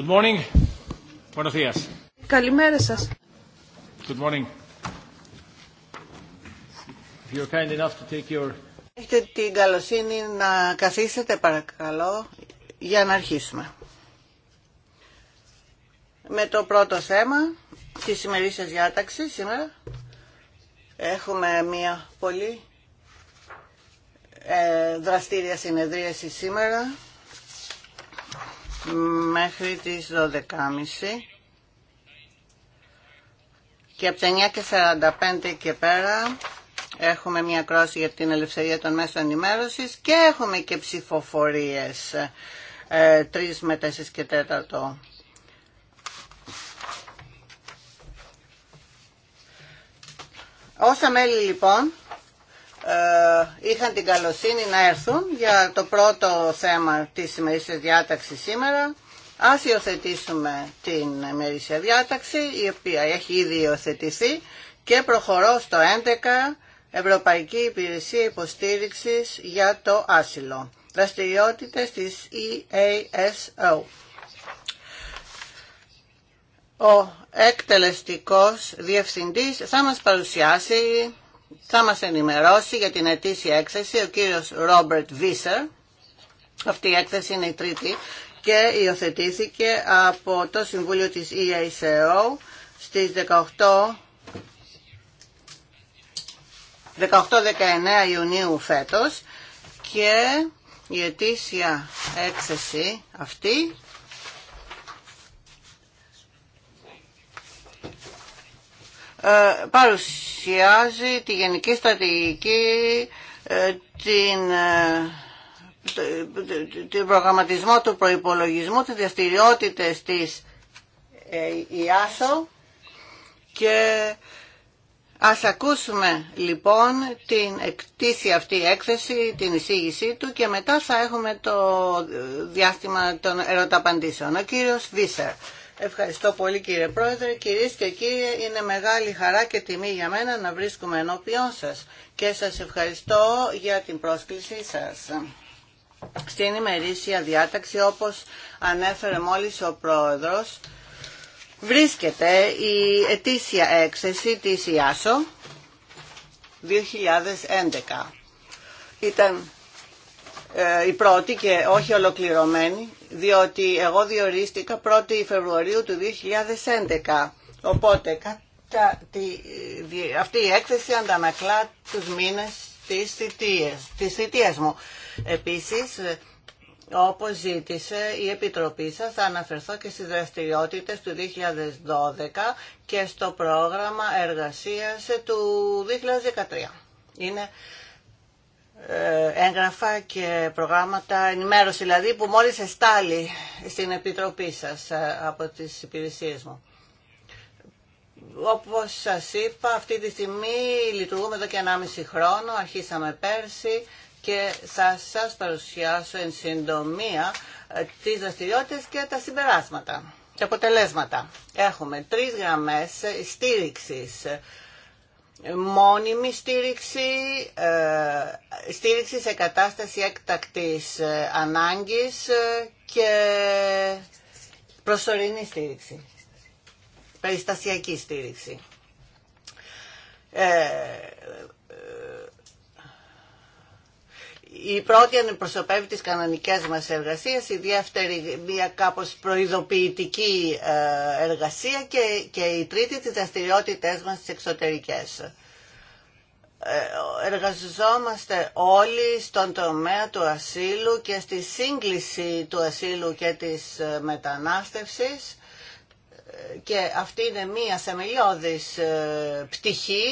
Good morning. Buenos Καλημέρα σας. Good morning. If you're Έχετε την καλοσύνη να καθίσετε παρακαλώ για να αρχίσουμε. Με το πρώτο θέμα της σημερινής διάταξης σήμερα έχουμε μια πολύ ε, δραστήρια συνεδρίαση σήμερα μέχρι τις 12.30 και από τα 9.45 και πέρα έχουμε μια κρόση για την ελευθερία των μέσων ενημέρωσης και έχουμε και ψηφοφορίες 3 ε, με 4 και 4. Όσα μέλη λοιπόν ε, είχαν την καλοσύνη να έρθουν για το πρώτο θέμα της ημερήσια διάταξη σήμερα. Ας υιοθετήσουμε την ημερήσια διάταξη, η οποία έχει ήδη υιοθετηθεί και προχωρώ στο 11 Ευρωπαϊκή Υπηρεσία Υποστήριξης για το Άσυλο. Δραστηριότητες της EASO. Ο εκτελεστικός διευθυντής θα μας παρουσιάσει θα μας ενημερώσει για την ετήσια έκθεση ο κύριος Ρόμπερτ Βίσερ. Αυτή η έκθεση είναι η τρίτη και υιοθετήθηκε από το Συμβούλιο της EACO στις 18 18-19 Ιουνίου φέτος και η ετήσια έκθεση αυτή Ε, παρουσιάζει τη γενική στρατηγική, ε, την, ε, την προγραμματισμό του προϋπολογισμού, τις διαστηριότητε της ΙΑΣΟ και ας ακούσουμε λοιπόν την εκτίση αυτή έκθεση, την εισήγησή του και μετά θα έχουμε το διάστημα των ερωταπαντήσεων. Ο κύριος Βίσερ. Ευχαριστώ πολύ κύριε Πρόεδρε. Κυρίες και κύριοι, είναι μεγάλη χαρά και τιμή για μένα να βρίσκουμε ενώπιόν σας και σας ευχαριστώ για την πρόσκλησή σας. Στην ημερήσια διάταξη, όπως ανέφερε μόλις ο Πρόεδρος, βρίσκεται η ετήσια έκθεση της ΙΑΣΟ 2011. Ήταν ε, η πρώτη και όχι ολοκληρωμένη, διότι εγώ διορίστηκα 1η Φεβρουαρίου του 2011. Οπότε αυτή η έκθεση αντανακλά τους μήνες της θητείας, της θητείας μου. Επίσης, ε, όπως ζήτησε η Επιτροπή σας, θα αναφερθώ και στις δραστηριότητες του 2012 και στο πρόγραμμα εργασίας του 2013. Είναι ε, έγγραφα και προγράμματα ενημέρωση δηλαδή που μόλις εστάλει στην Επιτροπή σας ε, από τις υπηρεσίες μου. Όπως σας είπα αυτή τη στιγμή λειτουργούμε εδώ και 1,5 χρόνο, αρχίσαμε πέρσι και θα σας παρουσιάσω εν συντομία ε, τις δραστηριότητε και τα συμπεράσματα. Τα αποτελέσματα. Έχουμε τρεις γραμμές στήριξης μόνιμη στήριξη, ε, στήριξη σε κατάσταση έκτακτης ε, ανάγκης ε, και προσωρινή στήριξη, περιστασιακή στήριξη η πρώτη αντιπροσωπεύει τις κανονικές μας εργασίες, η δεύτερη μια κάπως προειδοποιητική ε, εργασία και, η τρίτη τις δραστηριότητε μας τις εξωτερικές. Ε, εργαζόμαστε όλοι στον τομέα του ασύλου και στη σύγκληση του ασύλου και της ε, μετανάστευσης και αυτή είναι μία θεμελιώδης ε, πτυχή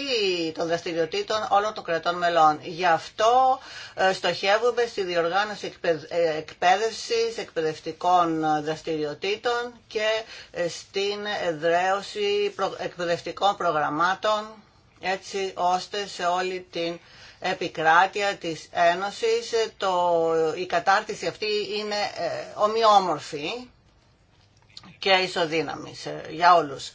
των δραστηριοτήτων όλων των κρατών μελών. Γι' αυτό ε, στοχεύουμε στη διοργάνωση ε, εκπαίδευσης, εκπαιδευτικών δραστηριοτήτων και στην εδραίωση εκπαιδευτικών προγραμμάτων έτσι ώστε σε όλη την επικράτεια της Ένωσης το, η κατάρτιση αυτή είναι ομοιόμορφη και ισοδύναμης για όλους.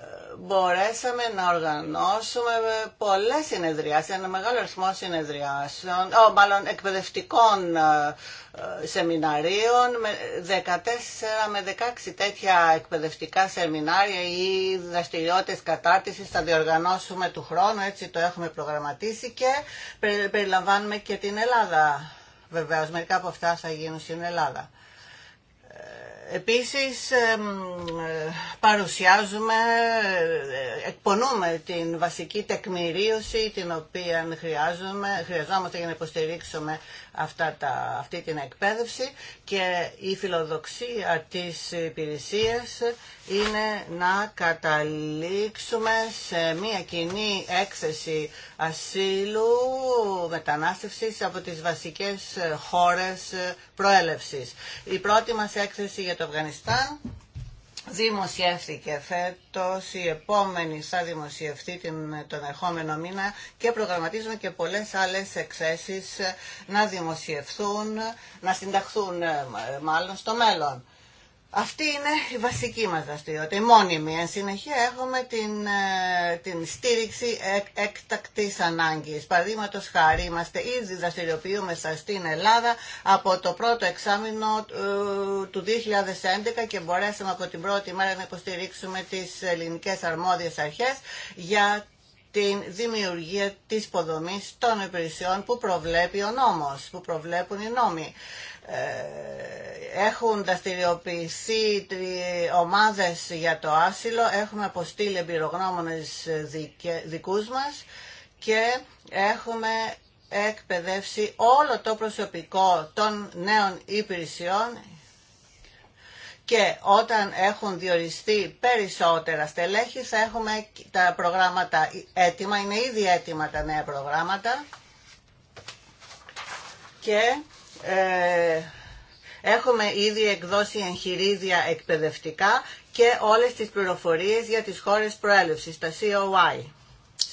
Ε, μπορέσαμε να οργανώσουμε πολλές συνεδριάσεις, ένα μεγάλο αριθμό συνεδριάσεων, μάλλον εκπαιδευτικών ε, ε, σεμιναρίων, 14 με 16 τέτοια εκπαιδευτικά σεμινάρια ή δραστηριότητες κατάρτισης θα διοργανώσουμε του χρόνου, έτσι το έχουμε προγραμματίσει και περιλαμβάνουμε και την Ελλάδα. Βεβαίως, μερικά από αυτά θα γίνουν στην Ελλάδα. Επίσης παρουσιάζουμε, εκπονούμε την βασική τεκμηρίωση την οποία χρειάζομαι, χρειαζόμαστε για να υποστηρίξουμε αυτά τα, αυτή την εκπαίδευση και η φιλοδοξία της υπηρεσίας είναι να καταλήξουμε σε μια κοινή έκθεση ασύλου μετανάστευσης από τις βασικές χώρες προέλευσης. Η πρώτη μας έκθεση για το Αφγανιστάν Δημοσιεύθηκε φέτος, η επόμενη θα δημοσιευτεί την, τον ερχόμενο μήνα και προγραμματίζουμε και πολλές άλλες εξέσεις να δημοσιευθούν, να συνταχθούν ε, μάλλον στο μέλλον. Αυτή είναι η βασική μας δραστηριότητα, η μόνιμη. Εν συνεχεία έχουμε την, ε, την στήριξη εκ, έκτακτης ανάγκης. Παραδείγματο χάρη είμαστε ήδη δραστηριοποιούμεσα στην Ελλάδα από το πρώτο εξάμεινο ε, του 2011 και μπορέσαμε από την πρώτη μέρα να υποστηρίξουμε τις ελληνικές αρμόδιες αρχές για την δημιουργία της υποδομής των υπηρεσιών που προβλέπει ο νόμος, που προβλέπουν οι νόμοι. Ε, έχουν δραστηριοποιηθεί ομάδες για το άσυλο, έχουμε αποστείλει εμπειρογνώμονες δικούς μας και έχουμε εκπαιδεύσει όλο το προσωπικό των νέων υπηρεσιών και όταν έχουν διοριστεί περισσότερα στελέχη θα έχουμε τα προγράμματα έτοιμα, είναι ήδη έτοιμα τα νέα προγράμματα και ε, έχουμε ήδη εκδώσει εγχειρίδια εκπαιδευτικά και όλες τις πληροφορίες για τις χώρες προέλευσης, τα COI.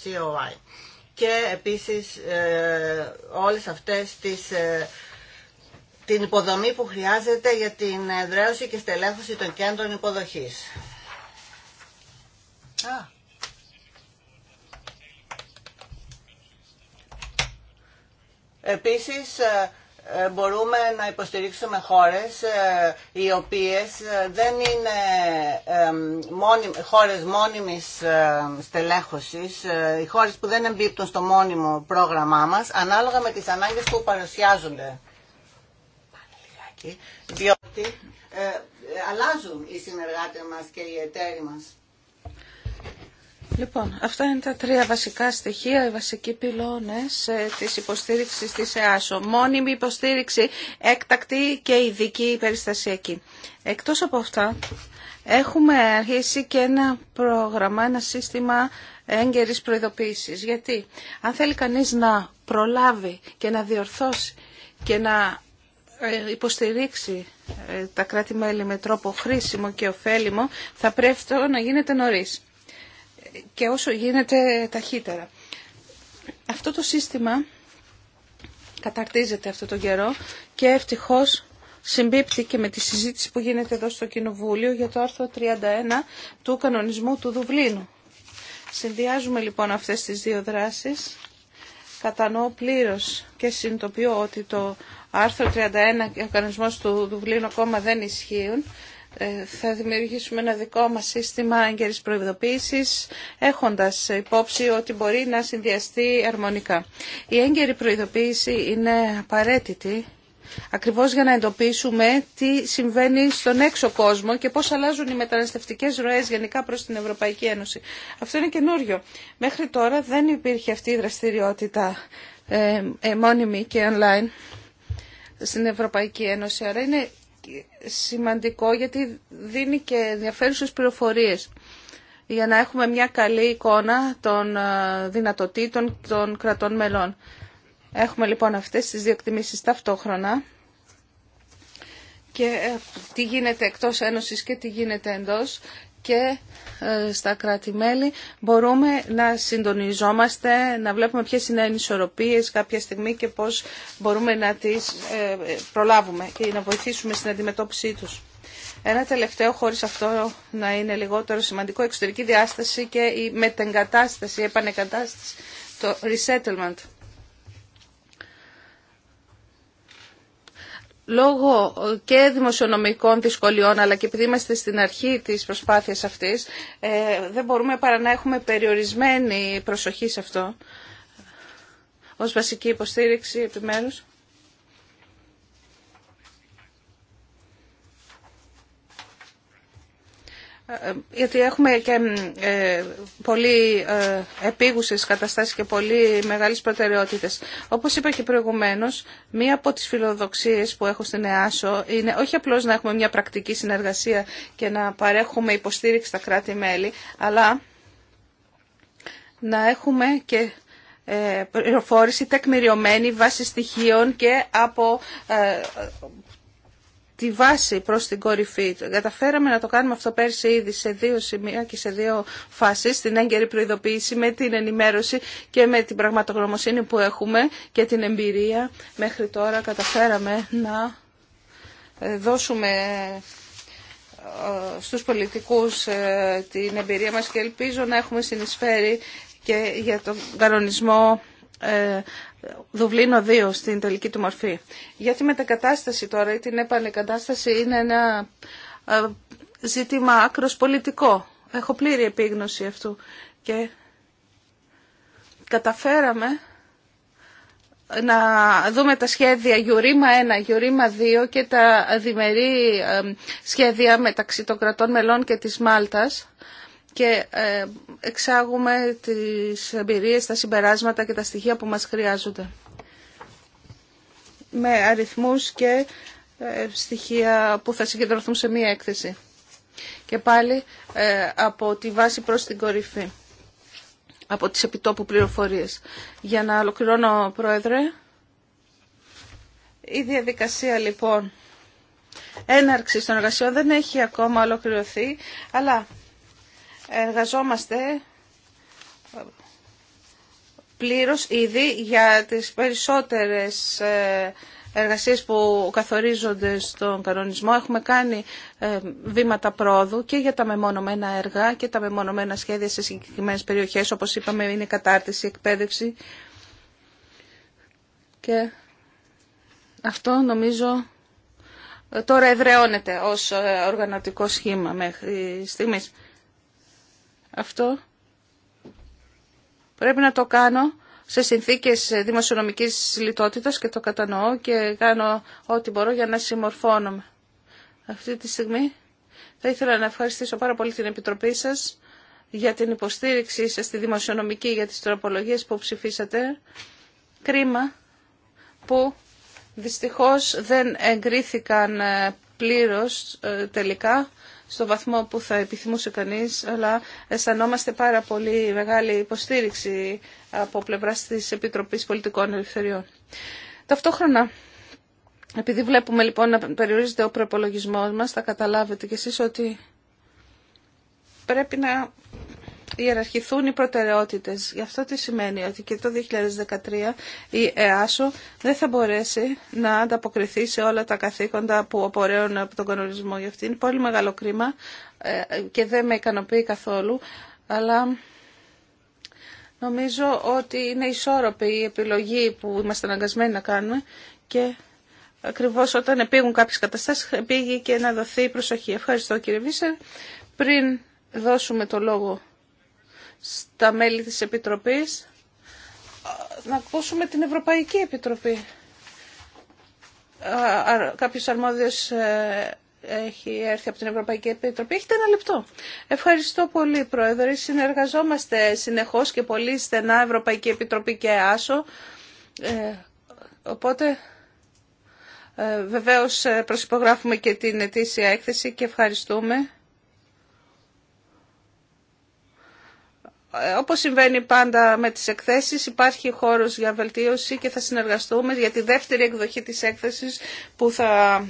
COI. Και επίσης ε, όλες αυτές τις, ε, την υποδομή που χρειάζεται για την εδραίωση και στελέχωση των κέντρων υποδοχής. Α. Επίσης, ε, ε, μπορούμε να υποστηρίξουμε χώρες ε, οι οποίες ε, δεν είναι χώρες μόνιμης στελέχωσης, οι χώρες που δεν εμπίπτουν στο μόνιμο πρόγραμμά μας, ανάλογα με τις ανάγκες που παρουσιάζονται. Διότι αλλάζουν οι συνεργάτες μας και οι εταίροι μας. Λοιπόν, αυτά είναι τα τρία βασικά στοιχεία, οι βασικοί πυλώνες ε, της υποστήριξης της ΕΑΣΟ. Μόνιμη υποστήριξη, έκτακτη και ειδική περιστασιακή. Εκτός από αυτά, έχουμε αρχίσει και ένα πρόγραμμα, ένα σύστημα έγκαιρης προειδοποίησης. Γιατί, αν θέλει κανείς να προλάβει και να διορθώσει και να ε, υποστηρίξει ε, τα κράτη-μέλη με τρόπο χρήσιμο και ωφέλιμο, θα πρέπει αυτό να γίνεται νωρίς και όσο γίνεται ταχύτερα. Αυτό το σύστημα καταρτίζεται αυτό τον καιρό και ευτυχώς συμπίπτει και με τη συζήτηση που γίνεται εδώ στο Κοινοβούλιο για το άρθρο 31 του κανονισμού του Δουβλίνου. Συνδυάζουμε λοιπόν αυτές τις δύο δράσεις. Κατανοώ πλήρω και συνειδητοποιώ ότι το άρθρο 31 και ο κανονισμός του Δουβλίνου ακόμα δεν ισχύουν ε, θα δημιουργήσουμε ένα δικό μας σύστημα έγκαιρης προειδοποίησης έχοντας υπόψη ότι μπορεί να συνδυαστεί αρμονικά. Η έγκαιρη προειδοποίηση είναι απαραίτητη ακριβώς για να εντοπίσουμε τι συμβαίνει στον έξω κόσμο και πώς αλλάζουν οι μεταναστευτικές ροές γενικά προς την Ευρωπαϊκή Ένωση. Αυτό είναι καινούριο. Μέχρι τώρα δεν υπήρχε αυτή η δραστηριότητα ε, ε μόνιμη και online στην Ευρωπαϊκή Ένωση. Άρα είναι σημαντικό γιατί δίνει και ενδιαφέρουσες πληροφορίες για να έχουμε μια καλή εικόνα των ε, δυνατοτήτων των κρατών μελών. Έχουμε λοιπόν αυτές τις δύο ταυτόχρονα και ε, τι γίνεται εκτός Ένωσης και τι γίνεται εντός και ε, στα κράτη-μέλη μπορούμε να συντονιζόμαστε, να βλέπουμε ποιες είναι οι ισορροπίες κάποια στιγμή και πώς μπορούμε να τις ε, προλάβουμε και να βοηθήσουμε στην αντιμετώπιση τους. Ένα τελευταίο, χωρίς αυτό να είναι λιγότερο σημαντικό, εξωτερική διάσταση και η μετεγκατάσταση, η επανεκατάσταση, το resettlement. λόγω ε, και δημοσιονομικών δυσκολιών αλλά και επειδή είμαστε στην αρχή της προσπάθειας αυτής ε, δεν μπορούμε παρά να έχουμε περιορισμένη προσοχή σε αυτό ως βασική υποστήριξη επιμέρους. γιατί έχουμε και ε, πολύ ε, επίγουσες καταστάσεις και πολύ μεγάλες προτεραιότητες. Όπως είπα και προηγουμένως, μία από τις φιλοδοξίες που έχω στην ΕΑΣΟ είναι όχι απλώς να έχουμε μια πρακτική συνεργασία και να παρέχουμε υποστήριξη στα κράτη-μέλη, αλλά να έχουμε και ε, πληροφόρηση τεκμηριωμένη βάσει στοιχείων και από τη βάση προς την κορυφή. Καταφέραμε να το κάνουμε αυτό πέρσι ήδη σε δύο σημεία και σε δύο φάσεις, την έγκαιρη προειδοποίηση με την ενημέρωση και με την πραγματογνωμοσύνη που έχουμε και την εμπειρία. Μέχρι τώρα καταφέραμε να ε, δώσουμε ε, στους πολιτικούς ε, την εμπειρία μας και ελπίζω να έχουμε συνεισφέρει και για τον κανονισμό Δουβλίνο 2 στην τελική του μορφή. Για τη μετακατάσταση τώρα ή την επανεκατάσταση είναι ένα ε, ζήτημα άκρος πολιτικό. Έχω πλήρη επίγνωση αυτού και καταφέραμε να δούμε τα σχέδια Γιουρίμα 1, Γιουρίμα 2 και τα διμερεί σχέδια μεταξύ των κρατών μελών και της Μάλτας και ε, εξάγουμε τις εμπειρίες, τα συμπεράσματα και τα στοιχεία που μας χρειάζονται. Με αριθμούς και ε, στοιχεία που θα συγκεντρωθούν σε μία έκθεση. Και πάλι ε, από τη βάση προς την κορυφή, από τις επιτόπου πληροφορίες. Για να ολοκληρώνω, Πρόεδρε, η διαδικασία λοιπόν έναρξης των εργασιών δεν έχει ακόμα ολοκληρωθεί, αλλά εργαζόμαστε πλήρως ήδη για τις περισσότερες ε, εργασίες που καθορίζονται στον κανονισμό. Έχουμε κάνει ε, βήματα πρόοδου και για τα μεμονωμένα έργα και τα μεμονωμένα σχέδια σε συγκεκριμένες περιοχές. Όπως είπαμε είναι κατάρτιση, εκπαίδευση και αυτό νομίζω τώρα εδραιώνεται ως ε, οργανωτικό σχήμα μέχρι στιγμής. Αυτό πρέπει να το κάνω σε συνθήκες δημοσιονομικής λιτότητας και το κατανοώ και κάνω ό,τι μπορώ για να συμμορφώνομαι. Αυτή τη στιγμή θα ήθελα να ευχαριστήσω πάρα πολύ την Επιτροπή σας για την υποστήριξή σας στη δημοσιονομική για τις τροπολογίες που ψηφίσατε. Κρίμα που δυστυχώς δεν εγκρίθηκαν ε, πλήρως ε, τελικά στο βαθμό που θα επιθυμούσε κανείς, αλλά αισθανόμαστε πάρα πολύ μεγάλη υποστήριξη από πλευράς της Επιτροπής Πολιτικών Ελευθεριών. Ταυτόχρονα, επειδή βλέπουμε λοιπόν να περιορίζεται ο προπολογισμό μας, θα καταλάβετε κι εσείς ότι πρέπει να ιεραρχηθούν οι προτεραιότητες. Γι' αυτό τι σημαίνει ότι και το 2013 η ΕΑΣΟ δεν θα μπορέσει να ανταποκριθεί σε όλα τα καθήκοντα που απορρέουν από τον κανονισμό. Γι' αυτό είναι πολύ μεγάλο κρίμα ε, και δεν με ικανοποιεί καθόλου, αλλά... Νομίζω ότι είναι ισόρροπη η επιλογή που είμαστε αναγκασμένοι να κάνουμε και ακριβώς όταν επήγουν κάποιες καταστάσεις επήγει και να δοθεί προσοχή. Ευχαριστώ κύριε Βίσερ. Πριν δώσουμε το λόγο στα μέλη της Επιτροπής να ακούσουμε την Ευρωπαϊκή Επιτροπή. Κάποιος αρμόδιος ε, έχει έρθει από την Ευρωπαϊκή Επιτροπή. Έχετε ένα λεπτό. Ευχαριστώ πολύ, Πρόεδρε. Συνεργαζόμαστε συνεχώς και πολύ στενά Ευρωπαϊκή Επιτροπή και ΑΣΟ. Ε, οπότε, ε, βεβαίως, ε, προσυπογράφουμε και την ετήσια έκθεση και ευχαριστούμε Ε, όπως συμβαίνει πάντα με τις εκθέσεις, υπάρχει χώρος για βελτίωση και θα συνεργαστούμε για τη δεύτερη εκδοχή της έκθεσης που θα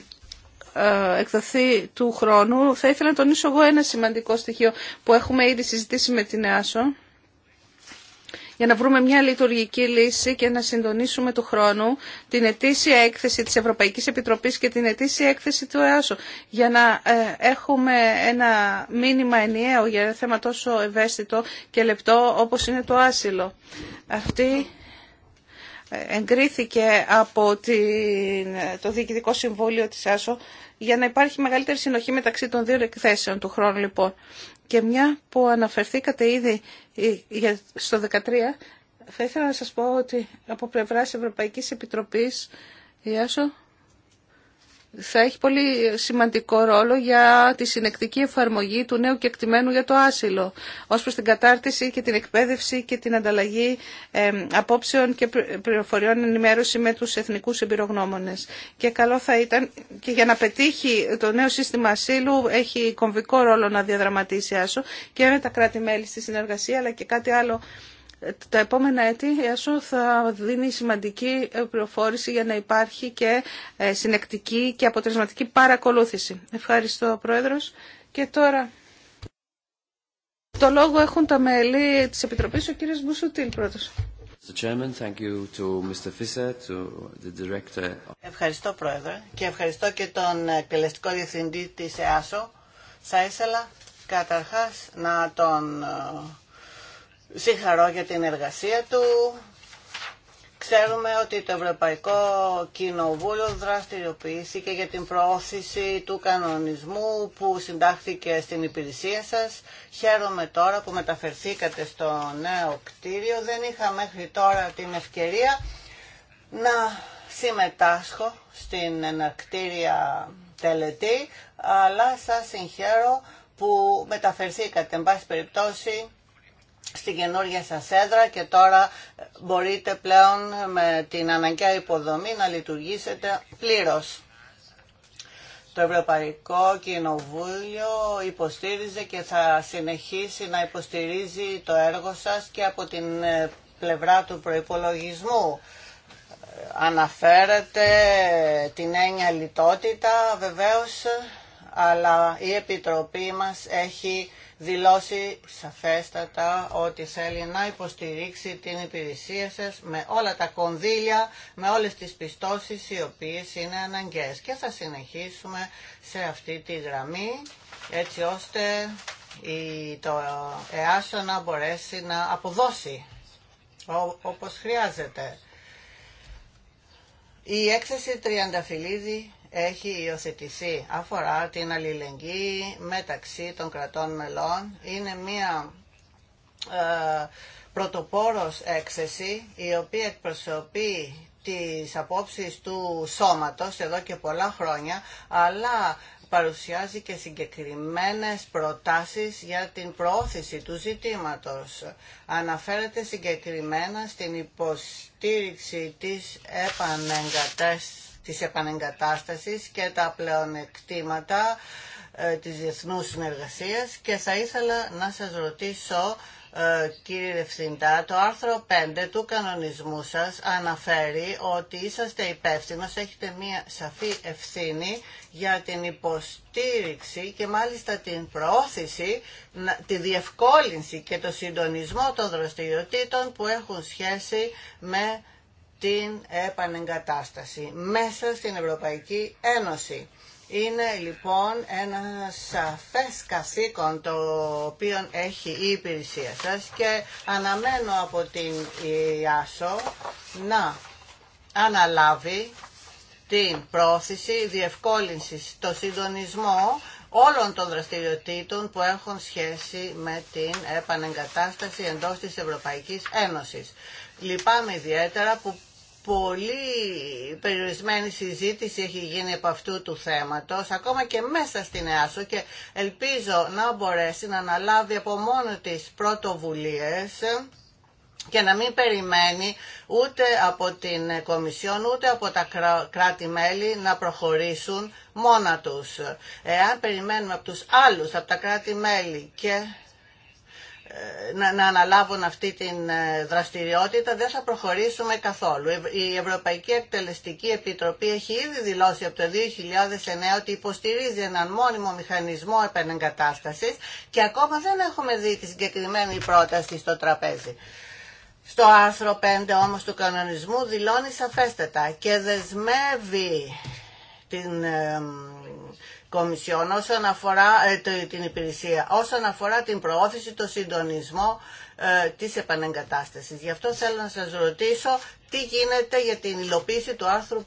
ε, εκδοθεί του χρόνου. Θα ήθελα να τονίσω εγώ ένα σημαντικό στοιχείο που έχουμε ήδη συζητήσει με την ΕΑΣΟ για να βρούμε μια λειτουργική λύση και να συντονίσουμε του χρόνου την ετήσια έκθεση της Ευρωπαϊκής Επιτροπής και την ετήσια έκθεση του ΕΑΣΟ για να ε, έχουμε ένα μήνυμα ενιαίο για ένα θέμα τόσο ευαίσθητο και λεπτό όπως είναι το άσυλο. Αυτή ε, εγκρίθηκε από την, ε, το Διοικητικό Συμβούλιο της ΑΣΟ για να υπάρχει μεγαλύτερη συνοχή μεταξύ των δύο εκθέσεων του χρόνου λοιπόν. Και μια που αναφερθήκατε ήδη ε, στο 2013, θα ήθελα να σας πω ότι από πλευράς Ευρωπαϊκής Επιτροπής, Ιάσο, θα έχει πολύ σημαντικό ρόλο για τη συνεκτική εφαρμογή του νέου κεκτημένου για το άσυλο, ως προς την κατάρτιση και την εκπαίδευση και την ανταλλαγή απόψεων και πληροφοριών ενημέρωση με τους εθνικούς εμπειρογνώμονες. Και καλό θα ήταν και για να πετύχει το νέο σύστημα ασύλου έχει κομβικό ρόλο να διαδραματίσει άσο και με τα κράτη-μέλη στη συνεργασία αλλά και κάτι άλλο τα επόμενα έτη η ΕΣΟ θα δίνει σημαντική πληροφόρηση για να υπάρχει και ε, συνεκτική και αποτελεσματική παρακολούθηση. Ευχαριστώ, Πρόεδρος. Και τώρα το λόγο έχουν τα μέλη της Επιτροπής, ο κύριος Μπουσουτήλ πρώτος. Ευχαριστώ, Πρόεδρε, και ευχαριστώ και τον εκτελεστικό διευθυντή της ΕΑΣΟ. Θα ήθελα καταρχάς να τον ε, συγχαρώ για την εργασία του. Ξέρουμε ότι το Ευρωπαϊκό Κοινοβούλιο δραστηριοποιήθηκε για την προώθηση του κανονισμού που συντάχθηκε στην υπηρεσία σας. Χαίρομαι τώρα που μεταφερθήκατε στο νέο κτίριο. Δεν είχα μέχρι τώρα την ευκαιρία να συμμετάσχω στην εναρκτήρια τελετή, αλλά σας συγχαίρω που μεταφερθήκατε, εν πάση περιπτώσει, στην καινούργια σας έδρα και τώρα μπορείτε πλέον με την αναγκαία υποδομή να λειτουργήσετε πλήρως. Το Ευρωπαϊκό Κοινοβούλιο υποστήριζε και θα συνεχίσει να υποστηρίζει το έργο σας και από την ε, πλευρά του προϋπολογισμού. Αναφέρετε την έννοια λιτότητα βεβαίως, αλλά η Επιτροπή μας έχει δηλώσει σαφέστατα ότι θέλει να υποστηρίξει την υπηρεσία σας με όλα τα κονδύλια, με όλες τις πιστώσεις οι οποίες είναι αναγκαίες. Και θα συνεχίσουμε σε αυτή τη γραμμή έτσι ώστε η, το ΕΑΣΟ να μπορέσει να αποδώσει όπως χρειάζεται. Η έκθεση Τριανταφυλλίδη έχει υιοθετηθεί αφορά την αλληλεγγύη μεταξύ των κρατών μελών. Είναι μία ε, πρωτοπόρος έξεση η οποία εκπροσωπεί τις απόψεις του σώματος εδώ και πολλά χρόνια, αλλά παρουσιάζει και συγκεκριμένες προτάσεις για την προώθηση του ζητήματος. Αναφέρεται συγκεκριμένα στην υποστήριξη της επανεγκατές της επανεγκατάστασης και τα πλεονεκτήματα ε, της διεθνούς συνεργασίας και θα ήθελα να σας ρωτήσω ε, κύριε Ρευθυντά, το άρθρο 5 του κανονισμού σας αναφέρει ότι είσαστε υπεύθυνο, έχετε μία σαφή ευθύνη για την υποστήριξη και μάλιστα την προώθηση, τη διευκόλυνση και το συντονισμό των δραστηριοτήτων που έχουν σχέση με την επανεγκατάσταση μέσα στην Ευρωπαϊκή Ένωση. Είναι λοιπόν ένα σαφές καθήκον το οποίο έχει η υπηρεσία σα και αναμένω από την ΙΑΣΟ να αναλάβει την πρόθεση διευκόλυνση το συντονισμό όλων των δραστηριοτήτων που έχουν σχέση με την επανεγκατάσταση εντός της Ευρωπαϊκής Ένωσης. Λυπάμαι ιδιαίτερα που πολύ περιορισμένη συζήτηση έχει γίνει από αυτού του θέματος, ακόμα και μέσα στην ΕΑΣΟ και ελπίζω να μπορέσει να αναλάβει από μόνο της πρωτοβουλίες και να μην περιμένει ούτε από την Κομισιόν ούτε από τα κράτη-μέλη να προχωρήσουν μόνα τους. Εάν περιμένουμε από τους άλλους, από τα κράτη-μέλη και να, να αναλάβουν αυτή την ε, δραστηριότητα δεν θα προχωρήσουμε καθόλου. Η Ευρωπαϊκή Εκτελεστική Επιτροπή έχει ήδη δηλώσει από το 2009 ότι υποστηρίζει έναν μόνιμο μηχανισμό επανεγκατάστασης και ακόμα δεν έχουμε δει τη συγκεκριμένη πρόταση στο τραπέζι. Στο άρθρο 5 όμως του κανονισμού δηλώνει σαφέστατα και δεσμεύει την ε, Κομισιόν όσον αφορά ε, την υπηρεσία, όσον αφορά την προώθηση, το συντονισμό ε, της επανεγκατάστασης. Γι' αυτό θέλω να σας ρωτήσω τι γίνεται για την υλοποίηση του άρθρου 5.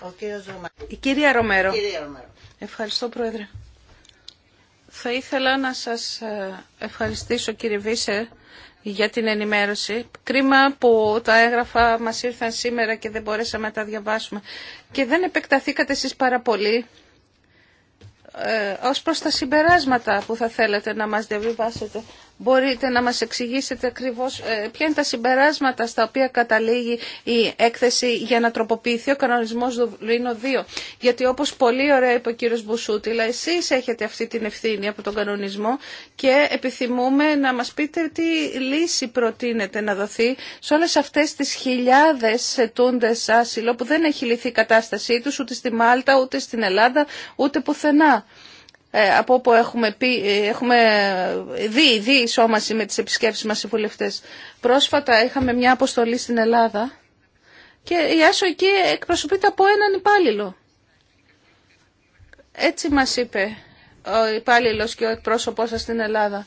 Ο κύριος Η κυρία Ρομέρο. Η κυρία Ευχαριστώ Πρόεδρε. Θα ήθελα να σας ε, ευχαριστήσω κύριε για την ενημέρωση. Κρίμα που τα έγραφα μας ήρθαν σήμερα και δεν μπορέσαμε να τα διαβάσουμε. Και δεν επεκταθήκατε εσείς πάρα πολύ ε, ως προς τα συμπεράσματα που θα θέλετε να μας διαβιβάσετε Μπορείτε να μας εξηγήσετε ακριβώς ε, ποια είναι τα συμπεράσματα στα οποία καταλήγει η έκθεση για να τροποποιηθεί ο κανονισμός Δουβλίνο 2. Γιατί όπως πολύ ωραία είπε ο κύριος Μπουσούτηλα, εσείς έχετε αυτή την ευθύνη από τον κανονισμό και επιθυμούμε να μας πείτε τι λύση προτείνεται να δοθεί σε όλες αυτές τις χιλιάδες ετούντες άσυλο που δεν έχει λυθεί η κατάστασή τους ούτε στη Μάλτα, ούτε στην Ελλάδα, ούτε πουθενά. Ε, από όπου έχουμε, πει, ε, έχουμε δει, δει σώμαση με τις επισκέψεις μας οι βουλευτές. Πρόσφατα είχαμε μια αποστολή στην Ελλάδα και η Άσο εκεί εκπροσωπείται από έναν υπάλληλο. Έτσι μας είπε ο υπάλληλο και ο εκπρόσωπός σας στην Ελλάδα.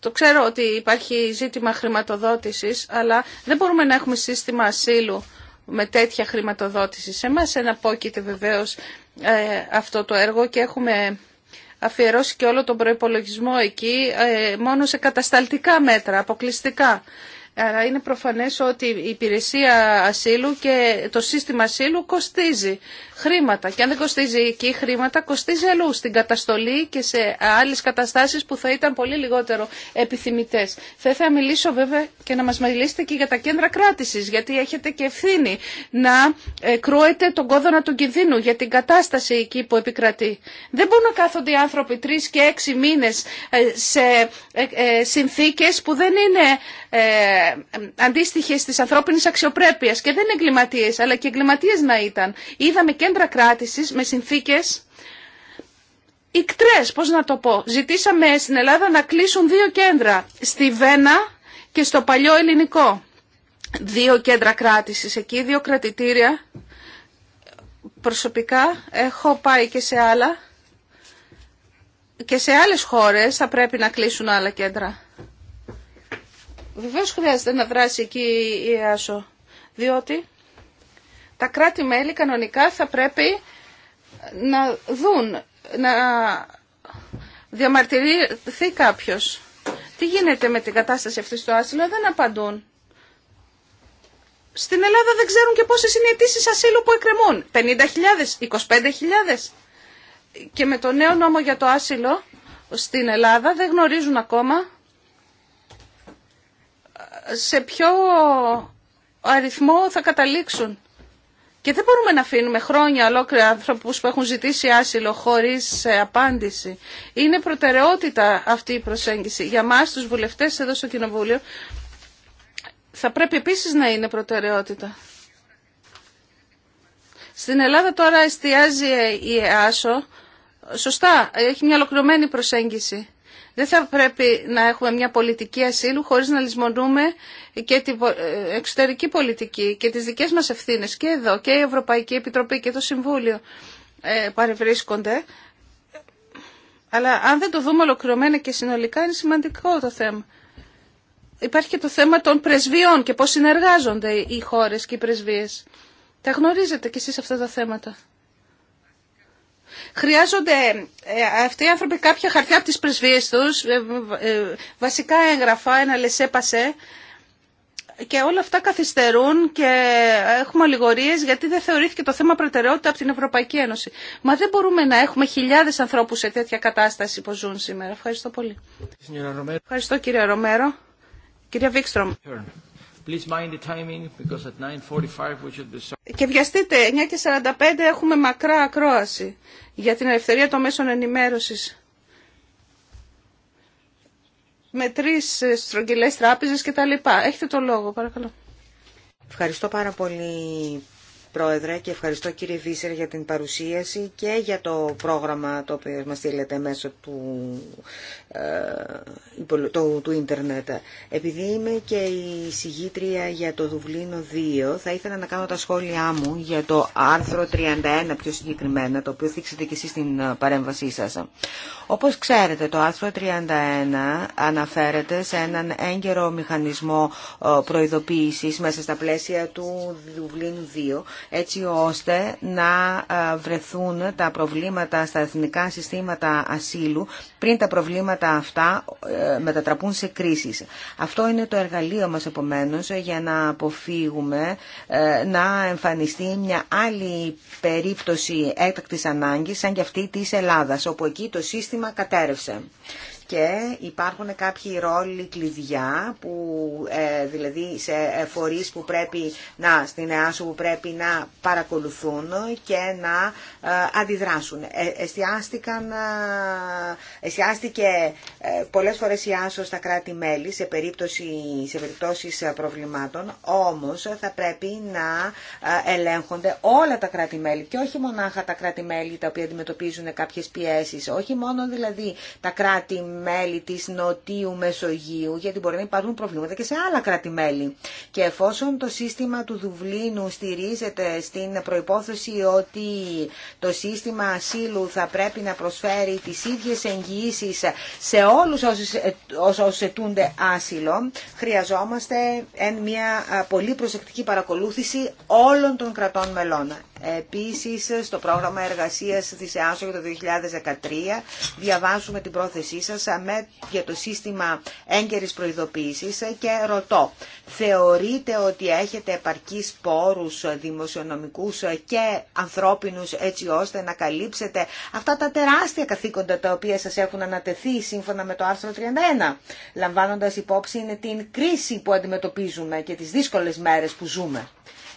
Το ξέρω ότι υπάρχει ζήτημα χρηματοδότησης, αλλά δεν μπορούμε να έχουμε σύστημα ασύλου με τέτοια χρηματοδότηση. Σε εμάς εναπόκειται βεβαίως ε, αυτό το έργο και έχουμε αφιερώσει και όλο τον προϋπολογισμό εκεί ε, μόνο σε κατασταλτικά μέτρα, αποκλειστικά. Άρα είναι προφανές ότι η υπηρεσία ασύλου και το σύστημα ασύλου κοστίζει χρήματα. Και αν δεν κοστίζει εκεί χρήματα, κοστίζει αλλού, στην καταστολή και σε άλλε καταστάσει που θα ήταν πολύ λιγότερο επιθυμητέ. Θα ήθελα να μιλήσω βέβαια και να μα μιλήσετε και για τα κέντρα κράτηση, γιατί έχετε και ευθύνη να ε, κρούετε τον κόδωνα του κινδύνου για την κατάσταση εκεί που επικρατεί. Δεν μπορούν να κάθονται οι άνθρωποι τρει και έξι μήνες ε, σε ε, συνθήκες που δεν είναι αντίστοιχε της ανθρώπινη αξιοπρέπεια και δεν είναι εγκληματίε, αλλά και εγκληματίε να ήταν. Είδαμε κέντρα κράτησης με συνθήκες ικτρές, πώς να το πω. Ζητήσαμε στην Ελλάδα να κλείσουν δύο κέντρα, στη Βένα και στο Παλιό Ελληνικό. Δύο κέντρα κράτησης εκεί, δύο κρατητήρια. Προσωπικά έχω πάει και σε άλλα. Και σε άλλες χώρες θα πρέπει να κλείσουν άλλα κέντρα. Βεβαίως χρειάζεται να δράσει εκεί η ΕΑΣΟ, διότι τα κράτη-μέλη κανονικά θα πρέπει να δουν, να διαμαρτυρηθεί κάποιος. Τι γίνεται με την κατάσταση αυτή στο άσυλο, δεν απαντούν. Στην Ελλάδα δεν ξέρουν και πόσες είναι οι αιτήσεις ασύλου που εκκρεμούν. 50.000, 25.000. Και με το νέο νόμο για το άσυλο στην Ελλάδα δεν γνωρίζουν ακόμα σε ποιο αριθμό θα καταλήξουν. Και δεν μπορούμε να αφήνουμε χρόνια ολόκληρα άνθρωπους που έχουν ζητήσει άσυλο χωρίς ε, απάντηση. Είναι προτεραιότητα αυτή η προσέγγιση. Για μας τους βουλευτές εδώ στο Κοινοβούλιο θα πρέπει επίσης να είναι προτεραιότητα. Στην Ελλάδα τώρα εστιάζει ε, η ΕΑΣΟ. Σωστά, έχει μια ολοκληρωμένη προσέγγιση. Δεν θα πρέπει να έχουμε μια πολιτική ασύλου χωρίς να λησμονούμε και την ε, εξωτερική πολιτική και τις δικές μας ευθύνες και εδώ και η Ευρωπαϊκή Επιτροπή και το Συμβούλιο ε, παρευρίσκονται. Αλλά αν δεν το δούμε ολοκληρωμένα και συνολικά είναι σημαντικό το θέμα. Υπάρχει και το θέμα των πρεσβειών και πώς συνεργάζονται οι χώρες και οι πρεσβείες. Τα γνωρίζετε κι εσείς αυτά τα θέματα. Χρειάζονται ε, αυτοί οι άνθρωποι κάποια χαρτιά από τις πρεσβείες τους, ε, ε, βασικά έγγραφα, ένα λεσέπασε και όλα αυτά καθυστερούν και έχουμε αλληγορίες γιατί δεν θεωρήθηκε το θέμα προτεραιότητα από την Ευρωπαϊκή Ένωση. Μα δεν μπορούμε να έχουμε χιλιάδες ανθρώπους σε τέτοια κατάσταση που ζουν σήμερα. Ευχαριστώ πολύ. Ευχαριστώ κύριε Ρομέρο. Κυρία Βίξτρομ. Και βιαστείτε, 9 και 45 έχουμε μακρά ακρόαση για την ελευθερία των μέσων ενημέρωσης. Με τρεις ε, στρογγυλές τράπεζες και τα λοιπά. Έχετε το λόγο, παρακαλώ. Ευχαριστώ πάρα πολύ, Πρόεδρε και ευχαριστώ κύριε Βίσερ για την παρουσίαση και για το πρόγραμμα το οποίο μας στείλετε μέσω του, ε, του ίντερνετ. Επειδή είμαι και η συγγήτρια για το Δουβλίνο 2, θα ήθελα να κάνω τα σχόλιά μου για το άρθρο 31 πιο συγκεκριμένα, το οποίο θίξετε και εσείς στην ε, παρέμβασή σας. Όπως ξέρετε, το άρθρο 31 αναφέρεται σε έναν έγκαιρο μηχανισμό ε, προειδοποίησης μέσα στα πλαίσια του Δουβλίνου 2, έτσι ώστε να ε, βρεθούν τα προβλήματα στα εθνικά συστήματα ασύλου πριν τα προβλήματα αυτά ε, μετατραπούν σε κρίσεις. Αυτό είναι το εργαλείο μας επομένως για να αποφύγουμε ε, να εμφανιστεί μια άλλη περίπτωση έκτακτης ανάγκης σαν και αυτή της Ελλάδας, όπου εκεί το σύστημα κατέρευσε και υπάρχουν κάποιοι ρόλοι κλειδιά που ε, δηλαδή σε ε, φορείς που πρέπει να στην ΕΑΣΟ που πρέπει να παρακολουθούν και να ε, αντιδράσουν. εστιάστηκαν, εστιάστηκε πολλές φορές η ΆΣΟ στα κράτη-μέλη σε, περίπτωση, σε περιπτώσεις προβλημάτων, όμως θα πρέπει να ελέγχονται όλα τα κράτη-μέλη και όχι μονάχα τα κράτη-μέλη τα οποία αντιμετωπίζουν κάποιες πιέσεις, όχι μόνο δηλαδή τα κράτη μελη της Νοτίου Μεσογείου, γιατί μπορεί να υπάρχουν προβλήματα και σε άλλα κράτη-μέλη. Και εφόσον το σύστημα του Δουβλίνου στηρίζεται στην προϋπόθεση ότι το σύστημα ασύλου θα πρέπει να προσφέρει τις ίδιες εγγυήσεις σε όλους όσους, ετούνται άσυλο, χρειαζόμαστε μια πολύ προσεκτική παρακολούθηση όλων των κρατών μελών. Επίσης, στο πρόγραμμα εργασίας της ΕΑΣΟ για το 2013 διαβάζουμε την πρόθεσή σας για το σύστημα έγκαιρης προειδοποίησης και ρωτώ, θεωρείτε ότι έχετε επαρκείς πόρους δημοσιονομικούς και ανθρώπινους έτσι ώστε να καλύψετε αυτά τα τεράστια καθήκοντα τα οποία σας έχουν ανατεθεί σύμφωνα με το άρθρο 31, λαμβάνοντας υπόψη την κρίση που αντιμετωπίζουμε και τις δύσκολες μέρες που ζούμε.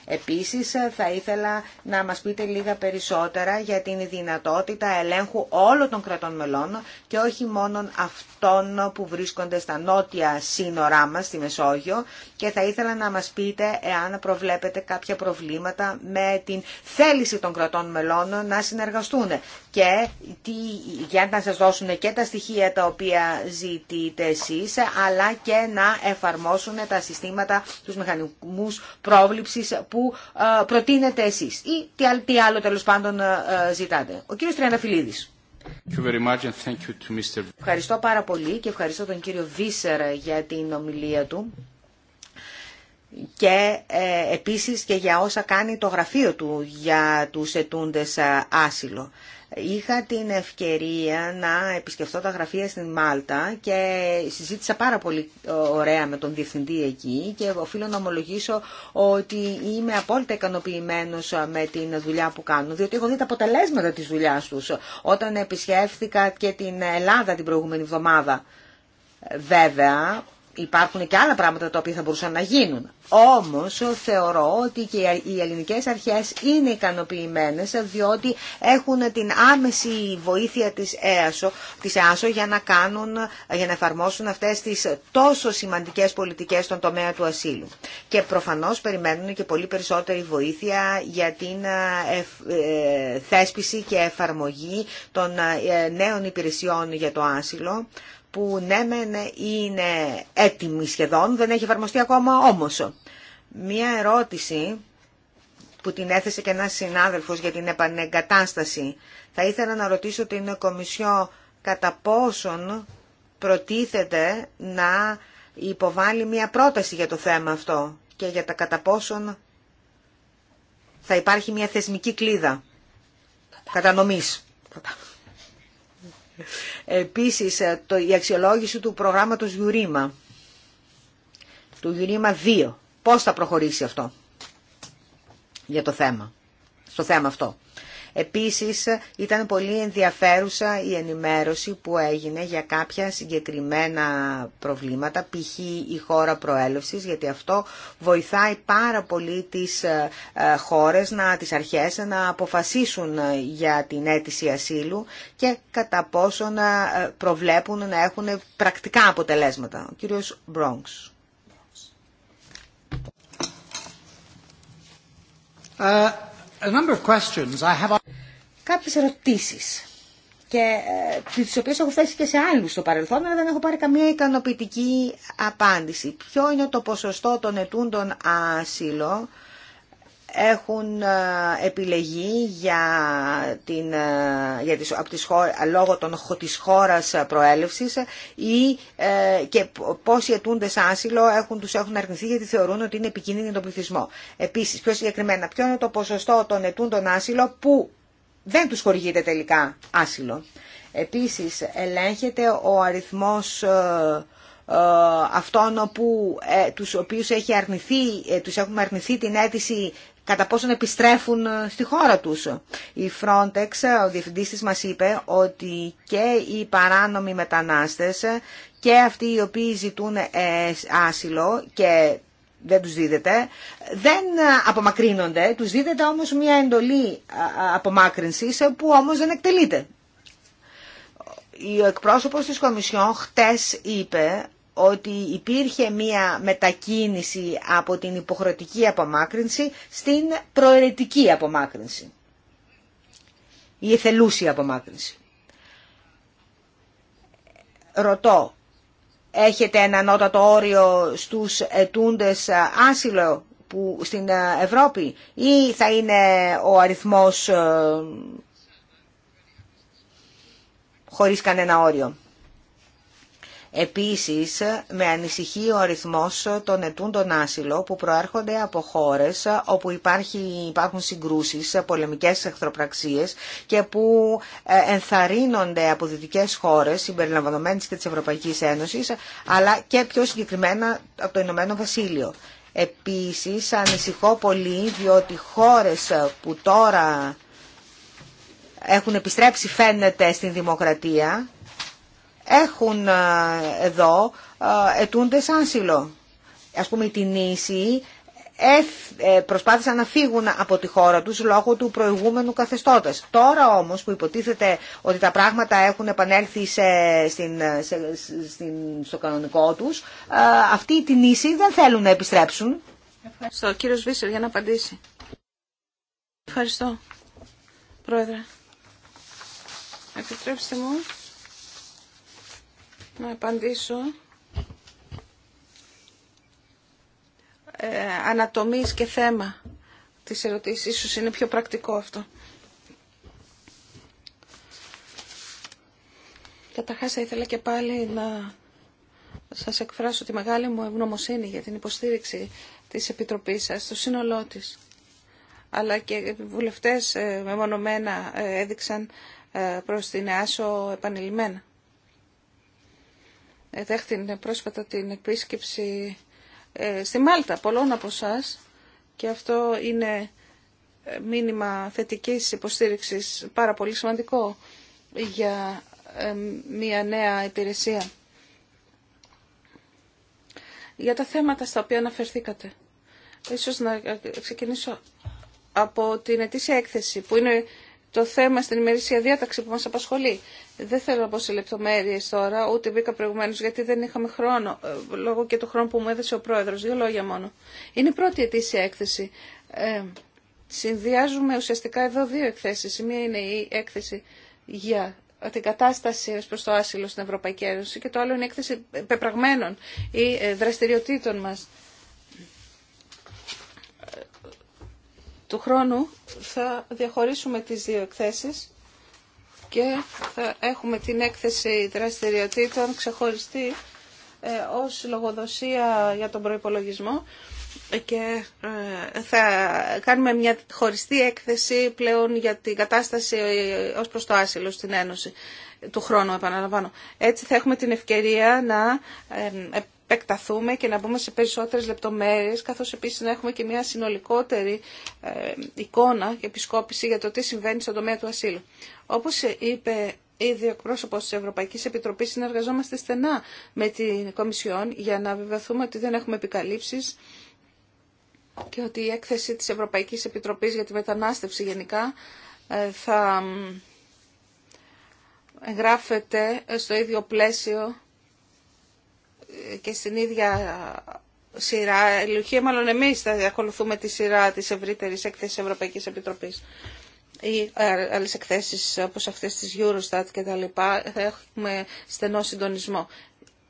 Επίσης ε, θα ήθελα να μας πείτε λίγα περισσότερα για την δυνατότητα ελέγχου όλων των κρατών μελών και όχι μόνο αυτών που βρίσκονται στα νότια σύνορά μας, στη Μεσόγειο και θα ήθελα να μας πείτε εάν προβλέπετε κάποια προβλήματα με την θέληση των κρατών μελών να συνεργαστούν και τι, για να σας δώσουν και τα στοιχεία τα οποία ζητείτε εσείς αλλά και να εφαρμόσουν τα συστήματα, τους μηχανισμούς πρόβληψης που ε, προτείνετε εσείς ή τι άλλο τέλος πάντων ε, ε, ζητάτε. Ο κύριος Τριανταφυλλίδης. Ευχαριστώ πάρα πολύ και ευχαριστώ τον κύριο Βίσερ για την ομιλία του και ε, επίσης και για όσα κάνει το γραφείο του για τους ετούντες άσυλο. Είχα την ευκαιρία να επισκεφτώ τα γραφεία στην Μάλτα και συζήτησα πάρα πολύ ε, ωραία με τον διευθυντή εκεί και οφείλω να ομολογήσω ότι είμαι απόλυτα ικανοποιημένο ε, με την δουλειά που κάνω, διότι έχω δει τα αποτελέσματα της δουλειάς τους ε, όταν επισκέφθηκα και την Ελλάδα την προηγούμενη εβδομάδα. Βέβαια, υπάρχουν και άλλα πράγματα τα οποία θα μπορούσαν να γίνουν. Όμως θεωρώ ότι και οι ελληνικές αρχές είναι ικανοποιημένες διότι έχουν την άμεση βοήθεια της ΕΑΣΟ, της ΕΑΣΟ για, να κάνουν, για να εφαρμόσουν αυτές τις τόσο σημαντικές πολιτικές στον τομέα του ασύλου. Και προφανώς περιμένουν και πολύ περισσότερη βοήθεια για την ε, ε, θέσπιση και εφαρμογή των ε, νέων υπηρεσιών για το άσυλο που ναι, ναι, ναι είναι έτοιμη σχεδόν, δεν έχει εφαρμοστεί ακόμα όμως. Μία ερώτηση που την έθεσε και ένας συνάδελφος για την επανεγκατάσταση. Θα ήθελα να ρωτήσω την Κομισιό κατά πόσον προτίθεται να υποβάλει μία πρόταση για το θέμα αυτό και για τα κατά πόσον θα υπάρχει μία θεσμική κλίδα κατανομής. Επίσης, ε, το, η αξιολόγηση του προγράμματος Γιουρίμα, του Γιουρίμα 2. Πώς θα προχωρήσει αυτό για το θέμα, στο θέμα αυτό. Επίσης ήταν πολύ ενδιαφέρουσα η ενημέρωση που έγινε για κάποια συγκεκριμένα προβλήματα, π.χ. η χώρα προέλευσης, γιατί αυτό βοηθάει πάρα πολύ τις ε, ε, χώρες, να, τις αρχές να αποφασίσουν για την αίτηση ασύλου και κατά πόσο να ε, προβλέπουν να έχουν πρακτικά αποτελέσματα. Ο κύριος Κάποιε ερωτήσει, Κάποιες ερωτήσεις και ε, τις οποίες έχω θέσει και σε άλλου στο παρελθόν, αλλά δεν έχω πάρει καμία ικανοποιητική απάντηση. Ποιο είναι το ποσοστό των ετούντων άσυλο έχουν ε, επιλεγεί για την, ε, για τις, από τις λόγω των, της χώρας ε, προέλευσης ή, και πόσοι αιτούνται σε άσυλο έχουν, τους έχουν αρνηθεί γιατί θεωρούν ότι είναι επικίνδυνοι τον πληθυσμό. Επίσης, πιο συγκεκριμένα, ποιο είναι το ποσοστό των αιτούντων άσυλο που δεν τους χορηγείται τελικά άσυλο. Επίσης, ελέγχεται ο αριθμός... αυτών που, τους οποίους έχει αρνηθεί, τους έχουμε αρνηθεί την αίτηση κατά πόσον επιστρέφουν ε, στη χώρα τους. Η Frontex, ο διευθυντής της μας είπε ότι και οι παράνομοι μετανάστες και αυτοί οι οποίοι ζητούν ε, άσυλο και δεν τους δίδεται, δεν ε, απομακρύνονται, τους δίδεται όμως μια εντολή απομάκρυνσης που όμως δεν εκτελείται. Ο εκπρόσωπος της Κομισιόν χτες είπε ότι υπήρχε μία μετακίνηση από την υποχρεωτική απομάκρυνση στην προαιρετική απομάκρυνση ή εθελούσια απομάκρυνση. Ρωτώ, έχετε ένα ανώτατο όριο στους ετούντες άσυλο που στην Ευρώπη ή θα είναι ο αριθμός ε, χωρίς κανένα όριο. Επίσης, με ανησυχεί ο αριθμός των ετούντων άσυλο που προέρχονται από χώρες όπου υπάρχει, υπάρχουν συγκρούσεις, πολεμικές εχθροπραξίες και που ε, ενθαρρύνονται από δυτικές χώρες, συμπεριλαμβανομένες και της Ευρωπαϊκής Ένωσης, αλλά και πιο συγκεκριμένα από το Ηνωμένο Βασίλειο. Επίσης, ανησυχώ πολύ διότι χώρες που τώρα έχουν επιστρέψει φαίνεται στην δημοκρατία έχουν ε, εδώ ε, σαν σύλλο. Ας πούμε, την Ίση ε, προσπάθησαν να φύγουν από τη χώρα τους λόγω του προηγούμενου καθεστώτας. Τώρα όμως που υποτίθεται ότι τα πράγματα έχουν επανέλθει στην, στο κανονικό τους, αυτοί την ίση δεν θέλουν να επιστρέψουν. Ευχαριστώ. Κύριος Βίσερ για να απαντήσει. Ευχαριστώ. Πρόεδρε. Επιτρέψτε μου να απαντήσω ε, ανατομής και θέμα της ερωτήσης. Ίσως είναι πιο πρακτικό αυτό. Καταρχάς θα ήθελα και πάλι να σας εκφράσω τη μεγάλη μου ευγνωμοσύνη για την υποστήριξη της Επιτροπής σας, στο σύνολό της. Αλλά και βουλευτές ε, μεμονωμένα ε, έδειξαν ε, προς την ΕΑΣΟ επανειλημμένα δέχτην πρόσφατα την επίσκεψη ε, στη Μάλτα πολλών από εσά και αυτό είναι ε, μήνυμα θετικής υποστήριξης πάρα πολύ σημαντικό για ε, μια νέα υπηρεσία. Για τα θέματα στα οποία αναφερθήκατε. Ίσως να ξεκινήσω από την ετήσια έκθεση που είναι το θέμα στην ημερήσια διάταξη που μας απασχολεί. Δεν θέλω να πω σε λεπτομέρειε τώρα, ούτε μπήκα προηγουμένω γιατί δεν είχαμε χρόνο, ε, λόγω και του χρόνου που μου έδωσε ο πρόεδρο. Δύο λόγια μόνο. Είναι η πρώτη ετήσια έκθεση. Ε, συνδυάζουμε ουσιαστικά εδώ δύο εκθέσει. Η μία είναι η έκθεση για την κατάσταση προ το άσυλο στην Ευρωπαϊκή Ένωση και το άλλο είναι η έκθεση πεπραγμένων ή ε, δραστηριοτήτων μα. Ε, του χρόνου θα διαχωρίσουμε τις δύο εκθέσεις και θα έχουμε την έκθεση δραστηριοτήτων ξεχωριστή ε, ως λογοδοσία για τον προϋπολογισμό και ε, θα κάνουμε μια χωριστή έκθεση πλέον για την κατάσταση ε, ως προς το άσυλο στην Ένωση του χρόνου, επαναλαμβάνω. Έτσι θα έχουμε την ευκαιρία να επεκταθούμε και να μπούμε σε περισσότερες λεπτομέρειες, καθώς επίσης να έχουμε και μια συνολικότερη ε, εικόνα και επισκόπηση για το τι συμβαίνει στον τομέα του ασύλου. Όπως είπε ήδη ο εκπρόσωπος της Ευρωπαϊκής Επιτροπής, συνεργαζόμαστε στενά με την Κομισιόν για να βεβαιωθούμε ότι δεν έχουμε επικαλύψεις και ότι η έκθεση της Ευρωπαϊκής Επιτροπής για τη μετανάστευση γενικά ε, θα εγγράφεται στο ίδιο πλαίσιο και στην ίδια σειρά, η Λουχία μάλλον εμεί θα ακολουθούμε τη σειρά της ευρύτερη εκθέση Ευρωπαϊκής Επιτροπής ή ε, άλλε εκθέσεις όπως αυτές της Eurostat και θα έχουμε στενό συντονισμό.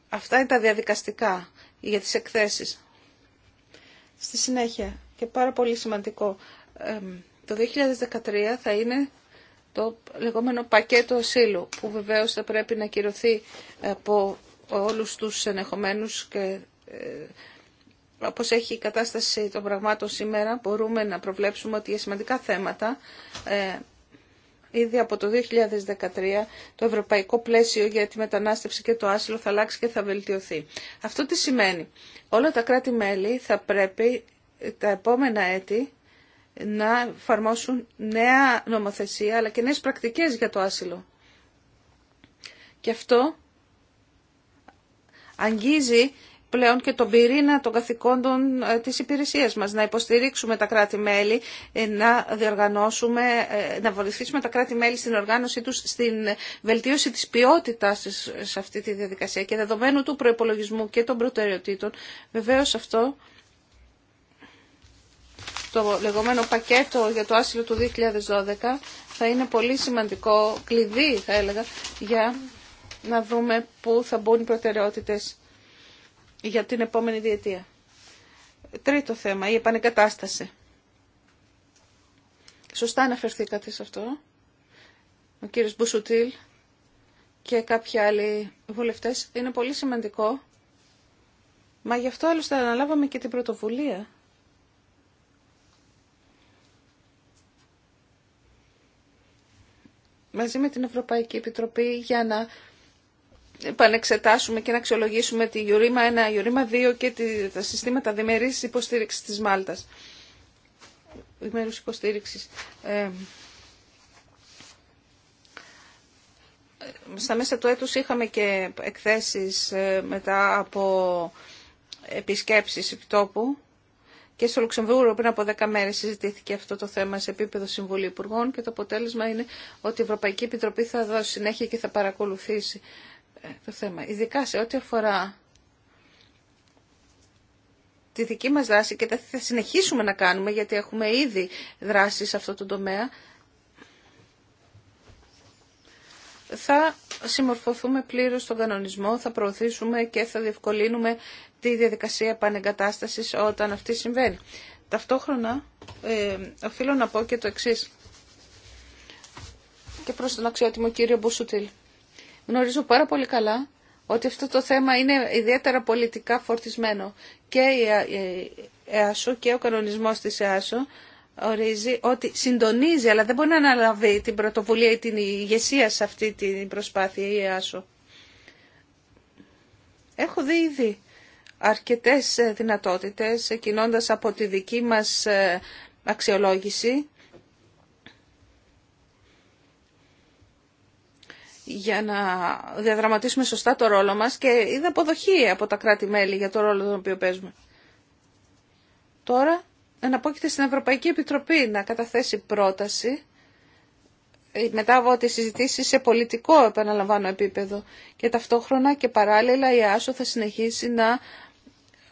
Αυτά είναι τα διαδικαστικά για τις εκθέσεις. Στη συνέχεια, και πάρα πολύ σημαντικό, το 2013 θα είναι το λεγόμενο πακέτο ασύλου, που βεβαίως θα πρέπει να κυρωθεί από όλους τους ενεχομένους και ε, όπως έχει η κατάσταση των πραγμάτων σήμερα μπορούμε να προβλέψουμε ότι για σημαντικά θέματα ε, ήδη από το 2013 το ευρωπαϊκό πλαίσιο για τη μετανάστευση και το άσυλο θα αλλάξει και θα βελτιωθεί. Αυτό τι σημαίνει. Όλα τα κράτη-μέλη θα πρέπει τα επόμενα έτη να εφαρμόσουν νέα νομοθεσία αλλά και νέες πρακτικές για το άσυλο. Και αυτό αγγίζει πλέον και τον πυρήνα των καθηκόντων ε, της υπηρεσίας μας, να υποστηρίξουμε τα κράτη-μέλη, ε, να διοργανώσουμε, ε, να βοηθήσουμε τα κράτη-μέλη στην οργάνωσή τους, στην βελτίωση της ποιότητας σε αυτή τη διαδικασία και δεδομένου του προϋπολογισμού και των προτεραιοτήτων. Βεβαίως αυτό το λεγόμενο πακέτο για το άσυλο του 2012 θα είναι πολύ σημαντικό, κλειδί θα έλεγα, για να δούμε πού θα μπουν οι προτεραιότητες για την επόμενη διετία. Τρίτο θέμα, η επανεκατάσταση. Σωστά αναφερθήκατε σε αυτό. Ο κύριος Μπουσουτήλ και κάποιοι άλλοι βουλευτές. Είναι πολύ σημαντικό. Μα γι' αυτό άλλωστε αναλάβαμε και την πρωτοβουλία. Μαζί με την Ευρωπαϊκή Επιτροπή για να επανεξετάσουμε και να αξιολογήσουμε τη Γιουρίμα 1, Γιουρίμα 2 και τα συστήματα διμερής υποστήριξης της Μάλτας. Διμερούς υποστήριξης. Ε, στα μέσα του έτους είχαμε και εκθέσεις ε, μετά από επισκέψεις επιτόπου και στο Λουξεμβούργο πριν από 10 μέρες συζητήθηκε αυτό το θέμα σε επίπεδο Συμβουλίου Υπουργών και το αποτέλεσμα είναι ότι η Ευρωπαϊκή Επιτροπή θα δώσει συνέχεια και θα παρακολουθήσει το θέμα, ειδικά σε ό,τι αφορά τη δική μας δράση και θα συνεχίσουμε να κάνουμε γιατί έχουμε ήδη δράσει σε αυτό το τομέα, θα συμμορφωθούμε πλήρως στον κανονισμό, θα προωθήσουμε και θα διευκολύνουμε τη διαδικασία πανεγκατάστασης όταν αυτή συμβαίνει. Ταυτόχρονα ε, οφείλω να πω και το εξής και προς τον αξιότιμο κύριο Μπουσουτήλ. Γνωρίζω πάρα πολύ καλά ότι αυτό το θέμα είναι ιδιαίτερα πολιτικά φορτισμένο. Και η ε ΕΑΣΟ και ο κανονισμός της ΕΑΣΟ ορίζει ότι συντονίζει, αλλά δεν μπορεί να αναλαβεί την πρωτοβουλία ή την ηγεσία σε αυτή την προσπάθεια η ΕΑΣΟ. Έχω δει ήδη αρκετές ε, δυνατότητες, ε, κινώντας από τη δική μας αξιολόγηση, για να διαδραματίσουμε σωστά το ρόλο μας και είδα αποδοχή από τα κράτη-μέλη για το ρόλο τον οποίο παίζουμε. Τώρα αναπόκειται στην Ευρωπαϊκή Επιτροπή να καταθέσει πρόταση ε, μετά από τις συζητήσει σε πολιτικό επαναλαμβάνω επίπεδο και ταυτόχρονα και παράλληλα η ΆΣΟ θα συνεχίσει να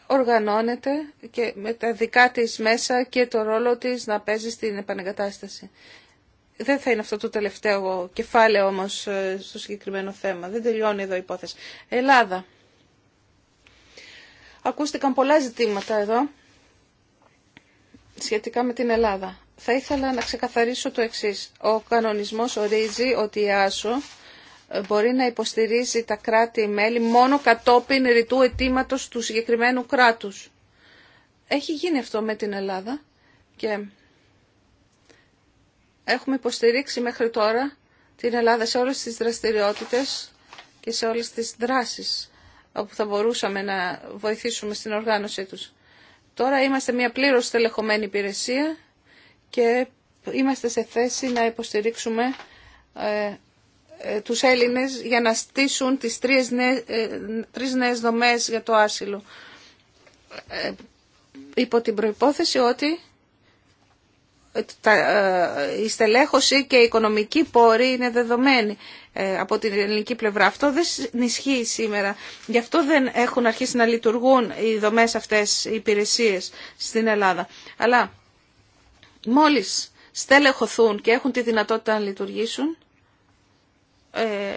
οργανώνεται και με τα δικά της μέσα και το ρόλο της να παίζει στην επανεγκατάσταση. Δεν θα είναι αυτό το τελευταίο κεφάλαιο όμως ε, στο συγκεκριμένο θέμα. Δεν τελειώνει εδώ η υπόθεση. Ελλάδα. Ακούστηκαν πολλά ζητήματα εδώ σχετικά με την Ελλάδα. Θα ήθελα να ξεκαθαρίσω το εξής. Ο κανονισμός ορίζει ότι η ΆΣΟ ε, μπορεί να υποστηρίζει τα κράτη-μέλη μόνο κατόπιν ρητού αιτήματο του συγκεκριμένου κράτους. Έχει γίνει αυτό με την Ελλάδα και Έχουμε υποστηρίξει μέχρι τώρα την Ελλάδα σε όλες τις δραστηριότητες και σε όλες τις δράσεις όπου θα μπορούσαμε να βοηθήσουμε στην οργάνωσή τους. Τώρα είμαστε μια πλήρως τελεχωμένη υπηρεσία και είμαστε σε θέση να υποστηρίξουμε ε, ε, τους Έλληνες για να στήσουν τις τρεις ε, νέες, τρεις δομές για το άσυλο. Υπό την προϋπόθεση ότι ε, η στελέχωση και η οικονομική πόρη είναι δεδομένη ε, από την ελληνική πλευρά. Αυτό δεν ισχύει σήμερα. Γι' αυτό δεν έχουν αρχίσει να λειτουργούν οι δομές αυτές, οι υπηρεσίες στην Ελλάδα. Αλλά μόλις στελεχωθούν και έχουν τη δυνατότητα να λειτουργήσουν, ε,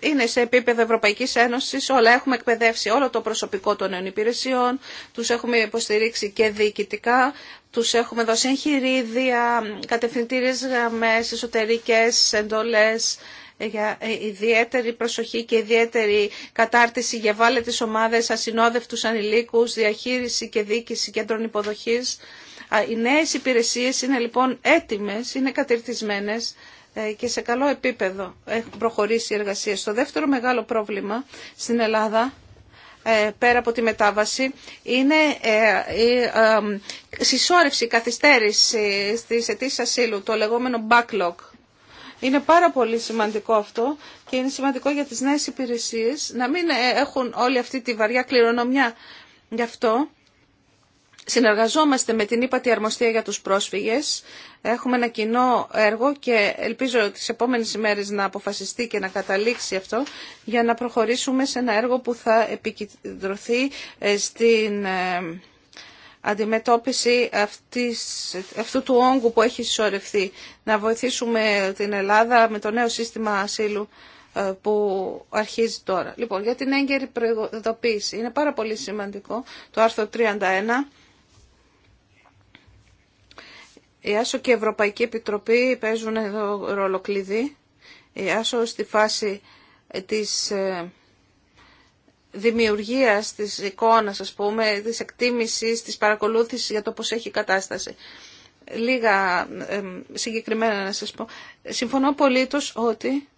είναι σε επίπεδο Ευρωπαϊκής Ένωσης, όλα έχουμε εκπαιδεύσει όλο το προσωπικό των υπηρεσιών, τους έχουμε υποστηρίξει και διοικητικά, τους έχουμε δώσει εγχειρίδια, κατευθυντήριε γραμμέ, εσωτερικές εντολές για ιδιαίτερη προσοχή και ιδιαίτερη κατάρτιση για βάλετες ομάδες, ασυνόδευτους ανηλίκους, διαχείριση και διοίκηση κέντρων υποδοχής. Οι νέες υπηρεσίες είναι λοιπόν έτοιμες, είναι κατερτισμένε ε, και σε καλό επίπεδο έχουν προχωρήσει οι εργασίες. Το δεύτερο μεγάλο πρόβλημα στην Ελλάδα ε, πέρα από τη μετάβαση είναι ε, η ε, συσσόρευση, η καθυστέρηση στις αιτήσεις ασύλου, το λεγόμενο backlog. Είναι πάρα πολύ σημαντικό αυτό και είναι σημαντικό για τις νέες υπηρεσίες να μην έχουν όλη αυτή τη βαριά κληρονομιά. Γι' αυτό Συνεργαζόμαστε με την ύπατη αρμοστία για τους πρόσφυγες. Έχουμε ένα κοινό έργο και ελπίζω τις επόμενες ημέρες να αποφασιστεί και να καταλήξει αυτό για να προχωρήσουμε σε ένα έργο που θα επικεντρωθεί ε, στην ε, αντιμετώπιση αυτής, αυτού του όγκου που έχει συσσωρευτεί. Να βοηθήσουμε την Ελλάδα με το νέο σύστημα ασύλου ε, που αρχίζει τώρα. Λοιπόν, για την έγκαιρη προειδοποίηση. Είναι πάρα πολύ σημαντικό το άρθρο 31 η Άσο και η Ευρωπαϊκή Επιτροπή παίζουν εδώ ρόλο κλειδί. Η Άσο στη φάση ε, της ε, δημιουργίας της εικόνας, ας πούμε, της εκτίμησης, της παρακολούθησης για το πώς έχει η κατάσταση. Λίγα ε, συγκεκριμένα να σας πω. Συμφωνώ τους ότι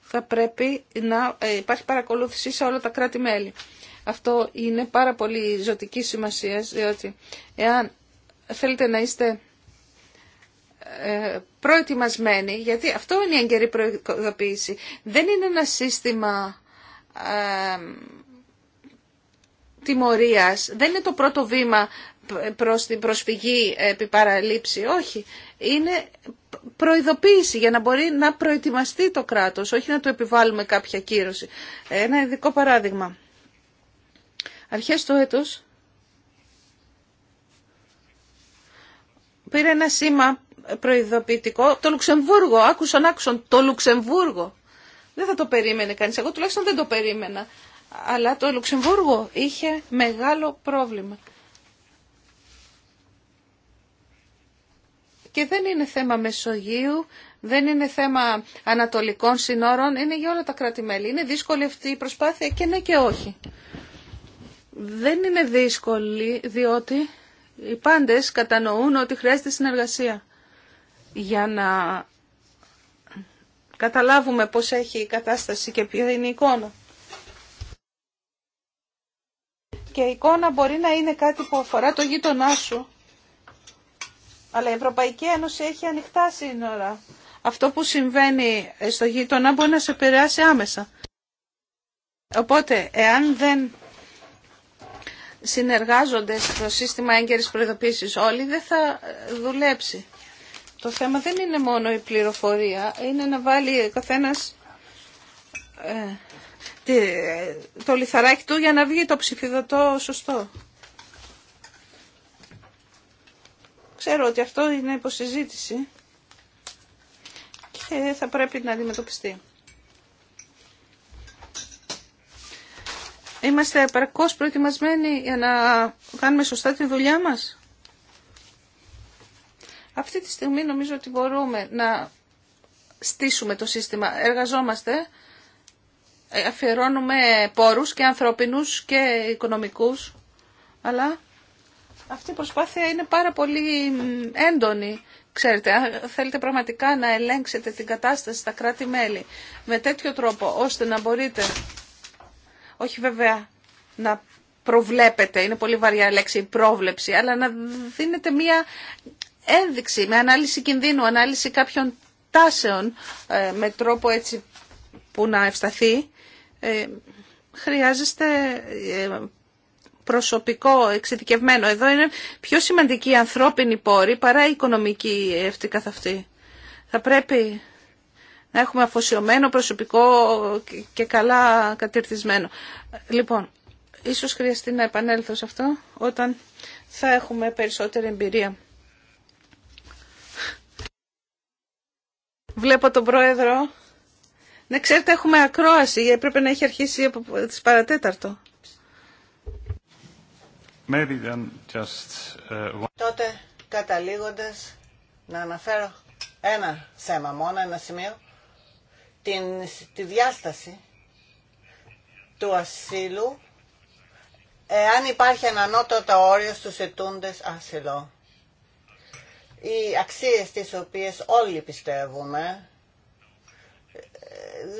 θα πρέπει να υπάρχει παρακολούθηση σε όλα τα κράτη-μέλη. Αυτό είναι πάρα πολύ ζωτική σημασία, διότι εάν θέλετε να είστε ε, προετοιμασμένη γιατί αυτό είναι η εγκαιρή προειδοποίηση. Δεν είναι ένα σύστημα ε, τιμωρίας, δεν είναι το πρώτο βήμα προς την προσφυγή επί Όχι, είναι προειδοποίηση για να μπορεί να προετοιμαστεί το κράτος, όχι να του επιβάλλουμε κάποια κύρωση. Ένα ειδικό παράδειγμα. Αρχές του έτους πήρε ένα σήμα προειδοποιητικό. Το Λουξεμβούργο, άκουσαν, άκουσαν, το Λουξεμβούργο. Δεν θα το περίμενε κανείς, εγώ τουλάχιστον δεν το περίμενα. Αλλά το Λουξεμβούργο είχε μεγάλο πρόβλημα. Και δεν είναι θέμα Μεσογείου, δεν είναι θέμα ανατολικών συνόρων, είναι για όλα τα κράτη-μέλη. Είναι δύσκολη αυτή η προσπάθεια και ναι και όχι. Δεν είναι δύσκολη διότι οι πάντες κατανοούν ότι χρειάζεται συνεργασία για να καταλάβουμε πώς έχει η κατάσταση και ποια είναι η εικόνα. Και η εικόνα μπορεί να είναι κάτι που αφορά το γείτονά σου. Αλλά η Ευρωπαϊκή Ένωση έχει ανοιχτά σύνορα. Αυτό που συμβαίνει στο γείτονα μπορεί να σε επηρεάσει άμεσα. Οπότε, εάν δεν συνεργάζονται στο σύστημα έγκαιρης προειδοποίησης όλοι, δεν θα δουλέψει. Το θέμα δεν είναι μόνο η πληροφορία, είναι να βάλει ο καθένας ε, το λιθαράκι του για να βγει το ψηφιδωτό σωστό. Ξέρω ότι αυτό είναι υποσυζήτηση και θα πρέπει να αντιμετωπιστεί. Είμαστε επαρκώς προετοιμασμένοι για να κάνουμε σωστά τη δουλειά μας. Αυτή τη στιγμή νομίζω ότι μπορούμε να στήσουμε το σύστημα. Εργαζόμαστε, ε, αφιερώνουμε πόρους και ανθρωπινούς και οικονομικούς, αλλά αυτή η προσπάθεια είναι πάρα πολύ έντονη. Ξέρετε, αν θέλετε πραγματικά να ελέγξετε την κατάσταση στα κράτη-μέλη με τέτοιο τρόπο, ώστε να μπορείτε, όχι βέβαια να προβλέπετε, είναι πολύ βαριά λέξη η πρόβλεψη, αλλά να δίνετε μία ένδειξη, με ανάλυση κινδύνου, ανάλυση κάποιων τάσεων ε, με τρόπο έτσι που να ευσταθεί, ε, χρειάζεστε ε, προσωπικό εξειδικευμένο. Εδώ είναι πιο σημαντική η ανθρώπινη πόρη παρά η οικονομική αυτή καθ' αυτή. Θα πρέπει να έχουμε αφοσιωμένο προσωπικό και καλά κατηρτισμένο. Λοιπόν, ίσως χρειαστεί να επανέλθω σε αυτό όταν θα έχουμε περισσότερη εμπειρία. Βλέπω τον Πρόεδρο. Ναι, ξέρετε, έχουμε ακρόαση, γιατί πρέπει να έχει αρχίσει από τις παρατέταρτο. Uh, Τότε, καταλήγοντας, να αναφέρω ένα θέμα μόνο, ένα σημείο, την, τη διάσταση του ασύλου, εάν υπάρχει ένα ανώτατο όριο στους ετούντες ασυλό οι αξίες τις οποίες όλοι πιστεύουμε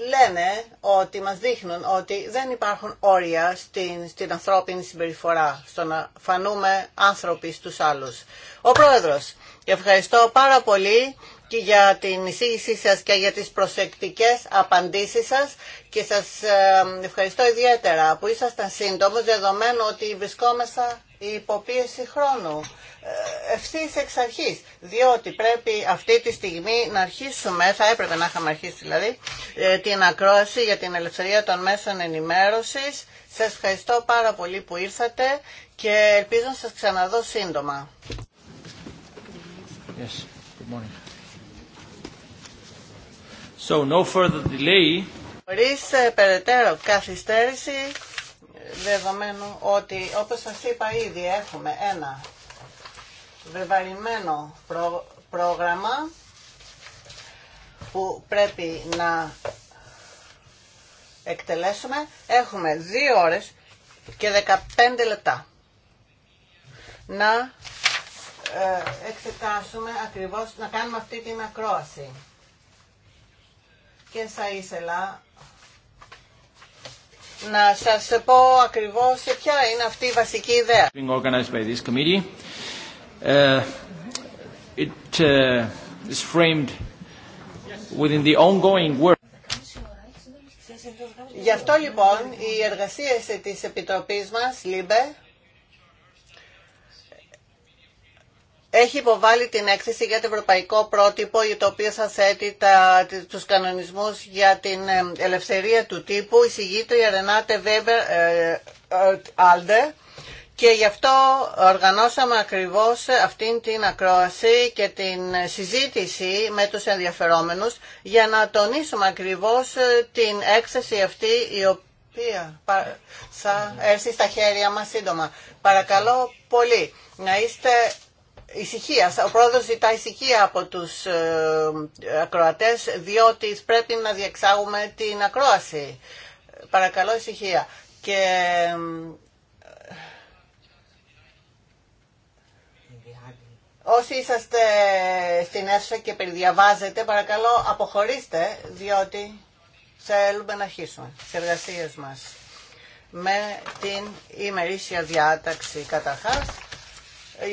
λένε ότι μας δείχνουν ότι δεν υπάρχουν όρια στην, στην ανθρώπινη συμπεριφορά, στο να φανούμε άνθρωποι στους άλλους. Ο Πρόεδρος, ευχαριστώ πάρα πολύ και για την εισήγησή σας και για τις προσεκτικές απαντήσεις σας και σας ε, ευχαριστώ ιδιαίτερα που ήσασταν σύντομος δεδομένου ότι βρισκόμαστε υποπίεση χρόνου ε, ευθύ εξ αρχή. Διότι πρέπει αυτή τη στιγμή να αρχίσουμε, θα έπρεπε να είχαμε αρχίσει δηλαδή, ε, την ακρόαση για την ελευθερία των μέσων ενημέρωση. Σα ευχαριστώ πάρα πολύ που ήρθατε και ελπίζω να σα ξαναδώ σύντομα. Yes. Good morning. So, no further delay. Χωρίς ε, περαιτέρω καθυστέρηση, δεδομένου ότι όπως σας είπα ήδη έχουμε ένα βεβαρημένο πρόγραμμα που πρέπει να εκτελέσουμε. Έχουμε 2 ώρες και 15 λεπτά να ε, εξετάσουμε ακριβώς, να κάνουμε αυτή την ακρόαση. Και θα ήθελα να σας πω ακριβώς ποια είναι αυτή η βασική ιδέα. Uh, uh, Γι' αυτό λοιπόν οι εργασίες της Επιτροπής μας, ΛΥΜΠΕ, έχει υποβάλει την έκθεση για το ευρωπαϊκό πρότυπο το οποίο θα θέτει τα, τους κανονισμούς για την ε, ελευθερία του τύπου η συγγήτρια Ρενάτε Βέμπερ ε, ε, Άλντε και γι' αυτό οργανώσαμε ακριβώς αυτήν την ακρόαση και την συζήτηση με τους ενδιαφερόμενους για να τονίσουμε ακριβώς την έκθεση αυτή η οποία θα έρθει στα χέρια μας σύντομα. Παρακαλώ πολύ να είστε ησυχία. Ο πρόεδρο ζητά ησυχία από τους ε, ακροατέ, διότι πρέπει να διεξάγουμε την ακρόαση. Παρακαλώ ησυχία. Και... Ε, όσοι είσαστε στην αίθουσα και περιδιαβάζετε, παρακαλώ αποχωρήστε, διότι θέλουμε να αρχίσουμε τι εργασίε μας με την ημερήσια διάταξη καταρχάς. Ε,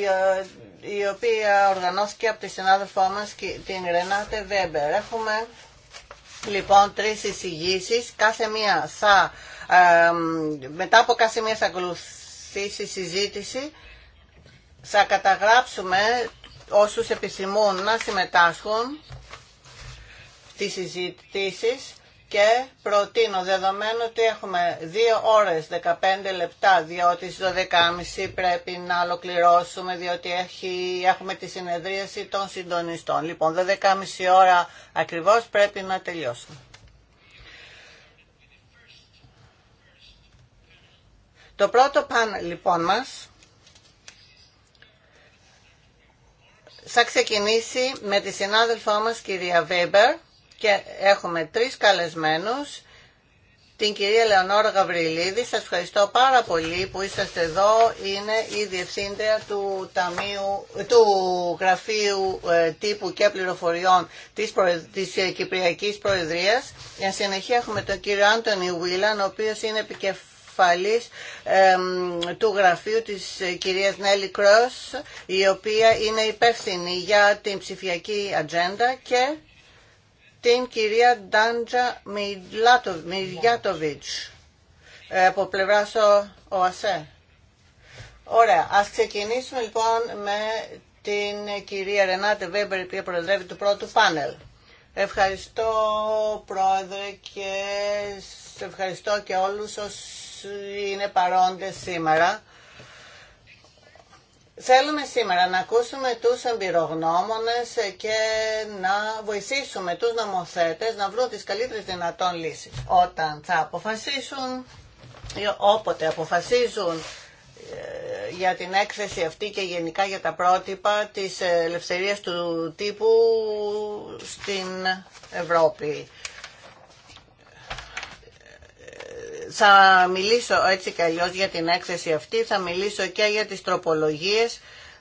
η οποία οργανώθηκε από τη συνάδελφό μας την Ρενάτε Βέμπερ. Έχουμε λοιπόν τρεις εισηγήσει κάθε μία θα, μετά από κάθε μία θα ακολουθήσει συζήτηση, θα καταγράψουμε όσους επιθυμούν να συμμετάσχουν στις συζητήσεις και προτείνω δεδομένου ότι έχουμε 2 ώρες 15 λεπτά διότι στις 12.30 πρέπει να ολοκληρώσουμε διότι έχει, έχουμε τη συνεδρίαση των συντονιστών. Λοιπόν, 12.30 ώρα ακριβώς πρέπει να τελειώσουμε. Το πρώτο πάνελ λοιπόν μας θα ξεκινήσει με τη συνάδελφό μας κυρία Βέμπερ και έχουμε τρεις καλεσμένους. Την κυρία Λεωνόρα Γαβριλίδη, σας ευχαριστώ πάρα πολύ που είσαστε εδώ. Είναι η Διευθύντρια του, ταμείου, του Γραφείου ε, Τύπου και Πληροφοριών της, της ε, Κυπριακής Προεδρίας. Για συνεχεία έχουμε τον κύριο Άντωνη Βίλαν, ο οποίος είναι επικεφαλής του Γραφείου της ε, κυρίας Νέλη Κρός, η οποία είναι υπεύθυνη για την ψηφιακή ατζέντα και την κυρία Ντάντζα Μιλιάτοβιτς ε, από πλευρά ΟΑΣΕ. Ωραία, ας ξεκινήσουμε λοιπόν με την κυρία Ρενάτε Βέμπερ, η οποία προεδρεύει του πρώτου πάνελ. Ευχαριστώ πρόεδρε και ευχαριστώ και όλους όσοι είναι παρόντες σήμερα. Θέλουμε σήμερα να ακούσουμε τους εμπειρογνώμονες και να βοηθήσουμε τους νομοθέτες να βρουν τις καλύτερες δυνατόν λύσεις. Όταν θα αποφασίσουν ή όποτε αποφασίζουν ε, για την έκθεση αυτή και γενικά για τα πρότυπα της ελευθερίας του τύπου στην Ευρώπη. θα μιλήσω έτσι καλλιώς για την έκθεση αυτή, θα μιλήσω και για τις τροπολογίες.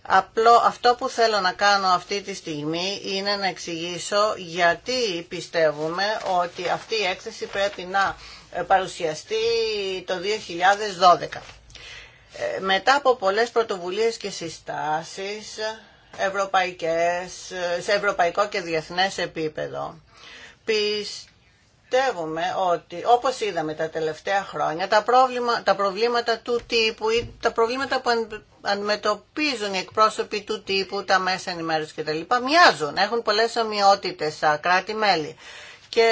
Απλό, αυτό που θέλω να κάνω αυτή τη στιγμή είναι να εξηγήσω γιατί πιστεύουμε ότι αυτή η έκθεση πρέπει να ε, παρουσιαστεί το 2012. Ε, μετά από πολλές πρωτοβουλίες και συστάσεις ευρωπαϊκές, ε, σε ευρωπαϊκό και διεθνές επίπεδο, πιστεύουμε ότι όπως είδαμε τα τελευταία χρόνια τα, πρόβλημα, τα προβλήματα του τύπου ή τα προβλήματα που αντιμετωπίζουν οι εκπρόσωποι του τύπου, τα μέσα ενημέρωση κτλ. μοιάζουν, έχουν πολλές ομοιότητες στα κράτη-μέλη. Και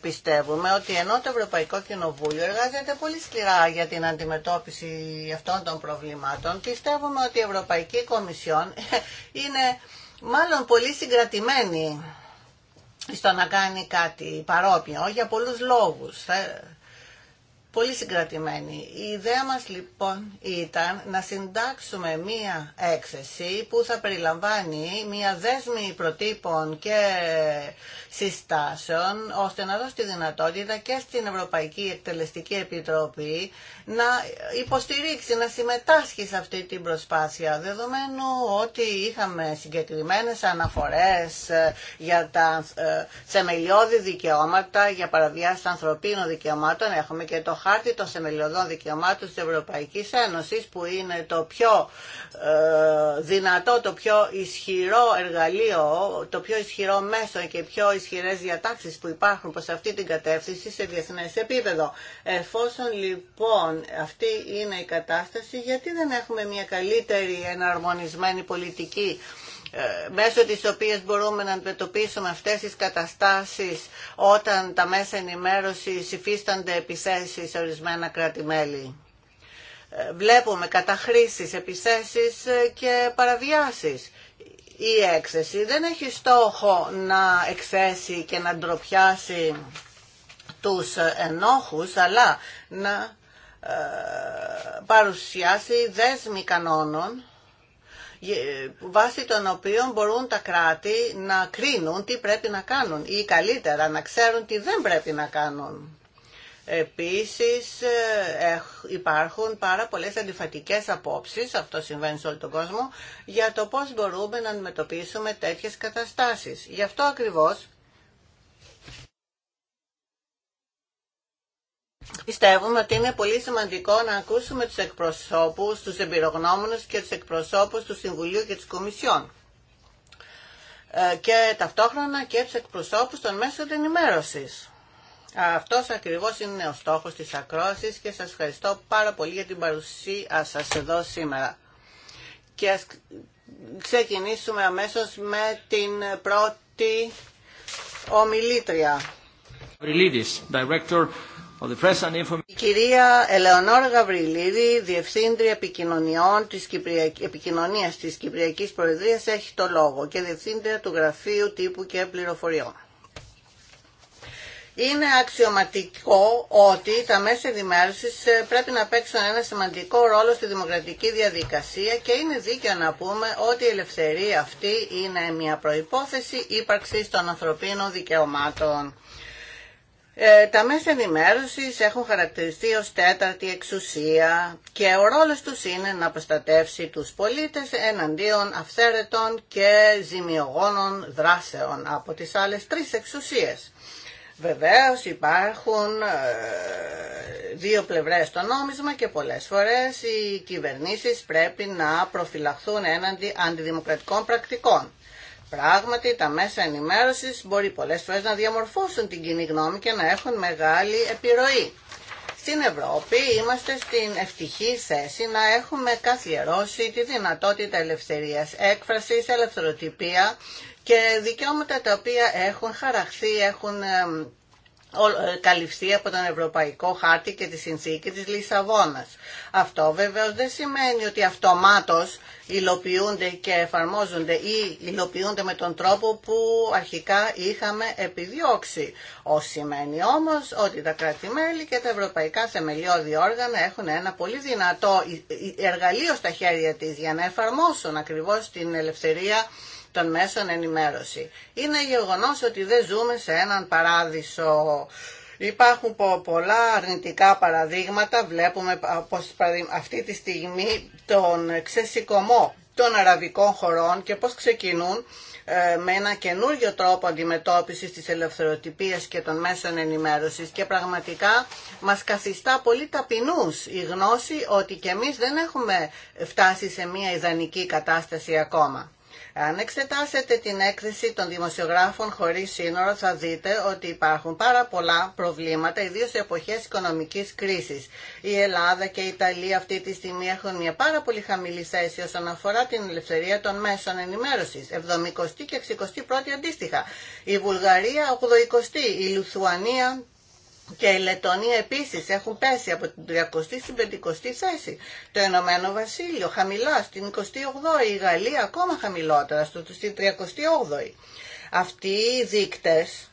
πιστεύουμε ότι ενώ το Ευρωπαϊκό Κοινοβούλιο εργάζεται πολύ σκληρά για την αντιμετώπιση αυτών των προβλημάτων, πιστεύουμε ότι η Ευρωπαϊκή Κομισιόν είναι μάλλον πολύ συγκρατημένη στο να κάνει κάτι παρόμοιο για πολλούς λόγους. Πολύ συγκρατημένη. Η ιδέα μας λοιπόν ήταν να συντάξουμε μία έκθεση που θα περιλαμβάνει μία δέσμη προτύπων και συστάσεων ώστε να δώσει τη δυνατότητα και στην Ευρωπαϊκή Εκτελεστική Επιτροπή να υποστηρίξει, να συμμετάσχει σε αυτή την προσπάθεια δεδομένου ότι είχαμε συγκεκριμένες αναφορές ε, για τα ε, θεμελιώδη δικαιώματα, για παραβιάσεις ανθρωπίνων δικαιωμάτων. Έχουμε και το χάρτη των θεμελιωδών δικαιωμάτων της Ευρωπαϊκής Ένωσης που είναι το πιο ε, δυνατό, το πιο ισχυρό εργαλείο, το πιο ισχυρό μέσο και πιο ισχυρές διατάξεις που υπάρχουν προς αυτή την κατεύθυνση σε διεθνές επίπεδο. Εφόσον λοιπόν αυτή είναι η κατάσταση, γιατί δεν έχουμε μια καλύτερη εναρμονισμένη πολιτική ε, μέσω της οποίας μπορούμε να αντιμετωπίσουμε αυτές τις καταστάσεις όταν τα μέσα ενημέρωση υφίστανται επιθέσεις σε ορισμένα κράτη-μέλη. Ε, βλέπουμε καταχρήσεις, επιθέσεις ε, και παραβιάσεις η έξεση δεν έχει στόχο να εκθέσει και να ντροπιάσει τους ενόχους, αλλά να ε, παρουσιάσει δέσμη κανόνων βάσει των οποίων μπορούν τα κράτη να κρίνουν τι πρέπει να κάνουν ή καλύτερα να ξέρουν τι δεν πρέπει να κάνουν. Επίσης ε, υπάρχουν πάρα πολλές αντιφατικές απόψεις, αυτό συμβαίνει σε όλο τον κόσμο, για το πώς μπορούμε να αντιμετωπίσουμε τέτοιες καταστάσεις. Γι' αυτό ακριβώς Πιστεύουμε ότι είναι πολύ σημαντικό να ακούσουμε τους εκπροσώπους, τους εμπειρογνώμονες και τους εκπροσώπους του Συμβουλίου και της Κομισιόν ε, και ταυτόχρονα και τους εκπροσώπους των μέσων ενημέρωσης. Αυτό ακριβώ είναι ο στόχος της ακρόσης και σας ευχαριστώ πάρα πολύ για την παρουσία σας εδώ σήμερα. Και ας ξεκινήσουμε αμέσως με την πρώτη ομιλήτρια. Η κυρία Ελεονόρα Γαβριλίδη, Διευθύντρια Επικοινωνιών της Κυπριακ... Επικοινωνίας της Κυπριακής Προεδρίας, έχει το λόγο και Διευθύντρια του Γραφείου Τύπου και Πληροφοριών είναι αξιωματικό ότι τα μέσα ενημέρωση ε, πρέπει να παίξουν ένα σημαντικό ρόλο στη δημοκρατική διαδικασία και είναι δίκαιο να πούμε ότι η ελευθερία αυτή είναι μια προϋπόθεση ύπαρξης των ανθρωπίνων δικαιωμάτων. Ε, τα μέσα ενημέρωση έχουν χαρακτηριστεί ως τέταρτη εξουσία και ο ρόλος τους είναι να προστατεύσει τους πολίτες εναντίον αυθαίρετων και ζημιογόνων δράσεων από τις άλλες τρεις εξουσίες. Βεβαίως υπάρχουν ε, δύο πλευρές στο νόμισμα και πολλές φορές οι κυβερνήσεις πρέπει να προφυλαχθούν έναντι αντιδημοκρατικών πρακτικών. Πράγματι, τα μέσα ενημέρωσης μπορεί πολλές φορές να διαμορφώσουν την κοινή γνώμη και να έχουν μεγάλη επιρροή. Στην Ευρώπη είμαστε στην ευτυχή θέση να έχουμε καθιερώσει τη δυνατότητα ελευθερίας έκφρασης, ελευθεροτυπία και δικαιώματα τα οποία έχουν χαραχθεί, έχουν ε, ε, καλυφθεί από τον Ευρωπαϊκό Χάρτη και τη Συνθήκη της Λισαβόνας. Αυτό βεβαίως δεν σημαίνει ότι αυτομάτως υλοποιούνται και εφαρμόζονται ή υλοποιούνται με τον τρόπο που αρχικά είχαμε επιδιώξει. Ό, σημαίνει όμως ότι τα κρατη και τα ευρωπαϊκά θεμελιώδη όργανα έχουν ένα πολύ δυνατό ε, εργαλείο στα χέρια της για να εφαρμόσουν ακριβώς την ελευθερία των μέσων ενημέρωση. Είναι γεγονός ότι δεν ζούμε σε έναν παράδεισο. Υπάρχουν πολλά αρνητικά παραδείγματα, βλέπουμε πως αυτή τη στιγμή τον ξεσηκωμό των αραβικών χωρών και πώς ξεκινούν ε, με ένα καινούριο τρόπο αντιμετώπιση της ελευθεροτυπίας και των μέσων ενημέρωσης και πραγματικά μας καθιστά πολύ ταπεινούς η γνώση ότι και εμείς δεν έχουμε φτάσει σε μια ιδανική κατάσταση ακόμα. Αν εξετάσετε την έκθεση των δημοσιογράφων χωρίς σύνορα θα δείτε ότι υπάρχουν πάρα πολλά προβλήματα, ιδίως σε εποχές οικονομικής κρίσης. Η Ελλάδα και η Ιταλία αυτή τη στιγμή έχουν μια πάρα πολύ χαμηλή θέση όσον αφορά την ελευθερία των μέσων ενημέρωσης, 70η και 61η αντίστοιχα. Η Βουλγαρία 80η, η Λουθουανία και η Λετωνία επίσης έχουν πέσει από την 30η στην 50η θέση. Το Ενωμένο Βασίλειο χαμηλά στην 28η, η Γαλλία ακόμα χαμηλότερα στην 38η. Αυτοί οι δείκτες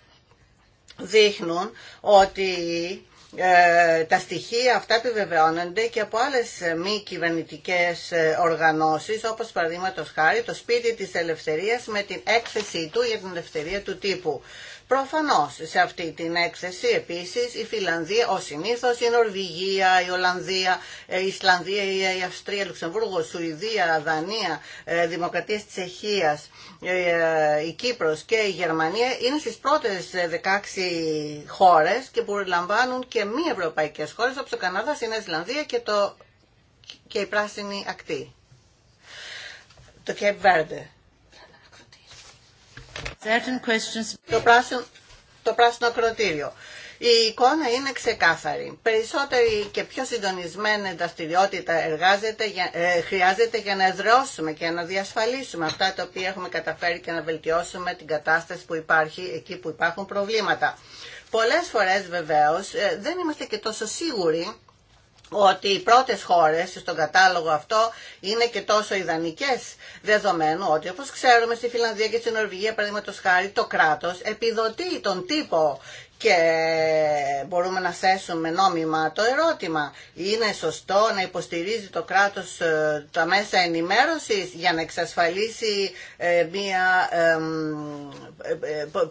δείχνουν ότι ε, τα στοιχεία αυτά επιβεβαιώνονται και από άλλες ε, μη κυβερνητικέ ε, οργανώσεις όπως παραδείγματο χάρη το σπίτι της ελευθερίας με την έκθεσή του για την ελευθερία του τύπου Προφανώς σε αυτή την έκθεση επίσης η Φιλανδία, ο συνήθως η Νορβηγία, η Ολλανδία, ε, η Ισλανδία, η Αυστρία, η Λουξεμβούργο, η Σουηδία, η Δανία, η ε, Δημοκρατία της Τσεχίας, ε, η Κύπρος και η Γερμανία είναι στις πρώτες 16 χώρες και που λαμβάνουν και μη ευρωπαϊκές χώρες όπως ο Κανάδας, η Νέα Ισλανδία και, και η Πράσινη Ακτή. Το Κέμπ το πράσινο, το ακροτήριο. Η εικόνα είναι ξεκάθαρη. Περισσότερη και πιο συντονισμένη δραστηριότητα εργάζεται, ε, χρειάζεται για να εδραιώσουμε και να διασφαλίσουμε αυτά τα οποία έχουμε καταφέρει και να βελτιώσουμε την κατάσταση που υπάρχει εκεί που υπάρχουν προβλήματα. Πολλές φορές βεβαίως ε, δεν είμαστε και τόσο σίγουροι ότι οι πρώτες χώρες στον κατάλογο αυτό είναι και τόσο ιδανικές, δεδομένου ότι όπως ξέρουμε στη Φιλανδία και στην Νορβηγία, παραδείγματος χάρη, το κράτος επιδοτεί τον τύπο και μπορούμε να θέσουμε νόμιμα το ερώτημα. Είναι σωστό να υποστηρίζει το κράτος ε, τα μέσα ενημέρωσης για να εξασφαλίσει ε, μια ε,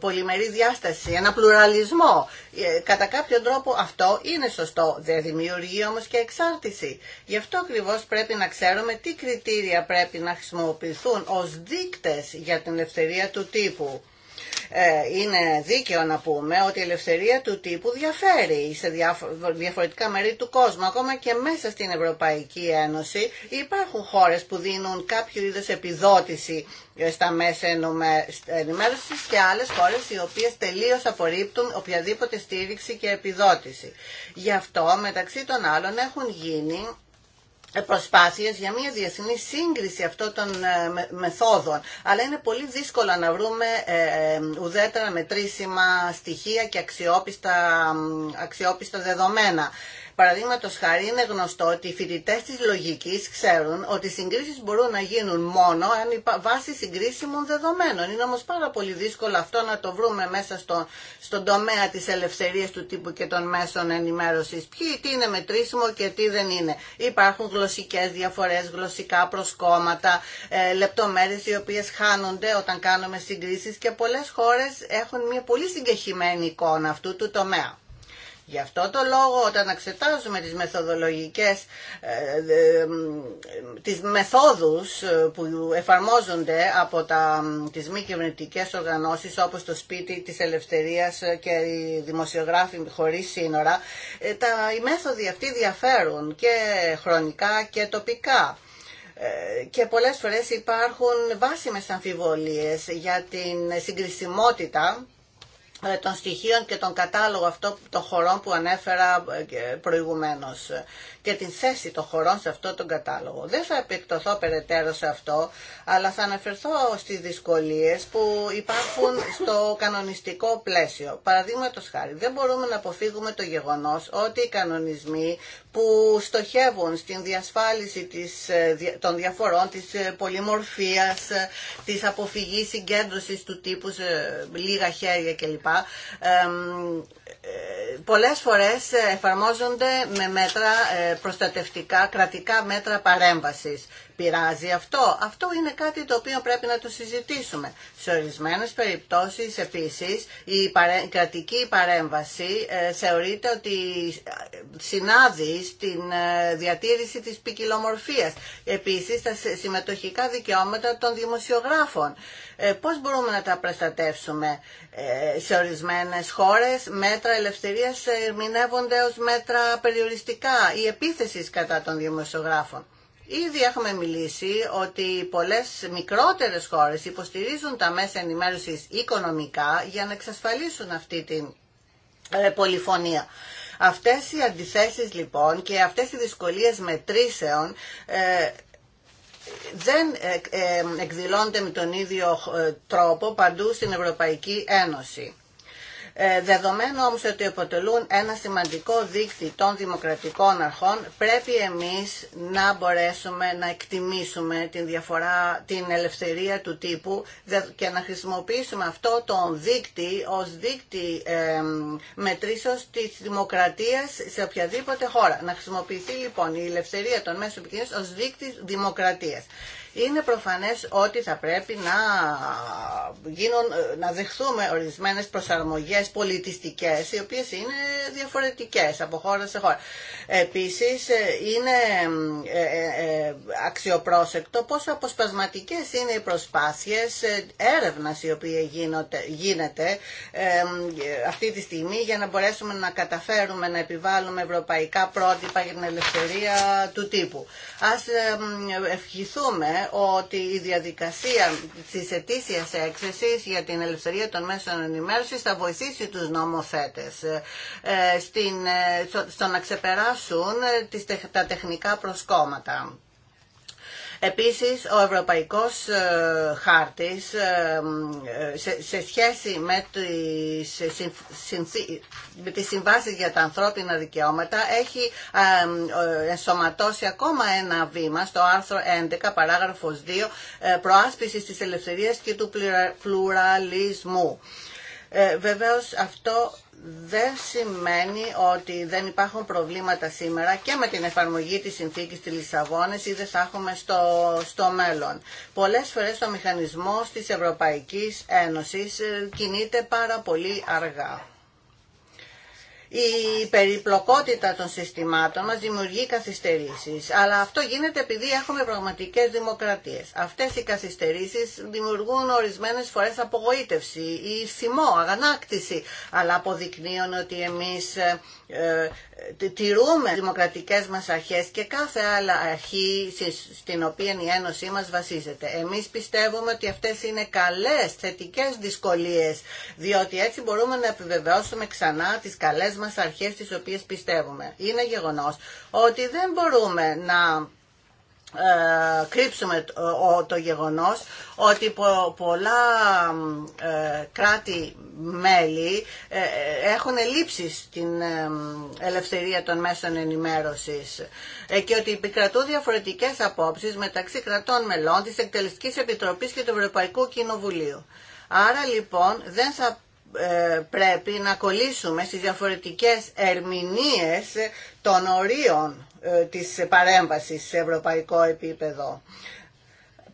πολυμερή διάσταση, ένα πλουραλισμό. Κατά κάποιο τρόπο αυτό είναι σωστό. Δεν δημιουργεί όμως και εξάρτηση. Γι' αυτό ακριβώ πρέπει να ξέρουμε τι κριτήρια πρέπει να χρησιμοποιηθούν ως δείκτες για την ελευθερία του τύπου. Ε, είναι δίκαιο να πούμε ότι η ελευθερία του τύπου διαφέρει σε διαφορετικά μέρη του κόσμου. Ακόμα και μέσα στην Ευρωπαϊκή Ένωση υπάρχουν χώρες που δίνουν κάποιο είδος επιδότηση ε, στα μέσα ενημέρωση και άλλες χώρες οι οποίες τελείως απορρίπτουν οποιαδήποτε στήριξη και επιδότηση. Γι' αυτό μεταξύ των άλλων έχουν γίνει προσπάθειες για μια διεθνή σύγκριση αυτών των ε, μεθόδων. Αλλά είναι πολύ δύσκολο να βρούμε ε, ε, ουδέτερα μετρήσιμα στοιχεία και αξιόπιστα, αξιόπιστα δεδομένα. Παραδείγματο χάρη είναι γνωστό ότι οι φοιτητέ τη λογική ξέρουν ότι οι συγκρίσει μπορούν να γίνουν μόνο αν υπά... βάσει συγκρίσιμων δεδομένων. Είναι όμω πάρα πολύ δύσκολο αυτό να το βρούμε μέσα στο... στον τομέα τη ελευθερία του τύπου και των μέσων ενημέρωση. Ποιοι τι είναι μετρήσιμο και τι δεν είναι. Υπάρχουν γλωσσικέ διαφορέ, γλωσσικά προσκόμματα, ε, λεπτομέρειε οι οποίε χάνονται όταν κάνουμε συγκρίσει και πολλέ χώρε έχουν μια πολύ συγκεχημένη εικόνα αυτού του τομέα. Γι' αυτό το λόγο όταν εξετάζουμε τις μεθοδολογικές, ε, τις μεθόδους ε, που εφαρμόζονται από τα, τις μη κυβερνητικέ οργανώσεις όπως το σπίτι της ελευθερίας και οι δημοσιογράφοι χωρίς σύνορα, ε, τα, οι μέθοδοι αυτοί διαφέρουν και χρονικά και τοπικά και πολλές φορές υπάρχουν βάσιμες αμφιβολίες για την συγκρισιμότητα ε, των στοιχείων και τον κατάλογο αυτό των χωρών που ανέφερα ε, προηγουμένως και την θέση των χωρών σε αυτό τον κατάλογο. Δεν θα επεκτοθώ περαιτέρω σε αυτό, αλλά θα αναφερθώ στις δυσκολίες που υπάρχουν στο κανονιστικό πλαίσιο. Παραδείγματο χάρη, δεν μπορούμε να αποφύγουμε το γεγονός ότι οι κανονισμοί που στοχεύουν στην διασφάλιση της, ε, των διαφορών, της ε, πολυμορφίας, ε, της αποφυγής συγκέντρωσης του τύπου σε λίγα χέρια κλπ πολλές φορές εφαρμόζονται με μέτρα ε, προστατευτικά, κρατικά μέτρα παρέμβασης πειράζει αυτό. Αυτό είναι κάτι το οποίο πρέπει να το συζητήσουμε. Σε ορισμένες περιπτώσεις επίσης η κρατική παρέμβαση ε, θεωρείται ότι ε, συνάδει στην ε, διατήρηση της ποικιλομορφίας. Επίσης τα συμμετοχικά δικαιώματα των δημοσιογράφων. Πώς μπορούμε να τα προστατεύσουμε σε ορισμένες χώρες. Μέτρα ελευθερίας ερμηνεύονται ως μέτρα περιοριστικά ή επίθεση κατά των δημοσιογράφων. Ήδη έχουμε μιλήσει ότι πολλές μικρότερες χώρες υποστηρίζουν τα μέσα ενημέρωσης οικονομικά για να εξασφαλίσουν αυτή την ε, πολυφωνία. Αυτές οι αντιθέσεις λοιπόν και αυτές οι δυσκολίες μετρήσεων ε, δεν ε, εκδηλώνται με τον ίδιο τρόπο παντού στην Ευρωπαϊκή Ένωση. Ε, δεδομένου όμως ότι αποτελούν ένα σημαντικό δίκτυ των δημοκρατικών αρχών, πρέπει εμείς να μπορέσουμε να εκτιμήσουμε την διαφορά, την ελευθερία του τύπου και να χρησιμοποιήσουμε αυτό το δίκτυ ως δίκτυ ε, μετρήσεως της δημοκρατίας σε οποιαδήποτε χώρα. Να χρησιμοποιηθεί λοιπόν η ελευθερία των μέσων επικοινωνίας ως δείκτη δημοκρατίας είναι προφανές ότι θα πρέπει να, γίνουν, να δεχθούμε ορισμένες προσαρμογές πολιτιστικές, οι οποίες είναι διαφορετικές από χώρα σε χώρα. Επίσης, ε, είναι ε, ε, αξιοπρόσεκτο πόσο αποσπασματικές είναι οι προσπάθειες έρευνας οι οποίες γίνεται αυτή τη στιγμή για να μπορέσουμε να καταφέρουμε να επιβάλλουμε ευρωπαϊκά πρότυπα για την ελευθερία του τύπου. Ας ευχηθούμε ότι η διαδικασία της ετήσιας έκθεση για την ελευθερία των μέσων ενημέρωσης θα βοηθήσει τους νομοθέτες ε, στην, ε, στο να ξεπεράσουν ε, τα τεχνικά προσκόμματα. Επίσης, ο Ευρωπαϊκός ε, Χάρτης ε, σε σχέση με τις, συμβάσει τις συμβάσεις για τα ανθρώπινα δικαιώματα έχει ε, ενσωματώσει ακόμα ένα βήμα στο άρθρο 11 παράγραφος 2 προάσπισης της ελευθερίας και του πλουραλισμού. Βεβαίως αυτό δεν σημαίνει ότι δεν υπάρχουν προβλήματα σήμερα και με την εφαρμογή της συνθήκης της Λισαβόνας ή δεν θα έχουμε στο, στο μέλλον. Πολλές φορές το μηχανισμό της Ευρωπαϊκής Ένωσης ε, κινείται πάρα πολύ αργά η περιπλοκότητα των συστημάτων μας δημιουργεί καθυστερήσεις. Αλλά αυτό γίνεται επειδή έχουμε πραγματικές δημοκρατίες. Αυτές οι καθυστερήσεις δημιουργούν ορισμένες φορές απογοήτευση ή θυμό, αγανάκτηση. Αλλά αποδεικνύουν ότι εμείς ε, τηρούμε δημοκρατικές μας αρχές και κάθε άλλα αρχή στην οποία η Ένωσή μας βασίζεται. Εμείς πιστεύουμε ότι αυτές είναι καλές, θετικές δυσκολίες, διότι έτσι μπορούμε να επιβεβαιώσουμε ξανά τις καλές μας αρχές τις οποίες πιστεύουμε. Είναι γεγονός ότι δεν μπορούμε να ε, κρύψουμε το γεγονός ότι πολλά ε, κράτη-μέλη ε, έχουν λήψει την ελευθερία των μέσων ενημέρωσης και ότι επικρατούν διαφορετικές απόψεις μεταξύ κρατών μελών της Εκτελεστικής Επιτροπής και του Ευρωπαϊκού Κοινοβουλίου. Άρα λοιπόν δεν θα πρέπει να κολλήσουμε στις διαφορετικές ερμηνείες των ορίων ε, της παρέμβασης σε ευρωπαϊκό επίπεδο.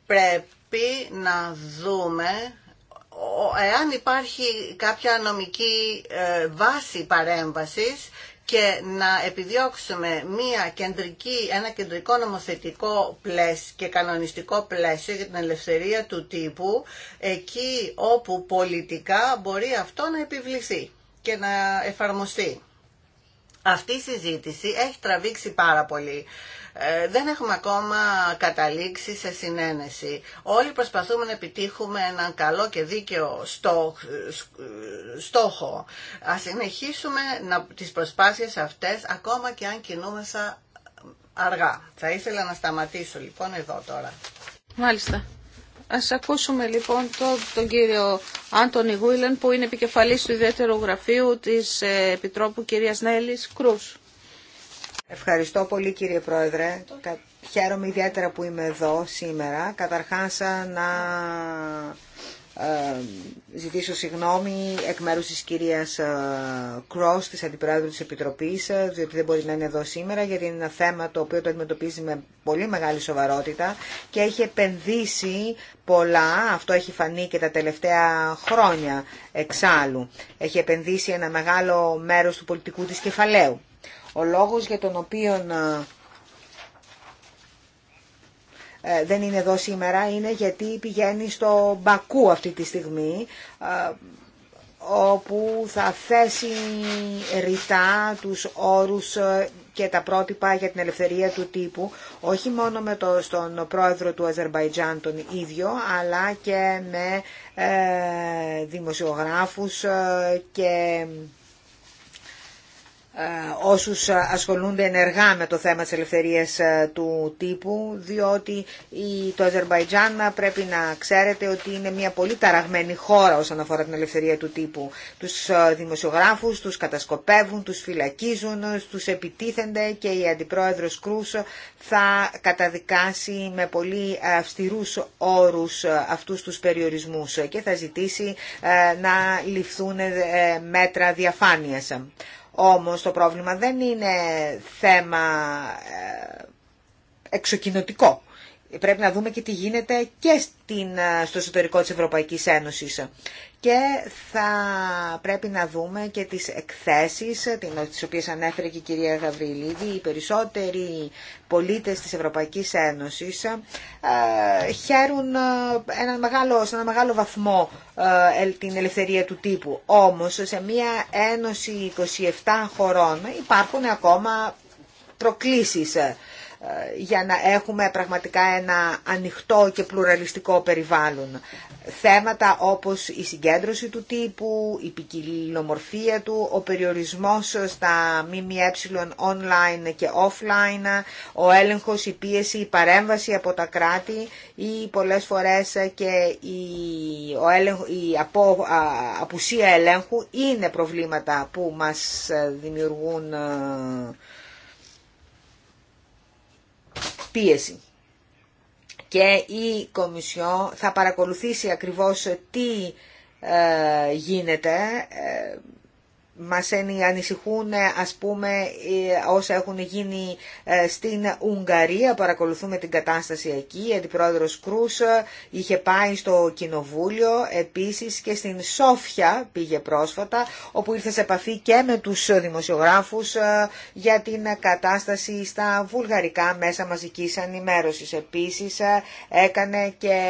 Πρέπει να δούμε εάν υπάρχει κάποια νομική ε, βάση παρέμβασης και να επιδιώξουμε μια κεντρική, ένα κεντρικό νομοθετικό πλαίσιο και κανονιστικό πλαίσιο για την ελευθερία του τύπου εκεί όπου πολιτικά μπορεί αυτό να επιβληθεί και να εφαρμοστεί. Αυτή η συζήτηση έχει τραβήξει πάρα πολύ. Ε, δεν έχουμε ακόμα καταλήξει σε συνένεση. Όλοι προσπαθούμε να επιτύχουμε έναν καλό και δίκαιο στόχο. Ας συνεχίσουμε να, τις προσπάθειες αυτές ακόμα και αν κινούμεσα αργά. Θα ήθελα να σταματήσω λοιπόν εδώ τώρα. Μάλιστα. Ας ακούσουμε λοιπόν τον κύριο Άντωνη Γουίλεν που είναι επικεφαλής του ιδιαίτερου γραφείου της ε, Επιτρόπου κυρίας Νέλης Κρούς. Ευχαριστώ πολύ κύριε Πρόεδρε. Χαίρομαι ιδιαίτερα που είμαι εδώ σήμερα. Καταρχάς να ε, ζητήσω συγγνώμη εκ μέρους της κυρίας Κρός, ε, της Αντιπρόεδρου της Επιτροπής, ε, διότι δεν μπορεί να είναι εδώ σήμερα, γιατί είναι ένα θέμα το οποίο το αντιμετωπίζει με πολύ μεγάλη σοβαρότητα και έχει επενδύσει πολλά, αυτό έχει φανεί και τα τελευταία χρόνια εξάλλου. Έχει επενδύσει ένα μεγάλο μέρος του πολιτικού της κεφαλαίου. Ο λόγος για τον οποίο ε, δεν είναι εδώ σήμερα είναι γιατί πηγαίνει στο Μπακού αυτή τη στιγμή ε, όπου θα θέσει ρητά τους όρους ε, και τα πρότυπα για την ελευθερία του τύπου, όχι μόνο με το, στον πρόεδρο του Αζερβαϊτζάν τον ίδιο, αλλά και με ε, δημοσιογράφους και ε, όσους ασχολούνται ενεργά με το θέμα της ελευθερίας ε, του τύπου, διότι το Αζερβαϊτζάν ε, πρέπει να ξέρετε ότι είναι μια πολύ ταραγμένη χώρα όσον αφορά την ελευθερία του τύπου. Τους δημοσιογράφους τους κατασκοπεύουν, τους φυλακίζουν, τους επιτίθενται και η Αντιπρόεδρος Κρούς θα καταδικάσει με πολύ αυστηρούς όρους αυτούς τους περιορισμούς και θα ζητήσει να ληφθούν μέτρα διαφάνειας. Όμως το πρόβλημα δεν είναι θέμα ε, εξοκοινωτικό πρέπει να δούμε και τι γίνεται και στην, στο εσωτερικό της Ευρωπαϊκής Ένωσης. Και θα πρέπει να δούμε και τις εκθέσεις, ε, τις οποίες ανέφερε και η κυρία Γαβριλίδη. Οι περισσότεροι πολίτες της Ευρωπαϊκής Ένωσης ε, χαίρουν ε, ένα μεγάλο, σε ένα μεγάλο βαθμό την ελευθερία του τύπου. Όμως, σε μια ένωση 27 χωρών υπάρχουν ακόμα προκλήσεις για να έχουμε πραγματικά ένα ανοιχτό και πλουραλιστικό περιβάλλον. Θέματα όπως η συγκέντρωση του τύπου, η ποικιλομορφία του, ο περιορισμός στα ΜΜΕ online και offline, ο έλεγχος, η πίεση, η παρέμβαση από τα κράτη ή πολλές φορές και η, ο απουσία ελέγχου είναι προβλήματα που μας δημιουργούν πίεση. Και η Κομισιό θα παρακολουθήσει ακριβώς τι ε, γίνεται ε, μας ανησυχούν ε, ας πούμε ε, όσα έχουν γίνει ε, στην Ουγγαρία, παρακολουθούμε την κατάσταση εκεί, η Αντιπρόεδρος Κρούς είχε πάει στο Κοινοβούλιο, επίσης και στην Σόφια πήγε πρόσφατα, όπου ήρθε σε επαφή και με τους δημοσιογράφους για την κατάσταση στα βουλγαρικά μέσα μαζικής ανημέρωσης. Επίσης έκανε και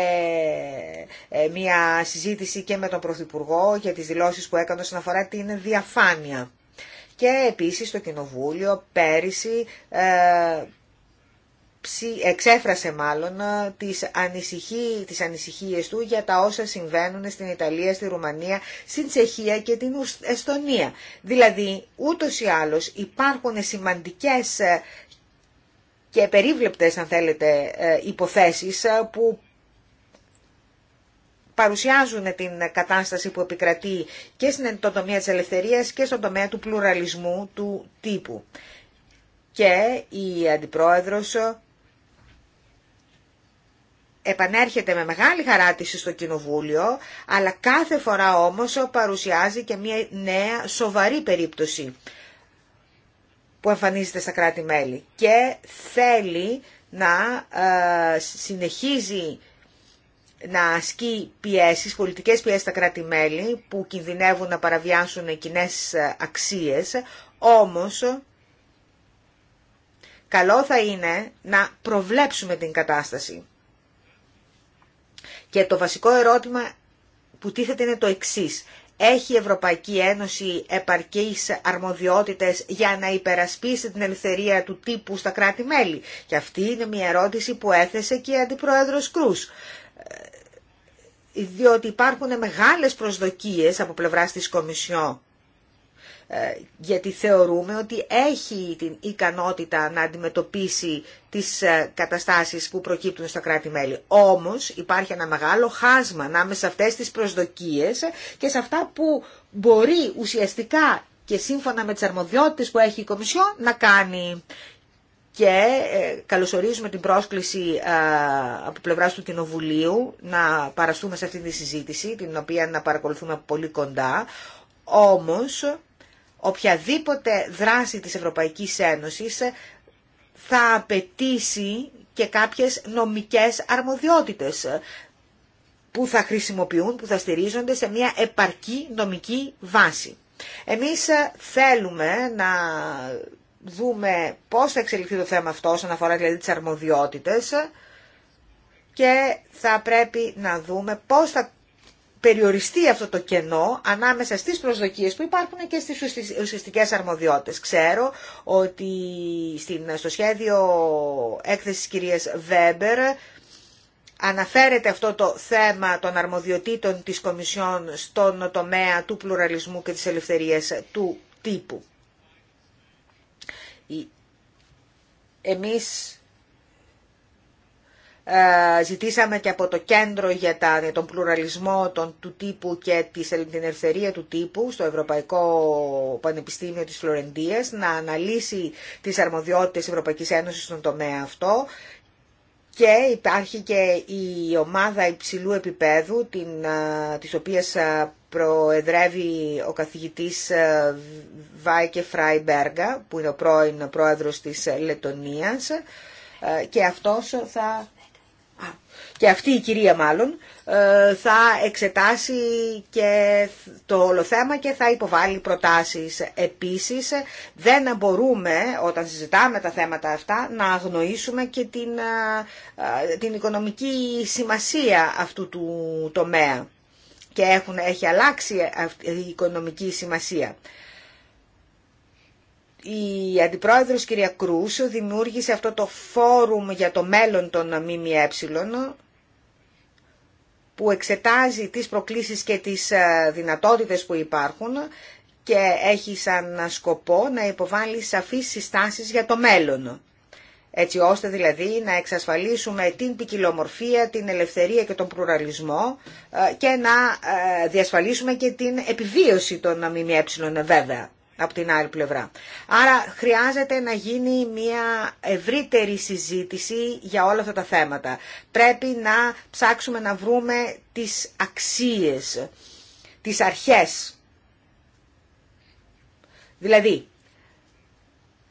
μια συζήτηση και με τον Πρωθυπουργό για τις δηλώσεις που έκανε όσον αφορά την διαφορά και επίσης το Κοινοβούλιο πέρυσι ε, εξέφρασε μάλλον ε, τις, ανησυχί, τις ανησυχίες του για τα όσα συμβαίνουν στην Ιταλία, στη Ρουμανία, στην Τσεχία και την Εστονία. Δηλαδή ούτως ή άλλως υπάρχουν σημαντικές ε, και περίβλεπτες αν θέλετε ε, υποθέσεις που παρουσιάζουν την κατάσταση που επικρατεί και στην τομέα της ελευθερίας και στον τομέα του πλουραλισμού του τύπου. Και η Αντιπρόεδρος επανέρχεται με μεγάλη χαρά στο Κοινοβούλιο, αλλά κάθε φορά όμως παρουσιάζει και μια νέα σοβαρή περίπτωση που εμφανίζεται στα κράτη-μέλη και θέλει να ε, συνεχίζει να ασκεί πιέσεις, πολιτικές πιέσεις στα κράτη-μέλη που κινδυνεύουν να παραβιάσουν κοινέ αξίες, όμως καλό θα είναι να προβλέψουμε την κατάσταση. Και το βασικό ερώτημα που τίθεται είναι το εξής. Έχει η Ευρωπαϊκή Ένωση επαρκείς αρμοδιότητες για να υπερασπίσει την ελευθερία του τύπου στα κράτη-μέλη. Και αυτή είναι μια ερώτηση που έθεσε και η Αντιπρόεδρος Κρούς διότι υπάρχουν μεγάλες προσδοκίες από πλευράς της Κομισιό ε, γιατί θεωρούμε ότι έχει την ικανότητα να αντιμετωπίσει τις ε, καταστάσεις που προκύπτουν στα κράτη-μέλη. Όμως υπάρχει ένα μεγάλο χάσμα ανάμεσα σε αυτές τις προσδοκίες και σε αυτά που μπορεί ουσιαστικά και σύμφωνα με τις αρμοδιότητες που έχει η Κομισιό να κάνει και ε, καλωσορίζουμε την πρόσκληση ε, από πλευράς του Κοινοβουλίου να παραστούμε σε αυτή τη συζήτηση, την οποία να παρακολουθούμε πολύ κοντά. Όμως, οποιαδήποτε δράση της Ευρωπαϊκής Ένωσης θα απαιτήσει και κάποιες νομικές αρμοδιότητες που θα χρησιμοποιούν, που θα στηρίζονται σε μια επαρκή νομική βάση. Εμείς ε, θέλουμε να δούμε πώς θα εξελιχθεί το θέμα αυτό όσον αφορά δηλαδή τις αρμοδιότητες και θα πρέπει να δούμε πώς θα περιοριστεί αυτό το κενό ανάμεσα στις προσδοκίες που υπάρχουν και στις ουσιαστικές αρμοδιότητες. Ξέρω ότι στο σχέδιο έκθεσης κυρίας Βέμπερ αναφέρεται αυτό το θέμα των αρμοδιοτήτων της Κομισιόν στον τομέα του πλουραλισμού και της ελευθερίας του τύπου. Εμείς ε, ζητήσαμε και από το κέντρο για, τα, για τον πλουραλισμό των, του τύπου και της, την ελευθερία του τύπου στο Ευρωπαϊκό Πανεπιστήμιο της Φλωρεντίας να αναλύσει τις αρμοδιότητες Ευρωπαϊκής Ένωσης στον τομέα αυτό και υπάρχει και η ομάδα υψηλού επίπεδου την, ε, της οποίας ε, προεδρεύει ο καθηγητής ε, Βάικε Φράιμπεργα, που είναι ο πρώην πρόεδρος της Λετωνίας, ε, και αυτός θα... Και αυτή η κυρία μάλλον ε, θα εξετάσει και το όλο θέμα και θα υποβάλει προτάσεις. Επίσης δεν μπορούμε όταν συζητάμε τα θέματα αυτά να αγνοήσουμε και την, την οικονομική σημασία αυτού του τομέα και έχουν, έχει αλλάξει η οικονομική σημασία. Η Αντιπρόεδρος κυρία Κρούσου δημιούργησε αυτό το φόρουμ για το μέλλον των ΜΜΕ που εξετάζει τις προκλήσεις και τις ε, δυνατότητες που υπάρχουν και έχει σαν σκοπό να υποβάλει σαφείς συστάσεις για το μέλλον έτσι ώστε δηλαδή να εξασφαλίσουμε την ποικιλομορφία, την ελευθερία και τον πλουραλισμό ε, και να ε, διασφαλίσουμε και την επιβίωση των ΜΜΕ βέβαια από την άλλη πλευρά. Άρα χρειάζεται να γίνει μια ευρύτερη συζήτηση για όλα αυτά τα θέματα. Πρέπει να ψάξουμε να βρούμε τις αξίες, τις αρχές. Δηλαδή,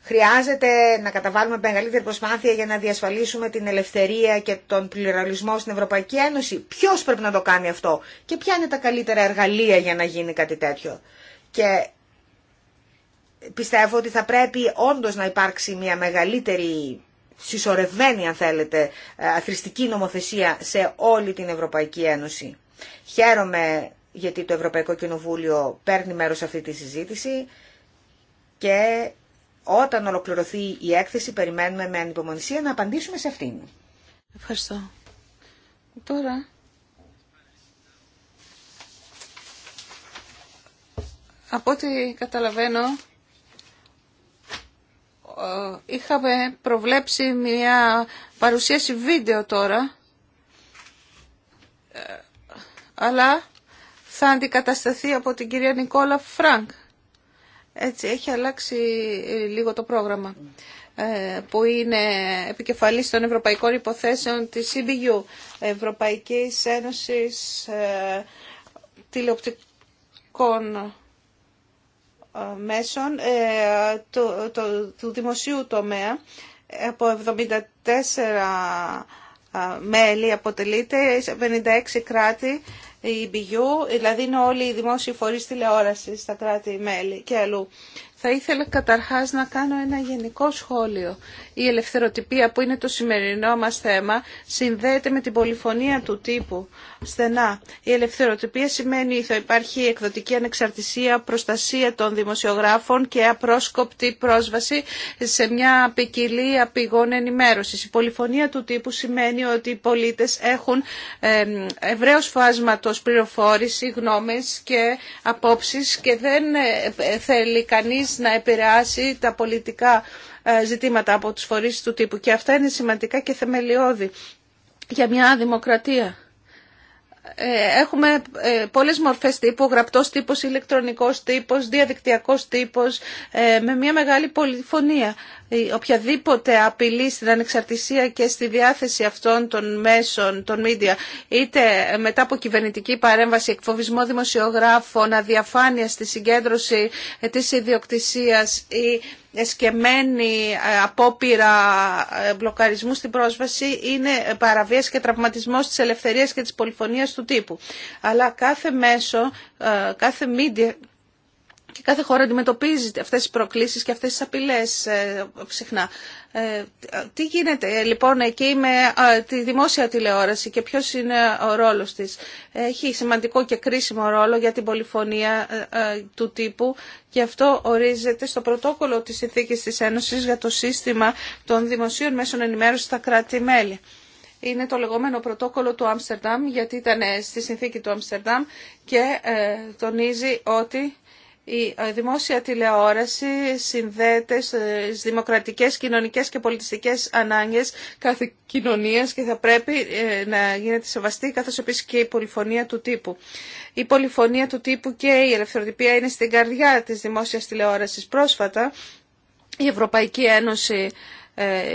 Χρειάζεται να καταβάλουμε μεγαλύτερη προσπάθεια για να διασφαλίσουμε την ελευθερία και τον πληραλισμό στην Ευρωπαϊκή Ένωση. Ποιο πρέπει να το κάνει αυτό και ποια είναι τα καλύτερα εργαλεία για να γίνει κάτι τέτοιο. Και πιστεύω ότι θα πρέπει όντω να υπάρξει μια μεγαλύτερη συσσωρευμένη, αν θέλετε, ε, αθρηστική νομοθεσία σε όλη την Ευρωπαϊκή Ένωση. Χαίρομαι γιατί το Ευρωπαϊκό Κοινοβούλιο παίρνει μέρος σε αυτή τη συζήτηση και όταν ολοκληρωθεί η έκθεση, περιμένουμε με ανυπομονησία να απαντήσουμε σε αυτήν. Ευχαριστώ. Τώρα... Από ό,τι καταλαβαίνω, είχαμε προβλέψει μια παρουσίαση βίντεο τώρα, ε, αλλά θα αντικατασταθεί από την κυρία Νικόλα Φρανκ. Έτσι, έχει αλλάξει ε, λίγο το πρόγραμμα ε, που είναι επικεφαλής των Ευρωπαϊκών Υποθέσεων της CBU, Ευρωπαϊκής Ένωσης ε, Τηλεοπτικών Μέσων του Δημοσίου Τομέα από 74 μέλη αποτελείται, 56 κράτη η δηλαδή είναι όλοι οι δημόσιοι φορείς τηλεόρασης στα κράτη-μέλη και αλλού. Θα ήθελα καταρχάς να κάνω ένα γενικό σχόλιο. Η ελευθεροτυπία που είναι το σημερινό μας θέμα συνδέεται με την πολυφωνία του τύπου στενά. Η ελευθεροτυπία σημαίνει ότι θα υπάρχει εκδοτική ανεξαρτησία, προστασία των δημοσιογράφων και απρόσκοπτη πρόσβαση σε μια ποικιλία πηγών ενημέρωση. Η πολυφωνία του τύπου σημαίνει ότι οι πολίτε έχουν ευρέως φάσματο πληροφόρηση, γνώμε και απόψεις και δεν ε, θέλει κανεί να επηρεάσει τα πολιτικά ε, ζητήματα από τους φορείς του τύπου. Και αυτά είναι σημαντικά και θεμελιώδη για μια δημοκρατία. Ε, έχουμε ε, πολλές μορφές τύπου, γραπτός τύπος, ηλεκτρονικός τύπος, διαδικτυακός τύπος, ε, με μια μεγάλη πολυφωνία οποιαδήποτε απειλή στην ανεξαρτησία και στη διάθεση αυτών των μέσων, των media, είτε μετά από κυβερνητική παρέμβαση, εκφοβισμό δημοσιογράφων, αδιαφάνεια στη συγκέντρωση της ιδιοκτησίας ή εσκεμμένη απόπειρα ε, μπλοκαρισμού στην πρόσβαση είναι παραβίαση και τραυματισμός της ελευθερίας και της πολυφωνίας του τύπου. Αλλά κάθε μέσο, ε, κάθε media και κάθε χώρα αντιμετωπίζει αυτέ τις προκλήσει και αυτέ τι απειλέ. Ε, συχνά. Ε, τι γίνεται ε, λοιπόν εκεί με τη δημόσια τηλεόραση και ποιος είναι ο ρόλος της. Έχει σημαντικό και κρίσιμο ρόλο για την πολυφωνία του τύπου και αυτό ορίζεται στο πρωτόκολλο της Συνθήκης της Ένωσης για το σύστημα των δημοσίων μέσων ενημέρωσης στα κράτη-μέλη. Είναι το λεγόμενο πρωτόκολλο του Άμστερνταμ γιατί ήταν στη συνθήκη του Άμστερνταμ και τονίζει ότι η ε, δημόσια τηλεόραση συνδέεται στις δημοκρατικές, κοινωνικές και πολιτιστικές ανάγκες κάθε κοινωνίας και θα πρέπει ε, να γίνεται σεβαστή, καθώς επίσης και η πολυφωνία του τύπου. Η πολυφωνία του τύπου και η ελευθεροτυπία είναι στην καρδιά της δημόσιας τηλεόρασης. Πρόσφατα η Ευρωπαϊκή Ένωση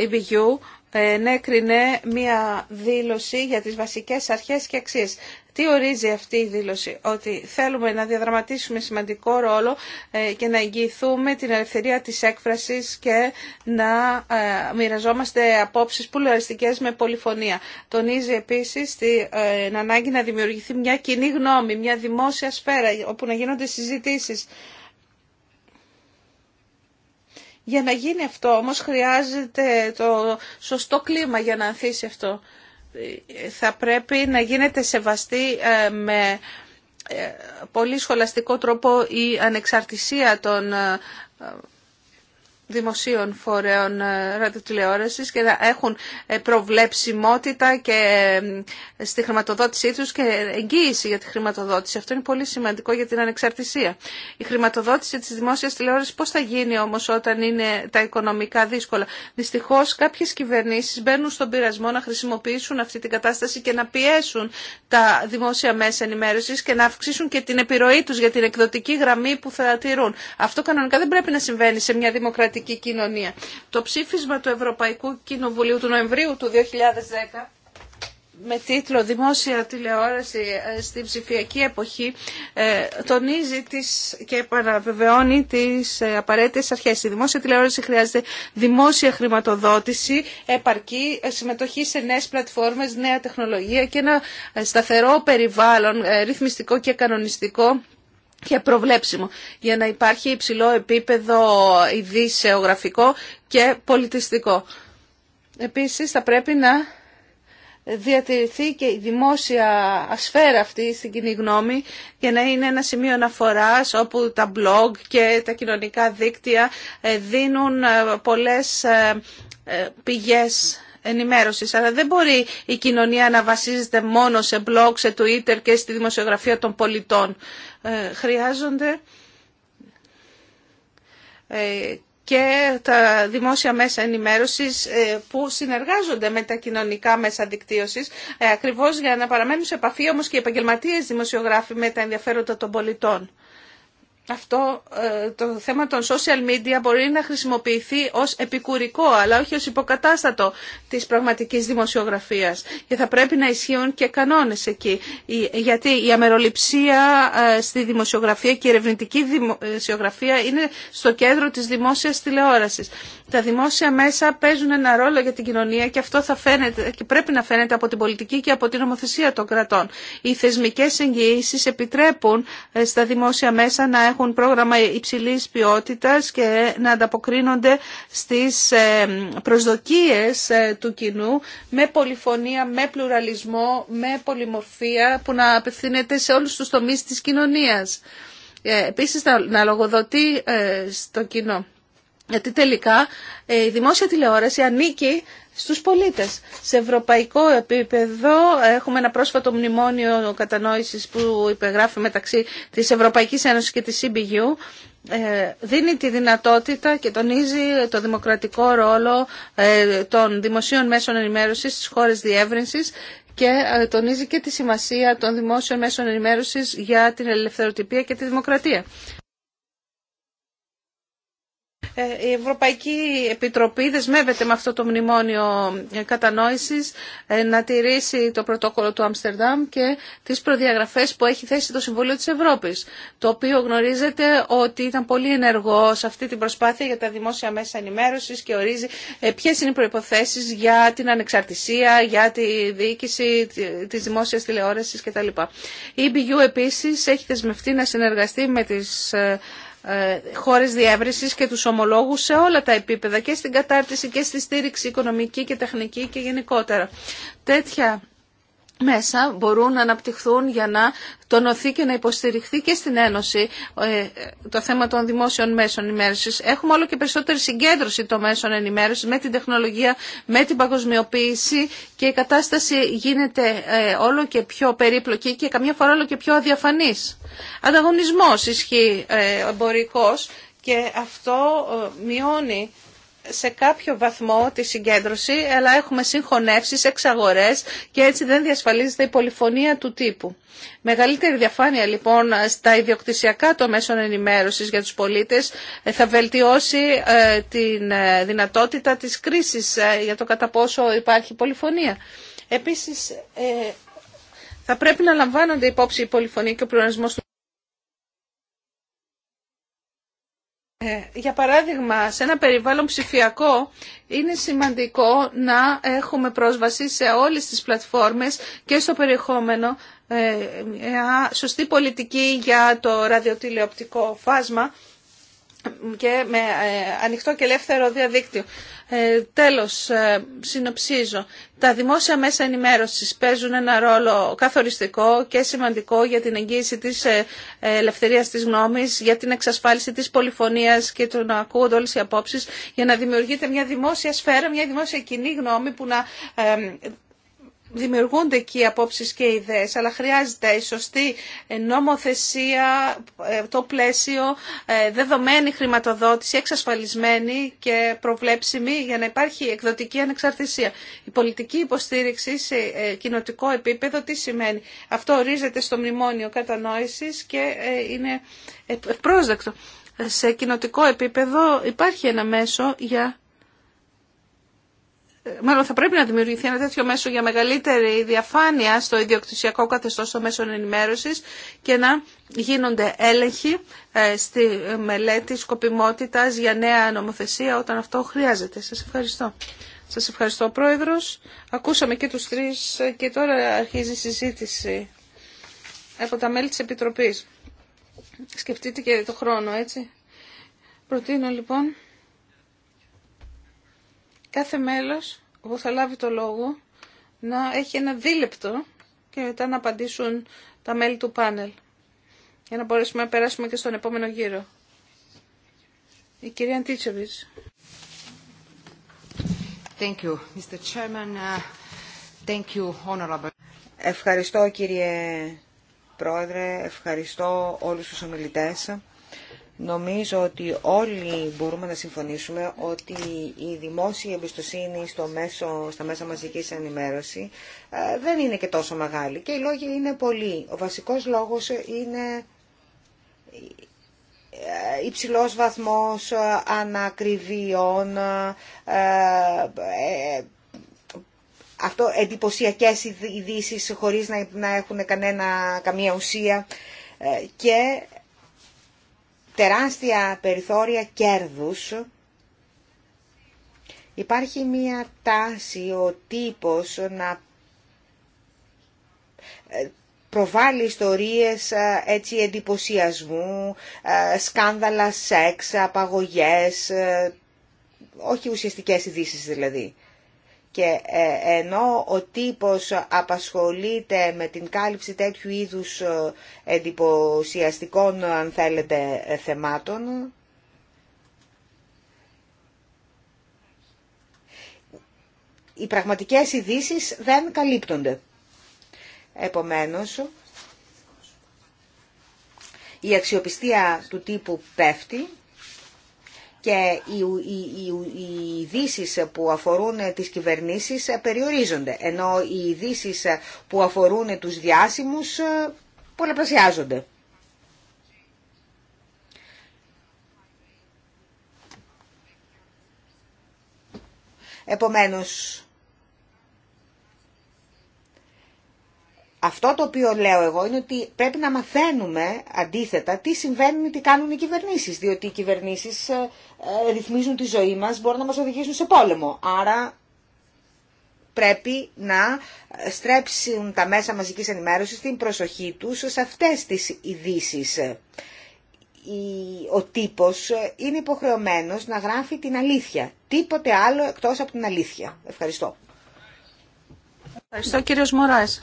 EBU ε, ενέκρινε μία δήλωση για τις βασικές αρχές και αξίες. Τι ορίζει αυτή η δήλωση, ότι θέλουμε να διαδραματίσουμε σημαντικό ρόλο ε, και να εγγυηθούμε την ελευθερία της έκφρασης και να ε, μοιραζόμαστε απόψεις πλουραλιστικές με πολυφωνία. Τονίζει επίσης ε, την ανάγκη να δημιουργηθεί μια κοινή γνώμη, μια δημόσια σφαίρα όπου να γίνονται συζητήσεις. Για να γίνει αυτό όμως χρειάζεται το σωστό κλίμα για να ανθίσει αυτό θα πρέπει να γίνεται σεβαστή ε, με ε, πολύ σχολαστικό τρόπο η ανεξαρτησία των ε, δημοσίων φορέων ε, ραδιοτηλεόρασης και να έχουν ε, προβλεψιμότητα και ε, στη χρηματοδότησή τους και εγγύηση για τη χρηματοδότηση. Αυτό είναι πολύ σημαντικό για την ανεξαρτησία. Η χρηματοδότηση της δημόσιας τηλεόρασης πώς θα γίνει όμως όταν είναι τα οικονομικά δύσκολα. Δυστυχώς κάποιες κυβερνήσεις μπαίνουν στον πειρασμό να χρησιμοποιήσουν αυτή την κατάσταση και να πιέσουν τα δημόσια μέσα ενημέρωσης και να αυξήσουν και την επιρροή τους για την εκδοτική γραμμή που θα τηρούν. Αυτό κανονικά δεν πρέπει να συμβαίνει σε μια δημοκρατία κοινωνία. Το ψήφισμα του Ευρωπαϊκού Κοινοβουλίου του Νοεμβρίου του 2010 με τίτλο «Δημόσια τηλεόραση ε, στη ψηφιακή εποχή» ε, τονίζει τις και επαναβεβαιώνει τις ε, απαραίτητες αρχές. Η δημόσια τηλεόραση χρειάζεται δημόσια χρηματοδότηση, επαρκή συμμετοχή σε νέες πλατφόρμες, νέα τεχνολογία και ένα σταθερό περιβάλλον, ρυθμιστικό και κανονιστικό και προβλέψιμο για να υπάρχει υψηλό επίπεδο ειδήσεογραφικό και πολιτιστικό. Επίσης θα πρέπει να διατηρηθεί και η δημόσια ασφαίρα αυτή στην κοινή γνώμη για να είναι ένα σημείο αναφοράς όπου τα blog και τα κοινωνικά δίκτυα ε, δίνουν ε, πολλές ε, πηγές ενημέρωσης. Αλλά δεν μπορεί η κοινωνία να βασίζεται μόνο σε blog, σε Twitter και στη δημοσιογραφία των πολιτών. Ε, χρειάζονται ε, και τα δημόσια μέσα ενημέρωσης ε, που συνεργάζονται με τα κοινωνικά μέσα δικτύωσης ακριβώς για να παραμένουν σε επαφή όμως και οι επαγγελματίες δημοσιογράφοι με τα ενδιαφέροντα των πολιτών αυτό ε, το θέμα των social media μπορεί να χρησιμοποιηθεί ως επικουρικό αλλά όχι ως υποκατάστατο της πραγματικής δημοσιογραφίας και θα πρέπει να ισχύουν και κανόνες εκεί γιατί η αμεροληψία ε, στη δημοσιογραφία και η ερευνητική δημοσιογραφία είναι στο κέντρο της δημόσιας τηλεόρασης. Τα δημόσια μέσα παίζουν ένα ρόλο για την κοινωνία και αυτό θα φαίνεται και πρέπει να φαίνεται από την πολιτική και από την νομοθεσία των κρατών. Οι θεσμικές εγγυήσεις επιτρέπουν ε, στα δημόσια μέσα να έχουν έχουν πρόγραμμα υψηλής ποιότητας και να ανταποκρίνονται στις ε, προσδοκίες ε, του κοινού με πολυφωνία, με πλουραλισμό, με πολυμορφία που να απευθύνεται σε όλους τους τομείς της κοινωνίας. Ε, επίσης να λογοδοτεί στο κοινό. Γιατί τελικά ε, η δημόσια τηλεόραση ανήκει στους πολίτες. Σε ευρωπαϊκό επίπεδο έχουμε ένα πρόσφατο μνημόνιο κατανόησης που υπεγράφει μεταξύ της Ευρωπαϊκής Ένωσης και της CBU ε, δίνει τη δυνατότητα και τονίζει το δημοκρατικό ρόλο ε, των δημοσίων μέσων ενημέρωσης στις χώρες διεύρυνσης και τονίζει και τη σημασία των δημόσιων μέσων ενημέρωσης για την ελευθεροτυπία και τη δημοκρατία. Ε, η Ευρωπαϊκή Επιτροπή δεσμεύεται με αυτό το μνημόνιο ε, κατανόησης ε, να τηρήσει το πρωτόκολλο του Άμστερνταμ και τις προδιαγραφές που έχει θέσει το Συμβούλιο της Ευρώπης, το οποίο γνωρίζετε ότι ήταν πολύ ενεργό σε αυτή την προσπάθεια για τα δημόσια μέσα ενημέρωσης και ορίζει ποιες είναι οι προϋποθέσεις για την ανεξαρτησία, για τη διοίκηση της δημόσιας τηλεόρασης κτλ. Η EBU επίσης έχει δεσμευτεί να συνεργαστεί με τις ε, χώρες διεύρυνσης και τους ομολόγους σε όλα τα επίπεδα και στην κατάρτιση και στη στήριξη οικονομική και τεχνική και γενικότερα. Τέτοια μέσα μπορούν να αναπτυχθούν για να τονωθεί και να υποστηριχθεί και στην Ένωση ε, το θέμα των δημόσιων μέσων ενημέρωσης. Έχουμε όλο και περισσότερη συγκέντρωση των μέσων ενημέρωσης με την τεχνολογία, με την παγκοσμιοποίηση και η κατάσταση γίνεται ε, όλο και πιο περίπλοκη και καμιά φορά όλο και πιο αδιαφανής. Ανταγωνισμό ισχύει ε, εμπορικό και αυτό μειώνει σε κάποιο βαθμό τη συγκέντρωση, αλλά έχουμε συγχωνεύσεις, εξαγορές και έτσι δεν διασφαλίζεται η πολυφωνία του τύπου. Μεγαλύτερη διαφάνεια λοιπόν στα ιδιοκτησιακά των μέσων ενημέρωσης για τους πολίτες ε, θα βελτιώσει ε, τη ε, δυνατότητα της κρίσης για το κατά πόσο υπάρχει πολυφωνία. Επίσης θα πρέπει να λαμβάνονται υπόψη η πολυφωνία και ο του Ε, για παράδειγμα, σε ένα περιβάλλον ψηφιακό είναι σημαντικό να έχουμε πρόσβαση σε όλες τις πλατφόρμες και στο περιεχόμενο ε, μια σωστή πολιτική για το ραδιοτηλεοπτικό φάσμα και με ε, ανοιχτό και ελεύθερο διαδίκτυο. Ε, τέλος, ε, συνοψίζω. Τα δημόσια μέσα ενημέρωσης παίζουν ένα ρόλο καθοριστικό και σημαντικό για την εγγύηση της ε, ελευθερίας της γνώμης, για την εξασφάλιση της πολυφωνίας και του να ακούγονται όλες οι απόψεις, για να δημιουργείται μια δημόσια σφαίρα, μια δημόσια κοινή γνώμη που να δημιουργούνται εκεί απόψεις και ιδέες, αλλά χρειάζεται η σωστή ε, νομοθεσία, ε, το πλαίσιο, ε, δεδομένη χρηματοδότηση, εξασφαλισμένη και προβλέψιμη για να υπάρχει εκδοτική ανεξαρτησία. Η πολιτική υποστήριξη σε κοινοτικό επίπεδο τι σημαίνει. Αυτό ορίζεται στο μνημόνιο κατανόησης και είναι πρόσδεκτο. Σε κοινοτικό επίπεδο υπάρχει ένα μέσο για μάλλον θα πρέπει να δημιουργηθεί ένα τέτοιο μέσο για μεγαλύτερη διαφάνεια στο ιδιοκτησιακό καθεστώς των μέσων ενημέρωσης και να γίνονται έλεγχοι ε, στη μελέτη σκοπιμότητας για νέα νομοθεσία όταν αυτό χρειάζεται. Σας ευχαριστώ. Σας ευχαριστώ Πρόεδρος. Ακούσαμε και τους τρεις και τώρα αρχίζει η συζήτηση από τα μέλη της Επιτροπής. Σκεφτείτε και το χρόνο, έτσι. Προτείνω λοιπόν κάθε μέλος που θα λάβει το λόγο να έχει ένα δίλεπτο και μετά να απαντήσουν τα μέλη του πάνελ για να μπορέσουμε να περάσουμε και στον επόμενο γύρο. Η κυρία Αντίτσεβιτς. Thank you, Mr. Chairman. Uh, thank you, Honorable. Ευχαριστώ κύριε Πρόεδρε, ευχαριστώ όλους τους ομιλητές. Νομίζω ότι όλοι μπορούμε να συμφωνήσουμε ότι η δημόσια εμπιστοσύνη στο μέσο, στα μέσα μαζικής ενημέρωση ε, δεν είναι και τόσο μεγάλη και οι λόγοι είναι πολλοί. Ο βασικός λόγος είναι ε, υψηλός βαθμός ε, ανακριβίων, αυτό εντυπωσιακές ειδήσει χωρίς να έχουν κανένα, καμία ουσία και τεράστια περιθώρια κέρδους. Υπάρχει μία τάση ο τύπος να ε, προβάλλει ιστορίες ε, έτσι εντυπωσιασμού, ε, σκάνδαλα σεξ, απαγωγές, όχι ουσιαστικές ειδήσει δηλαδή. Και ε, ενώ ο τύπος απασχολείται με την κάλυψη τέτοιου είδους ε, εντυπωσιαστικών, αν θέλετε, ε, θεμάτων, οι πραγματικές ειδήσει δεν καλύπτονται. Επομένως, η αξιοπιστία του τύπου πέφτει και οι, οι, ειδήσει που αφορούν τις κυβερνήσεις ε, περιορίζονται, ενώ οι ειδήσει ε, που αφορούν τους διάσημους ε, πολλαπλασιάζονται. Επομένως, Αυτό το οποίο λέω εγώ είναι ότι πρέπει να μαθαίνουμε αντίθετα τι συμβαίνει, τι κάνουν οι κυβερνήσεις, διότι οι κυβερνήσεις ε, ε, ρυθμίζουν τη ζωή μας, μπορούν να μας οδηγήσουν σε πόλεμο. Άρα πρέπει να στρέψουν τα μέσα μαζική ενημέρωση την προσοχή τους σε αυτές τις ειδήσει. Ο τύπος είναι υποχρεωμένος να γράφει την αλήθεια. Τίποτε άλλο εκτό από την αλήθεια. Ευχαριστώ. Ευχαριστώ κύριος Μωράης.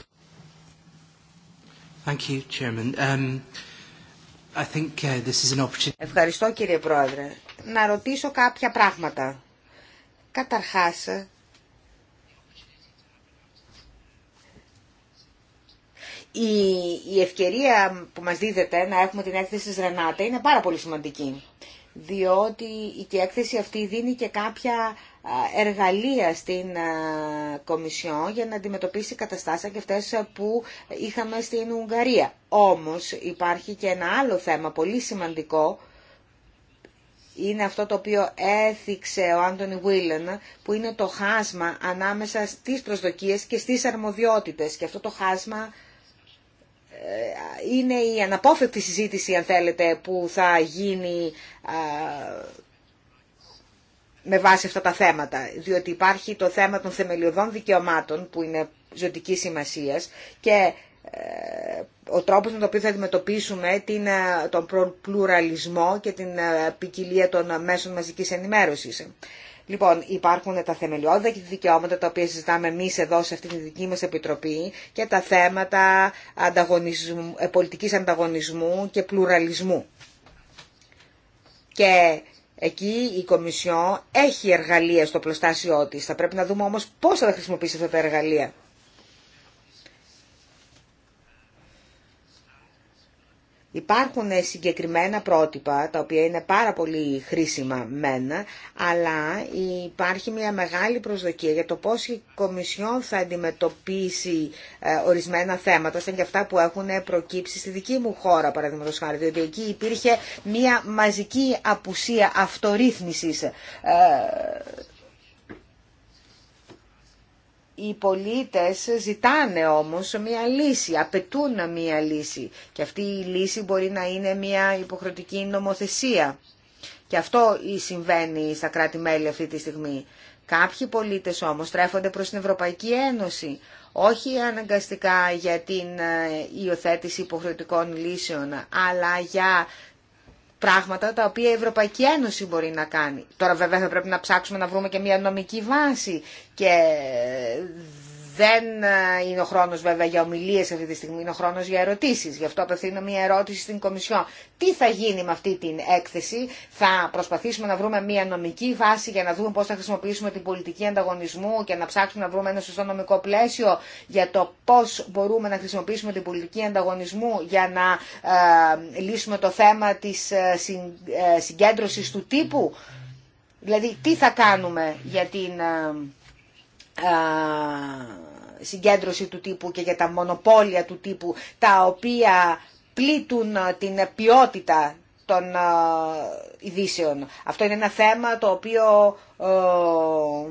Ευχαριστώ κύριε Πρόεδρε. Να ρωτήσω κάποια πράγματα. Καταρχάς, η, ευκαιρία που μας δίδεται να έχουμε την έκθεση της Ρενάτα είναι πάρα πολύ σημαντική. Διότι η έκθεση αυτή δίνει και κάποια εργαλεία στην Κομισιό για να αντιμετωπίσει καταστάσεις και αυτές που είχαμε στην Ουγγαρία. Όμως υπάρχει και ένα άλλο θέμα πολύ σημαντικό είναι αυτό το οποίο έθιξε ο Άντωνι Βίλεν, που είναι το χάσμα ανάμεσα στις προσδοκίες και στις αρμοδιότητες. Και αυτό το χάσμα ε, είναι η αναπόφευκτη συζήτηση, αν θέλετε, που θα γίνει με βάση αυτά τα θέματα, διότι υπάρχει το θέμα των θεμελιωδών δικαιωμάτων που είναι ζωτική σημασίας και ε, ο τρόπος με τον οποίο θα αντιμετωπίσουμε την, ε, τον πλουραλισμό και την ε, ποικιλία των μέσων μαζικής ενημέρωσης. Λοιπόν, υπάρχουν τα θεμελιώδη δικαιώματα τα οποία συζητάμε εμεί εδώ σε αυτή τη δική μας επιτροπή και τα θέματα ανταγωνισμού, πολιτικής ανταγωνισμού και πλουραλισμού. Και Εκεί η Κομισιό έχει εργαλεία στο πλωστάσιό της. Θα πρέπει να δούμε όμως πώς θα τα χρησιμοποιήσει αυτά τα εργαλεία. Υπάρχουν ε, συγκεκριμένα πρότυπα, τα οποία είναι πάρα πολύ χρήσιμα μένα, αλλά υπάρχει μια μεγάλη προσδοκία για το πώς η Κομισιόν θα αντιμετωπίσει ε, ορισμένα θέματα, σαν και αυτά που έχουν ε, προκύψει στη δική μου χώρα, παραδείγματο χάρη, διότι εκεί υπήρχε μια μαζική απουσία αυτορύθμισης οι πολίτες ζητάνε όμως μια λύση, απαιτούν μια λύση και αυτή η λύση μπορεί να είναι μια υποχρεωτική νομοθεσία. Και αυτό συμβαίνει στα κράτη-μέλη αυτή τη στιγμή. Κάποιοι πολίτες όμως τρέφονται προς την Ευρωπαϊκή Ένωση, όχι αναγκαστικά για την ε, υιοθέτηση υποχρεωτικών λύσεων, αλλά για πράγματα τα οποία η Ευρωπαϊκή Ένωση μπορεί να κάνει. Τώρα βέβαια θα πρέπει να ψάξουμε να βρούμε και μια νομική βάση και δεν ε, είναι ο χρόνο βέβαια για ομιλίε αυτή τη στιγμή, είναι ο χρόνο για ερωτήσει. Γι' αυτό απευθύνω μια ερώτηση στην Κομισιόν. Τι θα γίνει με αυτή την έκθεση, θα προσπαθήσουμε να βρούμε μια νομική βάση για να δούμε πώ θα χρησιμοποιήσουμε την πολιτική ανταγωνισμού και να ψάξουμε να βρούμε ένα σωστό νομικό πλαίσιο για το πώ μπορούμε να χρησιμοποιήσουμε την πολιτική ανταγωνισμού για να ε, λύσουμε το θέμα της ε, ε, συγκέντρωση του τύπου. Δηλαδή τι θα κάνουμε για την... ε, συγκέντρωση του τύπου και για τα μονοπόλια του τύπου, τα οποία πλήττουν ε, την ποιότητα των ε, ειδήσεων. Αυτό είναι ένα θέμα το οποίο ε,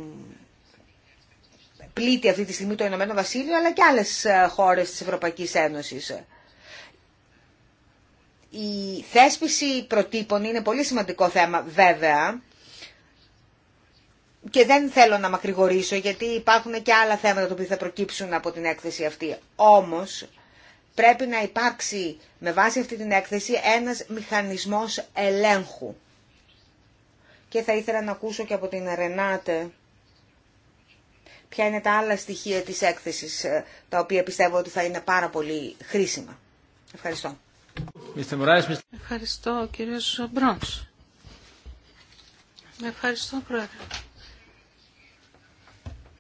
πλήττει αυτή τη στιγμή το Ηνωμένο Βασίλειο, αλλά και άλλες χώρες της Ευρωπαϊκής Ένωσης. Η θέσπιση προτύπων είναι πολύ σημαντικό θέμα, βέβαια, και δεν θέλω να μακρηγορήσω γιατί υπάρχουν και άλλα θέματα που θα προκύψουν από την έκθεση αυτή. Όμως πρέπει να υπάρξει με βάση αυτή την έκθεση ένας μηχανισμός ελέγχου. Και θα ήθελα να ακούσω και από την Ρενάτε ποια είναι τα άλλα στοιχεία της έκθεσης ε, τα οποία πιστεύω ότι θα είναι πάρα πολύ χρήσιμα. Ευχαριστώ. Ευχαριστώ κύριε Με Ευχαριστώ πρόεδρε.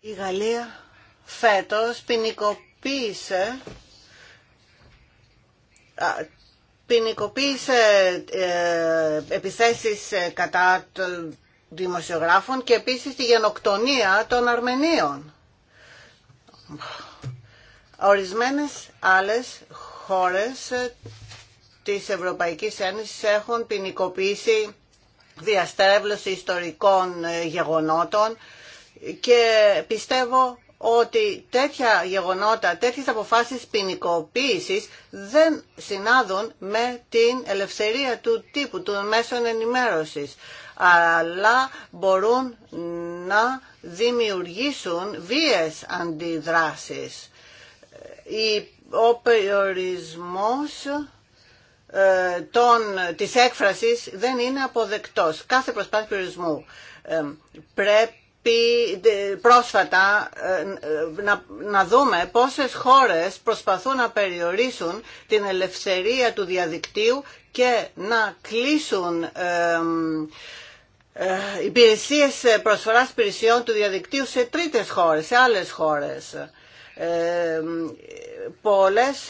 Η Γαλλία φέτος ποινικοποίησε ποινικοποίησε ε, επιθέσεις ε, κατά των δημοσιογράφων και επίσης τη γενοκτονία των Αρμενίων. Ορισμένες άλλες χώρες ε, της Ευρωπαϊκής Ένωσης έχουν ποινικοποίησει διαστρέβλωση ιστορικών γεγονότων και πιστεύω ότι τέτοια γεγονότα, τέτοιες αποφάσεις ποινικοποίηση δεν συνάδουν με την ελευθερία του τύπου, των μέσων ενημέρωσης, αλλά μπορούν να δημιουργήσουν βίες αντιδράσεις. Ο περιορισμός ε, των, της έκφρασης δεν είναι αποδεκτός. Κάθε προσπάθεια περιορισμού ε, πρέπει πρόσφατα ε, ε, να δούμε πόσες χώρες προσπαθούν να περιορίσουν την ελευθερία του διαδικτύου και να κλείσουν ε, υπηρεσίες προσφοράς υπηρεσιών του διαδικτύου σε τρίτες χώρες, σε άλλες χώρες. Πολλές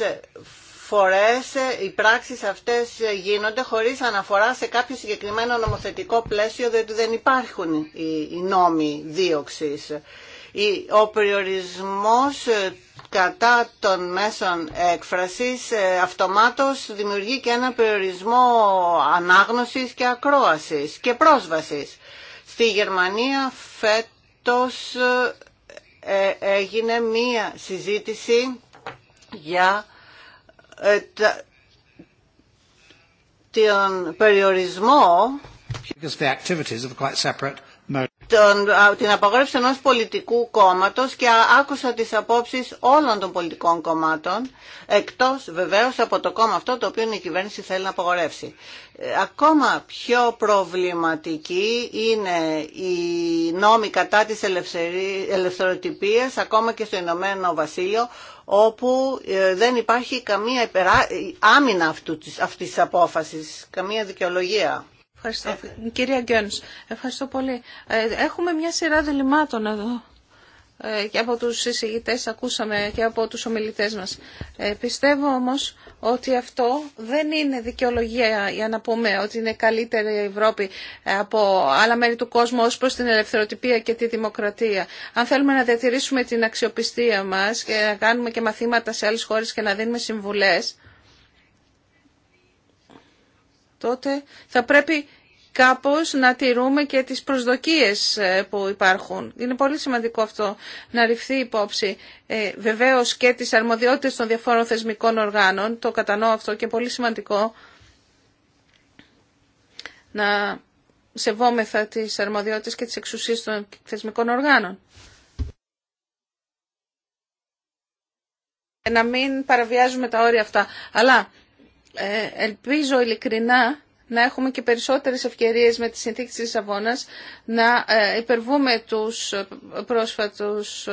φορές ε, οι πράξεις αυτές ε, γίνονται χωρίς αναφορά σε κάποιο συγκεκριμένο νομοθετικό πλαίσιο, διότι δεν υπάρχουν οι νόμοι δίωξης. Ο περιορισμός ε, κατά των μέσων έκφρασης αυτομάτως δημιουργεί και ένα περιορισμό ανάγνωσης και ακρόασης και πρόσβασης. Στη Γερμανία φέτος έγινε μία συζήτηση για τον περιορισμό. Because the activities are quite separate. Ναι. τον, την απαγόρευση ενός πολιτικού κόμματος και άκουσα τις απόψεις όλων των πολιτικών κομμάτων εκτός βεβαίως από το κόμμα αυτό το οποίο η κυβέρνηση θέλει να απαγορεύσει. Ε, ακόμα πιο προβληματική είναι η νόμη κατά της ελευθεροτυπίας ακόμα και στο Ηνωμένο Βασίλειο όπου ε, δεν υπάρχει καμία ε, άμυνα αυτού, αυτής της απόφασης, καμία δικαιολογία. Ευχαριστώ. Ε, ε. Κυρία Γκιόνς, ευχαριστώ πολύ. Ε, έχουμε μια σειρά διλημάτων εδώ και από τους συζητητές ακούσαμε και από τους ομιλητές μας. πιστεύω όμως ότι αυτό δεν είναι δικαιολογία για να πούμε ότι είναι καλύτερη η Ευρώπη από άλλα μέρη του κόσμου ως προς την ελευθεροτυπία και τη δημοκρατία. Αν θέλουμε να διατηρήσουμε την αξιοπιστία μας και να κάνουμε και μαθήματα σε άλλες χώρες και να δίνουμε συμβουλές, τότε θα πρέπει κάπως να τηρούμε και τις προσδοκίες ε, που υπάρχουν. Είναι πολύ σημαντικό αυτό να ρηφθεί υπόψη ε, βεβαίως και τις αρμοδιότητες των διαφόρων θεσμικών οργάνων. Το κατανοώ αυτό και πολύ σημαντικό να σεβόμεθα τις αρμοδιότητες και τις εξουσίες των θεσμικών οργάνων. Ε, να μην παραβιάζουμε τα όρια αυτά. Αλλά ε, ελπίζω ειλικρινά να έχουμε και περισσότερες ευκαιρίες με τη συνθήκη της Λισαβόνας να ε, υπερβούμε τους ε, πρόσφατους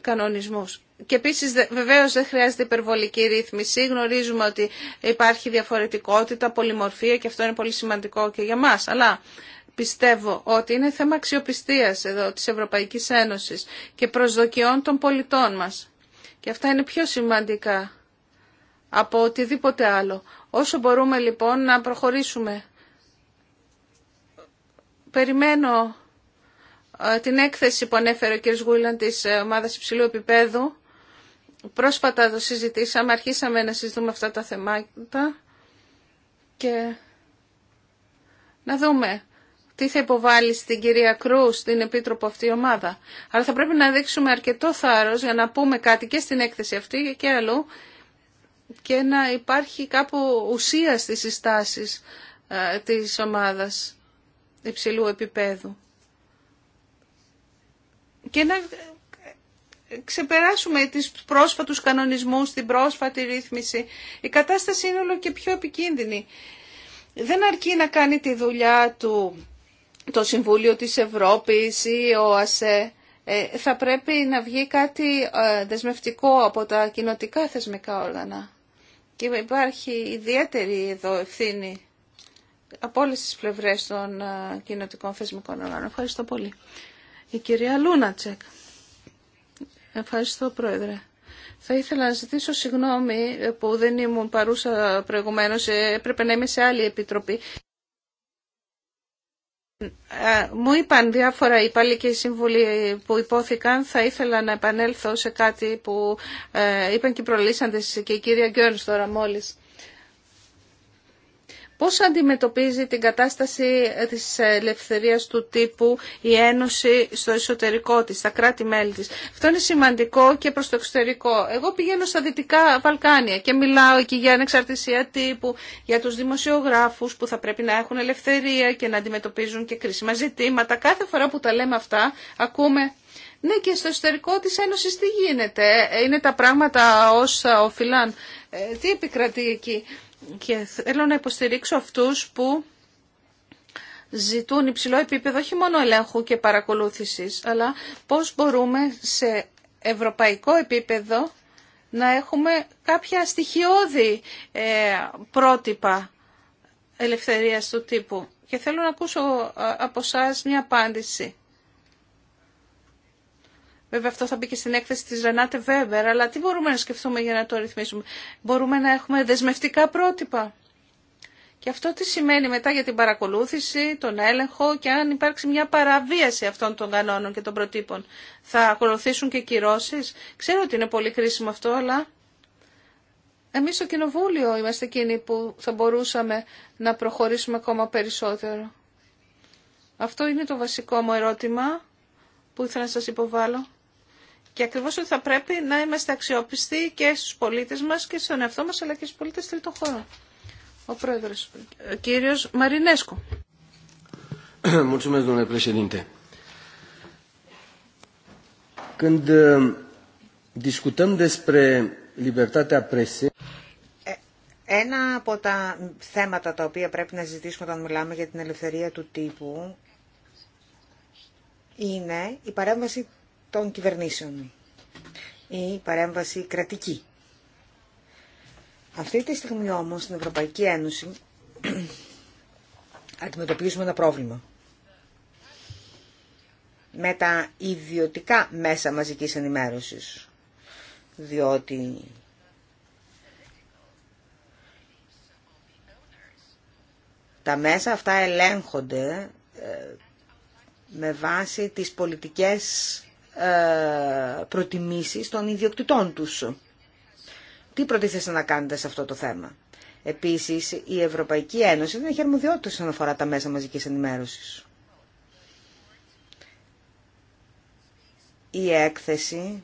κανονισμούς. Και επίσης βεβαίως δεν χρειάζεται υπερβολική ρύθμιση. Γνωρίζουμε ότι υπάρχει διαφορετικότητα, πολυμορφία και αυτό είναι πολύ σημαντικό και για μας. Αλλά πιστεύω ότι είναι θέμα αξιοπιστίας εδώ της Ευρωπαϊκής Ένωσης και προσδοκιών των πολιτών μας. Και αυτά είναι πιο σημαντικά από οτιδήποτε άλλο. Όσο μπορούμε λοιπόν να προχωρήσουμε. Περιμένω ε, την έκθεση που ανέφερε ο κ. Γουίλαν της ε, ομάδας υψηλού επίπεδου. Πρόσφατα το συζητήσαμε, αρχίσαμε να συζητούμε αυτά τα θεμάτα και να δούμε τι θα υποβάλει στην κυρία Κρού, στην επίτροπο αυτή η ομάδα. Αλλά θα πρέπει να δείξουμε αρκετό θάρρος για να πούμε κάτι και στην έκθεση αυτή και αλλού και να υπάρχει κάπου ουσία στις συστάσεις ε, της ομάδας υψηλού επίπεδου. Και να ε, ξεπεράσουμε τις πρόσφατους κανονισμούς, την πρόσφατη ρύθμιση. Η κατάσταση είναι όλο και πιο επικίνδυνη. Δεν αρκεί να κάνει τη δουλειά του το Συμβούλιο της Ευρώπης ή ο ΑΣΕ. Ε, θα πρέπει να βγει κάτι δεσμευτικό από τα κοινοτικά θεσμικά όργανα. Και υπάρχει ιδιαίτερη εδώ ευθύνη από όλε τι πλευρέ των ε, κοινοτικών θεσμικών οργάνων. Ευχαριστώ πολύ. Η κυρία Λούνατσεκ. Ευχαριστώ, Πρόεδρε. Θα ήθελα να ζητήσω συγγνώμη που δεν ήμουν παρούσα προηγουμένως, ε, έπρεπε να είμαι σε άλλη επιτροπή. Ε, μου είπαν διάφορα υπάλληλοι και οι συμβουλοί που υπόθηκαν. Θα ήθελα να επανέλθω σε κάτι που ε, είπαν και οι προλύσαντες και η κυρία Γκιόνς τώρα μόλις. Πώς αντιμετωπίζει την κατάσταση της ελευθερίας του τύπου η Ένωση στο εσωτερικό της, στα κράτη-μέλη της. Αυτό είναι σημαντικό και προς το εξωτερικό. Εγώ πηγαίνω στα Δυτικά Βαλκάνια και μιλάω εκεί για ανεξαρτησία τύπου, για τους δημοσιογράφους που θα πρέπει να έχουν ελευθερία και να αντιμετωπίζουν και κρίσιμα ζητήματα. Κάθε φορά που τα λέμε αυτά ακούμε... Ναι και στο εσωτερικό της Ένωσης τι γίνεται, ε, είναι τα πράγματα όσα οφειλάν, ε, τι επικρατεί εκεί. Και θέλω να υποστηρίξω αυτούς που ζητούν υψηλό επίπεδο όχι μόνο ελέγχου και παρακολούθησης, αλλά πώς μπορούμε σε ευρωπαϊκό επίπεδο να έχουμε κάποια στοιχειώδη ε, πρότυπα ελευθερίας του τύπου. Και θέλω να ακούσω ε, από σας μια απάντηση. Βέβαια αυτό θα μπει και στην έκθεση της Ρενάτε Βέμπερ, αλλά τι μπορούμε να σκεφτούμε για να το ρυθμίσουμε. Μπορούμε να έχουμε δεσμευτικά πρότυπα. Και αυτό τι σημαίνει μετά για την παρακολούθηση, τον έλεγχο και αν υπάρξει μια παραβίαση αυτών των κανόνων και των προτύπων. Θα ακολουθήσουν και κυρώσεις. Ξέρω ότι είναι πολύ κρίσιμο αυτό, αλλά εμείς στο Κοινοβούλιο είμαστε εκείνοι που θα μπορούσαμε να προχωρήσουμε ακόμα περισσότερο. Αυτό είναι το βασικό μου ερώτημα που ήθελα να σας υποβάλω και ακριβώς ότι θα πρέπει να είμαστε αξιόπιστοι και στους πολίτες μας και στον εαυτό μας αλλά και στους πολίτες τρίτων χώρων. Ο πρόεδρος, ο κύριος Μαρινέσκο. Ε, ε, ένα από τα θέματα τα οποία πρέπει να συζητήσουμε όταν μιλάμε για την ελευθερία του τύπου είναι η παρέμβαση των κυβερνήσεων ή παρέμβαση κρατική. Αυτή τη στιγμή όμως στην Ευρωπαϊκή Ένωση αντιμετωπίζουμε ένα πρόβλημα με τα ιδιωτικά μέσα μαζικής ενημέρωσης, διότι τα μέσα αυτά ελέγχονται ε, με βάση τις πολιτικές ε, προτιμήσεις των ιδιοκτητών τους. Τι προτίθεστε να κάνετε σε αυτό το θέμα. Επίσης, η Ευρωπαϊκή Ένωση δεν έχει αρμοδιότητα όσον αφορά τα μέσα μαζικής ενημέρωσης. Η έκθεση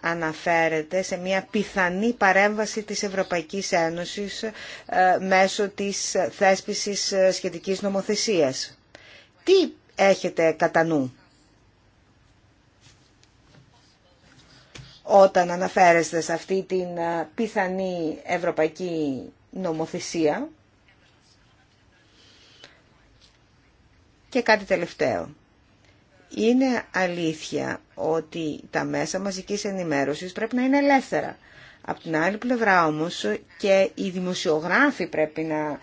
αναφέρεται σε μια πιθανή παρέμβαση της Ευρωπαϊκής Ένωσης ε, μέσω της θέσπισης ε, σχετικής νομοθεσίας. Τι έχετε κατά νου. όταν αναφέρεστε σε αυτή την πιθανή ευρωπαϊκή νομοθεσία. Και κάτι τελευταίο. Είναι αλήθεια ότι τα μέσα μαζικής ενημέρωσης πρέπει να είναι ελεύθερα. Από την άλλη πλευρά όμως και οι δημοσιογράφοι πρέπει να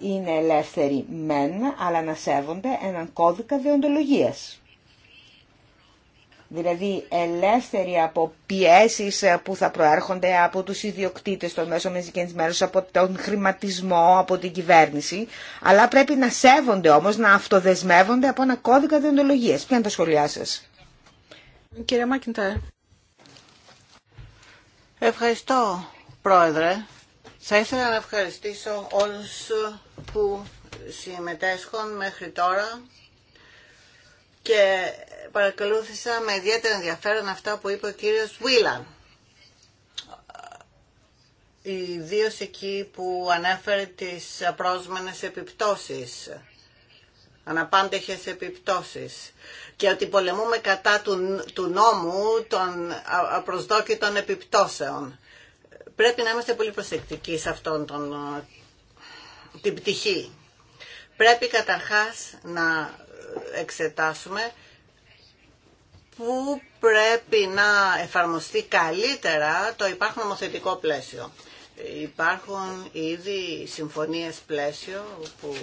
είναι ελεύθεροι μεν, αλλά να σέβονται έναν κώδικα διοντολογίας δηλαδή ελεύθεροι από πιέσεις ε, που θα προέρχονται από τους ιδιοκτήτες των μέσων μεζικής μέρους, από τον χρηματισμό, από την κυβέρνηση, αλλά πρέπει να σέβονται όμως, να αυτοδεσμεύονται από ένα κώδικα διοντολογίας. Ποια είναι τα σχόλιά σας. Κύριε Μάκιντάρ. Ευχαριστώ, Πρόεδρε. Θα ήθελα να ευχαριστήσω όλους που συμμετέσχουν μέχρι τώρα και παρακολούθησα με ιδιαίτερο ενδιαφέρον αυτά που είπε ο κύριος Βίλαν. Ιδίω εκεί που ανέφερε τις απρόσμενες επιπτώσεις, αναπάντεχες επιπτώσεις και ότι πολεμούμε κατά του, του νόμου των απροσδόκητων επιπτώσεων. Πρέπει να είμαστε πολύ προσεκτικοί σε αυτόν τον, την πτυχή. Πρέπει καταρχάς να εξετάσουμε που πρέπει να εφαρμοστεί καλύτερα το υπάρχον νομοθετικό πλαίσιο. Υπάρχουν ήδη συμφωνίες πλαίσιο που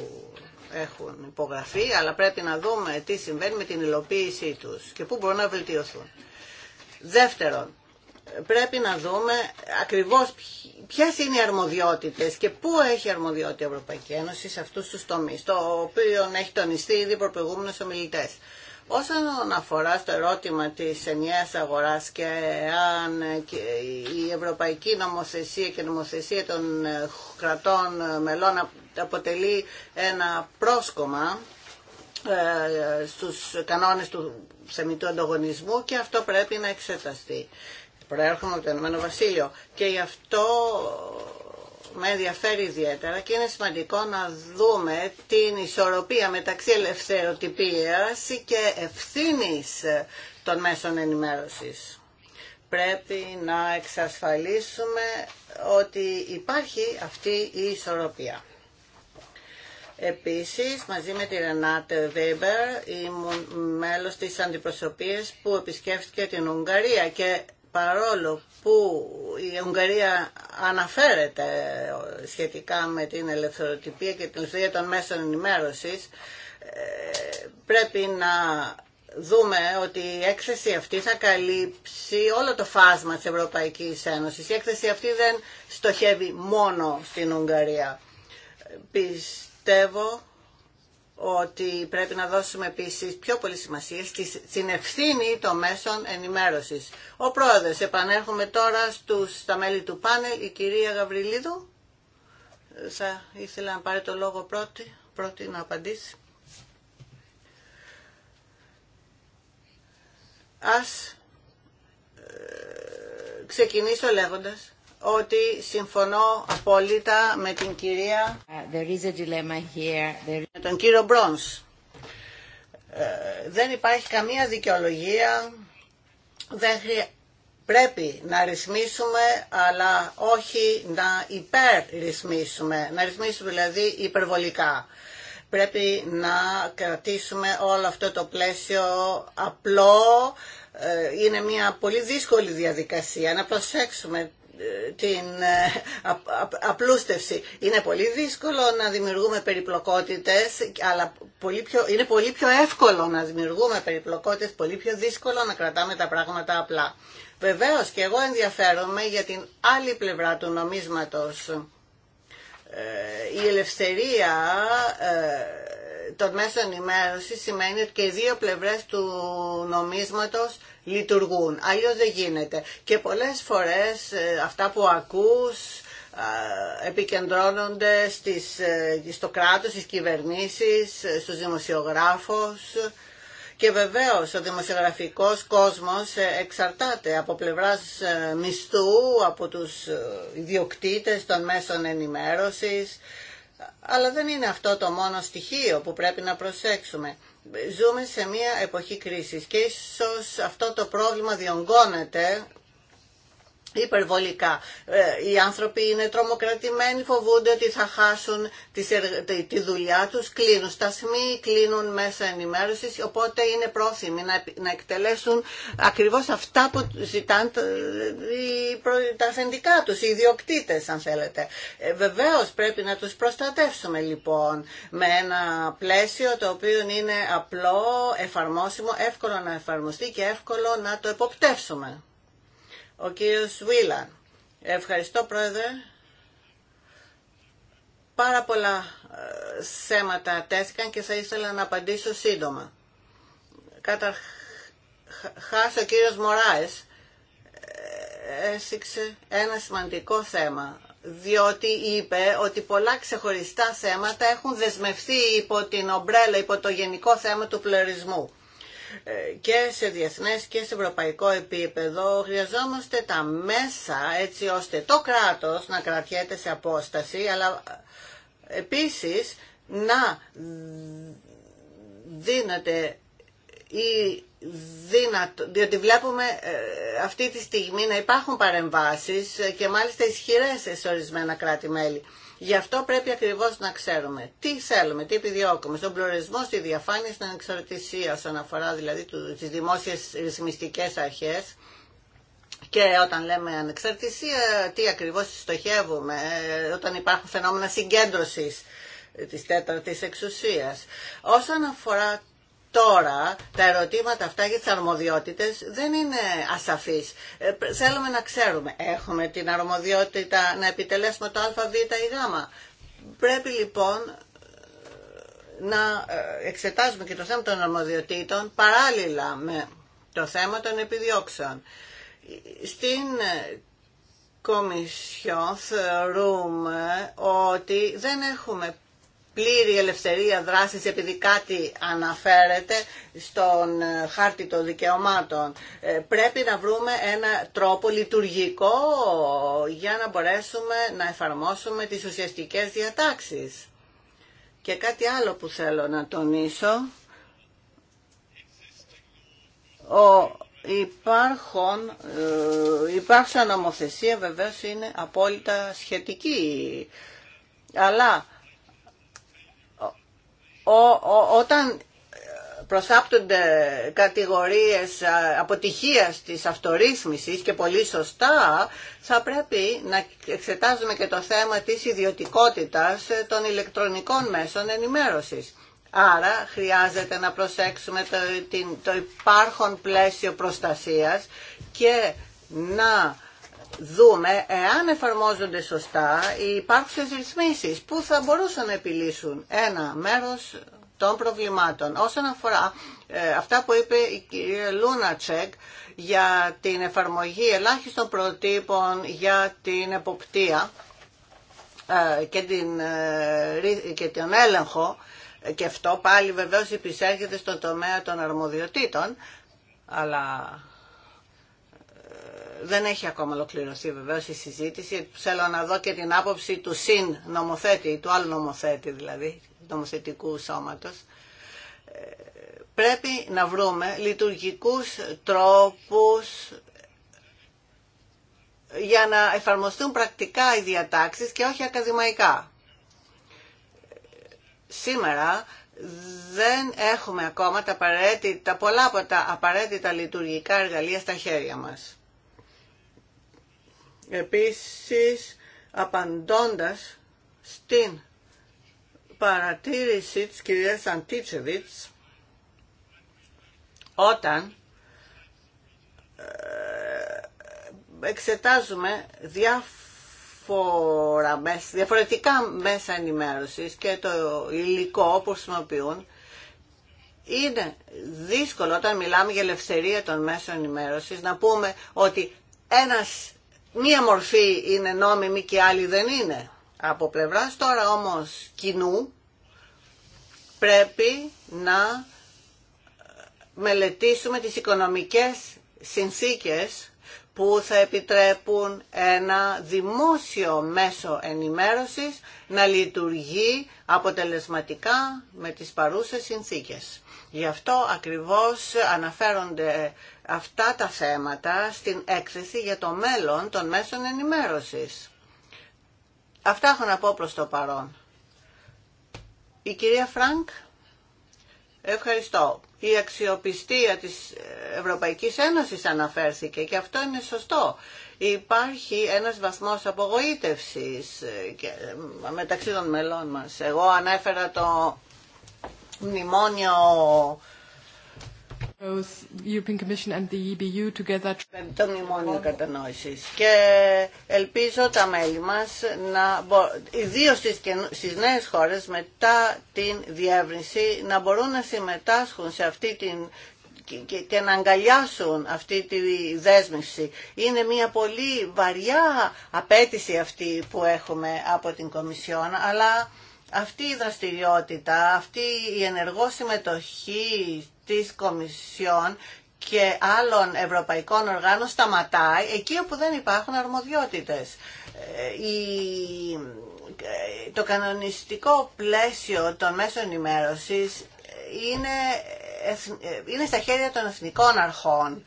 έχουν υπογραφεί, αλλά πρέπει να δούμε τι συμβαίνει με την υλοποίησή τους και πού μπορούν να βελτιωθούν. Δεύτερον, πρέπει να δούμε ακριβώς ποιες είναι οι αρμοδιότητες και πού έχει αρμοδιότητα η Ευρωπαϊκή Ένωση σε αυτούς τους τομείς, το οποίο έχει τονιστεί ήδη προπηγούμενους ομιλητές. Όσον αφορά στο ερώτημα της ενιαίας αγοράς και αν η ευρωπαϊκή νομοθεσία και νομοθεσία των κρατών μελών αποτελεί ένα πρόσκομα ε, στους κανόνες του σεμιτού ανταγωνισμού και αυτό πρέπει να εξεταστεί. Προέρχομαι από το Ενωμένο Βασίλειο και γι' αυτό με ενδιαφέρει ιδιαίτερα και είναι σημαντικό να δούμε την ισορροπία μεταξύ ελευθεροτυπίας και ευθύνης των μέσων ενημέρωσης. Πρέπει να εξασφαλίσουμε ότι υπάρχει αυτή η ισορροπία. Επίσης, μαζί με τη Ρενάτε Βέμπερ, ήμουν μέλος της αντιπροσωπείας που επισκέφθηκε την Ουγγαρία και παρόλο που η Ουγγαρία αναφέρεται σχετικά με την ελευθεροτυπία και την ελευθερία των μέσων ενημέρωσης, ε, πρέπει να δούμε ότι η έκθεση αυτή θα καλύψει όλο το φάσμα της Ευρωπαϊκής Ένωσης. Η έκθεση αυτή δεν στοχεύει μόνο στην Ουγγαρία. Πιστεύω ότι πρέπει να δώσουμε επίσης πιο πολύ σημασία στην ευθύνη των μέσων ενημέρωσης. Ο πρόεδρος, επανέρχομαι τώρα στους, στα μέλη του πάνελ, η κυρία Γαβριλίδου. Ε, θα ήθελα να πάρει το λόγο πρώτη, πρώτη να απαντήσει. Ας ε, ξεκινήσω λέγοντας ότι συμφωνώ απόλυτα με την κυρία uh, There is a dilemma here. με τον κύριο Μπρόνς. Ε, δεν υπάρχει καμία δικαιολογία, πρέπει να ρυθμίσουμε αλλά όχι να υπερρυθμίσουμε, να ρυθμίσουμε δηλαδή υπερβολικά. Πρέπει να κρατήσουμε όλο αυτό το πλαίσιο απλό, ε, είναι μια πολύ δύσκολη διαδικασία να προσέξουμε την ε, απλούστευση. Είναι πολύ δύσκολο να δημιουργούμε περιπλοκότητες, αλλά πολύ πιο, είναι πολύ πιο εύκολο να δημιουργούμε περιπλοκότητες, πολύ πιο δύσκολο να κρατάμε τα πράγματα απλά. Βεβαίως και εγώ ενδιαφέρομαι για την άλλη πλευρά του νομίσματος. Ε, η ελευθερία ε, των μέσων ενημέρωση σημαίνει ότι και οι δύο πλευρές του νομίσματος λειτουργούν. Αλλιώς δεν γίνεται. Και πολλές φορές ε, αυτά που ακούς επικεντρώνονται στις, ε, στο κράτος, στις κυβερνήσεις, ε, στους δημοσιογράφους και βεβαίως ο δημοσιογραφικός κόσμος εξαρτάται από πλευράς μισθού, από τους ιδιοκτήτες των μέσων ενημέρωσης αλλά δεν είναι αυτό το μόνο στοιχείο που πρέπει να προσέξουμε. Ζούμε σε μια εποχή κρίσης και ίσως αυτό το πρόβλημα διονγκώνεται υπερβολικά. Ε, οι άνθρωποι είναι τρομοκρατημένοι, φοβούνται ότι θα χάσουν τη δουλειά τους, κλείνουν σταθμοί, κλείνουν μέσα ενημέρωσης, οπότε είναι πρόθυμοι να εκτελέσουν ακριβώς αυτά που ζητάνε τα αφεντικά τους, οι ιδιοκτήτες αν θέλετε. Ε, βεβαίως πρέπει να τους προστατεύσουμε λοιπόν με ένα πλαίσιο το οποίο είναι απλό, εφαρμόσιμο, εύκολο να εφαρμοστεί και εύκολο να το εποπτεύσουμε. Ο κύριος Βίλαν. Ευχαριστώ πρόεδρε. Πάρα πολλά ε, θέματα τέθηκαν και θα ήθελα να απαντήσω σύντομα. Καταρχάς ο κύριος Μωράες ε, έσυξε ένα σημαντικό θέμα διότι είπε ότι πολλά ξεχωριστά θέματα έχουν δεσμευτεί υπό την ομπρέλα, υπό το γενικό θέμα του πλερισμού. Ε, και σε διεθνές και σε ευρωπαϊκό επίπεδο χρειαζόμαστε τα μέσα έτσι ώστε το κράτος να κρατιέται σε απόσταση αλλά ε, επίσης να δίνεται η δυνατό, διότι βλέπουμε ε, αυτή τη στιγμή να υπάρχουν παρεμβάσεις και μάλιστα ισχυρές σε ορισμένα κράτη-μέλη. Γι' αυτό πρέπει ακριβώς να ξέρουμε τι θέλουμε, τι επιδιώκουμε. Στον πλουρισμό, στη διαφάνεια, στην ανεξαρτησία όσον αφορά δηλαδή τι δημόσιε ρυθμιστικέ αρχέ Και όταν λέμε ανεξαρτησία, τι ακριβώς στοχεύουμε, ε, όταν υπάρχουν φαινόμενα συγκέντρωσης ε, της τέταρτης εξουσίας. Όσον αφορά τώρα τα ερωτήματα αυτά για τις αρμοδιότητες δεν είναι ασαφείς. Ε, θέλουμε να ξέρουμε, έχουμε την αρμοδιότητα να επιτελέσουμε το α, β ή γ. Πρέπει λοιπόν ε, να ε, εξετάζουμε και το θέμα των αρμοδιοτήτων παράλληλα με το θέμα των επιδιώξεων. Στην Κομισιόν θεωρούμε ότι δεν έχουμε πλήρη ελευθερία δράσης επειδή κάτι αναφέρεται στον ε, χάρτη των δικαιωμάτων. Ε, πρέπει να βρούμε ένα τρόπο λειτουργικό για να μπορέσουμε να εφαρμόσουμε τις ουσιαστικές διατάξεις. Και κάτι άλλο που θέλω να τονίσω, ο υπάρχον, ε, υπάρχουσα νομοθεσία βεβαίως είναι απόλυτα σχετική, αλλά όταν ε, προσάπτονται κατηγορίες ε, αποτυχίας της αυτορύθμισης και πολύ σωστά θα πρέπει να εξετάζουμε και το θέμα της ιδιωτικότητας ε, των ηλεκτρονικών μέσων ενημέρωσης. Άρα χρειάζεται να προσέξουμε το, το υπάρχον πλαίσιο προστασίας και να δούμε εάν εφαρμόζονται σωστά οι υπάρχουσες ρυθμίσεις που θα μπορούσαν να επιλύσουν ένα μέρος των προβλημάτων. Όσον αφορά ε, αυτά που είπε η κυρία Λούνατσεκ για την εφαρμογή ελάχιστων προτύπων για την εποπτεία ε, και, την, ε, και τον έλεγχο και αυτό πάλι βεβαίως επισέρχεται στον τομέα των αρμοδιοτήτων αλλά δεν έχει ακόμα ολοκληρωθεί βεβαίω η συζήτηση. Θέλω να δω και την άποψη του συν νομοθέτη, του άλλου νομοθέτη δηλαδή, νομοθετικού σώματος. Ε, πρέπει να βρούμε λειτουργικούς τρόπους για να εφαρμοστούν πρακτικά οι διατάξεις και όχι ακαδημαϊκά. Σήμερα δεν έχουμε ακόμα τα, τα πολλά από τα απαραίτητα λειτουργικά εργαλεία στα χέρια μας. Επίσης, απαντώντας στην παρατήρηση της κυρίας Αντίτσεβιτς, όταν ε, εξετάζουμε διάφορα διαφορετικά μέσα ενημέρωσης και το υλικό που χρησιμοποιούν, είναι δύσκολο όταν μιλάμε για ελευθερία των μέσων ενημέρωσης να πούμε ότι ένας μία μορφή είναι νόμιμη και άλλη δεν είναι. Από πλευράς τώρα όμως κοινού πρέπει να μελετήσουμε τις οικονομικές συνθήκες που θα επιτρέπουν ένα δημόσιο μέσο ενημέρωσης να λειτουργεί αποτελεσματικά με τις παρούσες συνθήκες. Γι' αυτό ακριβώς αναφέρονται αυτά τα θέματα στην έκθεση για το μέλλον των μέσων ενημέρωσης. Αυτά έχω να πω προς το παρόν. Η κυρία Φρανκ, ευχαριστώ. Η αξιοπιστία της Ευρωπαϊκής Ένωσης αναφέρθηκε και αυτό είναι σωστό. Υπάρχει ένας βαθμός απογοήτευσης ε, μεταξύ των μελών μας. Εγώ ανέφερα το μνημόνιο e το μνημόνιο κατανόηση. και ελπίζω τα μέλη μας να ιδίω στις, στις νέες χώρες μετά την διεύρυνση να μπορούν να συμμετάσχουν σε αυτή την και, να αγκαλιάσουν αυτή τη δέσμευση. Είναι μια πολύ βαριά απέτηση αυτή που έχουμε από την Κομισιόν, αλλά αυτή η δραστηριότητα, αυτή η ενεργό συμμετοχή της Κομισιόν και άλλων ευρωπαϊκών οργάνων σταματάει εκεί όπου δεν υπάρχουν αρμοδιότητες. Ε, ε, το κανονιστικό πλαίσιο των μέσων ενημέρωσης είναι, ε, είναι στα χέρια των εθνικών αρχών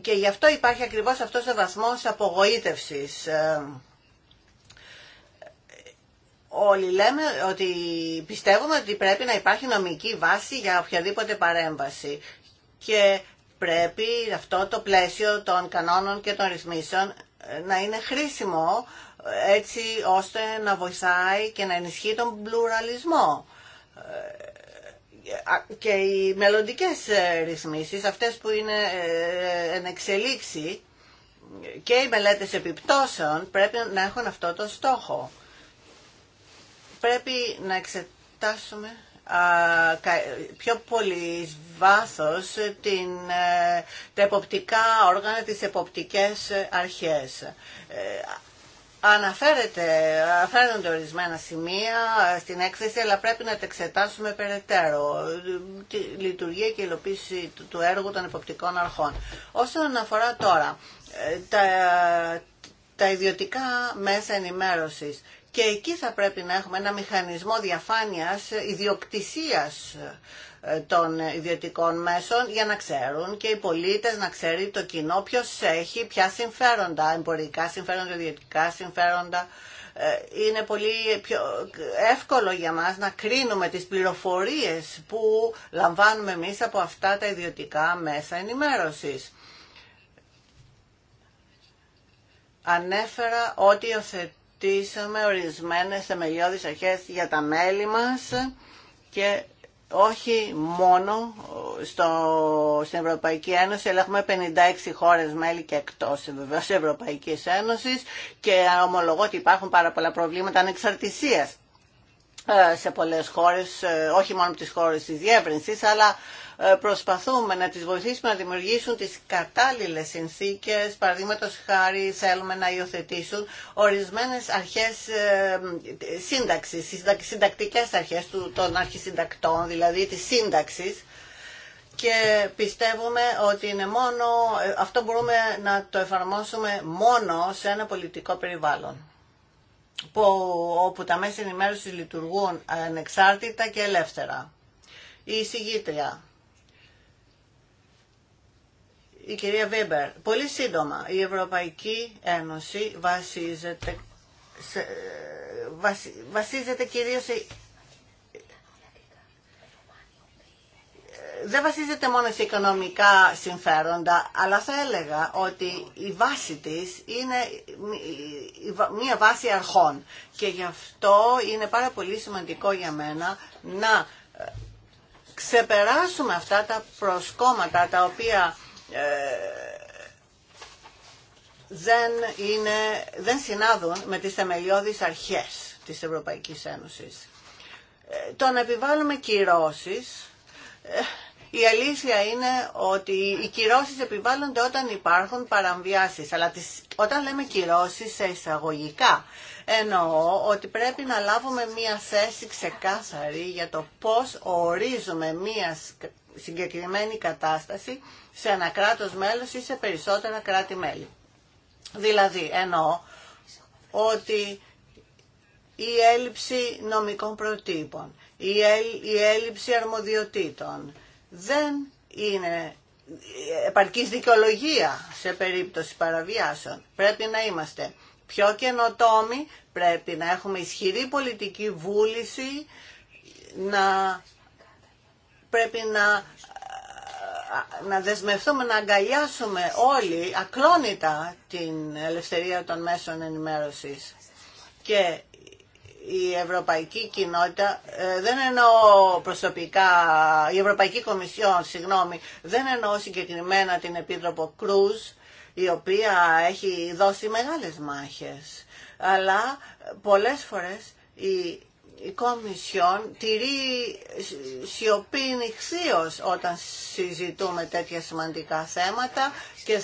και γι' αυτό υπάρχει ακριβώς αυτός ο βαθμός απογοήτευσης όλοι λέμε ότι πιστεύουμε ότι πρέπει να υπάρχει νομική βάση για οποιαδήποτε παρέμβαση και πρέπει αυτό το πλαίσιο των κανόνων και των ρυθμίσεων ε, να είναι χρήσιμο ε, έτσι ώστε να βοηθάει και να ενισχύει τον πλουραλισμό ε, και οι μελλοντικές ρυθμίσεις, αυτές που είναι εν και οι μελέτες επιπτώσεων πρέπει να έχουν αυτό το στόχο πρέπει να εξετάσουμε πιο πολύ βάθος την, ε, τα εποπτικά όργανα, τις εποπτικές αρχές. Ε, αναφέρεται, αναφέρονται ορισμένα σημεία στην έκθεση, αλλά πρέπει να τα εξετάσουμε περαιτέρω. Τη λειτουργία και υλοποίηση του, του έργου των εποπτικών αρχών. Όσον αφορά τώρα ε, τα, τα ιδιωτικά μέσα ενημέρωσης και εκεί θα πρέπει να έχουμε ένα μηχανισμό διαφάνειας ιδιοκτησίας ε, των ιδιωτικών μέσων για να ξέρουν και οι πολίτες να ξέρει το κοινό ποιος έχει ποια συμφέροντα, εμπορικά συμφέροντα, ιδιωτικά συμφέροντα. Ε, είναι πολύ πιο εύκολο για μας να κρίνουμε τις πληροφορίες που λαμβάνουμε εμείς από αυτά τα ιδιωτικά μέσα ενημέρωσης. Ανέφερα ότι υιοθετούμε συζητήσαμε ορισμένες θεμελιώδεις αρχές για τα μέλη μας και όχι μόνο στο, στην Ευρωπαϊκή Ένωση, αλλά έχουμε 56 χώρες μέλη και εκτός βεβαίως Ευρωπαϊκής Ένωσης και ομολογώ ότι υπάρχουν πάρα πολλά προβλήματα ανεξαρτησίας ε, σε πολλές χώρες, ε, όχι μόνο από τις χώρες της διεύρυνσης, αλλά ε, προσπαθούμε να τις βοηθήσουμε να δημιουργήσουν τις κατάλληλες συνθήκες, παραδείγματος χάρη θέλουμε να υιοθετήσουν ορισμένες αρχές ε, σύνταξης, συντακτικές αρχές των αρχισυντακτών, δηλαδή τη σύνταξης, και πιστεύουμε ότι είναι μόνο, ε, αυτό μπορούμε να το εφαρμόσουμε μόνο σε ένα πολιτικό περιβάλλον που, όπου τα μέσα ενημέρωση λειτουργούν ανεξάρτητα και ελεύθερα. Η εισηγήτρια η κυρία Βέμπερ, πολύ σύντομα, η Ευρωπαϊκή Ένωση βασίζεται, σε, βασι, βασίζεται κυρίως σε, δεν βασίζεται μόνο σε οικονομικά συμφέροντα, αλλά θα έλεγα ότι η βάση της είναι μία βάση αρχών. Και γι' αυτό είναι πάρα πολύ σημαντικό για μένα να ε, ξεπεράσουμε αυτά τα προσκόμματα τα οποία ε, δεν, είναι, δεν συνάδουν με τις θεμελιώδεις αρχές της Ευρωπαϊκής Ένωσης. Ε, το να επιβάλλουμε κυρώσεις, ε, η αλήθεια είναι ότι οι κυρώσεις επιβάλλονται όταν υπάρχουν παραμβιάσεις, αλλά όταν λέμε κυρώσεις σε εισαγωγικά, εννοώ ότι πρέπει να λάβουμε μία θέση ξεκάθαρη για το πώς ορίζουμε μία συγκεκριμένη κατάσταση σε ένα κράτος μέλος ή σε περισσότερα κράτη-μέλη. Δηλαδή, εννοώ ότι η έλλειψη νομικών προτύπων, η έλλειψη αρμοδιοτήτων δεν είναι επαρκής δικαιολογία σε περίπτωση παραβιάσεων. Πρέπει να είμαστε πιο καινοτόμοι, πρέπει να έχουμε ισχυρή πολιτική βούληση, να πρέπει να να δεσμευτούμε, να αγκαλιάσουμε όλοι ακλόνητα την ελευθερία των μέσων ενημέρωσης. Και η ευρωπαϊκή κοινότητα, ε, δεν εννοώ προσωπικά, η Ευρωπαϊκή Κομισιόν, συγγνώμη, δεν εννοώ συγκεκριμένα την Επίτροπο Κρούζ, η οποία έχει δώσει μεγάλες μάχες. Αλλά πολλές φορές η η Κομισιόν τηρεί σιωπή όταν συζητούμε τέτοια σημαντικά θέματα και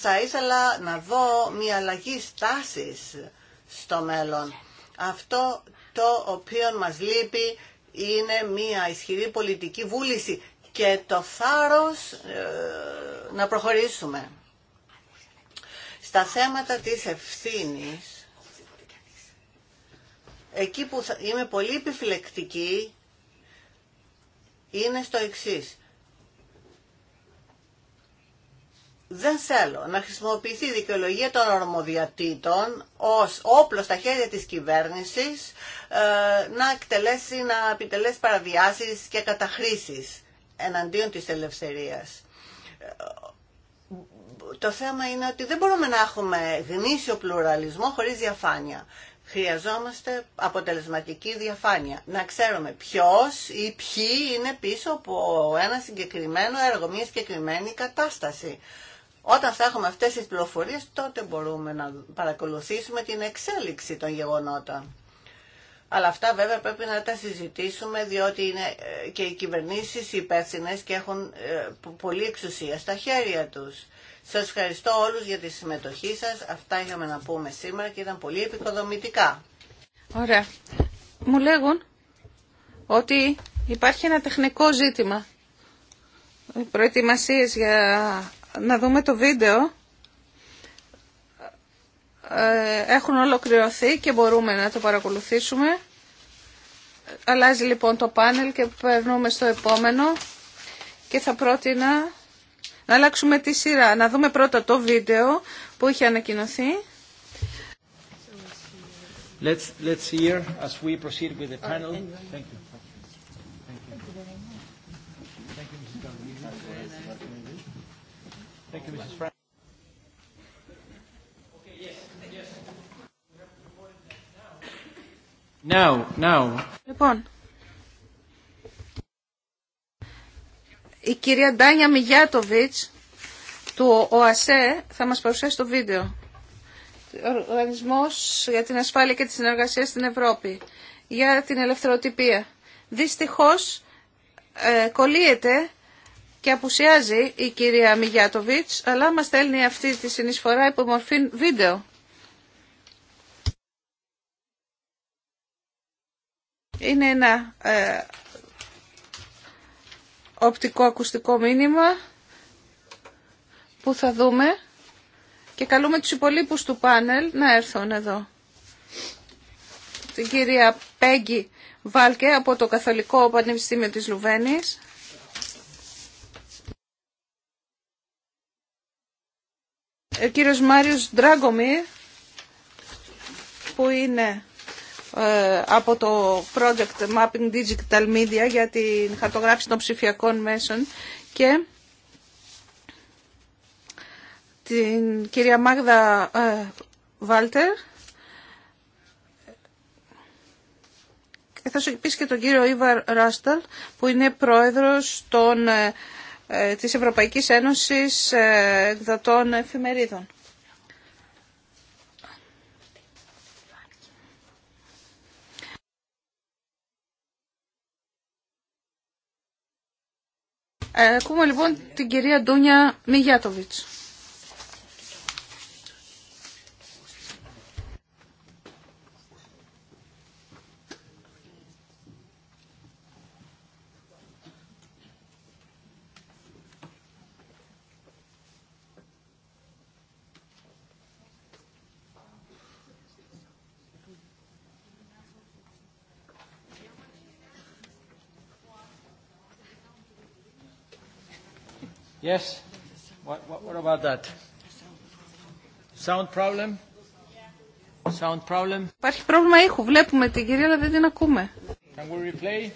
θα ήθελα να δω μια αλλαγή στάσης στο μέλλον. Αυτό το οποίο μας λείπει είναι μια ισχυρή πολιτική βούληση και το θάρρος ε, να προχωρήσουμε. Στα θέματα της ευθύνης εκεί που είμαι πολύ επιφυλεκτική είναι στο εξής. δεν θέλω να χρησιμοποιηθεί η δικαιολογία των ορμοδιατήτων ως όπλο στα χέρια της κυβέρνησης ε, να εκτελέσει, να επιτελέσει παραβιάσεις και καταχρήσεις εναντίον της ελευθερίας. Ε, το θέμα είναι ότι δεν μπορούμε να έχουμε γνήσιο πλουραλισμό χωρίς διαφάνεια. Χρειαζόμαστε αποτελεσματική διαφάνεια. Να ξέρουμε ποιος ή ποιοι είναι πίσω από ένα συγκεκριμένο έργο, μια συγκεκριμένη κατάσταση. Όταν θα έχουμε αυτές τις πληροφορίες, τότε μπορούμε να παρακολουθήσουμε την εξέλιξη των γεγονότων. Αλλά αυτά βέβαια πρέπει να τα συζητήσουμε, διότι είναι ε, και οι κυβερνήσεις υπεύθυνε και έχουν ε, πολλή εξουσία στα χέρια τους. Σας ευχαριστώ όλους για τη συμμετοχή σας. Αυτά είχαμε να πούμε σήμερα και ήταν πολύ επικοδομητικά. Ωραία. Μου λέγουν ότι υπάρχει ένα τεχνικό ζήτημα. Προετοιμασίες για να δούμε το βίντεο ε, έχουν ολοκληρωθεί και μπορούμε να το παρακολουθήσουμε. Αλλάζει λοιπόν το πάνελ και περνούμε στο επόμενο και θα πρότεινα να αλλάξουμε τη σειρά. Να δούμε πρώτα το βίντεο που είχε ανακοινωθεί. Let's, let's hear as we proceed with the panel. Thank you. Thank you, Mrs. Frank. Okay, yes, yes. Now, now. Λοιπόν, Η κυρία Ντάνια Μιγιάτοβιτς του ΟΑΣΕ θα μας παρουσιάσει το βίντεο. Οργανισμός για την Ασφάλεια και τη Συνεργασία στην Ευρώπη για την ελευθεροτυπία. Δυστυχώς ε, κολλείεται και απουσιάζει η κυρία Μιγιάτοβιτς, αλλά μας στέλνει αυτή τη συνεισφορά υπό μορφή βίντεο. Είναι ένα ε, οπτικό-ακουστικό μήνυμα που θα δούμε και καλούμε τους υπολείπους του πάνελ να έρθουν εδώ. Την κυρία Πέγγι Βάλκε από το Καθολικό Πανεπιστήμιο της Λουβένης. Ο κύριος Μάριος Ντράγκομι που είναι ε, από το Project Mapping Digital Media για την χαρτογράφηση των ψηφιακών μέσων και την κυρία Μάγδα ε, Βάλτερ και θα σου πεις και τον κύριο Ιβαρ Ράσταλ που είναι πρόεδρος των, ε, της Ευρωπαϊκής Ένωσης Εκδοτών Εφημερίδων. Ε, ακούμε λοιπόν την κυρία Ντούνια Μιγιάτοβιτς. Yes? What, what, what about that? Sound problem? Sound problem? Υπάρχει πρόβλημα ήχου. Βλέπουμε την κυρία, αλλά δεν την ακούμε. Can we replay?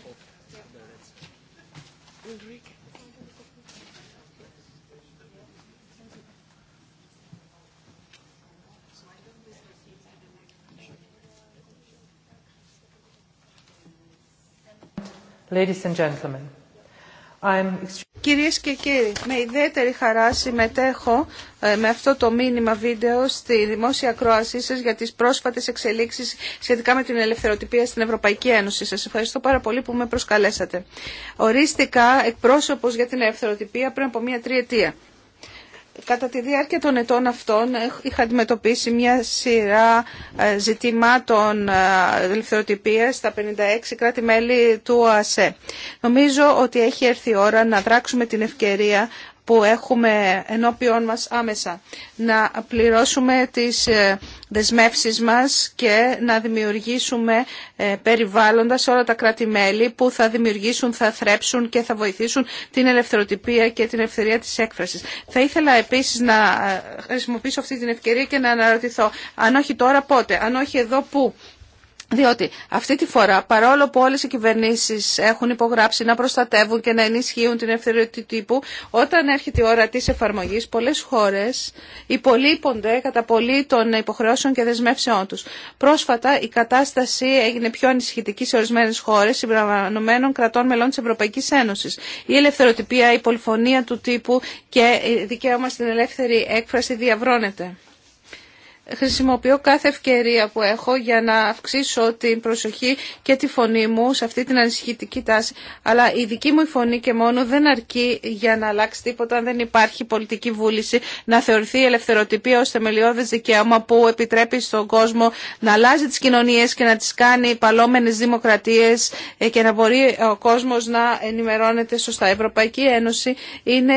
Ladies and gentlemen, I'm Κυρίες και κύριοι, με ιδιαίτερη χαρά συμμετέχω ε, με αυτό το μήνυμα βίντεο στη δημόσια ακρόασή σας για τις πρόσφατες εξελίξεις σχετικά με την ελευθεροτυπία στην Ευρωπαϊκή Ένωση. Σας ευχαριστώ πάρα πολύ που με προσκαλέσατε. Ορίστηκα εκπρόσωπος για την ελευθεροτυπία πριν από μία τριετία. Κατά τη διάρκεια των ετών αυτών είχα αντιμετωπίσει μια σειρά ε, ζητημάτων ε, ελευθεροτυπίας στα 56 κράτη-μέλη του ΟΑΣΕ. Νομίζω ότι έχει έρθει η ώρα να δράξουμε την ευκαιρία που έχουμε ενώπιόν μας άμεσα. Να πληρώσουμε τις ε, δεσμεύσεις μας και να δημιουργήσουμε ε, περιβάλλοντα όλα τα κράτη-μέλη που θα δημιουργήσουν, θα θρέψουν και θα βοηθήσουν την ελευθεροτυπία και την ελευθερία της έκφρασης. Θα ήθελα επίσης να ε, χρησιμοποιήσω αυτή την ευκαιρία και να αναρωτηθώ αν όχι τώρα πότε, αν όχι εδώ πού. Διότι αυτή τη φορά, παρόλο που όλες οι κυβερνήσεις έχουν υπογράψει να προστατεύουν και να ενισχύουν την ελευθερία του τύπου, όταν έρχεται η ώρα της εφαρμογής, πολλές χώρες υπολείπονται κατά πολύ των υποχρεώσεων και δεσμεύσεών τους. Πρόσφατα, η κατάσταση έγινε πιο ανησυχητική σε ορισμένες χώρες συμπραγμανωμένων κρατών μελών της Ευρωπαϊκής Ένωσης. Η ελευθεροτυπία, η πολυφωνία του τύπου και η δικαίωμα στην ελεύθερη έκφραση διαβρώνεται χρησιμοποιώ κάθε ευκαιρία που έχω για να αυξήσω την προσοχή και τη φωνή μου σε αυτή την ανησυχητική τάση. Αλλά η δική μου φωνή και μόνο δεν αρκεί για να αλλάξει τίποτα αν δεν υπάρχει πολιτική βούληση να θεωρηθεί η ελευθεροτυπία ως θεμελιώδες δικαίωμα που επιτρέπει στον κόσμο να αλλάζει τις κοινωνίες και να τις κάνει παλόμενες δημοκρατίες ε, και να μπορεί ο κόσμος να ενημερώνεται σωστά. Η Ευρωπαϊκή Ένωση είναι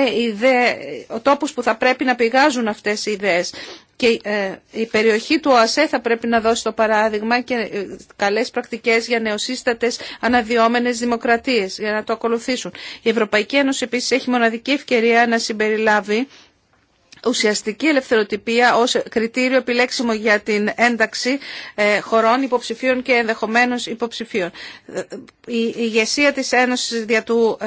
ο τόπος που θα πρέπει να πηγάζουν αυτές οι ιδέες. Και ε, η περιοχή του ΟΑΣΕ θα πρέπει να δώσει το παράδειγμα και ε, καλές πρακτικές για νεοσύστατες αναδυόμενες δημοκρατίες, για να το ακολουθήσουν. Η Ευρωπαϊκή Ένωση επίσης έχει μοναδική ευκαιρία να συμπεριλάβει ουσιαστική ελευθεροτυπία ως κριτήριο επιλέξιμο για την ένταξη ε, χωρών υποψηφίων και ενδεχομένως υποψηφίων. Η ηγεσία της Ένωσης δια του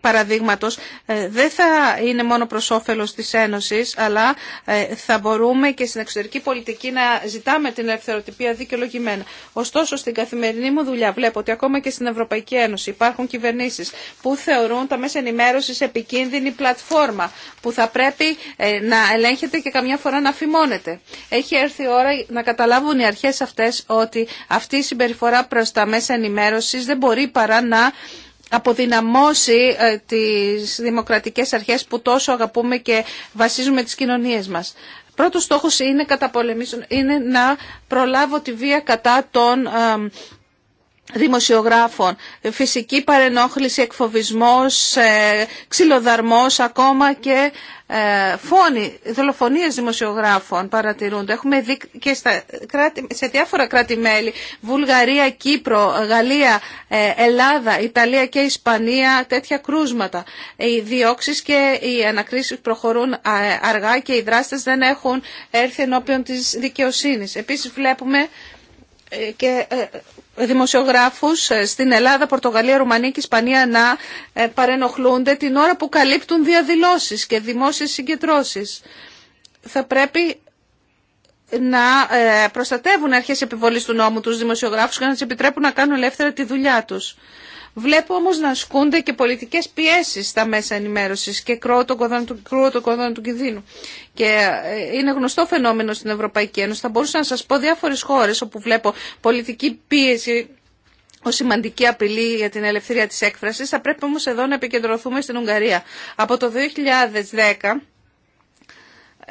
παραδείγματος ε, δεν θα είναι μόνο προ όφελο της Ένωσης αλλά ε, θα μπορούμε και στην εξωτερική πολιτική να ζητάμε την ελευθεροτυπία δικαιολογημένα. Ωστόσο στην καθημερινή μου δουλειά βλέπω ότι ακόμα και στην Ευρωπαϊκή Ένωση υπάρχουν κυβερνήσεις που θεωρούν τα μέσα ενημέρωσης επικίνδυνη πλατφόρμα που θα πρέπει ε, να ελέγχεται και καμιά φορά να φημώνεται. Έχει έρθει η ώρα να καταλάβουν οι αρχές αυτές ότι αυτή η συμπεριφορά προς τα μέσα ενημέρωσης δεν μπορεί παρά να αποδυναμώσει ε, τις δημοκρατικές αρχές που τόσο αγαπούμε και βασίζουμε τις κοινωνίες μας. Πρώτος στόχος είναι, είναι να προλάβω τη βία κατά των ε, δημοσιογράφων, φυσική παρενόχληση, εκφοβισμός, ε, ξυλοδαρμός, ακόμα και ε, φόνοι, δολοφονίες δημοσιογράφων παρατηρούνται. Έχουμε δει και σε διάφορα κράτη-μέλη, Βουλγαρία, Κύπρο, Γαλλία, ε, Ελλάδα, Ιταλία και Ισπανία, τέτοια κρούσματα. Οι διώξεις και οι ανακρίσεις προχωρούν αργά και οι δράστες δεν έχουν έρθει ενώπιον της δικαιοσύνης. Επίσης βλέπουμε και δημοσιογράφους ε, στην Ελλάδα, Πορτογαλία, Ρουμανία και Ισπανία να ε, παρενοχλούνται την ώρα που καλύπτουν διαδηλώσεις και δημόσιες συγκεντρώσεις. Θα πρέπει να ε, προστατεύουν αρχές επιβολής του νόμου τους δημοσιογράφους και να τους επιτρέπουν να κάνουν ελεύθερα τη δουλειά τους. Βλέπω όμως να ασκούνται και πολιτικές πιέσεις στα μέσα ενημέρωσης και κρούω τον του, το κόδωνα του κινδύνου. Και ε, είναι γνωστό φαινόμενο στην Ευρωπαϊκή Ένωση. Θα μπορούσα να σας πω διάφορες χώρες όπου βλέπω πολιτική πίεση ω σημαντική απειλή για την ελευθερία της έκφρασης. Θα πρέπει όμως εδώ να επικεντρωθούμε στην Ουγγαρία. Από το 2010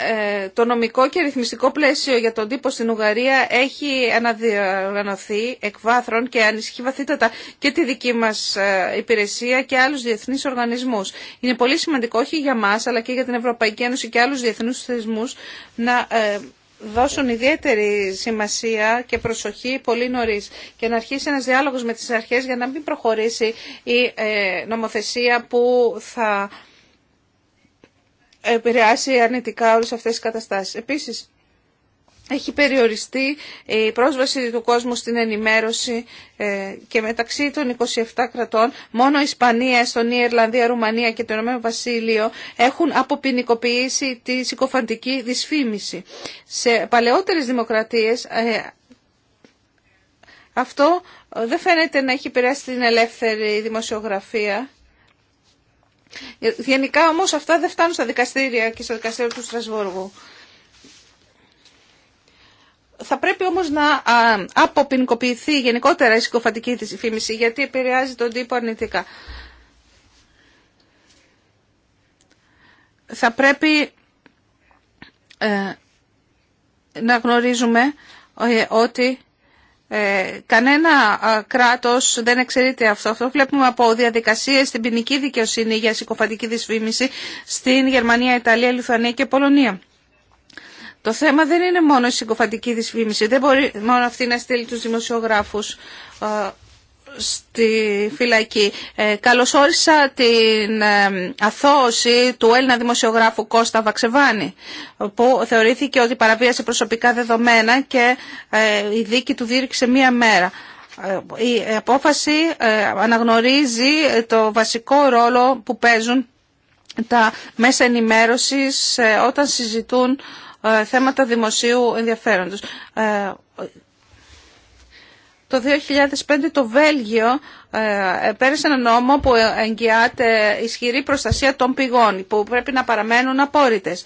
ε, το νομικό και ρυθμιστικό πλαίσιο για τον τύπο στην Ουγγαρία έχει αναδιοργανωθεί εκ βάθρων και ανησυχεί βαθύτατα και τη δική μας ε, υπηρεσία και άλλους διεθνείς οργανισμούς. Είναι πολύ σημαντικό όχι για μας αλλά και για την Ευρωπαϊκή Ένωση και άλλους διεθνούς θεσμούς να ε, δώσουν ιδιαίτερη σημασία και προσοχή πολύ νωρί και να αρχίσει ένας διάλογος με τις αρχές για να μην προχωρήσει η νομοθεσία που θα επηρεάσει αρνητικά όλες αυτές τις καταστάσεις. Επίσης, έχει περιοριστεί η πρόσβαση του κόσμου στην ενημέρωση ε, και μεταξύ των 27 κρατών μόνο η Ισπανία, Εστονία, Ιρλανδία, Ρουμανία και το Ηνωμένο Βασίλειο έχουν αποποινικοποιήσει τη συκοφαντική δυσφήμιση. Σε παλαιότερες δημοκρατίες ε, αυτό δεν φαίνεται να έχει επηρεάσει την ελεύθερη δημοσιογραφία Γενικά όμω αυτά δεν φτάνουν στα δικαστήρια και στο δικαστήριο του Στρασβούργου. Θα πρέπει όμως να αποποινικοποιηθεί γενικότερα η συγκοφατική της φήμηση γιατί επηρεάζει τον τύπο αρνητικά. Θα πρέπει ε, να γνωρίζουμε ε, ότι ε, κανένα κράτος δεν εξαιρείται αυτό. Αυτό βλέπουμε από διαδικασίες στην ποινική δικαιοσύνη για συκοφαντική δυσφήμιση στην Γερμανία, Ιταλία, Λιθουανία και Πολωνία. Το θέμα δεν είναι μόνο η συγκοφαντική δυσφήμιση. Δεν μπορεί μόνο αυτή να στείλει τους δημοσιογράφους στη φυλακή. Ε, καλωσόρισα την ε, αθώωση του Έλληνα δημοσιογράφου Κώστα Βαξεβάνη που θεωρήθηκε ότι παραβίασε προσωπικά δεδομένα και ε, η δίκη του δήρυξε μία μέρα. Ε, η απόφαση αναγνωρίζει το βασικό ρόλο που παίζουν τα μέσα ενημέρωσης όταν συζητούν θέματα δημοσίου ενδιαφέροντος. Το 2005 το Βέλγιο ε, πέρασε ένα νόμο που εγγυάται ισχυρή προστασία των πηγών που πρέπει να παραμένουν απόρριτες.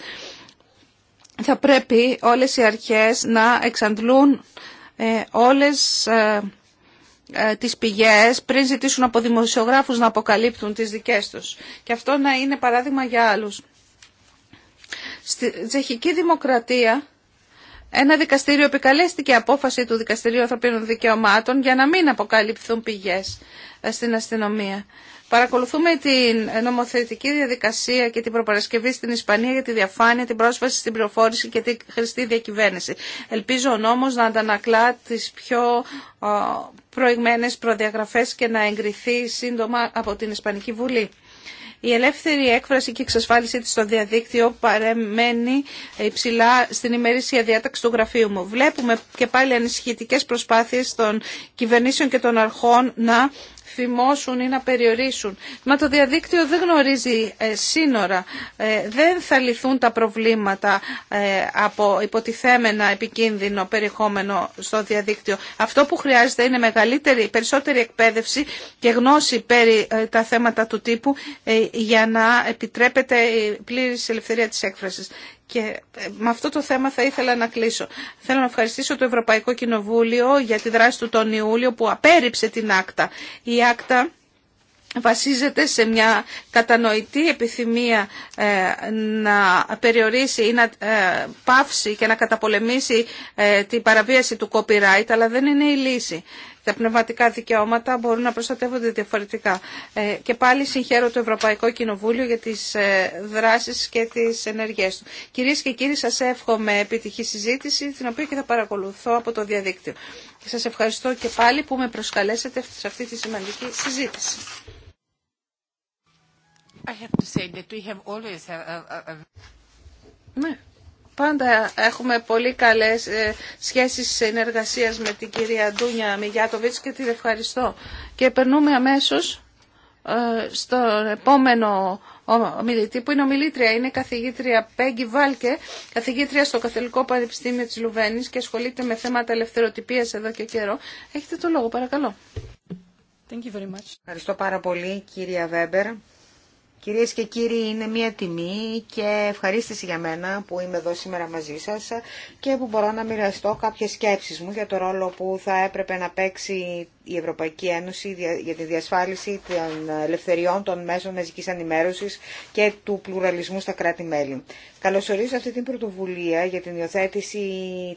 Θα πρέπει όλες οι αρχές να εξαντλούν ε, όλες ε, τις πηγές πριν ζητήσουν από δημοσιογράφους να αποκαλύπτουν τις δικές τους. Και αυτό να είναι παράδειγμα για άλλους. Στη τσεχική δημοκρατία ένα δικαστήριο επικαλέστηκε απόφαση του Δικαστηρίου Ανθρωπίνων Δικαιωμάτων για να μην αποκαλυπθούν πηγές ε, στην αστυνομία. Παρακολουθούμε την νομοθετική διαδικασία και την προπαρασκευή στην Ισπανία για τη διαφάνεια, την πρόσβαση στην πληροφόρηση και τη χρηστή διακυβέρνηση. Ελπίζω ο νόμος να αντανακλά τις πιο προηγμένες προδιαγραφές και να εγκριθεί σύντομα από την Ισπανική Βουλή. Η ελεύθερη έκφραση και εξασφάλιση της στο διαδίκτυο παρεμένει υψηλά στην ημερήσια διάταξη του γραφείου μου. Βλέπουμε και πάλι ανησυχητικές προσπάθειες των κυβερνήσεων και των αρχών να ή να περιορίσουν. Μα το διαδίκτυο δεν γνωρίζει ε, σύνορα. Ε, δεν θα λυθούν τα προβλήματα ε, από υποτιθέμενα επικίνδυνο περιεχόμενο στο διαδίκτυο. Αυτό που χρειάζεται είναι μεγαλύτερη, περισσότερη εκπαίδευση και γνώση περί τα θέματα του τύπου για να επιτρέπεται η πλήρης ελευθερία της έκφρασης. Και ε, με αυτό το θέμα θα ήθελα να κλείσω. Θέλω να ευχαριστήσω το Ευρωπαϊκό Κοινοβούλιο για τη δράση του τον Ιούλιο που απέρριψε την άκτα. Η άκτα βασίζεται σε μια κατανοητή επιθυμία ε, να περιορίσει ή να ε, πάυσει και να καταπολεμήσει την παραβίαση του copyright, αλλά δεν είναι η λύση τα πνευματικά δικαιώματα μπορούν να προστατεύονται διαφορετικά. Ε, και πάλι συγχαίρω το Ευρωπαϊκό Κοινοβούλιο για τις ε, δράσεις και τις ενεργές του. Κυρίες και κύριοι, σας εύχομαι επιτυχή συζήτηση, την οποία και θα παρακολουθώ από το διαδίκτυο. Και σας ευχαριστώ και πάλι που με προσκαλέσατε σε αυτή τη σημαντική συζήτηση. I have to say that we have always... Ναι. Πάντα έχουμε πολύ καλές ε, σχέσεις συνεργασίας με την κυρία Ντούνια Μιγιάτοβιτς και την ευχαριστώ. Και περνούμε αμέσως ε, στον επόμενο ομιλητή που είναι ομιλήτρια, είναι καθηγήτρια Πέγγι Βάλκε, καθηγήτρια στο Καθελικό Πανεπιστήμιο της Λουβένης και ασχολείται με θέματα ελευθεροτυπίας εδώ και καιρό. Έχετε το λόγο, παρακαλώ. Thank you very much. Ευχαριστώ πάρα πολύ κυρία Βέμπερ. Κυρίες και κύριοι, είναι μια τιμή και ευχαρίστηση για μένα που είμαι εδώ σήμερα μαζί σας και που μπορώ να μοιραστώ κάποιες σκέψεις μου για το ρόλο που θα έπρεπε να παίξει η Ευρωπαϊκή Ένωση για τη διασφάλιση των ελευθεριών των μέσων μαζική ενημέρωση και του πλουραλισμού στα κράτη-μέλη. Καλωσορίζω αυτή την πρωτοβουλία για την υιοθέτηση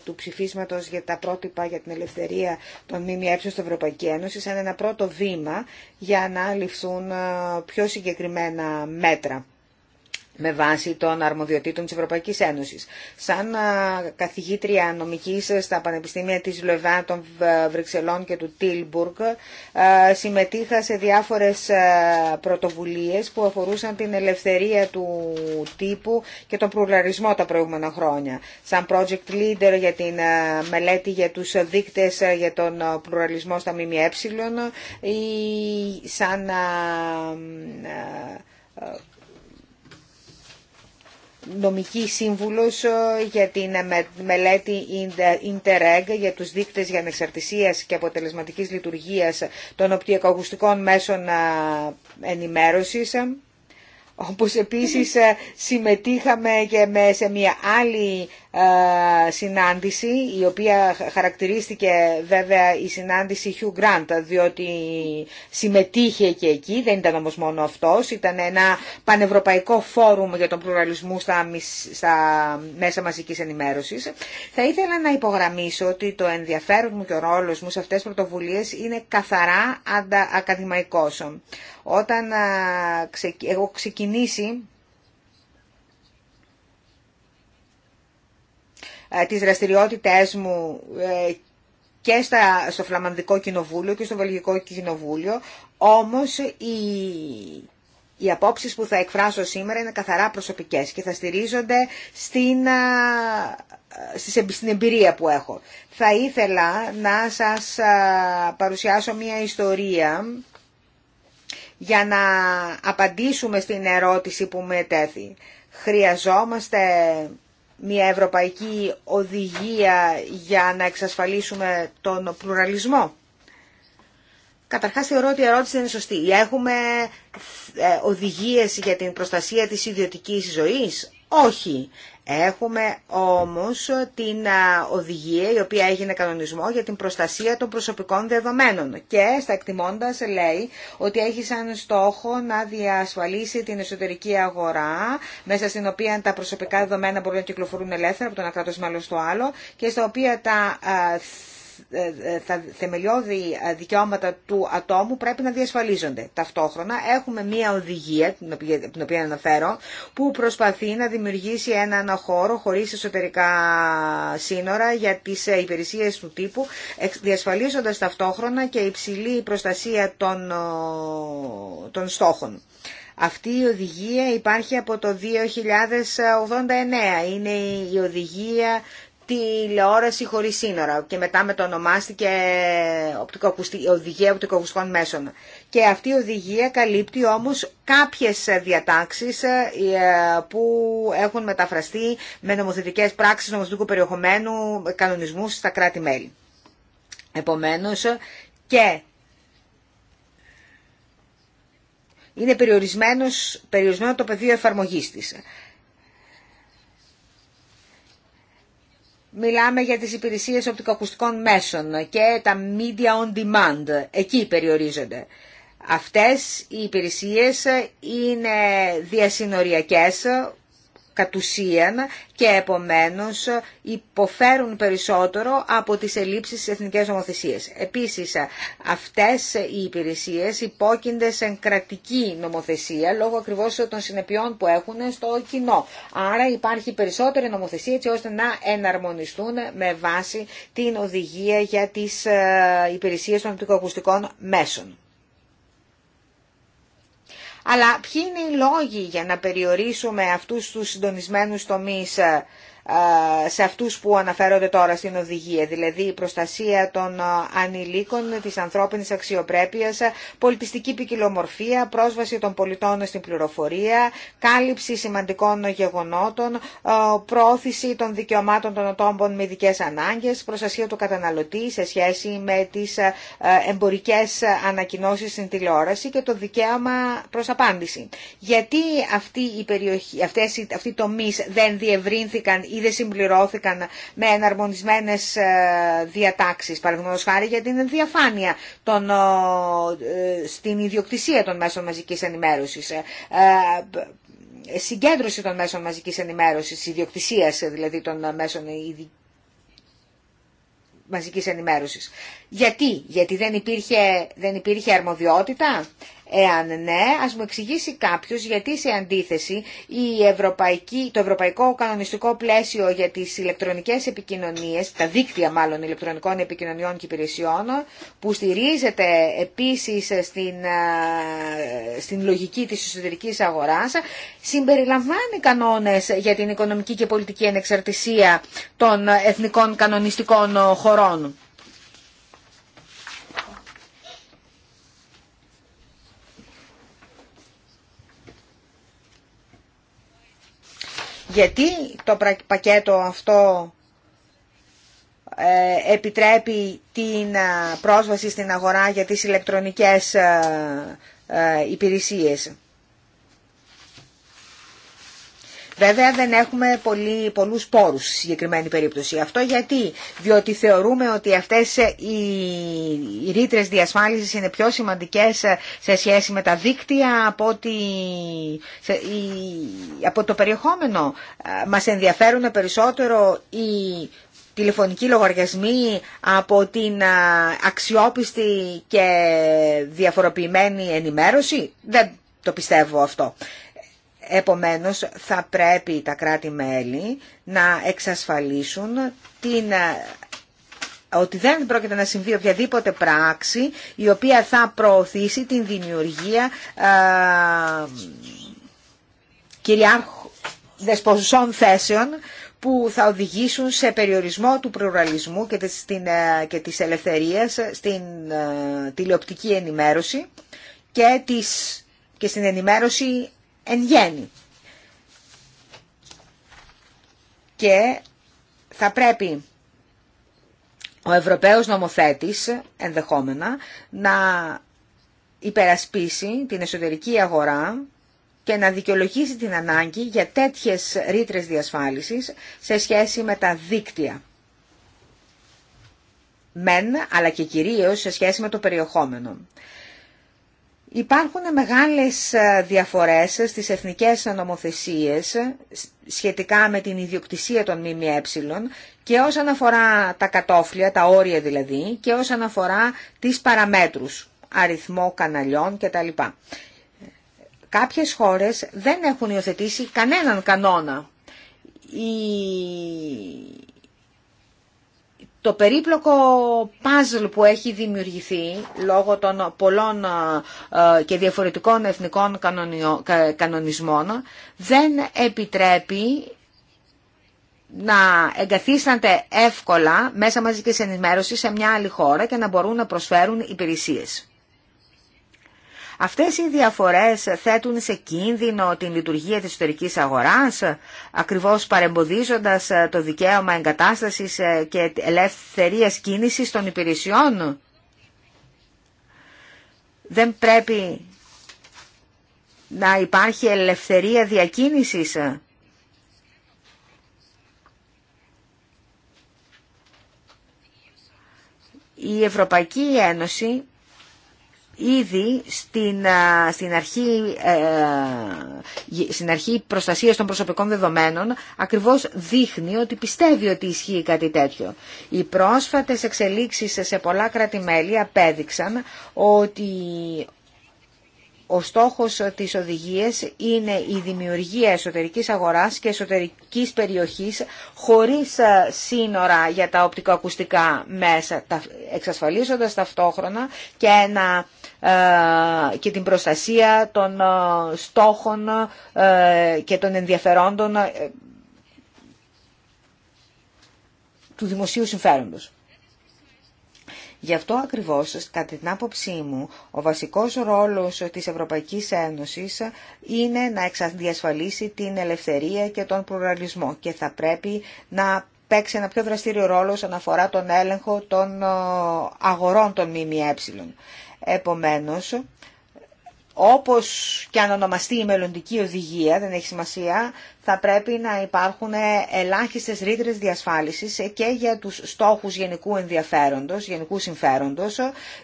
του ψηφίσματος για τα πρότυπα για την ελευθερία των ΜΜΕ στην Ευρωπαϊκή Ένωση σαν ένα πρώτο βήμα για να ληφθούν ε, πιο συγκεκριμένα μέτρα με βάση των αρμοδιοτήτων της Ευρωπαϊκής Ένωσης. Σαν καθηγήτρια νομικής στα Πανεπιστήμια της Λεβά των Βρυξελών και του Τίλμπουργκ συμμετείχα σε διάφορες πρωτοβουλίες που αφορούσαν την ελευθερία του τύπου και τον πλουραλισμό τα προηγούμενα χρόνια. Σαν project leader για την μελέτη για τους δείκτες για τον πλουραλισμό στα ΜΜΕ ή σαν νομική σύμβουλος ε, για την ε, μελέτη Interreg για τους δείκτες για ανεξαρτησία και αποτελεσματικής λειτουργίας των οπτικοακουστικών μέσων ε, ενημέρωσης. Όπως επίσης συμμετείχαμε και σε μια άλλη ε, συνάντηση, η οποία χαρακτηρίστηκε βέβαια η συνάντηση Hugh Grant, διότι συμμετείχε και εκεί, δεν ήταν όμως μόνο αυτός, ήταν ένα πανευρωπαϊκό φόρουμ για τον πλουραλισμό στα, στα μέσα μαζικής ενημέρωσης. Θα ήθελα να υπογραμμίσω ότι το ενδιαφέρον μου και ο ρόλος μου σε αυτές τις πρωτοβουλίες είναι καθαρά ακαδημαϊκός. Όταν ε, έχω ξεκινήσει Ε, τις δραστηριότητές μου ε, και στα, στο Φλαμανδικό Κοινοβούλιο και στο Βελγικό Κοινοβούλιο, όμως η οι απόψεις που θα εκφράσω σήμερα είναι καθαρά προσωπικές και θα στηρίζονται στην, ε, στην εμπειρία που έχω. Θα ήθελα να σας παρουσιάσω μια ιστορία για να απαντήσουμε στην ερώτηση που με μετέθη. Χρειαζόμαστε μια ευρωπαϊκή οδηγία για να εξασφαλίσουμε τον πλουραλισμό. Καταρχάς θεωρώ ότι η ερώτηση είναι σωστή. Έχουμε ε, οδηγίες για την προστασία της ιδιωτικής ζωής. Όχι. Έχουμε όμως την οδηγία η οποία έγινε κανονισμό για την προστασία των προσωπικών δεδομένων και στα εκτιμώντας λέει ότι έχει σαν στόχο να διασφαλίσει την εσωτερική αγορά μέσα στην οποία τα προσωπικά δεδομένα μπορούν να κυκλοφορούν ελεύθερα από το ένα κράτος μέλος στο άλλο και στα οποία τα ε, ε, τα θεμελιώδη ε, δικαιώματα του ατόμου πρέπει να διασφαλίζονται. Ταυτόχρονα έχουμε μία οδηγία, την οποία αναφέρω, που προσπαθεί να δημιουργήσει έναν χώρο χωρίς εσωτερικά σύνορα για τις υπηρεσίες του τύπου, διασφαλίζοντας ταυτόχρονα και υψηλή προστασία των, των στόχων. Αυτή η οδηγία υπάρχει από το 2089. Είναι η οδηγία τηλεόραση χωρίς σύνορα και μετά με το ονομάστηκε οδηγία οπτικοακουστικών μέσων. Και αυτή η οδηγία καλύπτει όμως κάποιες διατάξεις ε, που έχουν μεταφραστεί με νομοθετικές πράξεις νομοθετικού περιεχομένου κανονισμούς στα κράτη-μέλη. Επομένως και είναι περιορισμένος, περιορισμένο το πεδίο εφαρμογής της. μιλάμε για τις υπηρεσίες οπτικοακουστικών μέσων και τα media on demand, εκεί περιορίζονται. Αυτές οι υπηρεσίες είναι διασυνοριακές, κατ' ουσίαν και επομένως υποφέρουν περισσότερο από τις ελλείψεις στις εθνικές νομοθεσίες. Επίσης, αυτές οι υπηρεσίες υπόκεινται σε κρατική νομοθεσία λόγω ακριβώς των συνεπειών που έχουν στο κοινό. Άρα υπάρχει περισσότερη νομοθεσία έτσι ώστε να εναρμονιστούν με βάση την οδηγία για τις ε, υπηρεσίες των οπτικοακουστικών μέσων. Αλλά ποιοι είναι οι λόγοι για να περιορίσουμε αυτούς τους συντονισμένους τομείς ε, σε αυτούς που αναφέρονται τώρα στην οδηγία, δηλαδή η προστασία των ανηλίκων, της ανθρώπινης αξιοπρέπειας, πολιτιστική ποικιλομορφία, πρόσβαση των πολιτών στην πληροφορία, κάλυψη σημαντικών γεγονότων, πρόθεση των δικαιωμάτων των ατόμων με ειδικέ ανάγκες, προστασία του καταναλωτή σε σχέση με τις εμπορικές ανακοινώσεις στην τηλεόραση και το δικαίωμα προς απάντηση. Γιατί αυτή η περιοχή, αυτές, αυτοί οι δεν διευρύνθηκαν ή δεν συμπληρώθηκαν με εναρμονισμένε ε, διατάξει. Παραδείγματο χάρη για την διαφάνεια των, ε, ε, στην ιδιοκτησία των μέσων μαζικής ενημέρωση. συγκέντρωση των μέσων μαζικής ενημέρωσης, ιδιοκτησίας δηλαδή των μέσων μαζικής ενημέρωσης. Γιατί, γιατί δεν υπήρχε, δεν υπήρχε αρμοδιότητα, Εάν ναι, ας μου εξηγήσει κάποιος γιατί σε αντίθεση η ευρωπαϊκή, το ευρωπαϊκό κανονιστικό πλαίσιο για τις ηλεκτρονικές επικοινωνίες, τα δίκτυα μάλλον ηλεκτρονικών επικοινωνιών και υπηρεσιών, που στηρίζεται επίσης στην, στην λογική της εσωτερικής αγοράς, συμπεριλαμβάνει κανόνες για την οικονομική και πολιτική ανεξαρτησία των εθνικών κανονιστικών χωρών. γιατί το πακέτο αυτό ε, επιτρέπει την ε, πρόσβαση στην αγορά για τις ηλεκτρονικές ε, υπηρεσίες. Βέβαια δεν έχουμε πολύ, πολλούς πόρους στη συγκεκριμένη περίπτωση. Αυτό γιατί, διότι θεωρούμε ότι αυτές ε, οι ρήτρε διασφάλισης είναι πιο σημαντικές ε, σε σχέση με τα δίκτυα από, ότι, από το περιεχόμενο. Ε, μας ενδιαφέρουν περισσότερο οι τηλεφωνικοί λογαριασμοί από την αξιόπιστη και διαφοροποιημένη ενημέρωση. Δεν το πιστεύω αυτό. Επομένως, θα πρέπει τα κράτη-μέλη να εξασφαλίσουν την ε, ότι δεν πρόκειται να συμβεί οποιαδήποτε πράξη η οποία θα προωθήσει την δημιουργία ε, κυριάρχου δεσποζουσών θέσεων που θα οδηγήσουν σε περιορισμό του πλουραλισμού και της, στην, ε, ελευθερίας στην ε, τηλεοπτική ενημέρωση και, της, και στην ενημέρωση εν γέννη. Και θα πρέπει ο Ευρωπαίος νομοθέτης ενδεχόμενα να υπερασπίσει την εσωτερική αγορά και να δικαιολογήσει την ανάγκη για τέτοιες ρήτρες διασφάλισης σε σχέση με τα δίκτυα. Μεν, αλλά και κυρίως σε σχέση με το περιεχόμενο. Υπάρχουν μεγάλες ε, διαφορές στις εθνικές νομοθεσίες σχετικά με την ιδιοκτησία των ΜΜΕ και όσον αφορά τα κατόφλια, τα όρια δηλαδή, και όσον αφορά τις παραμέτρους, αριθμό καναλιών κτλ. Κάποιες χώρες δεν έχουν υιοθετήσει κανέναν κανόνα. Η το περίπλοκο παζλ που έχει δημιουργηθεί λόγω των πολλών και διαφορετικών εθνικών κανονισμών δεν επιτρέπει να εγκαθίστανται εύκολα μέσα μαζικής ενημέρωσης σε μια άλλη χώρα και να μπορούν να προσφέρουν υπηρεσίες. Αυτές οι διαφορές θέτουν σε κίνδυνο την λειτουργία της εσωτερικής αγοράς, ακριβώς παρεμποδίζοντας ε, το δικαίωμα εγκατάστασης ε, και ελευθερίας κίνησης των υπηρεσιών. Δεν πρέπει να υπάρχει ελευθερία διακίνησης. Η Ευρωπαϊκή Ένωση ήδη στην, στην, αρχή, ε, ε, στην αρχή προστασίας των προσωπικών δεδομένων ακριβώς δείχνει ότι πιστεύει ότι ισχύει κάτι τέτοιο. Οι πρόσφατες εξελίξεις σε πολλά κράτη-μέλη απέδειξαν ότι ο στόχος της οδηγίας είναι η δημιουργία εσωτερικής αγοράς και εσωτερικής περιοχής χωρίς ε, σύνορα για τα οπτικοακουστικά μέσα, εξασφαλίζοντας ταυτόχρονα και ένα ε, και την προστασία των ε, στόχων ε, και των ενδιαφερόντων του δημοσίου συμφέροντος. Γι' αυτό ακριβώς, κατά την άποψή μου, ο βασικός ρόλος της Ευρωπαϊκής Ένωσης είναι να εξασφαλίσει την ελευθερία και τον πλουραλισμό και θα πρέπει να παίξει ένα πιο δραστήριο ρόλο όσον αφορά τον έλεγχο των αγορών των ΜΜΕ. Επομένως, όπως και αν ονομαστεί η μελλοντική οδηγία, δεν έχει σημασία, θα πρέπει να υπάρχουν ελάχιστες ρήτρε διασφάλισης και για τους στόχους γενικού ενδιαφέροντος, γενικού συμφέροντος,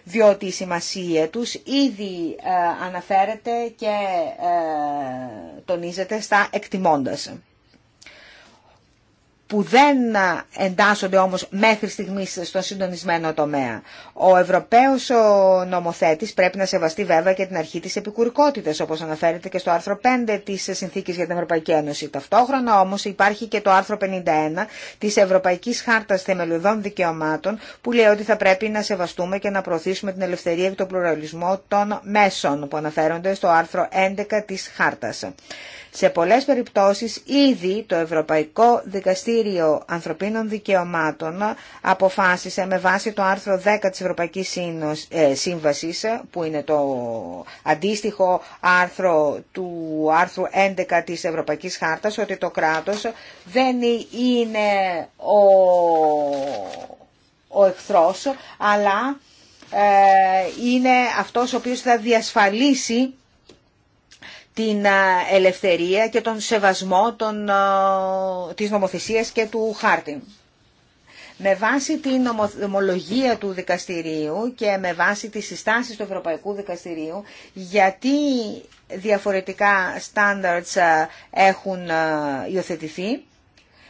διότι η σημασία τους ήδη ε, αναφέρεται και ε, τονίζεται στα εκτιμώντας που δεν εντάσσονται όμως μέχρι στιγμής στον συντονισμένο τομέα. Ο Ευρωπαίος ο νομοθέτης πρέπει να σεβαστεί βέβαια και την αρχή της επικουρικότητας, όπως αναφέρεται και στο άρθρο 5 της Συνθήκης για την Ευρωπαϊκή Ένωση. Ταυτόχρονα όμως υπάρχει και το άρθρο 51 της Ευρωπαϊκής Χάρτας Θεμελιωδών Δικαιωμάτων, που λέει ότι θα πρέπει να σεβαστούμε και να προωθήσουμε την ελευθερία και τον πλουραλισμό των μέσων, που αναφέρονται στο άρθρο 11 της Χάρτας. Σε πολλές περιπτώσεις ήδη το Ευρωπαϊκό Δικαστήριο Δικαστήριο Ανθρωπίνων Δικαιωμάτων αποφάσισε με βάση το άρθρο 10 της Ευρωπαϊκής ε, Σύμβασης, που είναι το αντίστοιχο άρθρο του άρθρου 11 της Ευρωπαϊκής Χάρτας, ότι το κράτος δεν είναι ο, ο εχθρός, αλλά ε, είναι αυτός ο οποίος θα διασφαλίσει την ελευθερία και τον σεβασμό των, της νομοθεσίας και του χάρτη. Με βάση την νομολογία του δικαστηρίου και με βάση τις συστάσεις του Ευρωπαϊκού Δικαστηρίου, γιατί διαφορετικά standards έχουν υιοθετηθεί,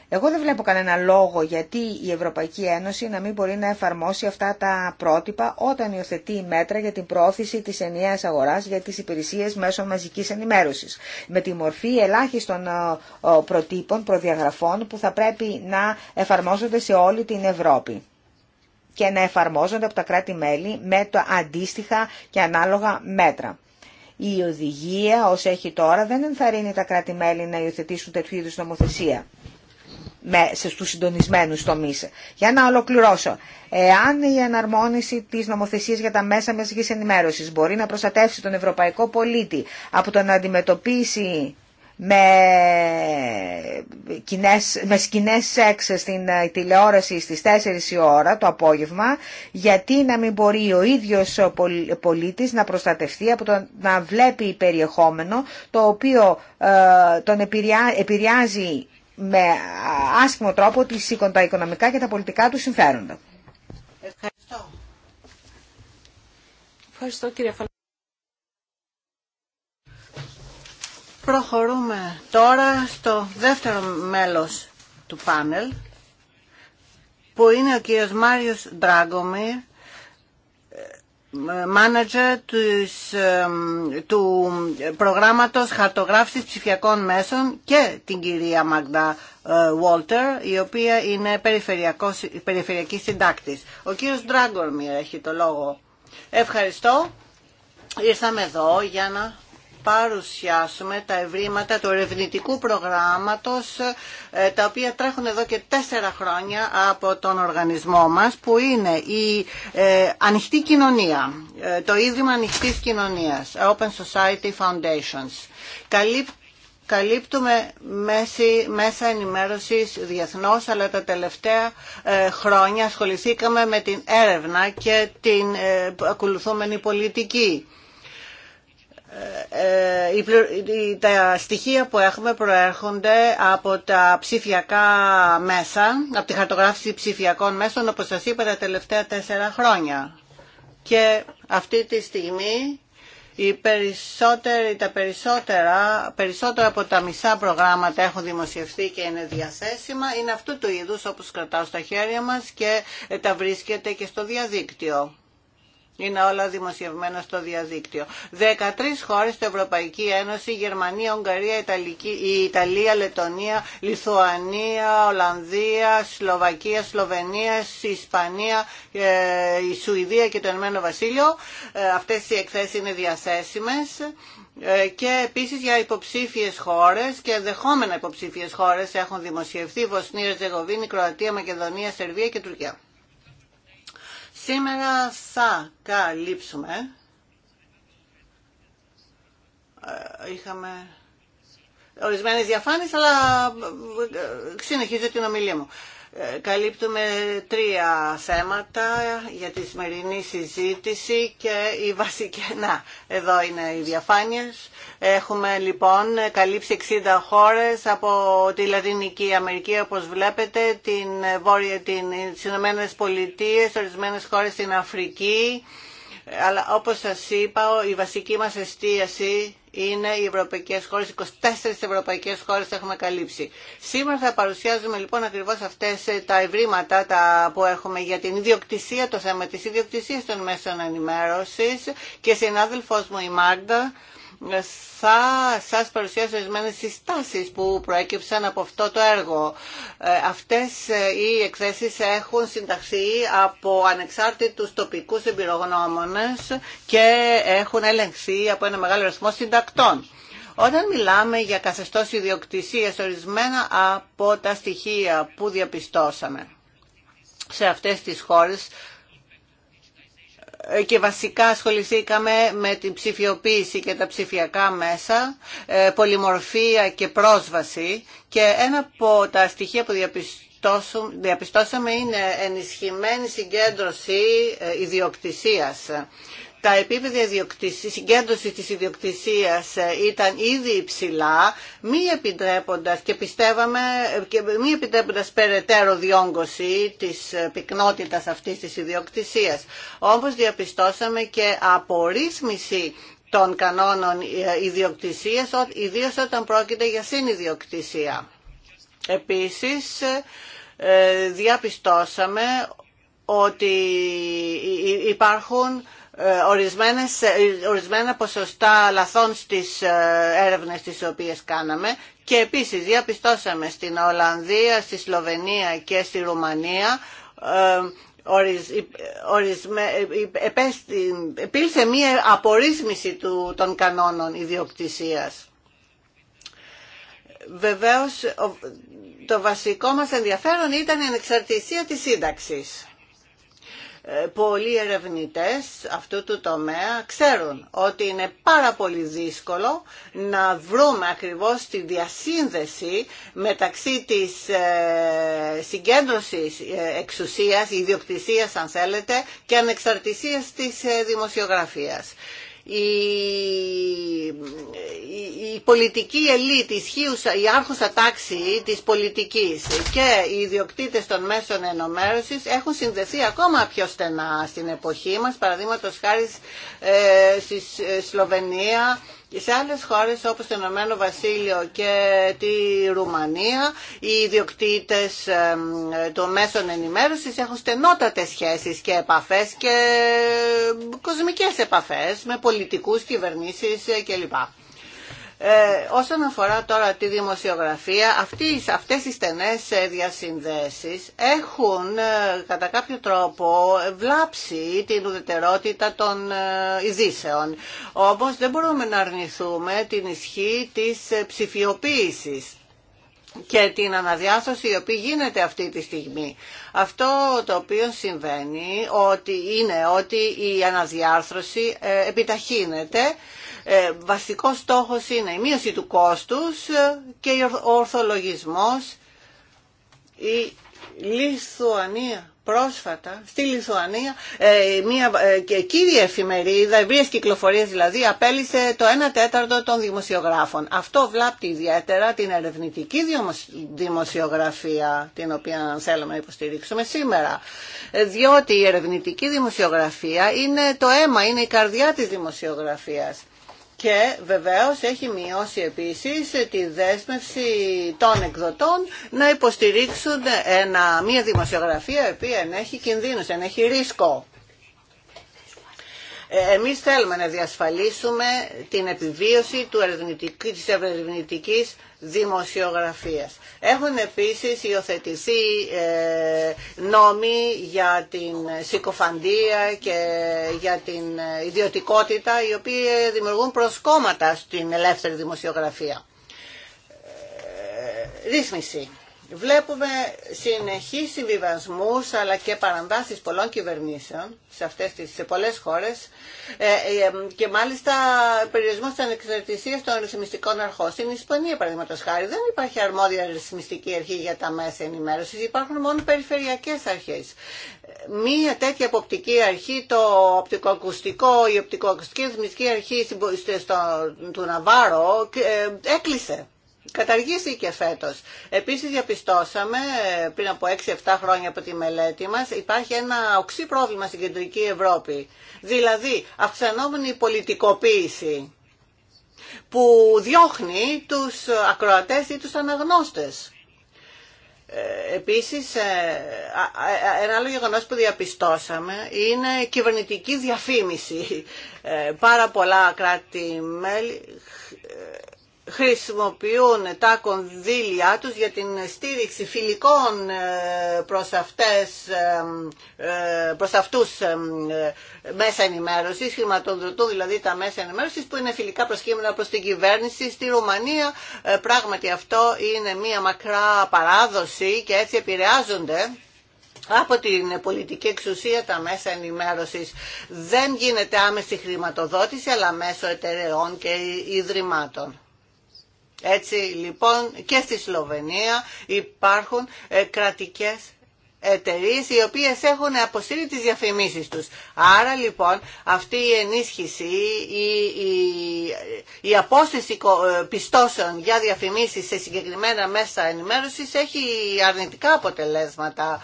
εγώ δεν βλέπω κανένα λόγο γιατί η Ευρωπαϊκή Ένωση να μην μπορεί να εφαρμόσει αυτά τα πρότυπα όταν υιοθετεί μέτρα για την πρόθεση της ενιαίας αγοράς για τις υπηρεσίες μέσω μαζικής ενημέρωσης. Με τη μορφή ελάχιστων ε, ε, προτύπων, προδιαγραφών που θα πρέπει να εφαρμόζονται σε όλη την Ευρώπη και να εφαρμόζονται από τα κράτη-μέλη με τα αντίστοιχα και ανάλογα μέτρα. Η οδηγία, όσο έχει τώρα, δεν ενθαρρύνει τα κράτη-μέλη να υιοθετήσουν τέτοιου είδου νομοθεσία στους συντονισμένους τομείς. Για να ολοκληρώσω, εάν η εναρμόνιση της νομοθεσίας για τα μέσα μεσικής ενημέρωσης μπορεί να προστατεύσει τον ευρωπαϊκό πολίτη από το να αντιμετωπίσει με, κοινές, σκηνές σεξ στην ε, τηλεόραση στις 4 η ώρα το απόγευμα, γιατί να μην μπορεί ο ίδιος πολίτης να προστατευτεί από το να βλέπει περιεχόμενο το οποίο ε, τον επηρεάζει με άσχημο τρόπο τις, τα οικονομικά και τα πολιτικά του συμφέροντα. Ευχαριστώ. Ευχαριστώ κύριε Προχωρούμε τώρα στο δεύτερο μέλος του πάνελ που είναι ο κύριος Μάριος Ντράγκομιρ μάνατζερ του προγράμματος χαρτογράφησης ψηφιακών μέσων και την κυρία Μαγδά Βόλτερ, η οποία είναι περιφερειακή συντάκτης. Ο κύριος Ντράγκορμιρ έχει το λόγο. Ευχαριστώ. Ήρθαμε εδώ για να παρουσιάσουμε τα ευρήματα του ερευνητικού προγράμματος ε, τα οποία τρέχουν εδώ και τέσσερα χρόνια από τον οργανισμό μας που είναι η ε, Ανοιχτή Κοινωνία, ε, το Ίδρυμα Ανοιχτής Κοινωνίας, Open Society Foundations. Καλύπτουμε μέση, μέσα ενημέρωσης διεθνώς, αλλά τα τελευταία χρόνια ασχοληθήκαμε με την έρευνα και την ε, ακολουθούμενη πολιτική. Ε, ε, τα στοιχεία που έχουμε προέρχονται από τα ψηφιακά μέσα, από τη χαρτογράφηση ψηφιακών μέσων, όπως σας είπα, τα τελευταία τέσσερα χρόνια. Και αυτή τη στιγμή οι περισσότεροι, τα περισσότερα, περισσότερα από τα μισά προγράμματα έχουν δημοσιευθεί και είναι διαθέσιμα. Είναι αυτού του είδους όπως κρατάω στα χέρια μας και τα βρίσκεται και στο διαδίκτυο. Είναι όλα δημοσιευμένα στο διαδίκτυο. 13 χώρες στην Ευρωπαϊκή Ένωση, Γερμανία, Ουγγαρία, Ιταλική, η Ιταλία, Λετωνία, Λιθουανία, Ολλανδία, Σλοβακία, Σλοβενία, Ισπανία, ε, η Σουηδία και το Ενωμένο Βασίλειο. Ε, αυτές οι εκθέσει είναι διαθέσιμε. Ε, και επίσης για υποψήφιες χώρες και δεχόμενα υποψήφιες χώρες έχουν δημοσιευθεί Βοσνία, Ζεγοβίνη, Κροατία, Μακεδονία, Σερβία και Τουρκία. Σήμερα θα καλύψουμε. Ε, είχαμε ορισμένες διαφάνειες, αλλά ε, ε, συνεχίζω την ομιλία μου καλύπτουμε τρία θέματα για τη σημερινή συζήτηση και η βασική, να, εδώ είναι οι διαφάνειες. Έχουμε λοιπόν καλύψει 60 χώρες από τη Λατινική Αμερική όπως βλέπετε, την Βόρεια, την, τις Ηνωμένες χώρες στην Αφρική. Αλλά όπως σας είπα η βασική μας εστίαση είναι οι ευρωπαϊκές χώρες, 24 ευρωπαϊκές χώρες έχουμε καλύψει. Σήμερα θα παρουσιάζουμε λοιπόν ακριβώς αυτές ε, τα ευρήματα τα που έχουμε για την ιδιοκτησία, το θέμα της ιδιοκτησίας των μέσων ενημέρωση και συνάδελφός μου η Μάγδα θα σας παρουσιάσω ορισμένε συστάσεις που προέκυψαν από αυτό το έργο. Ε, αυτές ε, οι εκθέσεις έχουν συνταχθεί από ανεξάρτητους τοπικούς εμπειρογνώμονες και έχουν ελεγχθεί από ένα μεγάλο αριθμό συντακτών. Όταν μιλάμε για καθεστώς ιδιοκτησίας, ορισμένα από τα στοιχεία που διαπιστώσαμε σε αυτές τις χώρες και βασικά ασχοληθήκαμε με την ψηφιοποίηση και τα ψηφιακά μέσα, ε, πολυμορφία και πρόσβαση και ένα από τα στοιχεία που διαπιστώσαμε είναι ενισχυμένη συγκέντρωση ε, ιδιοκτησίας τα επίπεδα συγκέντρωση της ιδιοκτησίας ε, ήταν ήδη υψηλά, μη επιτρέποντας και πιστεύαμε, ε, και μη επιτρέποντας περαιτέρω διόγκωση της ε, πυκνότητας αυτής της ιδιοκτησίας. Όμως διαπιστώσαμε και απορρίθμιση των κανόνων ιδιοκτησίας, ιδίως όταν πρόκειται για συνειδιοκτησία. Επίσης, διαπιστώσαμε ότι υπάρχουν ε, ορισμένες, ε, ορισμένα ποσοστά λαθών στις ε, έρευνες τις οποίες κάναμε και επίσης διαπιστώσαμε στην Ολλανδία, στη Σλοβενία και στη Ρουμανία επήλθε μία απορρίσμηση του, των κανόνων ιδιοκτησίας. Βεβαίως το βασικό μας ενδιαφέρον ήταν η ανεξαρτησία της σύνταξης. Ε, πολλοί ερευνητές αυτού του τομέα ξέρουν ότι είναι πάρα πολύ δύσκολο να βρούμε ακριβώς τη διασύνδεση μεταξύ της ε, συγκέντρωσης ε, εξουσίας, ιδιοκτησίας αν θέλετε και ανεξαρτησίας της δημοσιογραφίας η, η πολιτική ελίτ, η, σχίουσα, η άρχουσα τάξη της πολιτικής και οι ιδιοκτήτες των μέσων ενομέρωσης έχουν συνδεθεί ακόμα πιο στενά στην εποχή μας, παραδείγματος χάρη ε, στη ε, Σλοβενία, σε άλλες χώρες όπως το Ηνωμένο Βασίλειο και τη Ρουμανία οι ιδιοκτήτες των μέσων ενημέρωσης έχουν στενότατες σχέσεις και επαφές και κοσμικές επαφές με πολιτικούς, κυβερνήσεις κλπ. Ε, όσον αφορά τώρα τη δημοσιογραφία, αυτοί, αυτές οι στενές ε, διασυνδέσεις έχουν ε, κατά κάποιο τρόπο βλάψει την ουδετερότητα των ε, ειδήσεων. Όμως δεν μπορούμε να αρνηθούμε την ισχύ της ψηφιοποίησης και την αναδιάσωση η οποία γίνεται αυτή τη στιγμή. Αυτό το οποίο συμβαίνει ότι είναι ότι η αναδιάρθρωση επιταχύνεται ε, βασικός στόχος είναι η μείωση του κόστους ε, και ο ορθολογισμός. Η Λιθουανία πρόσφατα στη Λιθουανία ε, μια κύρια εφημερίδα ευρείας κυκλοφορίας δηλαδή απέλησε το 1 τέταρτο των δημοσιογράφων. Αυτό βλάπτει ιδιαίτερα την ερευνητική δημοσιογραφία την οποία θέλουμε να υποστηρίξουμε σήμερα διότι η ερευνητική δημοσιογραφία είναι το αίμα, είναι η καρδιά της δημοσιογραφίας και βεβαίως έχει μειώσει επίσης τη δέσμευση των εκδοτών να υποστηρίξουν ένα, μια δημοσιογραφία η οποία ενέχει κινδύνους, ενέχει ρίσκο. Ε, εμείς θέλουμε να διασφαλίσουμε την επιβίωση του ερευνητική, της ερευνητικής δημοσιογραφίας. Έχουν επίσης υιοθετηθεί ε, νόμοι για την συκοφαντία και για την ε, ιδιωτικότητα, οι οποίοι δημιουργούν προσκόμματα στην ελεύθερη δημοσιογραφία. Ρύθμιση Βλέπουμε συνεχείς συμβιβασμούς αλλά και παραντάσεις πολλών κυβερνήσεων σε, αυτές τις, σε πολλές χώρες ε, ε, και μάλιστα περιορισμό της ανεξαρτησίας των ρυθμιστικών αρχών. Στην Ισπανία, παραδείγματος χάρη, δεν υπάρχει αρμόδια ρυθμιστική αρχή για τα μέσα ενημέρωσης, υπάρχουν μόνο περιφερειακές αρχές. Μία τέτοια αποπτική αρχή, το οπτικοακουστικό, η οπτικοακουστική ρυθμιστική αρχή στο, του Ναβάρο ε, έκλεισε καταργήθηκε φέτο. Επίσης διαπιστώσαμε πριν από 6-7 χρόνια από τη μελέτη μας υπάρχει ένα οξύ πρόβλημα στην κεντρική Ευρώπη. Δηλαδή αυξανόμενη πολιτικοποίηση που διώχνει τους ακροατές ή τους αναγνώστες. Ε, επίσης, ε, ε, ένα άλλο γεγονός που διαπιστώσαμε είναι κυβερνητική διαφήμιση. Πάρα πολλά κράτη-μέλη χρησιμοποιούν τα κονδύλια τους για την στήριξη φιλικών ε, προς, αυτές, ε, ε, προς αυτούς μέσα ενημέρωσης, χρηματοδοτούν δηλαδή τα μέσα ενημέρωσης που είναι φιλικά προσχήματα προς την κυβέρνηση στη Ρουμανία. Πράγματι αυτό είναι μια μακρά παράδοση και έτσι επηρεάζονται από την πολιτική εξουσία τα μέσα ενημέρωσης δεν γίνεται άμεση χρηματοδότηση αλλά μέσω εταιρεών και ιδρυμάτων. Έτσι λοιπόν και στη Σλοβενία υπάρχουν ε, κρατικές εταιρείε οι οποίες έχουν αποστείλει τις διαφημίσεις τους. Άρα λοιπόν αυτή η ενίσχυση, η, η, η απόσταση ε, πιστώσεων για διαφημίσεις σε συγκεκριμένα μέσα ενημέρωσης έχει αρνητικά αποτελέσματα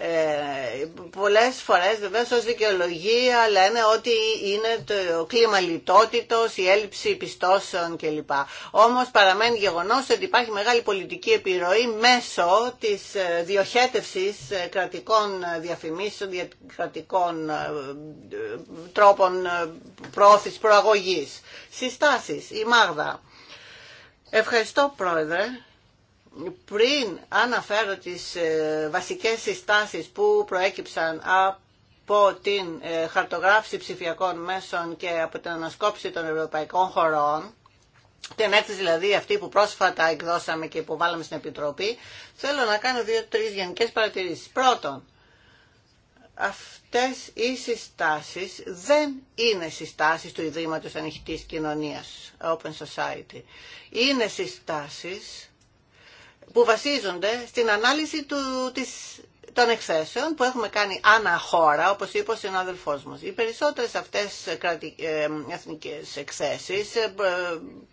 ε, πολλές φορές βεβαίω ως δικαιολογία λένε ότι είναι το κλίμα λιτότητος, η έλλειψη πιστώσεων κλπ. Όμως παραμένει γεγονός ότι υπάρχει μεγάλη πολιτική επιρροή μέσω της ε, διοχέτευσης ε, κρατικών διαφημίσεων, κρατικών τρόπων προώθησης, προαγωγής. Συστάσεις, η Μάγδα. Ευχαριστώ πρόεδρε πριν αναφέρω τις ε, βασικές συστάσεις που προέκυψαν από την ε, χαρτογράφηση ψηφιακών μέσων και από την ανασκόπηση των ευρωπαϊκών χωρών, την έκθεση δηλαδή αυτή που πρόσφατα εκδώσαμε και που βάλαμε στην Επιτροπή, θέλω να κάνω δύο-τρεις γενικές παρατηρήσεις. Πρώτον, αυτές οι συστάσεις δεν είναι συστάσεις του Ιδρύματος Ανοιχτής Κοινωνίας, Open Society. Είναι συστάσεις που βασίζονται στην ανάλυση του, της, των εκθέσεων που έχουμε κάνει ανά χώρα, όπως είπε ο συνάδελφός μας. Οι περισσότερες αυτές ε, εθνικές εκθέσεις ε,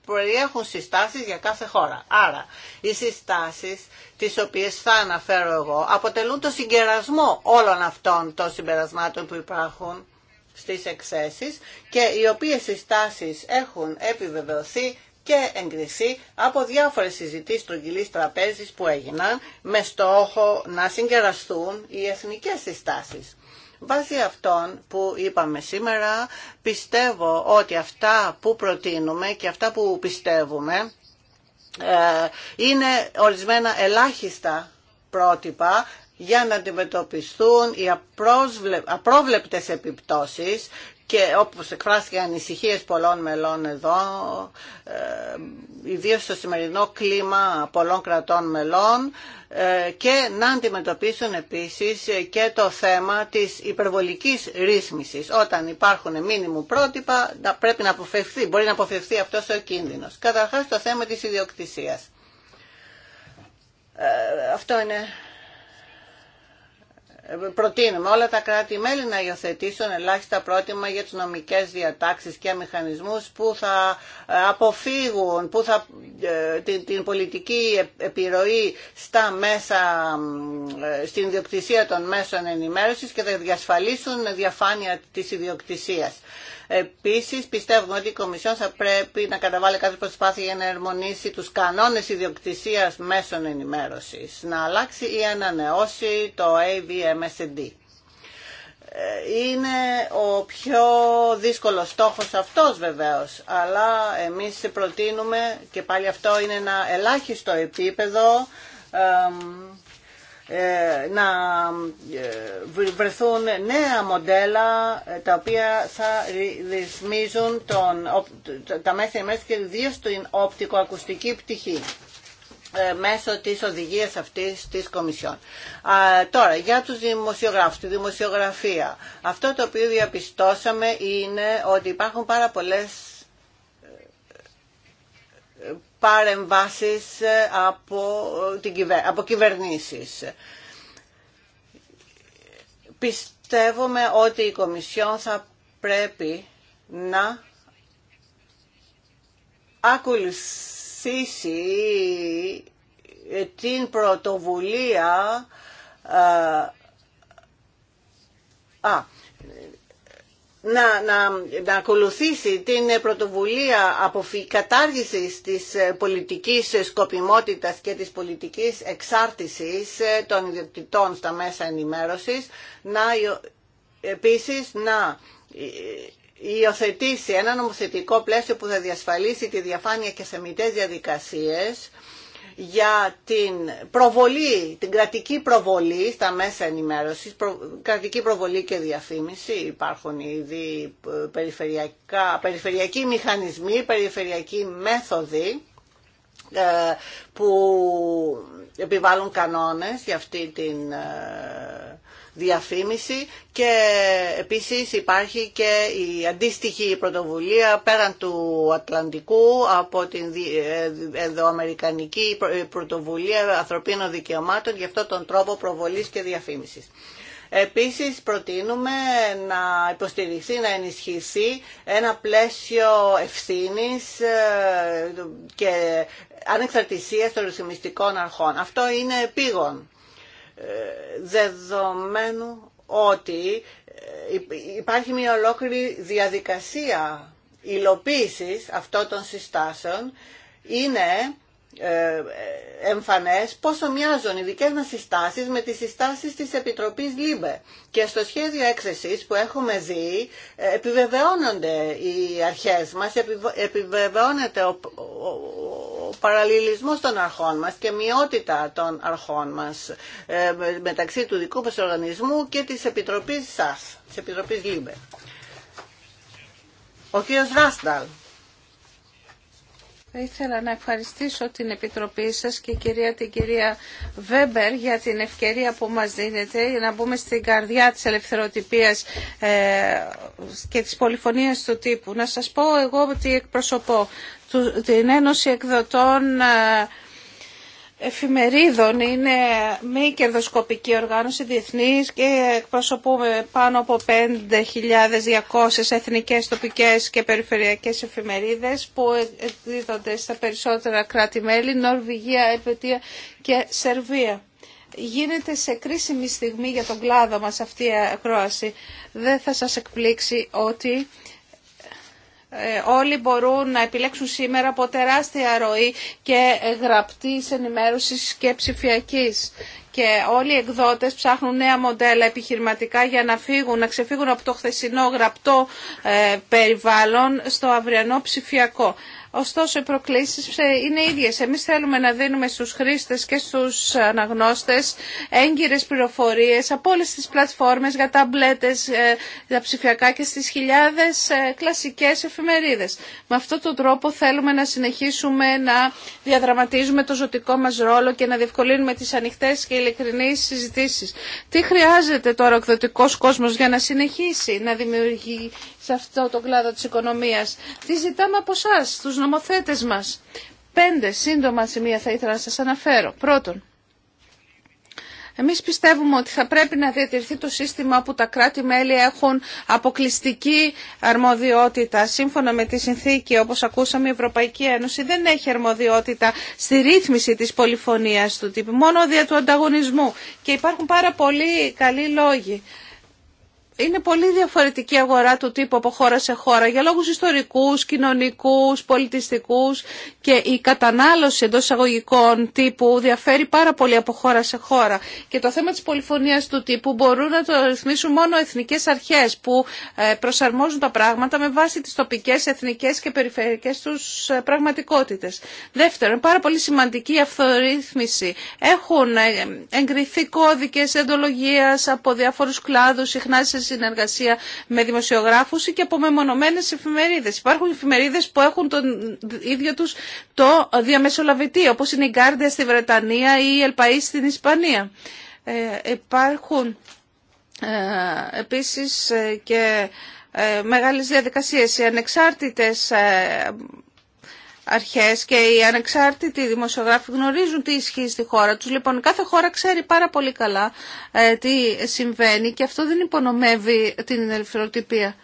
περιέχουν συστάσεις για κάθε χώρα. Άρα, οι συστάσεις τις οποίες θα αναφέρω εγώ αποτελούν το συγκερασμό όλων αυτών των συμπερασμάτων που υπάρχουν στις εκθέσεις και οι οποίες συστάσεις έχουν επιβεβαιωθεί και εγκριθεί από διάφορες συζητήσεις τραπέζης που έγιναν με στόχο να συγκεραστούν οι εθνικές συστάσεις. Βάσει αυτών που είπαμε σήμερα, πιστεύω ότι αυτά που προτείνουμε και αυτά που πιστεύουμε ε, είναι ορισμένα ελάχιστα πρότυπα για να αντιμετωπιστούν οι απρόβλεπτες επιπτώσεις και όπως εκφράστηκαν ανησυχίες πολλών μελών εδώ, ε, ιδίως στο σημερινό κλίμα πολλών κρατών μελών ε, και να αντιμετωπίσουν επίσης και το θέμα της υπερβολικής ρύθμισης. Όταν υπάρχουν μήνυμου πρότυπα πρέπει να αποφευθεί, μπορεί να αποφευθεί αυτός ο κίνδυνος. Καταρχάς το θέμα της ιδιοκτησίας. Ε, αυτό είναι προτείνουμε όλα τα κράτη-μέλη να υιοθετήσουν ελάχιστα πρότυμα για τις νομικές διατάξεις και μηχανισμούς που θα ε, αποφύγουν που θα, ε, την, την πολιτική επιρροή στα μέσα, ε, στην ιδιοκτησία των μέσων ενημέρωσης και θα διασφαλίσουν διαφάνεια της ιδιοκτησίας. Επίση, πιστεύουμε ότι η Κομισιόν θα πρέπει να καταβάλει κάθε προσπάθεια για να ερμονίσει τους κανόνες ιδιοκτησία μέσων ενημέρωση. να αλλάξει ή ανανεώσει το AVMSD. Ε, είναι ο πιο δύσκολος στόχος αυτός βεβαίως, αλλά εμείς προτείνουμε και πάλι αυτό είναι ένα ελάχιστο επίπεδο ε, να ε, βρεθούν νέα μοντέλα ε, τα οποία θα ρυθμίζουν τον, τα μέσα μέσα και ιδίω στην οπτικοακουστική πτυχή μέσω της οδηγίας αυτής της Κομισιόν. τώρα, για τους δημοσιογράφους, τη δημοσιογραφία. Αυτό το οποίο διαπιστώσαμε είναι ότι υπάρχουν πάρα πολλές παρεμβάσεις ε, από, ε, την από κυβερνήσεις. Πιστεύουμε ότι η Κομισιόν θα πρέπει να ακολουθήσει ε, την πρωτοβουλία α, να, να, ακολουθήσει την πρωτοβουλία αποκατάργησης κατάργησης της πολιτικής σκοπιμότητας και της πολιτικής εξάρτησης ε, των ιδιοκτητών στα μέσα ενημέρωσης, να επίσης να ε, υιοθετήσει ένα νομοθετικό πλαίσιο που θα διασφαλίσει τη διαφάνεια και σε διαδικασίες για την προβολή, την κρατική προβολή στα μέσα ενημέρωσης, προ, κρατική προβολή και διαφήμιση. Υπάρχουν ήδη ε, περιφερειακά, περιφερειακοί μηχανισμοί, περιφερειακοί μέθοδοι ε, που επιβάλλουν κανόνες για αυτή την ε, διαφήμιση και επίσης υπάρχει και η αντίστοιχη πρωτοβουλία πέραν του Ατλαντικού από την ε, Αμερικανική ε, Πρωτοβουλία Ανθρωπίνων Δικαιωμάτων για αυτό τον τρόπο προβολής και διαφήμισης. Επίσης προτείνουμε να υποστηριχθεί, να ενισχυθεί ένα πλαίσιο ευθύνης ε, και ανεξαρτησίας των ρυθμιστικών αρχών. Αυτό είναι επίγον δεδομένου ότι ε, υπάρχει μια ολόκληρη διαδικασία υλοποίησης αυτών των συστάσεων είναι ε, ε, εμφανές πόσο μοιάζουν οι δικές μας συστάσεις με τις συστάσεις της Επιτροπής ΛΥΜΠΕ. Και στο σχέδιο έκθεσης που έχουμε δει ε, επιβεβαιώνονται οι αρχές μας, επιβεβαιώνεται ο, ο, παραλληλισμός των αρχών μας και μειότητα των αρχών μας μεταξύ του δικού μας οργανισμού και της Επιτροπής σας, της Επιτροπής ΛΥΜΠΕ. Ο κύριος Ράσταλ. Θα ήθελα να ευχαριστήσω την Επιτροπή σας και κυρία την κυρία Βέμπερ για την ευκαιρία που μας δίνεται να μπούμε στην καρδιά της ελευθεροτυπίας ε, και της πολυφωνίας του τύπου. Να σας πω εγώ ότι εκπροσωπώ την Ένωση Εκδοτών ε, εφημερίδων. Είναι μη κερδοσκοπική οργάνωση διεθνής και εκπροσωπούμε πάνω από 5.200 εθνικές, τοπικές και περιφερειακές εφημερίδες που εκδίδονται στα περισσότερα κράτη-μέλη, Νορβηγία, Επαιτία και Σερβία. Γίνεται σε κρίσιμη στιγμή για τον κλάδο μας αυτή η ακρόαση. Δεν θα σας εκπλήξει ότι ε, όλοι μπορούν να επιλέξουν σήμερα από τεράστια ροή και γραπτή ενημέρωσης και ψηφιακής. Και όλοι οι εκδότες ψάχνουν νέα μοντέλα επιχειρηματικά για να φύγουν, να ξεφύγουν από το χθεσινό γραπτό ε, περιβάλλον στο αυριανό ψηφιακό. Ωστόσο, οι προκλήσει ε, είναι ίδιες. Εμείς θέλουμε να δίνουμε στους χρήστε και στους αναγνώστες έγκυρες πληροφορίε από όλες τις πλατφόρμες για ταμπλέτες, τα ε, ψηφιακά και στι χιλιάδες ε, κλασικές εφημερίδες. Με αυτόν τον τρόπο θέλουμε να συνεχίσουμε να διαδραματίζουμε το ζωτικό μας ρόλο και να διευκολύνουμε τι ανοιχτέ και ειλικρινεί συζητήσει. Τι χρειάζεται τώρα ο εκδοτικό κόσμος για να συνεχίσει να δημιουργεί σε αυτό το κλάδο της οικονομίας. Τι ζητάμε από εσά, τους νομοθέτες μας. Πέντε σύντομα σημεία θα ήθελα να σας αναφέρω. Πρώτον, εμείς πιστεύουμε ότι θα πρέπει να διατηρηθεί το σύστημα που τα κράτη-μέλη έχουν αποκλειστική αρμοδιότητα. Σύμφωνα με τη συνθήκη, όπως ακούσαμε, η Ευρωπαϊκή Ένωση δεν έχει αρμοδιότητα στη ρύθμιση της πολυφωνίας του τύπου, μόνο δια του ανταγωνισμού. Και υπάρχουν πάρα πολλοί καλοί λόγοι είναι πολύ διαφορετική αγορά του τύπου από χώρα σε χώρα για λόγους ιστορικούς, κοινωνικούς, πολιτιστικούς και η κατανάλωση εντό εισαγωγικών τύπου διαφέρει πάρα πολύ από χώρα σε χώρα. Και το θέμα της πολυφωνίας του τύπου μπορούν να το ρυθμίσουν μόνο εθνικές αρχές που ε, προσαρμόζουν τα πράγματα με βάση τις τοπικές, εθνικές και περιφερειακές τους ε, πραγματικότητες. Δεύτερον, πάρα πολύ σημαντική η αυθορύθμιση. Έχουν ε, εγκριθεί κώδικες εντολογίας από διάφορους κλάδους, συχνά σε συνεργασία με δημοσιογράφου ή και από μεμονωμένε εφημερίδε. Υπάρχουν εφημερίδε που έχουν τον ίδιο του το διαμεσολαβητή, όπω είναι η Guardia στη Βρετανία ή η η ελπαις στην Ισπανία. Ε, υπάρχουν ε, επίσης ε, και ε, μεγάλες διαδικασίες. Οι ανεξάρτητες ε, αρχές και οι ανεξάρτητοι δημοσιογράφοι γνωρίζουν τι ισχύει στη χώρα τους. Λοιπόν, κάθε χώρα ξέρει πάρα πολύ καλά ε, τι συμβαίνει και αυτό δεν υπονομεύει την ελευθεροτυπία.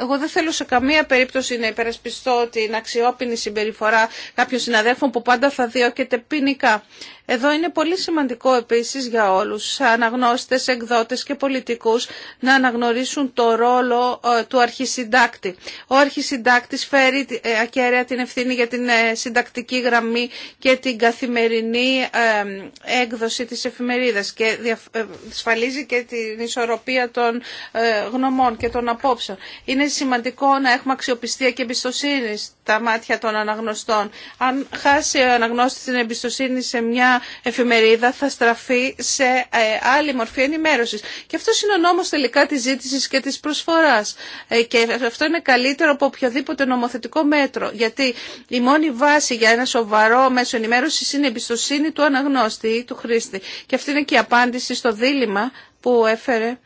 Εγώ δεν θέλω σε καμία περίπτωση να υπερασπιστώ την αξιόπινη συμπεριφορά κάποιων συναδέλφων που πάντα θα διώκεται ποινικά. Εδώ είναι πολύ σημαντικό επίσης για όλους, αναγνώστες, εκδότες και πολιτικούς, να αναγνωρίσουν το ρόλο ε, του αρχισυντάκτη. Ο αρχισυντάκτης φέρει ε, ακέραια την ευθύνη για την ε, συντακτική γραμμή και την καθημερινή έκδοση της εφημερίδας και ασφαλίζει και την ισορροπία των γνωμών και των απόψεων. Είναι σημαντικό να έχουμε αξιοπιστία και εμπιστοσύνη τα μάτια των αναγνωστών. Αν χάσει ο αναγνώστης την εμπιστοσύνη σε μια εφημερίδα θα στραφεί σε ε, άλλη μορφή ενημέρωσης. Και αυτό είναι ο νόμος τελικά της ζήτησης και της προσφοράς. Ε, και αυτό είναι καλύτερο από οποιοδήποτε νομοθετικό μέτρο. Γιατί η μόνη βάση για ένα σοβαρό μέσο ενημέρωσης είναι η εμπιστοσύνη του αναγνώστη ή του χρήστη. Και αυτή είναι και η απάντηση στο δίλημα που έφερε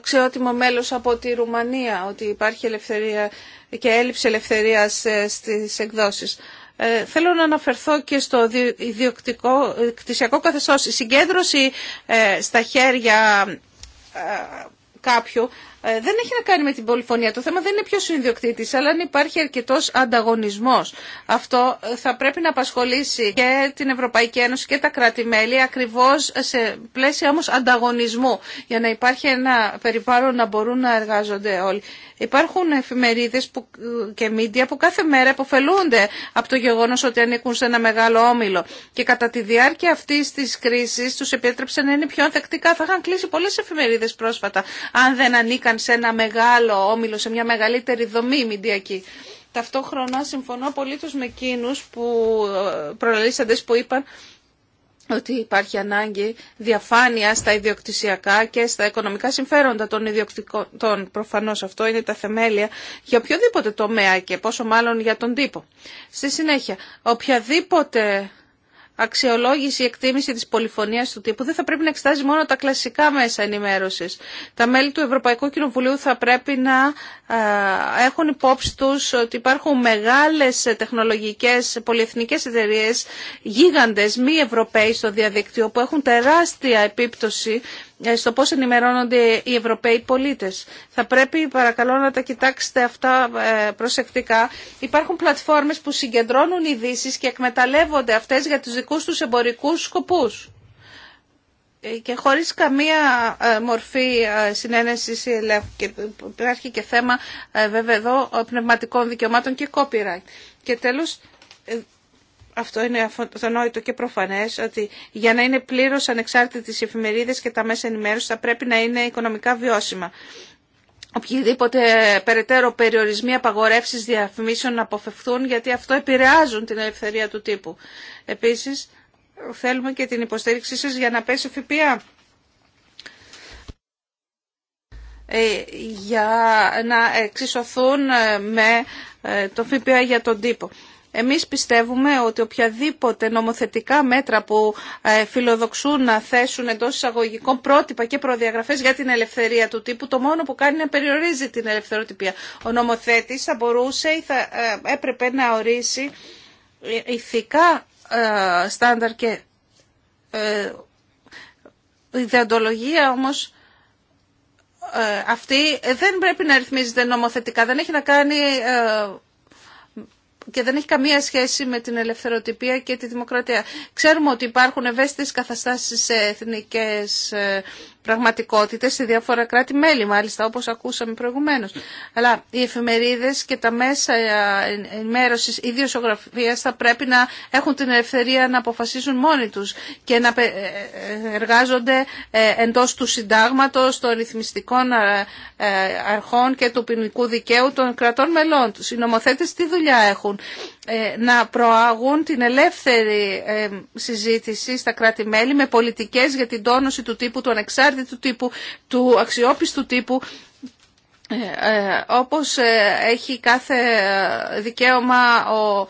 ξεότιμο μέλος από τη Ρουμανία ότι υπάρχει ελευθερία και έλλειψη ελευθερίας ε, στις εκδόσεις. Ε, θέλω να αναφερθώ και στο ιδιοκτικό κτησιακό καθεστώς. Η συγκέντρωση ε, στα χέρια ε, κάποιου ε, δεν έχει να κάνει με την πολυφωνία. Το θέμα δεν είναι ποιο είναι ιδιοκτήτη, αλλά αν υπάρχει αρκετό ανταγωνισμό. Αυτό ε, θα πρέπει να απασχολήσει και την Ευρωπαϊκή Ένωση και τα κράτη-μέλη, ακριβώ σε πλαίσια όμω ανταγωνισμού, για να υπάρχει ένα περιβάλλον να μπορούν να εργάζονται όλοι. Υπάρχουν εφημερίδε ε, και μίντια που κάθε μέρα υποφελούνται από το γεγονό ότι ανήκουν σε ένα μεγάλο όμιλο. Και κατά τη διάρκεια αυτή τη κρίση του επέτρεψε να είναι πιο ανθεκτικά. Θα είχαν κλείσει πολλέ εφημερίδε πρόσφατα, αν δεν ανήκαν σε ένα μεγάλο όμιλο, σε μια μεγαλύτερη δομή μηντιακή. Ταυτόχρονα συμφωνώ τους με εκείνους που ε, προλαλήσαντες που είπαν ότι υπάρχει ανάγκη διαφάνεια στα ιδιοκτησιακά και στα οικονομικά συμφέροντα των ιδιοκτικών. Προφανώς αυτό είναι τα θεμέλια για οποιοδήποτε τομέα και πόσο μάλλον για τον τύπο. Στη συνέχεια, οποιαδήποτε αξιολόγηση, εκτίμηση της πολυφωνίας του τύπου δεν θα πρέπει να εξετάζει μόνο τα κλασικά μέσα ενημέρωσης. Τα μέλη του Ευρωπαϊκού Κοινοβουλίου θα πρέπει να ε, έχουν υπόψη τους ότι υπάρχουν μεγάλες τεχνολογικές πολυεθνικές εταιρείες, γίγαντες μη Ευρωπαίοι στο διαδίκτυο που έχουν τεράστια επίπτωση ε, στο πώς ενημερώνονται οι Ευρωπαίοι πολίτες. Θα πρέπει παρακαλώ να τα κοιτάξετε αυτά ε, προσεκτικά. Υπάρχουν πλατφόρμες που συγκεντρώνουν ειδήσει και εκμεταλλεύονται αυτές για τους δικούς τους εμπορικούς σκοπούς ε, και χωρίς καμία μορφή συνένεσης υπάρχει και θέμα βέβαια εδώ πνευματικών δικαιωμάτων και copyright. Και τέλος, αυτό είναι αυτονόητο και προφανέ ότι για να είναι πλήρως ανεξάρτητε οι εφημερίδες και τα μέσα ενημέρωση θα πρέπει να είναι οικονομικά βιώσιμα. Οποιοδήποτε περαιτέρω περιορισμοί, απαγορεύσει διαφημίσεων να αποφευθούν γιατί αυτό επηρεάζουν την ελευθερία του τύπου. Επίσης θέλουμε και την υποστήριξή σας για να πέσει ΦΠΑ. Ε, για να εξισωθούν ε, με ε, το ΦΠΑ για τον τύπο. Εμείς πιστεύουμε ότι οποιαδήποτε νομοθετικά μέτρα που ε, φιλοδοξούν να θέσουν εντό εισαγωγικών πρότυπα και προδιαγραφές για την ελευθερία του τύπου, το μόνο που κάνει είναι να περιορίζει την ελευθεροτυπία. Ο νομοθέτης θα μπορούσε ή θα ε, έπρεπε να ορίσει ε, ηθικά στάνταρ και ε, όμως αυτή δεν πρέπει να ρυθμίζεται νομοθετικά, δεν έχει να κάνει και δεν έχει καμία σχέση με την ελευθεροτυπία και τη δημοκρατία. Ξέρουμε ότι υπάρχουν ευαίσθητες καταστάσεις σε εθνικές ε, πραγματικότητε σε διάφορα κράτη-μέλη, μάλιστα όπω ακούσαμε προηγουμένω. Αλλά οι Εφημερίδε και τα μέσα ενημέρωσης ιδιοσογραφίας θα πρέπει να έχουν την ελευθερία να αποφασίζουν μόνοι του και να εργάζονται ε, εντό του συντάγματο, των ρυθμιστικών ε, ε, αρχών και του ποινικού δικαίου των κρατών μελών του. Οι νομοθέτε τι δουλειά έχουν ε, να προάγουν την ελεύθερη ε, συζήτηση στα κράτη-μέλη με πολιτικές για την τόνωση του τύπου, του ανεξάρτητου τύπου, του αξιόπιστου τύπου, ε, όπως έχει κάθε δικαίωμα ο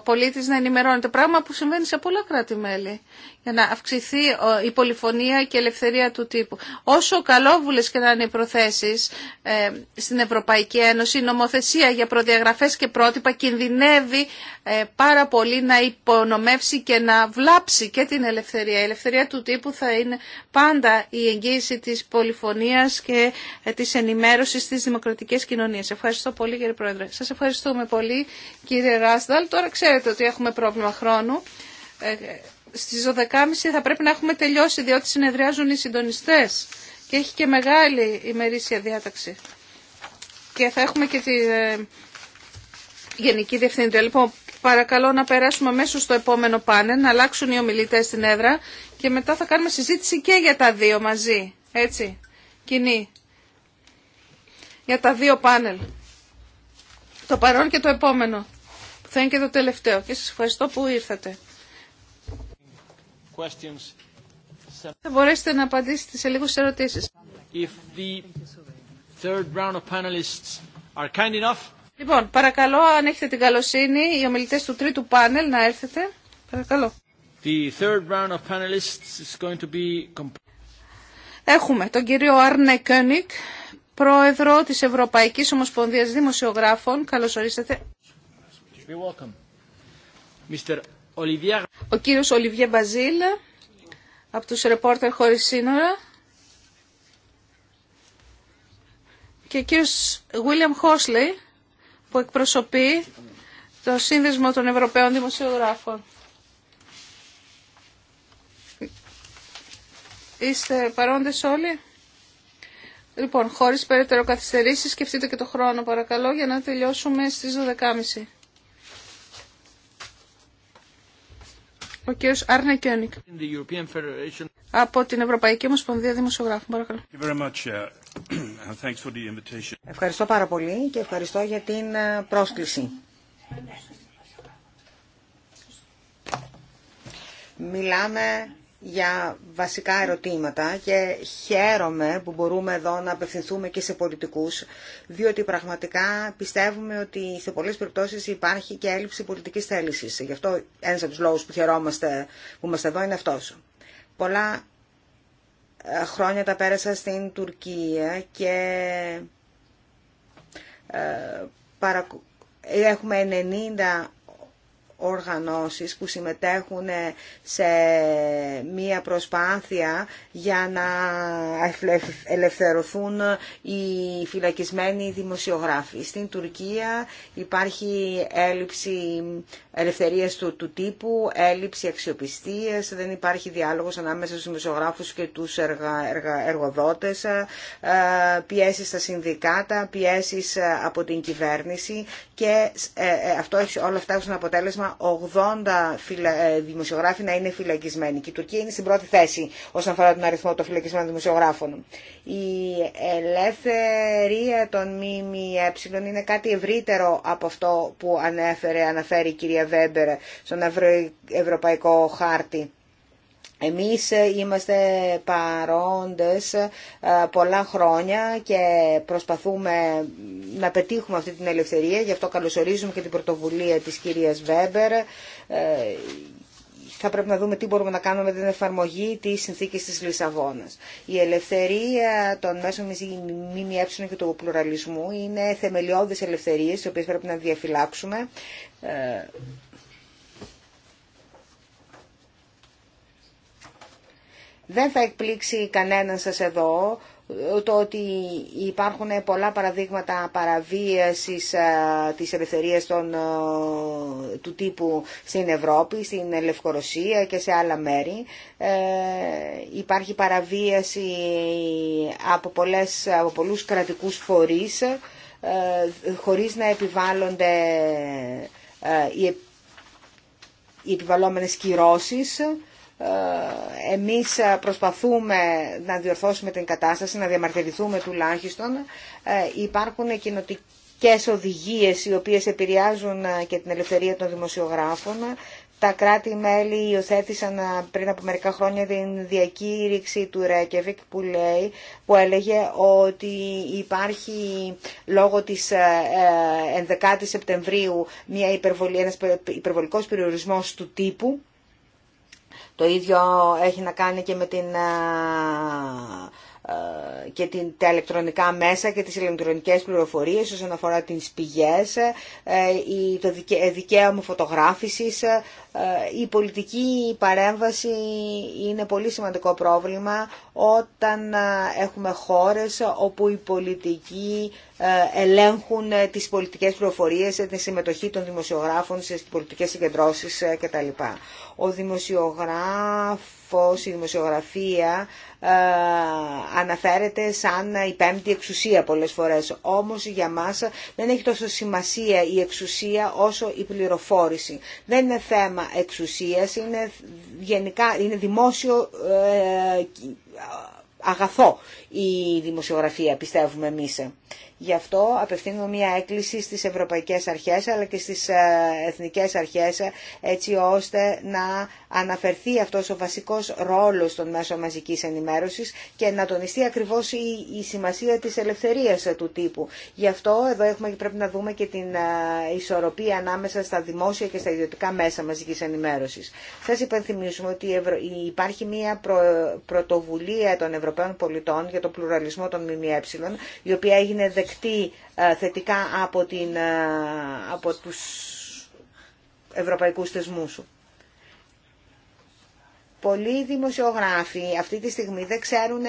πολίτης να ενημερώνεται. Πράγμα που συμβαίνει σε πολλά κράτη-μέλη για να αυξηθεί η πολυφωνία και η ελευθερία του τύπου. Όσο καλόβουλες και να είναι οι προθέσεις ε, στην Ευρωπαϊκή Ένωση, η νομοθεσία για προδιαγραφές και πρότυπα κινδυνεύει ε, πάρα πολύ να υπονομεύσει και να βλάψει και την ελευθερία. Η ελευθερία του τύπου θα είναι πάντα η εγγύηση της πολυφωνίας και ε, της ενημέρωσης στις δημοκρατικές κοινωνίες. Ευχαριστώ πολύ κύριε Πρόεδρε. Σας ευχαριστούμε πολύ κύριε Ράσδαλ. Τώρα ξέρετε ότι έχουμε πρόβλημα χρόνου ε, στις 12.30 θα πρέπει να έχουμε τελειώσει διότι συνεδριάζουν οι συντονιστές και έχει και μεγάλη ημερήσια διάταξη. Και θα έχουμε και τη ε, Γενική Διευθύντρια. Λοιπόν, παρακαλώ να περάσουμε αμέσω στο επόμενο πάνελ, να αλλάξουν οι ομιλητές στην έδρα και μετά θα κάνουμε συζήτηση και για τα δύο μαζί. Έτσι, κοινή. Για τα δύο πάνελ. Το παρόν και το επόμενο. θα είναι και το τελευταίο. Και σας ευχαριστώ που ήρθατε. Θα μπορέσετε να απαντήσετε σε λίγους ερωτήσεις. If the third round of panelists are kind enough... Λοιπόν, παρακαλώ, αν έχετε την καλοσύνη, οι ομιλητές του τρίτου πάνελ να έρθετε. Παρακαλώ. The third round of panelists is going to be... Έχουμε τον κύριο Άρνε Κόνικ, πρόεδρο της Ευρωπαϊκής Ομοσπονδίας Δημοσιογράφων. Καλώς ορίσατε. Mr. Ο κύριος Ολιβιέ Μπαζίλ από τους ρεπόρτερ χωρίς σύνορα και ο κύριος Βίλιαμ Χόσλεϊ που εκπροσωπεί το Σύνδεσμο των Ευρωπαίων Δημοσιογράφων. Είστε παρόντες όλοι. Λοιπόν, χωρίς περαιτέρω καθυστερήσεις, σκεφτείτε και το χρόνο παρακαλώ για να τελειώσουμε στις 12.30. Ο κ. Άρνε Κιόνικ. Από την Ευρωπαϊκή Ομοσπονδία Δημοσιογράφων. Παρακαλώ. Ευχαριστώ πάρα πολύ και ευχαριστώ για την ε, πρόσκληση. Μιλάμε για βασικά ερωτήματα και χαίρομαι που μπορούμε εδώ να απευθυνθούμε και σε πολιτικούς, διότι πραγματικά πιστεύουμε ότι σε πολλές περιπτώσεις υπάρχει και έλλειψη πολιτικής θέλησης. Γι' αυτό ένας από τους λόγους που χαιρόμαστε που είμαστε εδώ είναι αυτός. Πολλά ε, χρόνια τα πέρασα στην Τουρκία και ε, έχουμε 90 οργανώσεις που συμμετέχουν σε μία προσπάθεια για να ελευθερωθούν οι φυλακισμένοι δημοσιογράφοι. Στην Τουρκία υπάρχει έλλειψη ελευθερίας του, του τύπου, έλλειψη αξιοπιστίας, δεν υπάρχει διάλογος ανάμεσα στους δημοσιογράφους και τους εργα, εργα, εργοδότες, ε, πιέσεις στα συνδικάτα, πιέσεις από την κυβέρνηση και ε, ε, αυτό, όλα αυτά έχουν αποτέλεσμα 80 ε, δημοσιογράφοι να είναι φυλακισμένοι. Και η Τουρκία είναι στην πρώτη θέση όσον αφορά τον αριθμό των φυλακισμένων δημοσιογράφων. Η ελευθερία των ΜΜΕ είναι κάτι ευρύτερο από αυτό που ανέφερε, αναφέρει η κυρία Βέμπερ στον Ευρωπαϊκό Χάρτη. Εμείς ε, είμαστε παρόντες ε, πολλά χρόνια και προσπαθούμε να πετύχουμε αυτή την ελευθερία, γι' αυτό καλωσορίζουμε και την πρωτοβουλία της κυρίας Βέμπερ. Ε, θα πρέπει να δούμε τι μπορούμε να κάνουμε με την εφαρμογή τη συνθήκη τη Λισαβόνας. Η ελευθερία των μέσων ΜΜΕ και του πλουραλισμού είναι θεμελιώδει ελευθερίες, τις οποίε πρέπει να διαφυλάξουμε Δεν θα εκπλήξει κανέναν σας εδώ το ότι υπάρχουν πολλά παραδείγματα παραβίασης της ελευθερίας των, του τύπου στην Ευρώπη, στην Λευκορωσία και σε άλλα μέρη. Ε, υπάρχει παραβίαση από, πολλές, από πολλούς κρατικούς φορείς ε, χωρίς να επιβάλλονται ε, οι, ε, οι επιβαλλόμενες κυρώσεις εμείς προσπαθούμε να διορθώσουμε την κατάσταση, να διαμαρτυρηθούμε τουλάχιστον. Ε, υπάρχουν κοινοτικές οδηγίες οι οποίες επηρεάζουν ε, και την ελευθερία των δημοσιογράφων. Τα κράτη-μέλη υιοθέτησαν ε, πριν από μερικά χρόνια την διακήρυξη του Ρέκεβικ που, λέει, που έλεγε ότι υπάρχει λόγω της 11 η Σεπτεμβρίου μια υπερβολή, ένας υπερβολικός περιορισμός του τύπου το ίδιο έχει να κάνει και με την, ε, ε, και την, τα ηλεκτρονικά μέσα και τις ηλεκτρονικές πληροφορίες όσον αφορά τις πηγές, ε, η, το δικαίωμα φωτογράφησης. Η πολιτική παρέμβαση είναι πολύ σημαντικό πρόβλημα όταν έχουμε χώρες όπου η πολιτική ε, ελέγχουν ε, τις πολιτικές πληροφορίες, ε, τη συμμετοχή των δημοσιογράφων στις πολιτικές συγκεντρώσεις κτλ. Ο δημοσιογράφος, η δημοσιογραφία αναφέρεται σαν η πέμπτη εξουσία πολλές φορές. Όμως για μας δεν έχει τόσο σημασία η εξουσία όσο η πληροφόρηση. Δεν είναι θέμα εξουσίας, είναι, γενικά, είναι δημόσιο αγαθό η δημοσιογραφία πιστεύουμε εμείς. Γι' αυτό απευθύνουμε μια έκκληση στις ευρωπαϊκές αρχές αλλά και στις ε, εθνικές αρχές ε, έτσι ώστε να αναφερθεί αυτός ο βασικός ρόλος των μέσων μαζικής ενημέρωσης και να τονιστεί ακριβώς η, σημασία της ελευθερίας ε, του τύπου. Γι' αυτό εδώ έχουμε, πρέπει να δούμε και την ισορροπία ανάμεσα στα δημόσια και στα ιδιωτικά μέσα μαζικής ενημέρωσης. Σας υπενθυμίσουμε ότι υπάρχει μια πρωτοβουλία των Ευρωπαίων πολιτών για τον πλουραλισμό των ΜΜΕ η οποία έγινε ε, θετικά από, την, ε, από τους ευρωπαϊκούς θεσμούς. Πολλοί δημοσιογράφοι αυτή τη στιγμή δεν ξέρουν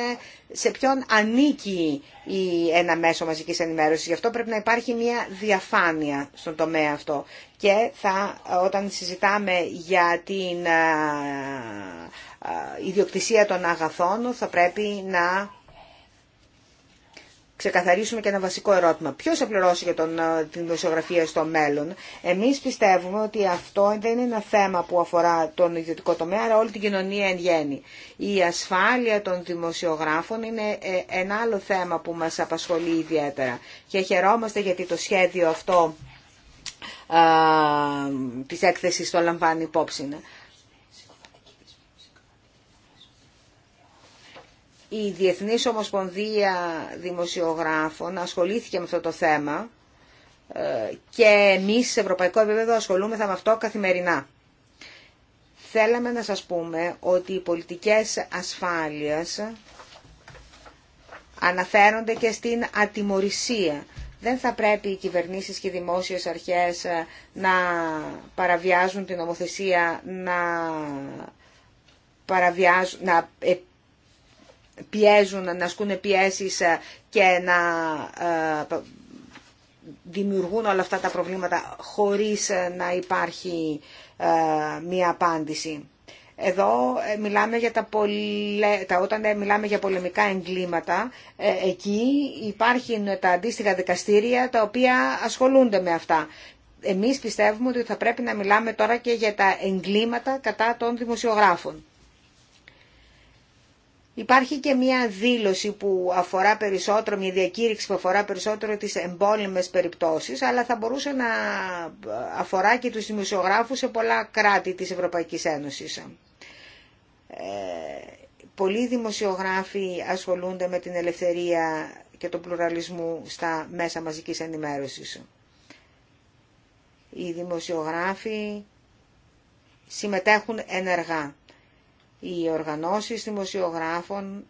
σε ποιον ανήκει η, ένα μέσο μαζικής ενημέρωσης. Γι' αυτό πρέπει να υπάρχει μια διαφάνεια στον τομέα αυτό. Και θα, όταν συζητάμε για την ε, ιδιοκτησία των αγαθών θα πρέπει να ξεκαθαρίσουμε και ένα βασικό ερώτημα. Ποιο θα πληρώσει για τον, ε, την δημοσιογραφία στο μέλλον. Εμείς πιστεύουμε ότι αυτό δεν είναι ένα θέμα που αφορά τον ιδιωτικό τομέα, αλλά όλη την κοινωνία εν γέννη. Η ασφάλεια των δημοσιογράφων είναι ε, ένα άλλο θέμα που μας απασχολεί ιδιαίτερα. Και χαιρόμαστε γιατί το σχέδιο αυτό α, ε, της έκθεσης το λαμβάνει υπόψη. Η Διεθνής Ομοσπονδία Δημοσιογράφων ασχολήθηκε με αυτό το θέμα ε, και εμείς σε ευρωπαϊκό επίπεδο ασχολούμεθα με αυτό καθημερινά. Θέλαμε να σας πούμε ότι οι πολιτικές ασφάλειας αναφέρονται και στην ατιμορρησία. Δεν θα πρέπει οι κυβερνήσεις και οι δημόσιες αρχές ε, να παραβιάζουν την νομοθεσία, να, παραβιάζουν, να πιέζουν, να ασκούν πιέσεις ε, και να ε, δημιουργούν όλα αυτά τα προβλήματα χωρίς ε, να υπάρχει μία απάντηση. Εδώ μιλάμε για τα πολε... τα, όταν μιλάμε για πολεμικά εγκλήματα, εκεί υπάρχουν τα αντίστοιχα δικαστήρια τα οποία ασχολούνται με αυτά. Εμείς πιστεύουμε ότι θα πρέπει να μιλάμε τώρα και για τα εγκλήματα κατά των δημοσιογράφων. Υπάρχει και μια δήλωση που αφορά περισσότερο, μια διακήρυξη που αφορά περισσότερο τις εμπόλεμες περιπτώσεις, αλλά θα μπορούσε να αφορά και τους δημοσιογράφους σε πολλά κράτη της Ευρωπαϊκής Ένωσης. Ε, πολλοί δημοσιογράφοι ασχολούνται με την ελευθερία και τον πλουραλισμό στα μέσα μαζικής ενημέρωσης. Οι δημοσιογράφοι συμμετέχουν ενεργά οι οργανώσεις δημοσιογράφων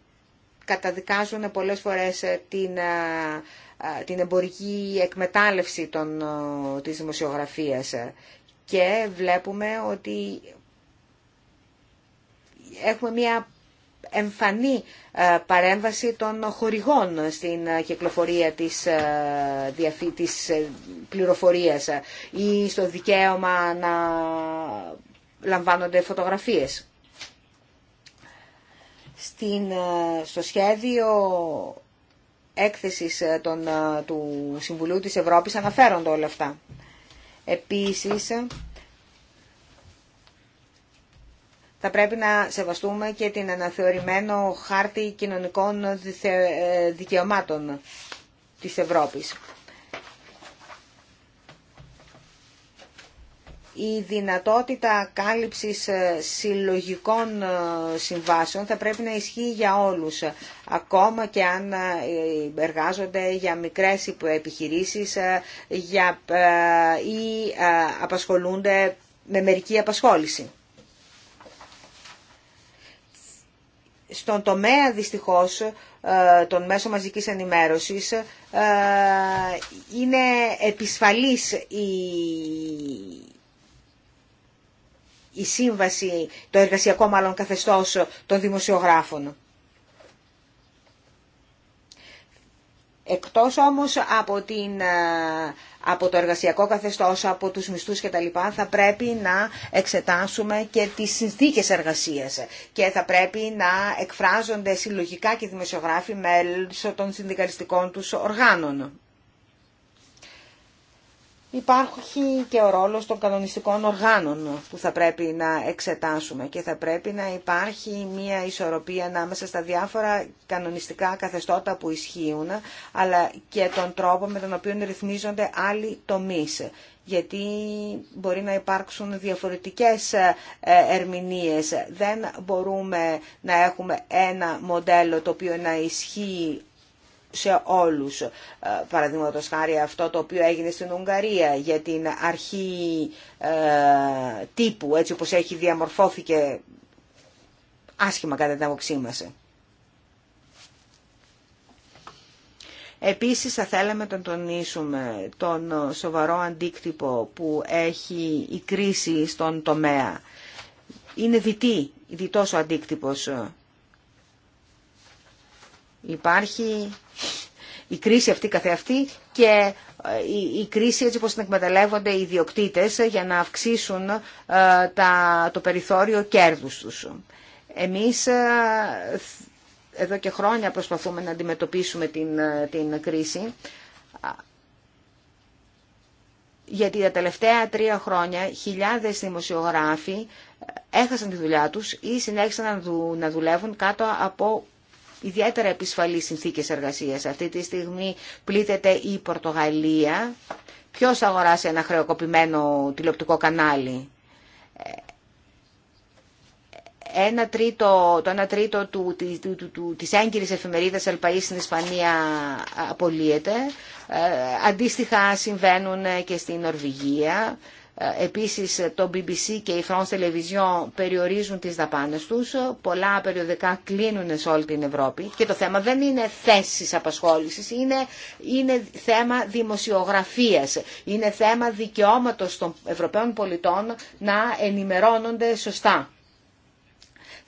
καταδικάζουν πολλές φορές ε, την, ε, ε, την εμπορική εκμετάλλευση των, της δημοσιογραφίας και βλέπουμε ότι έχουμε μια εμφανή παρέμβαση των χορηγών στην κυκλοφορία της, της πληροφορίας ή στο δικαίωμα να λαμβάνονται φωτογραφίες στην, ε, στο σχέδιο έκθεσης ε, των, ε, του Συμβουλίου της Ευρώπης αναφέρονται όλα αυτά. Επίσης, θα πρέπει να σεβαστούμε και την αναθεωρημένο χάρτη κοινωνικών δικαιωμάτων της Ευρώπης. η δυνατότητα κάλυψης ε, συλλογικών ε, συμβάσεων θα πρέπει να ισχύει για όλους, ε, ακόμα και αν εργάζονται για μικρές επιχειρήσεις για, ή απασχολούνται με μερική απασχόληση. Στον τομέα δυστυχώς των μέσων μαζικής ενημέρωσης είναι επισφαλής η η σύμβαση, το εργασιακό μάλλον καθεστώς των δημοσιογράφων. Εκτός όμως από, την, από το εργασιακό καθεστώς, από τους μισθούς και τα λοιπά, θα πρέπει να εξετάσουμε και τις συνθήκες εργασίας και θα πρέπει να εκφράζονται συλλογικά και δημοσιογράφοι μέσω των συνδικαλιστικών τους οργάνων. Υπάρχει και ο ρόλος των κανονιστικών οργάνων που θα πρέπει να εξετάσουμε και θα πρέπει να υπάρχει μια ισορροπία ανάμεσα στα διάφορα κανονιστικά καθεστώτα που ισχύουν αλλά και τον τρόπο με τον οποίο ρυθμίζονται άλλοι τομείς γιατί μπορεί να υπάρξουν διαφορετικές ε, ερμηνείες. Δεν μπορούμε να έχουμε ένα μοντέλο το οποίο να ισχύει σε όλους. Ε, Παραδείγματο χάρη αυτό το οποίο έγινε στην Ουγγαρία για την αρχή ε, τύπου, έτσι όπως έχει διαμορφώθηκε άσχημα κατά την άποψή μας. Επίσης θα θέλαμε να τονίσουμε τον σοβαρό αντίκτυπο που έχει η κρίση στον τομέα. Είναι διτή, διτός ο αντίκτυπος. Υπάρχει η κρίση αυτή καθεαυτή και ε, η κρίση έτσι όπως την εκμεταλλεύονται οι ιδιοκτήτες για να αυξήσουν ε, το περιθώριο κέρδους τους. Εμείς ε, εδώ και χρόνια προσπαθούμε να αντιμετωπίσουμε την, την κρίση γιατί τα τελευταία τρία χρόνια χιλιάδες δημοσιογράφοι έχασαν τη δουλειά τους ή συνέχισαν να, δουλεύουν κάτω από ιδιαίτερα επισφαλείς συνθήκες εργασίας. Αυτή τη στιγμή πλήττεται η Πορτογαλία. Ποιος θα αγοράσει ένα χρεοκοπημένο τηλεοπτικό κανάλι. Ένα τρίτο, το 1 τρίτο του, του, του, του, της έγκυρης εφημερίδας Ελπαΐ στην Ισπανία απολύεται. Ε, αντίστοιχα συμβαίνουν και στην Νορβηγία. Ε, επίσης ε, το BBC και η France Television περιορίζουν τις δαπάνες τους, ε, πολλά περιοδικά κλείνουν σε όλη την Ευρώπη και το θέμα δεν είναι θέσεις απασχόλησης, είναι, είναι θέμα δημοσιογραφίας, είναι θέμα δικαιώματος των Ευρωπαίων πολιτών να ενημερώνονται σωστά.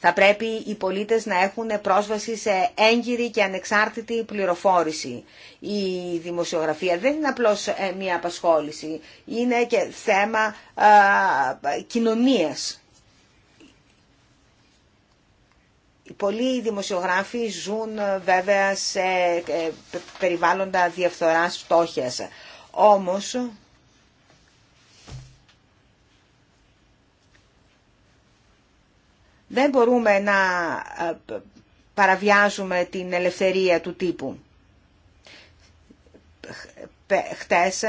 Θα πρέπει οι πολίτες να έχουν πρόσβαση σε έγκυρη και ανεξάρτητη πληροφόρηση. Η δημοσιογραφία δεν είναι απλώς ε, μια απασχόληση, είναι και θέμα ε, κοινωνίας. Πολλοί δημοσιογράφοι ζουν ε, βέβαια σε περιβάλλοντα διαφθοράς φτώχειας. Όμως Δεν μπορούμε να ε, παραβιάζουμε την ελευθερία του τύπου. Ε, χτες,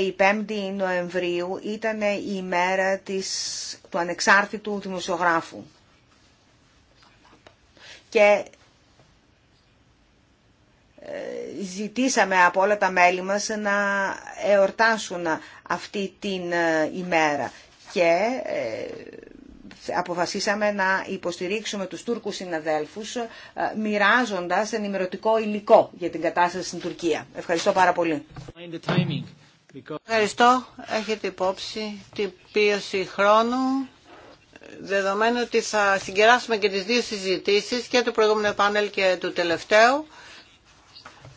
η 5η Νοεμβρίου, ήταν η ημέρα της, του ανεξάρτητου δημοσιογράφου. Και ε, ζητήσαμε από όλα τα μέλη μας να εορτάσουν αυτή την ημέρα. Και αποφασίσαμε να υποστηρίξουμε τους Τούρκους συναδέλφους ε, μοιράζοντας ενημερωτικό υλικό για την κατάσταση στην Τουρκία. Ευχαριστώ πάρα πολύ. Ευχαριστώ. Έχετε υπόψη την πίεση χρόνου δεδομένου ότι θα συγκεράσουμε και τις δύο συζητήσεις και του προηγούμενου πάνελ και του τελευταίου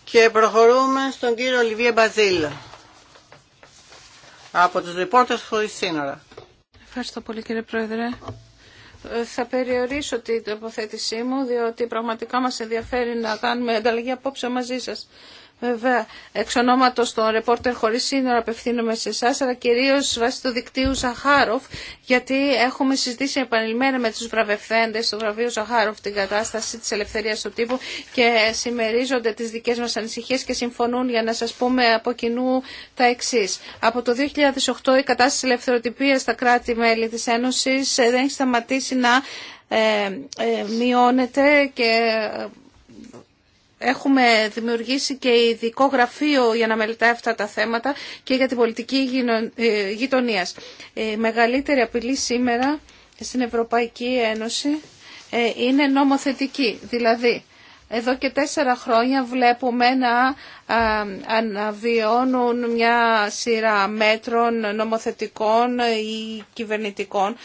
και προχωρούμε στον κύριο Ολιβίε Μπαζίλ από τους Reporters Χωρίς Σύνορα. Ευχαριστώ πολύ κύριε Πρόεδρε. Ε, θα περιορίσω την τοποθέτησή μου, διότι πραγματικά μας ενδιαφέρει να κάνουμε ανταλλαγή απόψε μαζί σας. Βέβαια, εξ ονόματος των ρεπόρτερ χωρίς σύνορα απευθύνομαι σε εσά, αλλά κυρίως βάσει του δικτύου Ζαχάροφ, γιατί έχουμε συζητήσει επανειλημμένα με τους βραβευθέντες στο βραβείο Ζαχάροφ την κατάσταση της ελευθερίας του τύπου και συμμερίζονται τις δικές μας ανησυχίες και συμφωνούν για να σας πούμε από κοινού τα εξή. Από το 2008 η κατάσταση της ελευθεροτυπίας στα κράτη-μέλη της Ένωσης ε, δεν έχει σταματήσει να ε, ε, μειώνεται και Έχουμε δημιουργήσει και ειδικό γραφείο για να μελετάει αυτά τα θέματα και για την πολιτική ε, γειτονίας. Ε, η μεγαλύτερη απειλή σήμερα στην Ευρωπαϊκή Ένωση ε, είναι νομοθετική. Δηλαδή, εδώ και τέσσερα χρόνια βλέπουμε να αναβιώνουν μια σειρά μέτρων νομοθετικών ή κυβερνητικών.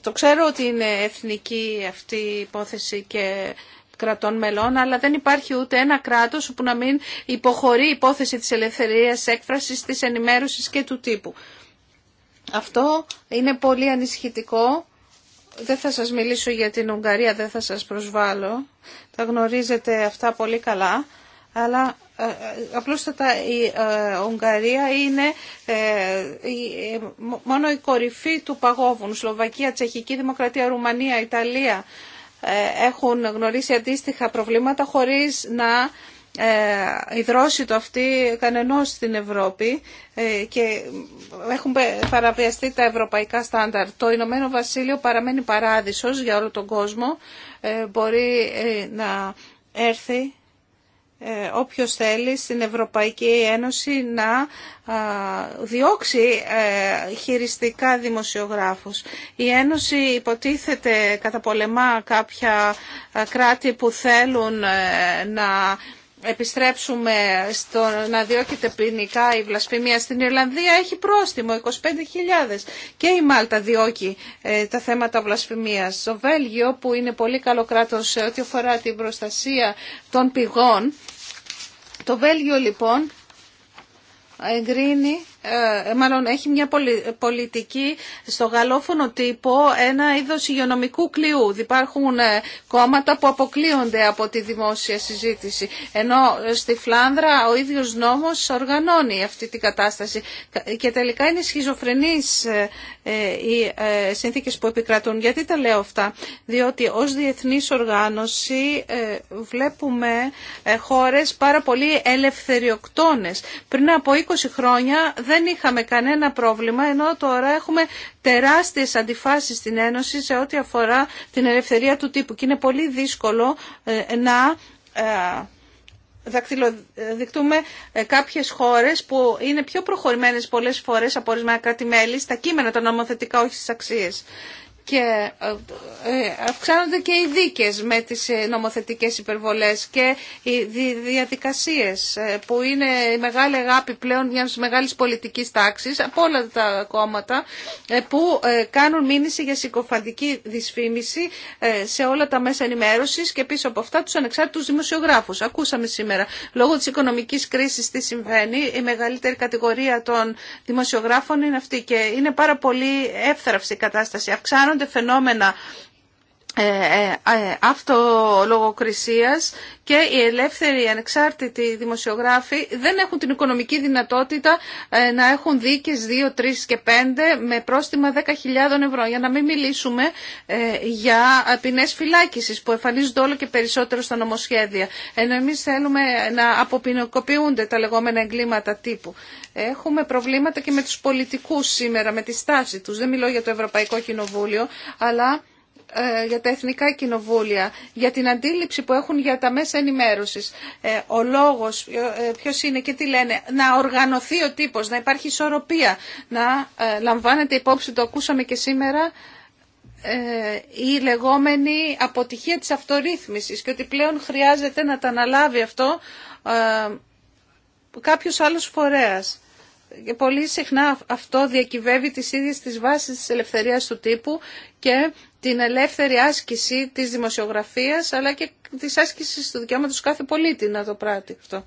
Το ξέρω ότι είναι εθνική αυτή η υπόθεση και κρατών μελών, αλλά δεν υπάρχει ούτε ένα κράτος που να μην υποχωρεί υπόθεση τη ελευθερίας έκφραση, της ενημέρωση και του τύπου. Αυτό είναι πολύ ανησυχητικό. Δεν θα σας μιλήσω για την Ουγγαρία, δεν θα σας προσβάλλω. Τα γνωρίζετε αυτά πολύ καλά. Αλλά ε, ε, τα η ε, Ουγγαρία είναι μόνο η κορυφή του παγόβουνου. Σλοβακία, Τσεχική Δημοκρατία, Ρουμανία, Ιταλία, ε, έχουν γνωρίσει αντίστοιχα προβλήματα χωρίς να υδρώσει ε, το αυτή κανενός στην Ευρώπη ε, και έχουν παραπιαστεί τα ευρωπαϊκά στάνταρ. Το Ηνωμένο Βασίλειο παραμένει παράδεισος για όλο τον κόσμο. Μπορεί να έρθει ε, όποιος θέλει στην Ευρωπαϊκή Ένωση να διώξει ε, χειριστικά δημοσιογράφους. Η Ένωση υποτίθεται πολεμά κάποια ε, κράτη που θέλουν να επιστρέψουμε στο να διώκεται ποινικά η βλασφημία στην Ιρλανδία έχει πρόστιμο 25.000 και η Μάλτα διώκει τα θέματα βλασφημίας. Στο Βέλγιο που είναι πολύ καλό κράτος σε ό,τι αφορά την προστασία των πηγών το Βέλγιο λοιπόν εγκρίνει ε, μάλλον έχει μια πολιτική στο γαλλόφωνο τύπο ένα είδος υγειονομικού κλειού. Υπάρχουν ε, κόμματα που αποκλείονται από τη δημόσια συζήτηση. Ενώ ε, στη Φλάνδρα ο ίδιος νόμος οργανώνει αυτή την κατάσταση. Και τελικά είναι σχιζοφρενείς οι συνθήκες που επικρατούν. Γιατί τα λέω αυτά. Διότι ως διεθνής οργάνωση βλέπουμε χώρες πάρα πολύ ελευθεριοκτόνες. Πριν από 20 χρόνια δεν είχαμε κανένα πρόβλημα, ενώ τώρα έχουμε τεράστιες αντιφάσεις στην Ένωση σε ό,τι αφορά την ελευθερία του τύπου και είναι πολύ δύσκολο ε, να ε, δακτυλοδεικτούμε ε, κάποιες χώρες που είναι πιο προχωρημένες πολλές φορές από ορισμένα κράτη-μέλη στα κείμενα των νομοθετικά, όχι στις αξίες και ε, ε, αυξάνονται και οι δίκες με τις ε, νομοθετικές υπερβολές και οι διαδικασίες που είναι η μεγάλη αγάπη πλέον μια μεγάλη πολιτική τάξη από όλα τα κόμματα που κάνουν μήνυση για συκοφαντική δυσφήμιση σε όλα τα μέσα ενημέρωσης και πίσω από αυτά τους ανεξάρτητους δημοσιογράφους. Ακούσαμε σήμερα λόγω της οικονομικής κρίσης τι συμβαίνει. Η μεγαλύτερη κατηγορία των δημοσιογράφων είναι αυτή και είναι πάρα πολύ εύθραυση η κατάσταση. Αυξάνονται γίνονται φαινόμενα ε, ε, ε, αυτολογοκρισίας και οι ελεύθεροι ανεξάρτητοι δημοσιογράφοι δεν έχουν την οικονομική δυνατότητα να έχουν δίκες 2, 3 και 5 με πρόστιμα 10.000 ευρώ για να μην μιλήσουμε για ποινές φυλάκισης που εμφανίζονται όλο και περισσότερο στα νομοσχέδια ενώ εμείς θέλουμε να αποποινικοποιούνται τα λεγόμενα εγκλήματα τύπου. Έχουμε προβλήματα και με τους πολιτικούς σήμερα, με τη στάση τους. Δεν μιλώ για το Ευρωπαϊκό Κοινοβούλιο, αλλά ε, για τα εθνικά κοινοβούλια, για την αντίληψη που έχουν για τα μέσα ενημέρωσης, ε, ο λόγος, ε, ποιος είναι και τι λένε, να οργανωθεί ο τύπος, να υπάρχει ισορροπία, να λαμβάνεται υπόψη, το ακούσαμε και σήμερα, η λεγόμενη αποτυχία της αυτορύθμισης και ότι πλέον χρειάζεται να τα αναλάβει αυτό κάποιος άλλος φορέας. Και ε, πολύ συχνά αυτό διακυβεύει τις ίδιες τις βάσεις της ελευθερίας του τύπου και την ελεύθερη άσκηση της δημοσιογραφίας αλλά και της άσκησης του δικαιώματος κάθε πολίτη να το πράττει αυτό.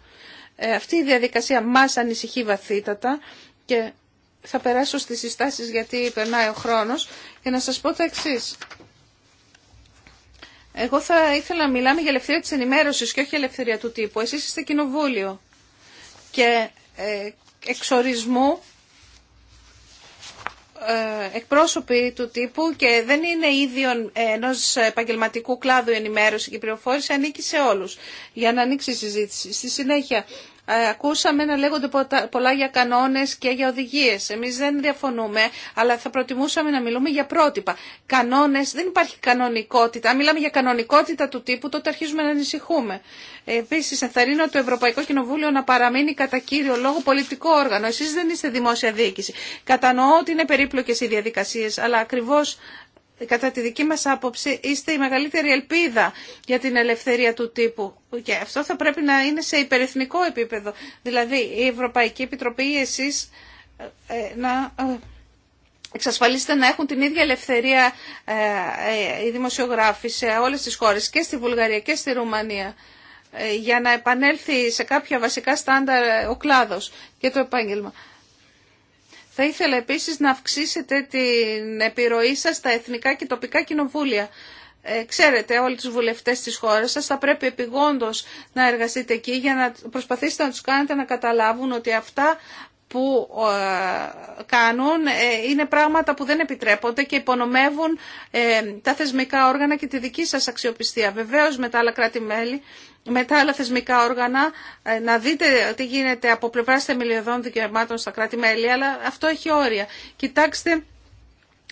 Ε, αυτή η διαδικασία μας ανησυχεί βαθύτατα και θα περάσω στις συστάσεις γιατί περνάει ο χρόνος και να σας πω το εξή. Εγώ θα ήθελα να μιλάμε για ελευθερία της ενημέρωσης και όχι ελευθερία του τύπου. Εσείς είστε κοινοβούλιο και ε, εξορισμού ε, εκπρόσωποι του τύπου και δεν είναι ίδιο ενό επαγγελματικού κλάδου ενημέρωση και πληροφόρηση, ανήκει σε όλου. Για να ανοίξει η συζήτηση. Στη συνέχεια, ε, ακούσαμε να λέγονται πολλά για κανόνες και για οδηγίες. Εμείς δεν διαφωνούμε, αλλά θα προτιμούσαμε να μιλούμε για πρότυπα. Κανόνες, δεν υπάρχει κανονικότητα. Αν μιλάμε για κανονικότητα του τύπου, τότε αρχίζουμε να ανησυχούμε. Επίση, ενθαρρύνω το Ευρωπαϊκό Κοινοβούλιο να παραμείνει κατά κύριο λόγο πολιτικό όργανο. Εσεί δεν είστε δημόσια διοίκηση. Κατανοώ ότι είναι περίπλοκε οι διαδικασίε, αλλά ακριβώ κατά τη δική μας άποψη, είστε η μεγαλύτερη ελπίδα για την ελευθερία του τύπου. Και αυτό θα πρέπει να είναι σε υπερεθνικό επίπεδο. Δηλαδή, η Ευρωπαϊκή Επιτροπή, εσείς ε, ε, να ε, εξασφαλίσετε να έχουν την ίδια ελευθερία οι δημοσιογράφοι σε όλες τις χώρες, και στη Βουλγαρία και στη Ρουμανία για να επανέλθει σε κάποια βασικά στάνταρ ο κλάδος και το επάγγελμα. Θα ήθελα επίσης να αυξήσετε την επιρροή σας στα εθνικά και τοπικά κοινοβούλια. Ε, ξέρετε όλοι τους βουλευτές της χώρας σας θα πρέπει επιγόντως να εργαστείτε εκεί για να προσπαθήσετε να τους κάνετε να καταλάβουν ότι αυτά που ε, κάνουν ε, είναι πράγματα που δεν επιτρέπονται και υπονομεύουν τα θεσμικά όργανα και τη δική σας αξιοπιστία. Βεβαίως με τα άλλα κράτη-μέλη με τα άλλα θεσμικά όργανα ε, να δείτε τι γίνεται από πλευρά θεμελιωδών δικαιωμάτων στα κράτη-μέλη, αλλά αυτό έχει όρια. Κοιτάξτε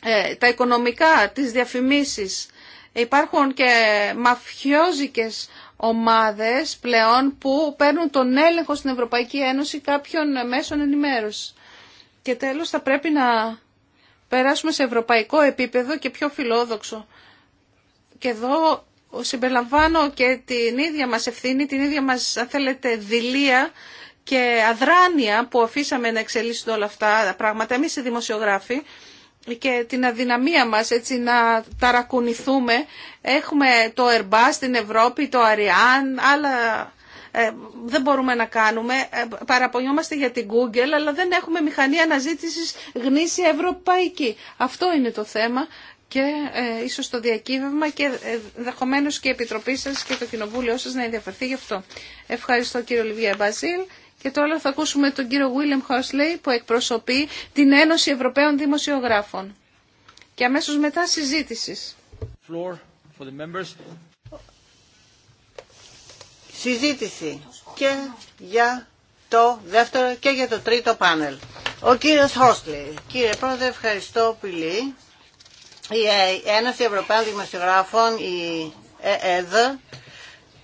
ε, τα οικονομικά, τις διαφημίσεις. Υπάρχουν και μαφιόζικες ομάδες πλέον που παίρνουν τον έλεγχο στην Ευρωπαϊκή Ένωση κάποιων μέσων ενημέρωσης. Και τέλος θα πρέπει να περάσουμε σε ευρωπαϊκό επίπεδο και πιο φιλόδοξο. Και εδώ συμπεριλαμβάνω και την ίδια μας ευθύνη, την ίδια μας, αν θέλετε, και αδράνεια που αφήσαμε να εξελίσσουν όλα αυτά τα πράγματα, εμείς οι δημοσιογράφοι, και την αδυναμία μας έτσι να ταρακουνηθούμε. Έχουμε το ΕΡΜΑ στην Ευρώπη, το Αριάν, αλλά ε, δεν μπορούμε να κάνουμε. Ε, παραπονιόμαστε για την Google, αλλά δεν έχουμε μηχανή αναζήτησης γνήσια ευρωπαϊκή. Αυτό είναι το θέμα και ε, ίσως το διακύβευμα και ε, δεχομένω και η Επιτροπή σας και το Κοινοβούλιο σας να ενδιαφερθεί γι' αυτό. Ευχαριστώ κύριο Ολυβία Μπαζίλ. Και τώρα θα ακούσουμε τον κύριο Βίλεμ Χόσλεϊ που εκπροσωπεί την Ένωση Ευρωπαίων Δημοσιογράφων. Και αμέσως μετά συζήτησης. Συζήτηση και για το δεύτερο και για το τρίτο πάνελ. Ο κύριος Χόσλεϊ. Κύριε Πρόεδρε, ευχαριστώ πολύ. Ε, η Ένωση Ευρωπαίων Δημοσιογράφων, η ΕΕΔ,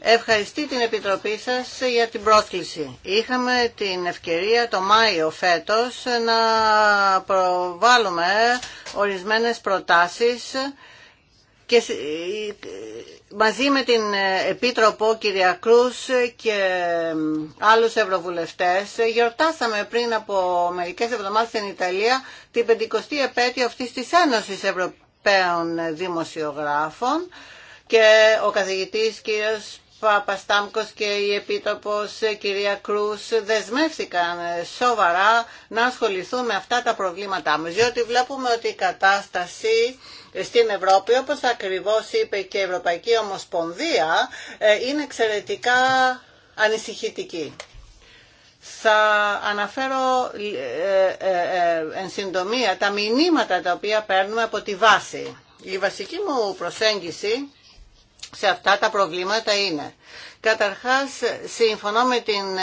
ευχαριστεί την Επιτροπή σας για την πρόσκληση. Είχαμε την ευκαιρία το Μάιο φέτος να προβάλλουμε ορισμένες προτάσεις και ε, μαζί με την ε, Επίτροπο κυρία Κρούς και άλλους ευρωβουλευτές γιορτάσαμε πριν από μερικές εβδομάδες στην Ιταλία την 50η επέτειο αυτής της Ένωσης Ευρωπαϊκής Ευρωπαίων δημοσιογράφων και ο καθηγητής κύριος Παπαστάμκος και η επίτοπος κυρία Κρούς δεσμεύτηκαν σοβαρά να ασχοληθούν με αυτά τα προβλήματά μας, διότι βλέπουμε ότι η κατάσταση στην Ευρώπη, όπως ακριβώς είπε και η Ευρωπαϊκή Ομοσπονδία, ε, είναι εξαιρετικά ανησυχητική. Θα αναφέρω ε, ε, ε, εν συντομία τα μηνύματα τα οποία παίρνουμε από τη βάση. Η βασική μου προσέγγιση σε αυτά τα προβλήματα είναι. Καταρχάς, συμφωνώ με την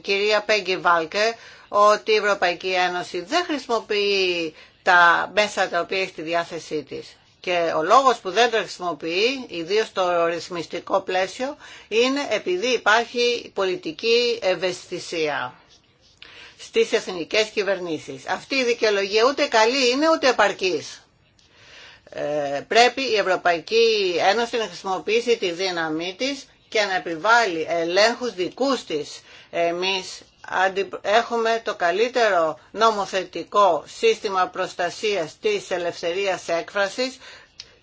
κυρία Πέγκη Βάλκε ότι η Ευρωπαϊκή Ένωση δεν χρησιμοποιεί τα μέσα τα οποία έχει στη διάθεσή της. Και ο λόγος που δεν το χρησιμοποιεί, ιδίως στο ρυθμιστικό πλαίσιο, είναι επειδή υπάρχει πολιτική ευαισθησία στις εθνικές κυβερνήσεις. Αυτή η δικαιολογία ούτε καλή είναι ούτε επαρκής. Ε, πρέπει η Ευρωπαϊκή Ένωση να χρησιμοποιήσει τη δύναμή της και να επιβάλλει ελέγχους δικούς της. Εμείς έχουμε το καλύτερο νομοθετικό σύστημα προστασίας της ελευθερίας έκφρασης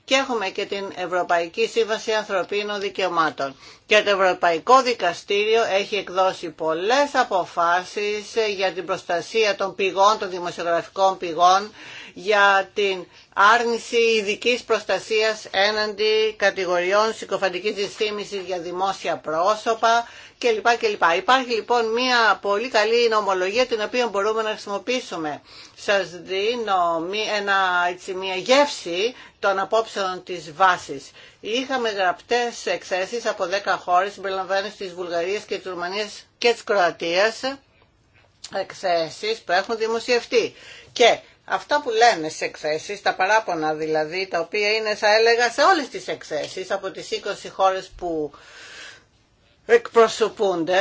και έχουμε και την Ευρωπαϊκή Σύμβαση Ανθρωπίνων Δικαιωμάτων. Και το Ευρωπαϊκό Δικαστήριο έχει εκδώσει πολλές αποφάσεις για την προστασία των πηγών, των δημοσιογραφικών πηγών, για την άρνηση ειδική προστασίας έναντι κατηγοριών συκοφαντικής δυστήμησης για δημόσια πρόσωπα κλπ. κλπ. Υπάρχει λοιπόν μια πολύ καλή νομολογία την οποία μπορούμε να χρησιμοποιήσουμε. Σας δίνω ένα, έτσι, μια γεύση των απόψεων της βάσης. Είχαμε γραπτές εξαίσεις από 10 χώρες, συμπεριλαμβάνες της Βουλγαρίας και της Ρουμανίας και της Κροατίας, εξαίσεις που έχουν δημοσιευτεί. Και αυτά που λένε σε εκθέσεις, τα παράπονα δηλαδή, τα οποία είναι θα έλεγα σε όλες τις εκθέσεις από τις 20 χώρες που εκπροσωπούνται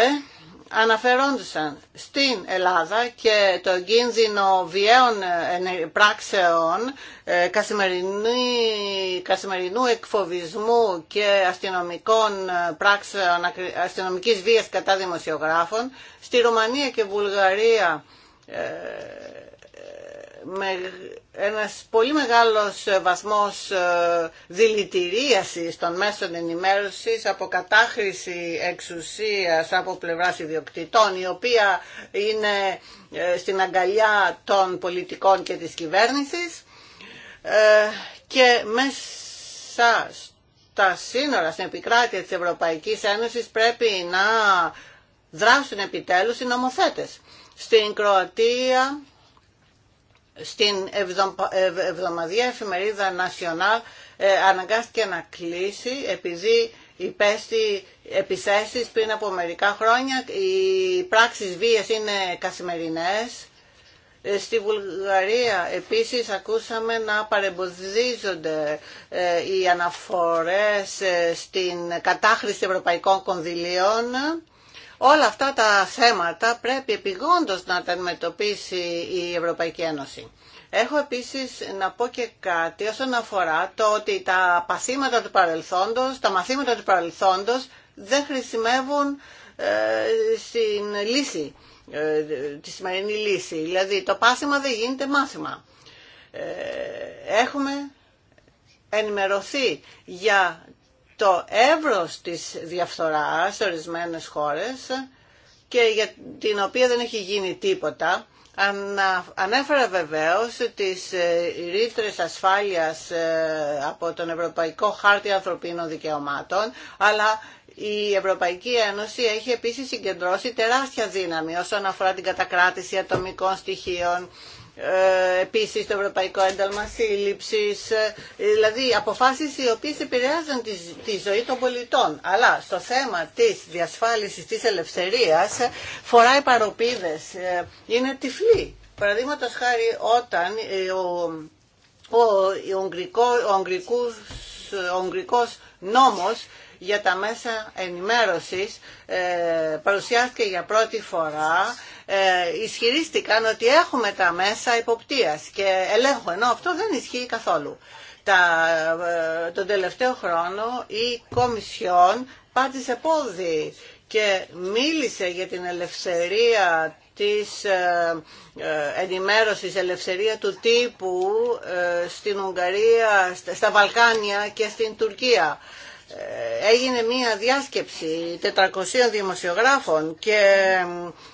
αναφερόντουσαν στην Ελλάδα και το κίνδυνο βιαίων ε, πράξεων ε, καθημερινού εκφοβισμού και αστυνομικών ε, πράξεων, αστυνομικής βίας κατά δημοσιογράφων στη Ρουμανία και Βουλγαρία ένας πολύ μεγάλος ε, βαθμός ε, δηλητηρίασης των μέσων ενημέρωσης από κατάχρηση εξουσίας από πλευράς ιδιοκτητών η οποία είναι ε, στην αγκαλιά των πολιτικών και της κυβέρνησης και μέσα στα σύνορα στην επικράτεια της Ευρωπαϊκής Ένωσης πρέπει να δράσουν επιτέλους οι νομοθέτες. Στην Κροατία στην Εβδομαδια εφημερίδα Νασιονάλ ε, αναγκάστηκε να κλείσει επειδή υπέστη επιθέσεις πριν από μερικά χρόνια. Οι πράξεις βίας είναι καθημερινές. Ε, στη Βουλγαρία επίσης ακούσαμε να παρεμποδίζονται ε, οι αναφορές στην κατάχρηση ευρωπαϊκών κονδυλίων Όλα αυτά τα θέματα πρέπει επιγόντως να τα αντιμετωπίσει η Ευρωπαϊκή Ένωση. Έχω επίσης να πω και κάτι όσον αφορά το ότι τα παθήματα του παρελθόντος, τα μαθήματα του παρελθόντος δεν χρησιμεύουν ε, στην λύση, ε, τη σημερινή λύση. Δηλαδή το πάσημα δεν γίνεται μάθημα. Ε, έχουμε ενημερωθεί για το εύρος της διαφθοράς σε ορισμένες χώρες και για την οποία δεν έχει γίνει τίποτα. Ανέφερα βεβαίως τις ε, ρήτρες ασφάλειας ε, από τον Ευρωπαϊκό Χάρτη Ανθρωπίνων Δικαιωμάτων, αλλά η Ευρωπαϊκή Ένωση έχει επίσης συγκεντρώσει τεράστια δύναμη όσον αφορά την κατακράτηση ατομικών στοιχείων, ε, Επίση το Ευρωπαϊκό Ένταλμα Σύλληψης, ε, δηλαδή αποφάσεις οι οποίες επηρεάζουν τη, τη ζωή των πολιτών. Αλλά στο θέμα της διασφάλισης της ελευθερίας ε, φοράει παροπίδες, είναι τυφλή. Παραδείγματο χάρη όταν ο, ο, ο, νόμος για τα μέσα ενημέρωσης παρουσιάστηκε για πρώτη φορά ε, ισχυρίστηκαν ότι έχουμε τα μέσα υποπτίας και ελέγχου, ενώ αυτό δεν ισχύει καθόλου. Τα, ε, τον τελευταίο χρόνο η Κομισιόν πάτησε πόδι και μίλησε για την ελευθερία της ε, ενημέρωσης, ελευθερία του τύπου στην Ουγγαρία, στα Βαλκάνια και στην Τουρκία. Ε, έγινε μία διάσκεψη 400 δημοσιογράφων και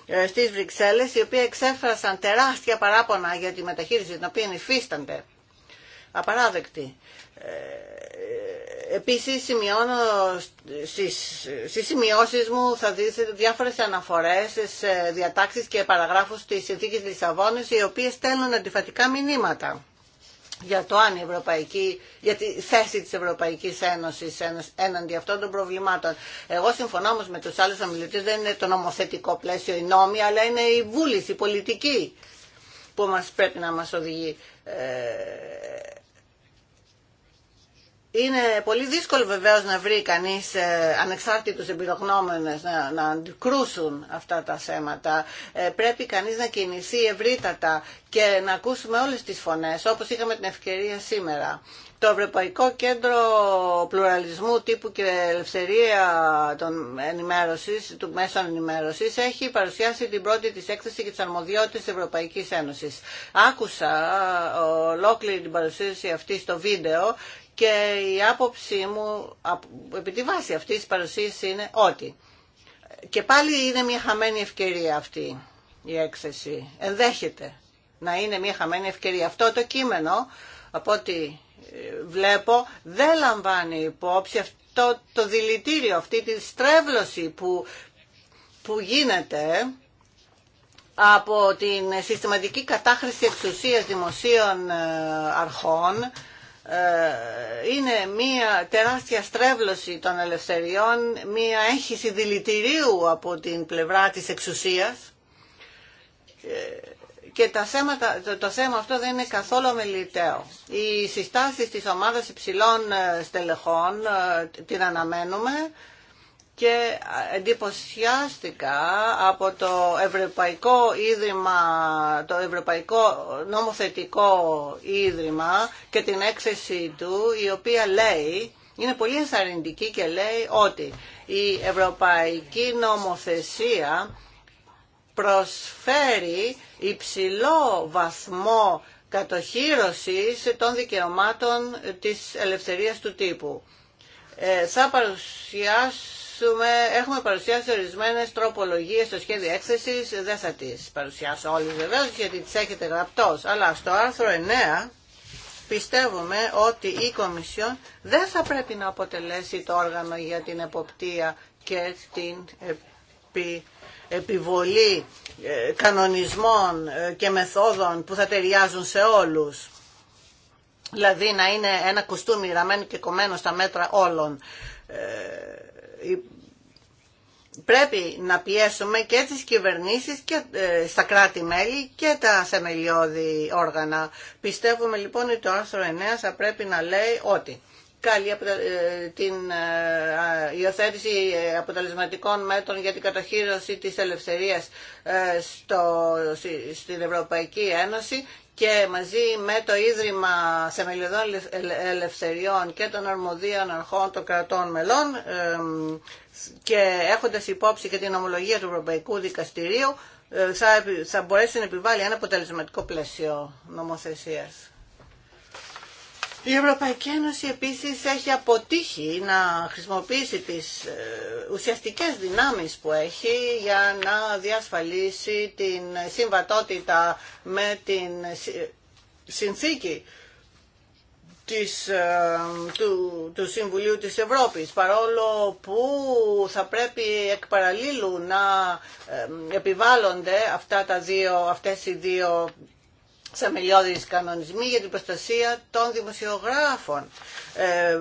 ε, στις Βρυξέλλες οι οποίοι εξέφρασαν τεράστια παράπονα για τη μεταχείριση την οποία υφίστανται. Απαράδεκτη. Ε, επίσης σημειώνω στις, στις σημειώσεις μου θα δείτε διάφορες αναφορές σε διατάξεις και παραγράφους της Συνθήκης Λισαβόνης οι οποίες στέλνουν αντιφατικά μηνύματα για το αν Ευρωπαϊκή, για τη θέση της Ευρωπαϊκής Ένωσης έναντι αυτών των προβλημάτων. Εγώ συμφωνώ όμως με τους άλλους ομιλητές, δεν είναι το νομοθετικό πλαίσιο η νόμη, αλλά είναι η βούληση, η πολιτική που μας πρέπει να μας οδηγεί. Ε, είναι πολύ δύσκολο βεβαίως να βρει κανείς ε, ανεξάρτητους εμπειρογνώμενες να, να αντικρούσουν αυτά τα θέματα. Ε, πρέπει κανείς να κινηθεί ευρύτατα και να ακούσουμε όλες τις φωνές, όπως είχαμε την ευκαιρία σήμερα. Το Ευρωπαϊκό Κέντρο Πλουραλισμού Τύπου και Ελευθερία των ενημέρωσης, του Μέσων Ενημέρωσης έχει παρουσιάσει την πρώτη της έκθεση για τι της Ευρωπαϊκής Ένωσης. Άκουσα ε, ολόκληρη την παρουσίαση αυτή στο βίντεο και η άποψή μου επί τη βάση αυτής τη παρουσίας είναι ότι και πάλι είναι μια χαμένη ευκαιρία αυτή η έκθεση. Ενδέχεται να είναι μια χαμένη ευκαιρία. Αυτό το κείμενο, από ό,τι ε, βλέπω, δεν λαμβάνει υπόψη αυτό το δηλητήριο, αυτή τη στρέβλωση που, που γίνεται από την συστηματική κατάχρηση εξουσίας δημοσίων ε, αρχών ε, είναι μία τεράστια στρέβλωση των ελευθεριών, μία έχηση δηλητηρίου από την πλευρά της εξουσίας ε, και το, το θέμα αυτό δεν είναι καθόλου αμεληταίο. Οι συστάσεις της ομάδας υψηλών ε, στελεχών την αναμένουμε και εντυπωσιάστηκα από το Ευρωπαϊκό Ίδρυμα, το Ευρωπαϊκό Νομοθετικό Ίδρυμα και την έκθεση του, η οποία λέει, είναι πολύ ενθαρρυντική και λέει ότι η Ευρωπαϊκή Νομοθεσία προσφέρει υψηλό βαθμό κατοχύρωσης των δικαιωμάτων της ελευθερίας του τύπου. Ε, θα παρουσιάσω Έχουμε παρουσιάσει ορισμένε τροπολογίε στο σχέδιο έκθεση. Δεν θα τι παρουσιάσω όλε βεβαίω γιατί τι έχετε γραπτό. Αλλά στο άρθρο 9 πιστεύουμε ότι η Κομισιόν δεν θα πρέπει να αποτελέσει το όργανο για την εποπτεία και την επιβολή ε, κανονισμών ε, και μεθόδων που θα ταιριάζουν σε όλους. Δηλαδή να είναι ένα κουστούμι ραμμένο και κομμένο στα μέτρα όλων. Ε, πρέπει να πιέσουμε και τις κυβερνήσεις και ε, στα κράτη-μέλη και τα θεμελιώδη όργανα. Πιστεύουμε λοιπόν ότι το άρθρο 9 θα πρέπει να λέει ότι καλή ε, την ε, υιοθέτηση αποτελεσματικών μέτρων για την καταχείρωση της ελευθερίας στο, στην Ευρωπαϊκή Ένωση και μαζί με το Ίδρυμα Σεμελιωδών Ελευθεριών και των Αρμοδίων Αρχών των Κρατών Μελών και έχοντας υπόψη και την ομολογία του Ευρωπαϊκού Δικαστηρίου ε, θα μπορέσει να επιβάλλει ένα αποτελεσματικό πλαίσιο νομοθεσίας. Η Ευρωπαϊκή Ένωση επίσης έχει αποτύχει να χρησιμοποιήσει τις ε, ουσιαστικές δυνάμεις που έχει για να διασφαλίσει την συμβατότητα με την συνθήκη της, ε, του, του Συμβουλίου της Ευρώπης παρόλο που θα πρέπει εκ παραλίλου να ε, επιβάλλονται αυτά τα δύο, αυτές οι δύο σαμελιώδεις κανονισμοί για την προστασία των δημοσιογράφων. Ε,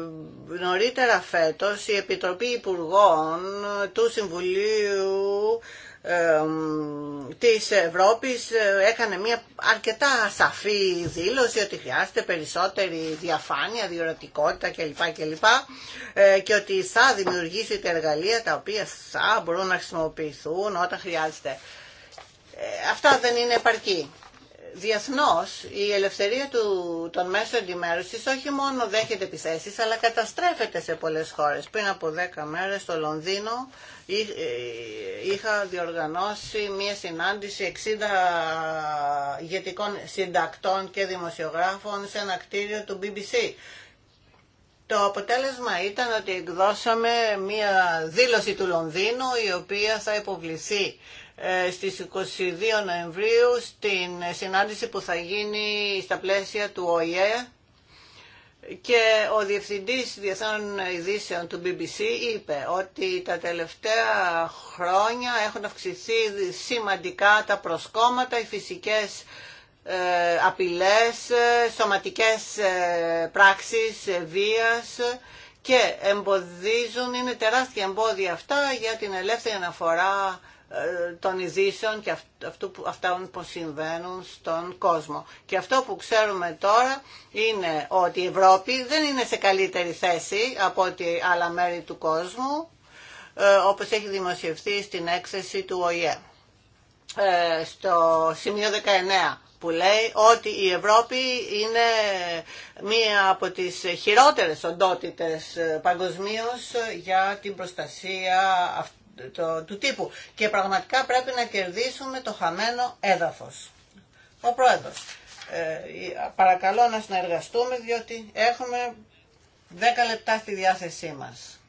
νωρίτερα φέτος η Επιτροπή Υπουργών του Συμβουλίου ε, της Ευρώπης ε, έκανε μια αρκετά σαφή δήλωση ότι χρειάζεται περισσότερη διαφάνεια, διορατικότητα κλπ. και Ε, και ότι θα δημιουργήσετε εργαλεία τα οποία θα μπορούν να χρησιμοποιηθούν όταν χρειάζεται. Ε, αυτά δεν είναι επαρκή. Διεθνώ, η ελευθερία του, των μέσων ενημέρωσης όχι μόνο δέχεται επιθέσεις αλλά καταστρέφεται σε πολλές χώρες. Πριν από 10 μέρες στο Λονδίνο ε, είχα διοργανώσει μία συνάντηση 60 ηγετικών συντακτών και δημοσιογράφων σε ένα κτίριο του BBC. Το αποτέλεσμα ήταν ότι εκδώσαμε μία δήλωση του Λονδίνου η οποία θα υποβληθεί ε, στις 22 Νοεμβρίου στην συνάντηση που θα γίνει στα πλαίσια του ΟΗΕ και ο Διευθυντής Διεθνών Ειδήσεων του BBC είπε ότι τα τελευταία χρόνια έχουν αυξηθεί σημαντικά τα προσκόμματα, οι φυσικές ε, απειλές, ε, σωματικές πράξεις βίας και εμποδίζουν, είναι τεράστια εμπόδια αυτά για την ελεύθερη αναφορά ε, των ειδήσεων και αυτού που, αυτά που συμβαίνουν στον κόσμο. Και αυτό που ξέρουμε τώρα είναι ότι η Ευρώπη δεν είναι σε καλύτερη θέση από ότι άλλα μέρη του κόσμου, ε, όπως έχει δημοσιευθεί στην έκθεση του ΟΗΕ. Ε, στο σημείο 19 που λέει ότι η Ευρώπη είναι μία από τις χειρότερες οντότητες παγκοσμίως για την προστασία το, του τύπου. Και πραγματικά πρέπει να κερδίσουμε το χαμένο έδαφος. Ο Πρόεδρος, ε, παρακαλώ να συνεργαστούμε διότι έχουμε 10 λεπτά στη διάθεσή μας.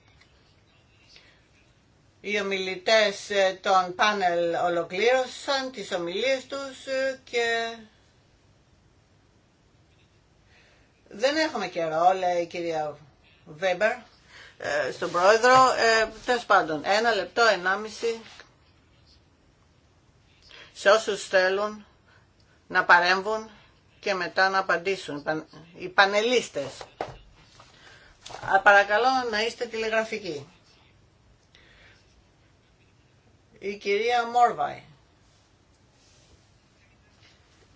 Οι ομιλητές ε, των πάνελ ολοκλήρωσαν τις ομιλίες τους ε, και δεν έχουμε καιρό, λέει η κυρία Βέμπερ. Ε, στον πρόεδρο. Ε, Τέλο πάντων, ένα λεπτό, ενάμιση σε όσους θέλουν να παρέμβουν και μετά να απαντήσουν οι πανελίστες. Παρακαλώ να είστε τηλεγραφικοί. Η κυρία Μόρβαϊ.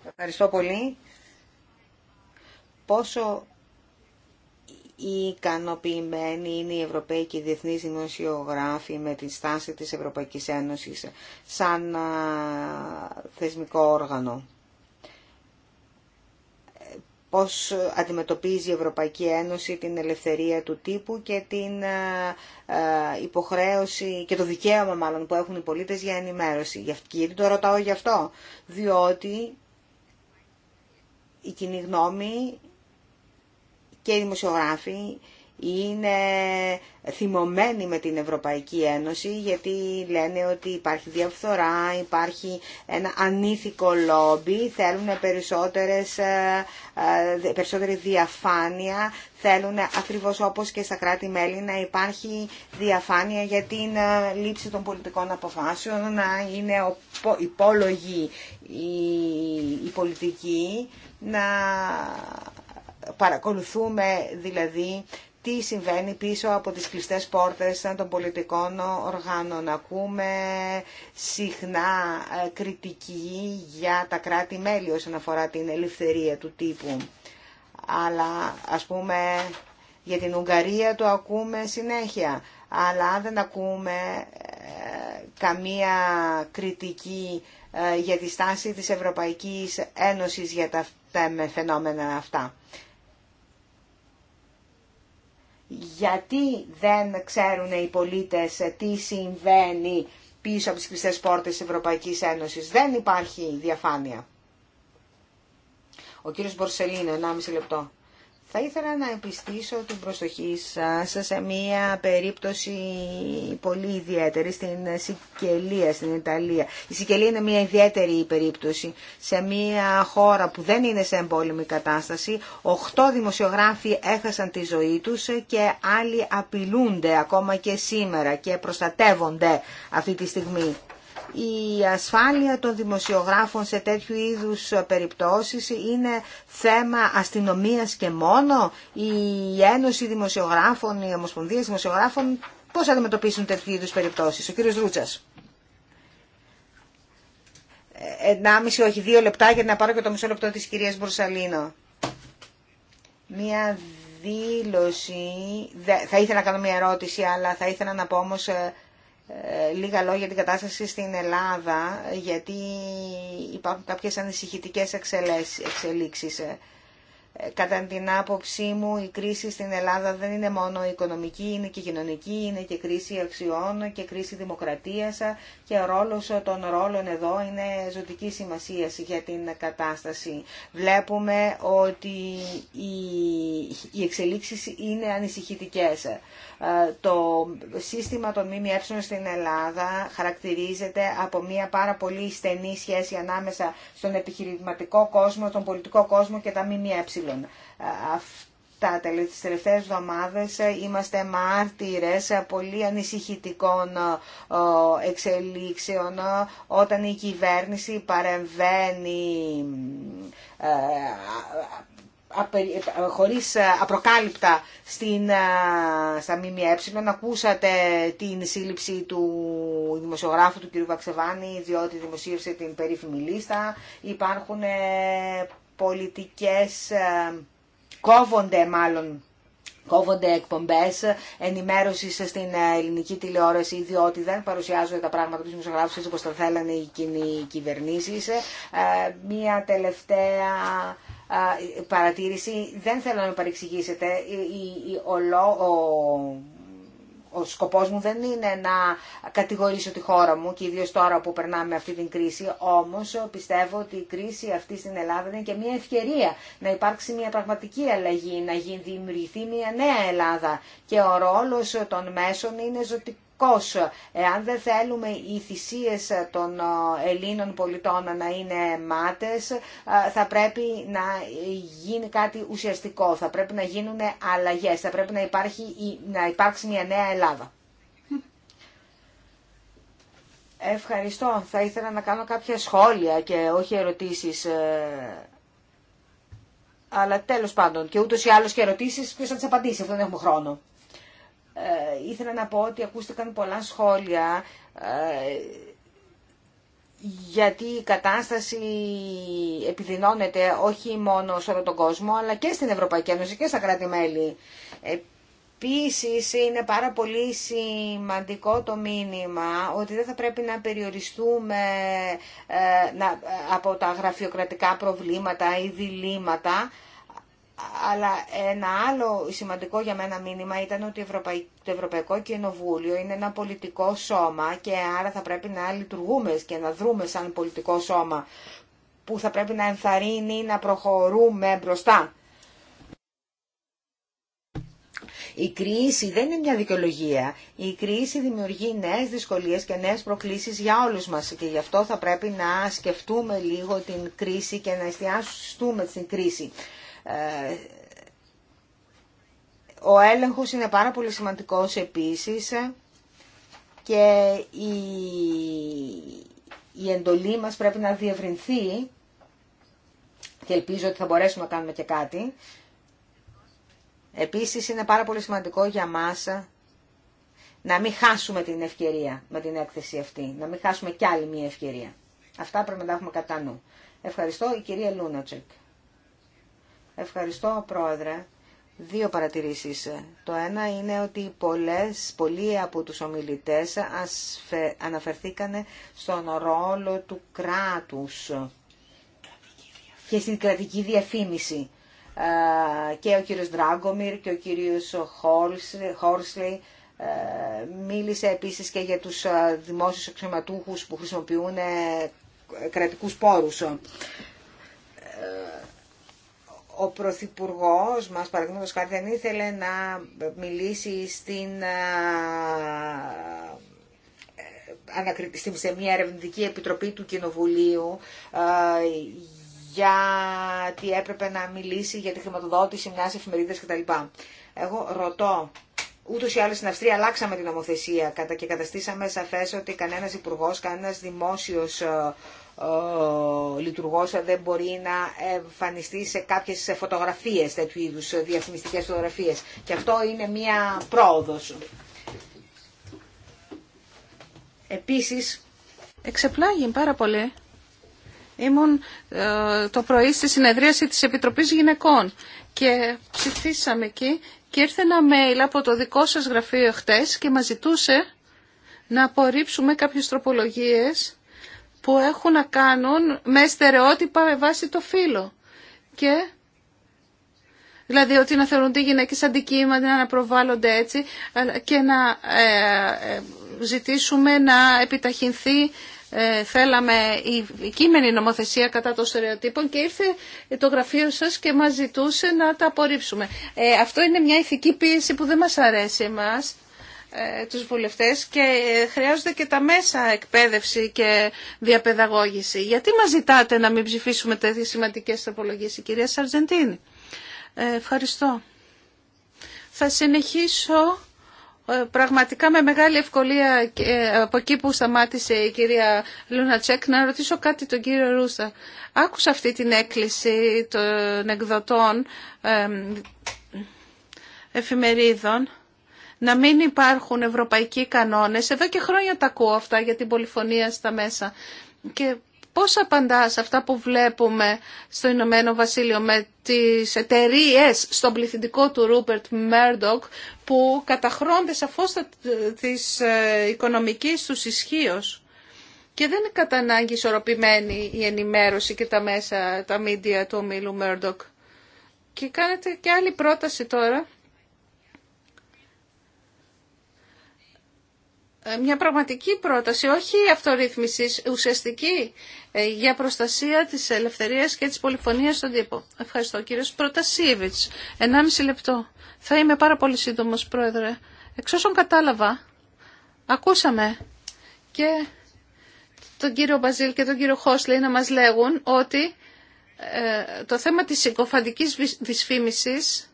Ευχαριστώ πολύ. Πόσο ικανοποιημένοι είναι οι Ευρωπαίοι και οι διεθνείς δημοσιογράφοι με τη στάση της Ευρωπαϊκής Ένωσης σαν θεσμικό όργανο. Πώς αντιμετωπίζει η Ευρωπαϊκή Ένωση την ελευθερία του τύπου και την υποχρέωση και το δικαίωμα μάλλον που έχουν οι πολίτες για ενημέρωση. Γιατί το ρωτάω γι' αυτό. Διότι η κοινή γνώμη και οι δημοσιογράφοι είναι θυμωμένοι με την Ευρωπαϊκή Ένωση γιατί λένε ότι υπάρχει διαφθορά, υπάρχει ένα ανήθικο λόμπι, θέλουν περισσότερες, ε, ε, περισσότερη διαφάνεια, θέλουν ακριβώς όπως και στα κράτη-μέλη να υπάρχει διαφάνεια για την ε, λήψη των πολιτικών αποφάσεων, να είναι υπόλογοι οι πολιτικοί, να παρακολουθούμε δηλαδή τι συμβαίνει πίσω από τις κλειστές πόρτες των πολιτικών οργάνων. Ακούμε συχνά ε, κριτική για τα κράτη-μέλη όσον αφορά την ελευθερία του τύπου. Αλλά ας πούμε για την Ουγγαρία το ακούμε συνέχεια. Αλλά δεν ακούμε ε, καμία κριτική ε, για τη στάση της Ευρωπαϊκής Ένωσης για τα φαινόμενα αυτά γιατί δεν ξέρουν οι πολίτες τι συμβαίνει πίσω από τις κλειστές πόρτες της Ευρωπαϊκής Ένωσης. Δεν υπάρχει διαφάνεια. Ο κύριος Μπορσελίνο, 1,5 λεπτό. Θα ήθελα να επιστήσω την προσοχή σας σε μία περίπτωση πολύ ιδιαίτερη στην Σικελία, στην Ιταλία. Η Σικελία είναι μία ιδιαίτερη περίπτωση σε μία χώρα που δεν είναι σε εμπόλεμη κατάσταση. Οχτώ δημοσιογράφοι έχασαν τη ζωή τους και άλλοι απειλούνται ακόμα και σήμερα και προστατεύονται αυτή τη στιγμή η ασφάλεια των δημοσιογράφων σε τέτοιου είδους περιπτώσεις είναι θέμα αστυνομίας και μόνο. Η Ένωση Δημοσιογράφων, η Ομοσπονδία Δημοσιογράφων πώς αντιμετωπίσουν τέτοιου είδους περιπτώσεις. Ο κύριος Ρούτσας. 1,5 ε, όχι δύο λεπτά για να πάρω και το μισό λεπτό της κυρίας Μπορσαλίνο. Μία δήλωση, θα ήθελα να κάνω μια ερώτηση, αλλά θα ήθελα να πω όμως ε, ε, λίγα λόγια για την κατάσταση στην Ελλάδα, γιατί υπάρχουν κάποιες ανησυχητικές εξελίξεις. Ε, ε, κατά την άποψή μου η κρίση στην Ελλάδα δεν είναι μόνο οικονομική, είναι και κοινωνική, είναι και κρίση αξιών και κρίση δημοκρατίας και ο ρόλος των ρόλων εδώ είναι ζωτική σημασία για την κατάσταση. Βλέπουμε ότι οι εξελίξεις είναι ανησυχητικές. Ε, το σύστημα των ΜΜΕ στην Ελλάδα χαρακτηρίζεται από μια πάρα πολύ στενή σχέση ανάμεσα στον επιχειρηματικό κόσμο, τον πολιτικό κόσμο και τα ΜΜΕ ε, αυτά τις τελευταίες εβδομάδες ε, είμαστε μάρτυρες ε, πολύ ανησυχητικών εξελίξεων όταν η κυβέρνηση παρεμβαίνει χωρίς απροκάλυπτα στην, στα ΜΜΕ. Ακούσατε την σύλληψη του δημοσιογράφου του κ. Βαξεβάνη, διότι δημοσίευσε την περίφημη λίστα. Υπάρχουν πολιτικές ε, κόβονται μάλλον κόβονται εκπομπές ενημέρωσης στην ε, ελληνική τηλεόραση διότι δεν παρουσιάζονται τα πράγματα του δημοσιογράφους έτσι όπως τα θέλανε οι κοινοί κυβερνήσεις. Ε, μία τελευταία παρατήρηση, δεν θέλω να με παρεξηγήσετε, ο, ο σκοπός μου δεν είναι να κατηγορήσω τη χώρα μου και ιδίως τώρα που περνάμε αυτή την κρίση, όμως πιστεύω ότι η κρίση αυτή στην Ελλάδα είναι και μια ευκαιρία να υπάρξει μια πραγματική αλλαγή, να δημιουργηθεί μια νέα Ελλάδα και ο ρόλος των μέσων είναι ζωτικό. Εάν δεν θέλουμε οι θυσίες των ε, Ελλήνων πολιτών να είναι μάτες, ε, θα πρέπει να γίνει κάτι ουσιαστικό, θα πρέπει να γίνουν αλλαγές, θα πρέπει να, υπάρχει, να υπάρξει μια νέα Ελλάδα. Ευχαριστώ. Θα ήθελα να κάνω κάποια σχόλια και όχι ερωτήσεις. Ε, αλλά τέλος πάντων, και ούτως ή άλλως και ερωτήσεις, ποιος θα τις απαντήσει, αυτό δεν έχουμε χρόνο. Ε, ήθελα να πω ότι ακούστηκαν πολλά σχόλια ε, γιατί η κατάσταση επιδεινώνεται όχι μόνο σε όλο τον κόσμο αλλά και στην Ευρωπαϊκή Ένωση και στα κράτη-μέλη. Επίσης είναι πάρα πολύ σημαντικό το μήνυμα ότι δεν θα πρέπει να περιοριστούμε ε, να, από τα γραφειοκρατικά προβλήματα ή διλήμματα αλλά ένα άλλο σημαντικό για μένα μήνυμα ήταν ότι το Ευρωπαϊκό Κοινοβούλιο είναι ένα πολιτικό σώμα και άρα θα πρέπει να λειτουργούμε και να δρούμε σαν πολιτικό σώμα που θα πρέπει να ενθαρρύνει να προχωρούμε μπροστά. Η κρίση δεν είναι μια δικαιολογία. Η κρίση δημιουργεί νέες δυσκολίες και νέες προκλήσεις για όλους μας και γι' αυτό θα πρέπει να σκεφτούμε λίγο την κρίση και να εστιάσουμε στην κρίση. Ε, ο έλεγχος είναι πάρα πολύ σημαντικός επίσης και η, η εντολή μας πρέπει να διευρυνθεί και ελπίζω ότι θα μπορέσουμε να κάνουμε και κάτι. Επίσης είναι πάρα πολύ σημαντικό για μας να μην χάσουμε την ευκαιρία με την έκθεση αυτή, να μην χάσουμε κι άλλη μια ευκαιρία. Αυτά πρέπει να τα έχουμε κατά νου. Ευχαριστώ η κυρία Λούνατσεκ. Ευχαριστώ, Πρόεδρε. Δύο παρατηρήσεις. Το ένα είναι ότι πολλές, πολλοί από τους ομιλητές ασφε, αναφερθήκανε στον ρόλο του κράτους και στην κρατική διαφήμιση. Και ο κύριος Δράγκομιρ και ο κύριος Χόρσλι ε, μίλησε επίσης και για τους δημόσιους αξιωματούχους που χρησιμοποιούν ε, κρατικούς πόρους ε, ο Πρωθυπουργό μας, παραδείγματο χάρη, δεν ήθελε να μιλήσει ε, στην, σε μια ερευνητική επιτροπή του Κοινοβουλίου ε, γιατί έπρεπε να μιλήσει για τη χρηματοδότηση μιας εφημερίδας κτλ. Εγώ ρωτώ Ούτω ή άλλω στην Αυστρία αλλάξαμε την νομοθεσία και καταστήσαμε σαφέ ότι κανένα υπουργό, κανένα δημόσιο ε, ε, λειτουργό δεν μπορεί να εμφανιστεί σε κάποιε φωτογραφίε, τέτοιου είδου ε, διαφημιστικέ φωτογραφίε. Και αυτό είναι μία πρόοδο. Επίση. Εξεπλάγει πάρα πολύ. Ήμουν το πρωί στη συνεδρίαση της Επιτροπής Γυναικών και ψηφίσαμε εκεί και ήρθε ένα mail από το δικό σας γραφείο χτες και μας ζητούσε να απορρίψουμε κάποιες τροπολογίες που έχουν να κάνουν με στερεότυπα με βάση το φύλλο. Και Δηλαδή ότι να θεωρούνται οι γυναίκες αντικείμενα, να προβάλλονται έτσι και να ε, ε, ζητήσουμε να επιταχυνθεί ε, θέλαμε η κείμενη νομοθεσία κατά των στερεοτύπων και ήρθε το γραφείο σας και μας ζητούσε να τα απορρίψουμε. Ε, αυτό είναι μια ηθική πίεση που δεν μας αρέσει εμάς ε, τους βουλευτές και χρειάζονται και τα μέσα εκπαίδευση και διαπαιδαγώγηση. Γιατί μας ζητάτε να μην ψηφίσουμε τέτοιες σημαντικές τροπολογίες, η κυρία Σαρζεντίνη. Ε, ευχαριστώ. Θα συνεχίσω ε, πραγματικά με μεγάλη ευκολία ε, από εκεί που σταμάτησε η κυρία Τσέκ να ρωτήσω κάτι τον κύριο Ρούσα. Άκουσα αυτή την έκκληση των εκδοτών εφημερίδων να μην υπάρχουν ευρωπαϊκοί κανόνες. Εδώ και χρόνια τα ακούω αυτά για την πολυφωνία στα μέσα. Και Πώς απαντάς αυτά που βλέπουμε στο Ηνωμένο Βασίλειο με τις εταιρείε στον πληθυντικό του Ρούπερτ Μέρντοκ που καταχρώνται σαφώς της ε, οικονομικής τους ισχύω. Και δεν είναι κατά ανάγκη ισορροπημένη η ενημέρωση και τα μέσα, τα μίντια του ομίλου Μέρντοκ. Και κάνετε και άλλη πρόταση τώρα Ε, μια πραγματική πρόταση, όχι αυτορύθμισης, ουσιαστική ε, για προστασία της ελευθερίας και της πολυφωνίας στον τύπο. Ευχαριστώ κύριος Προτασίεβιτς. 1,5 λεπτό. Θα είμαι πάρα πολύ σύντομο, πρόεδρε. Εξ όσων κατάλαβα, ακούσαμε και τον κύριο Μπαζίλ και τον κύριο Χόσλι να μας λέγουν ότι ε, το θέμα της συγκοφαντικής δυσφήμισης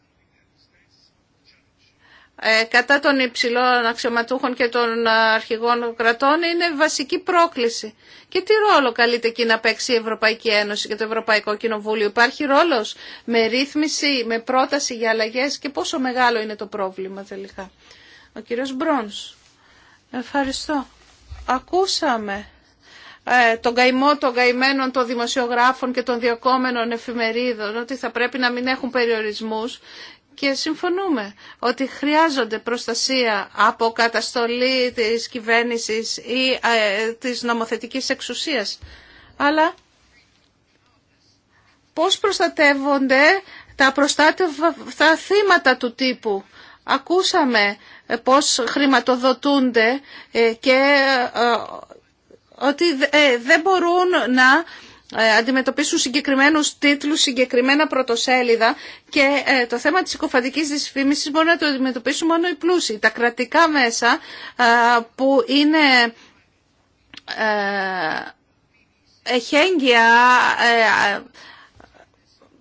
ε, κατά των υψηλών αξιωματούχων και των ε, αρχηγών κρατών είναι βασική πρόκληση. Και τι ρόλο καλείται εκεί να παίξει η Ευρωπαϊκή Ένωση και το Ευρωπαϊκό Κοινοβούλιο. Υπάρχει ρόλος με ρύθμιση, με πρόταση για αλλαγές και πόσο μεγάλο είναι το πρόβλημα τελικά. Ο κύριος Μπρόνς. Ευχαριστώ. Ακούσαμε ε, τον καημό των καημένων των δημοσιογράφων και των διοκόμενων εφημερίδων, ότι θα πρέπει να μην έχουν περιορισμούς και συμφωνούμε ότι χρειάζονται προστασία από καταστολή της κυβέρνησης ή ε, της νομοθετικής εξουσίας. Αλλά πώς προστατεύονται τα προστάτευτα θύματα του τύπου. Ακούσαμε ε, πώς χρηματοδοτούνται ε, και ότι δεν μπορούν να ε, αντιμετωπίσουν συγκεκριμένους τίτλους, συγκεκριμένα πρωτοσέλιδα και ε, το θέμα της οικοφαντική δυσφήμισης μπορεί να το αντιμετωπίσουν μόνο οι πλούσιοι. Τα κρατικά μέσα ε, που είναι εχέγγυα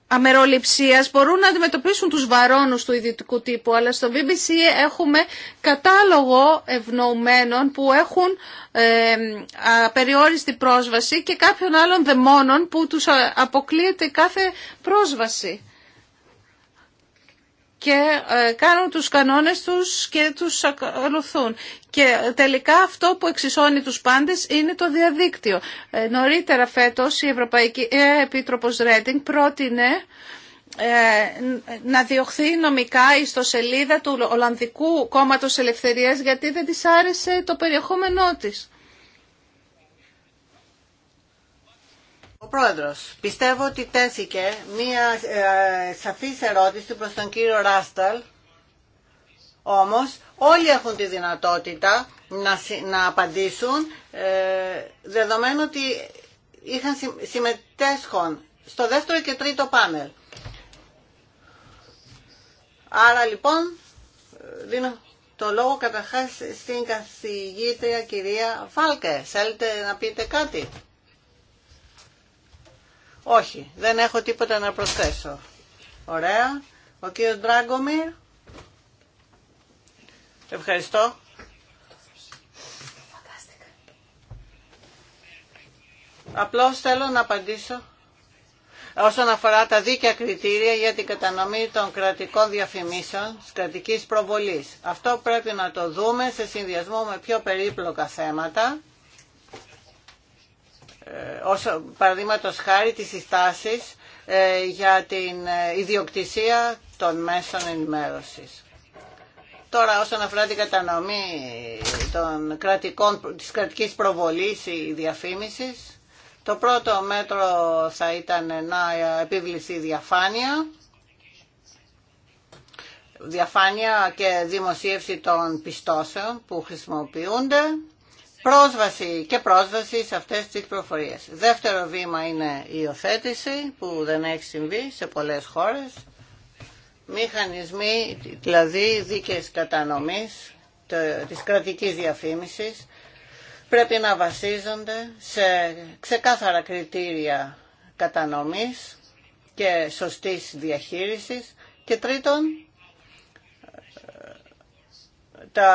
αμεροληψίας μπορούν να αντιμετωπίσουν τους βαρώνους του ιδιωτικού τύπου, αλλά στο BBC έχουμε κατάλογο ευνοουμένων που έχουν ε, απεριόριστη πρόσβαση και κάποιων άλλων δαιμόνων που τους ε, αποκλείεται κάθε πρόσβαση και ε, κάνουν τους κανόνες τους και τους ακολουθούν. Και τελικά αυτό που εξισώνει τους πάντες είναι το διαδίκτυο. Ε, νωρίτερα φέτος η Ευρωπαϊκή ε, Επίτροπος Ρέντινγκ πρότεινε να διωχθεί νομικά η ιστοσελίδα του Ολλανδικού Κόμματος Ελευθερίας γιατί δεν της άρεσε το περιεχόμενό της. Ο Πρόεδρος, πιστεύω ότι τέθηκε μία ε, σαφής ερώτηση προς τον κύριο Ράσταλ, όμως όλοι έχουν τη δυνατότητα να, να απαντήσουν, ε, δεδομένου ότι είχαν συμμετέσχον στο δεύτερο και τρίτο πάνελ. Άρα λοιπόν δίνω το λόγο καταρχάς στην καθηγήτρια κυρία Φάλκε. Θέλετε να πείτε κάτι. Όχι, δεν έχω τίποτα να προσθέσω. Ωραία. Ο κύριος Ντράγκομιρ. Ευχαριστώ. Απλώς θέλω να απαντήσω όσον αφορά τα δίκαια κριτήρια για την κατανομή των κρατικών διαφημίσεων της κρατικής προβολής. Αυτό πρέπει να το δούμε σε συνδυασμό με πιο περίπλοκα θέματα ε, όσο παραδείγματος χάρη της συστάσεις ε, για την ε, ιδιοκτησία των μέσων ενημέρωσης. Τώρα όσον αφορά την κατανομή των κρατικών, της κρατικής προβολής ή διαφήμισης, το πρώτο μέτρο θα ήταν να επιβληθεί διαφάνεια, διαφάνεια και δημοσίευση των πιστώσεων που χρησιμοποιούνται πρόσβαση και πρόσβαση σε αυτές τις πληροφορίες. Δεύτερο βήμα είναι η υιοθέτηση που δεν έχει συμβεί σε πολλές χώρες. Μηχανισμοί, δηλαδή δίκαιες κατανομής της κρατικής διαφήμισης πρέπει να βασίζονται σε ξεκάθαρα κριτήρια κατανομής και σωστής διαχείρισης και τρίτον τα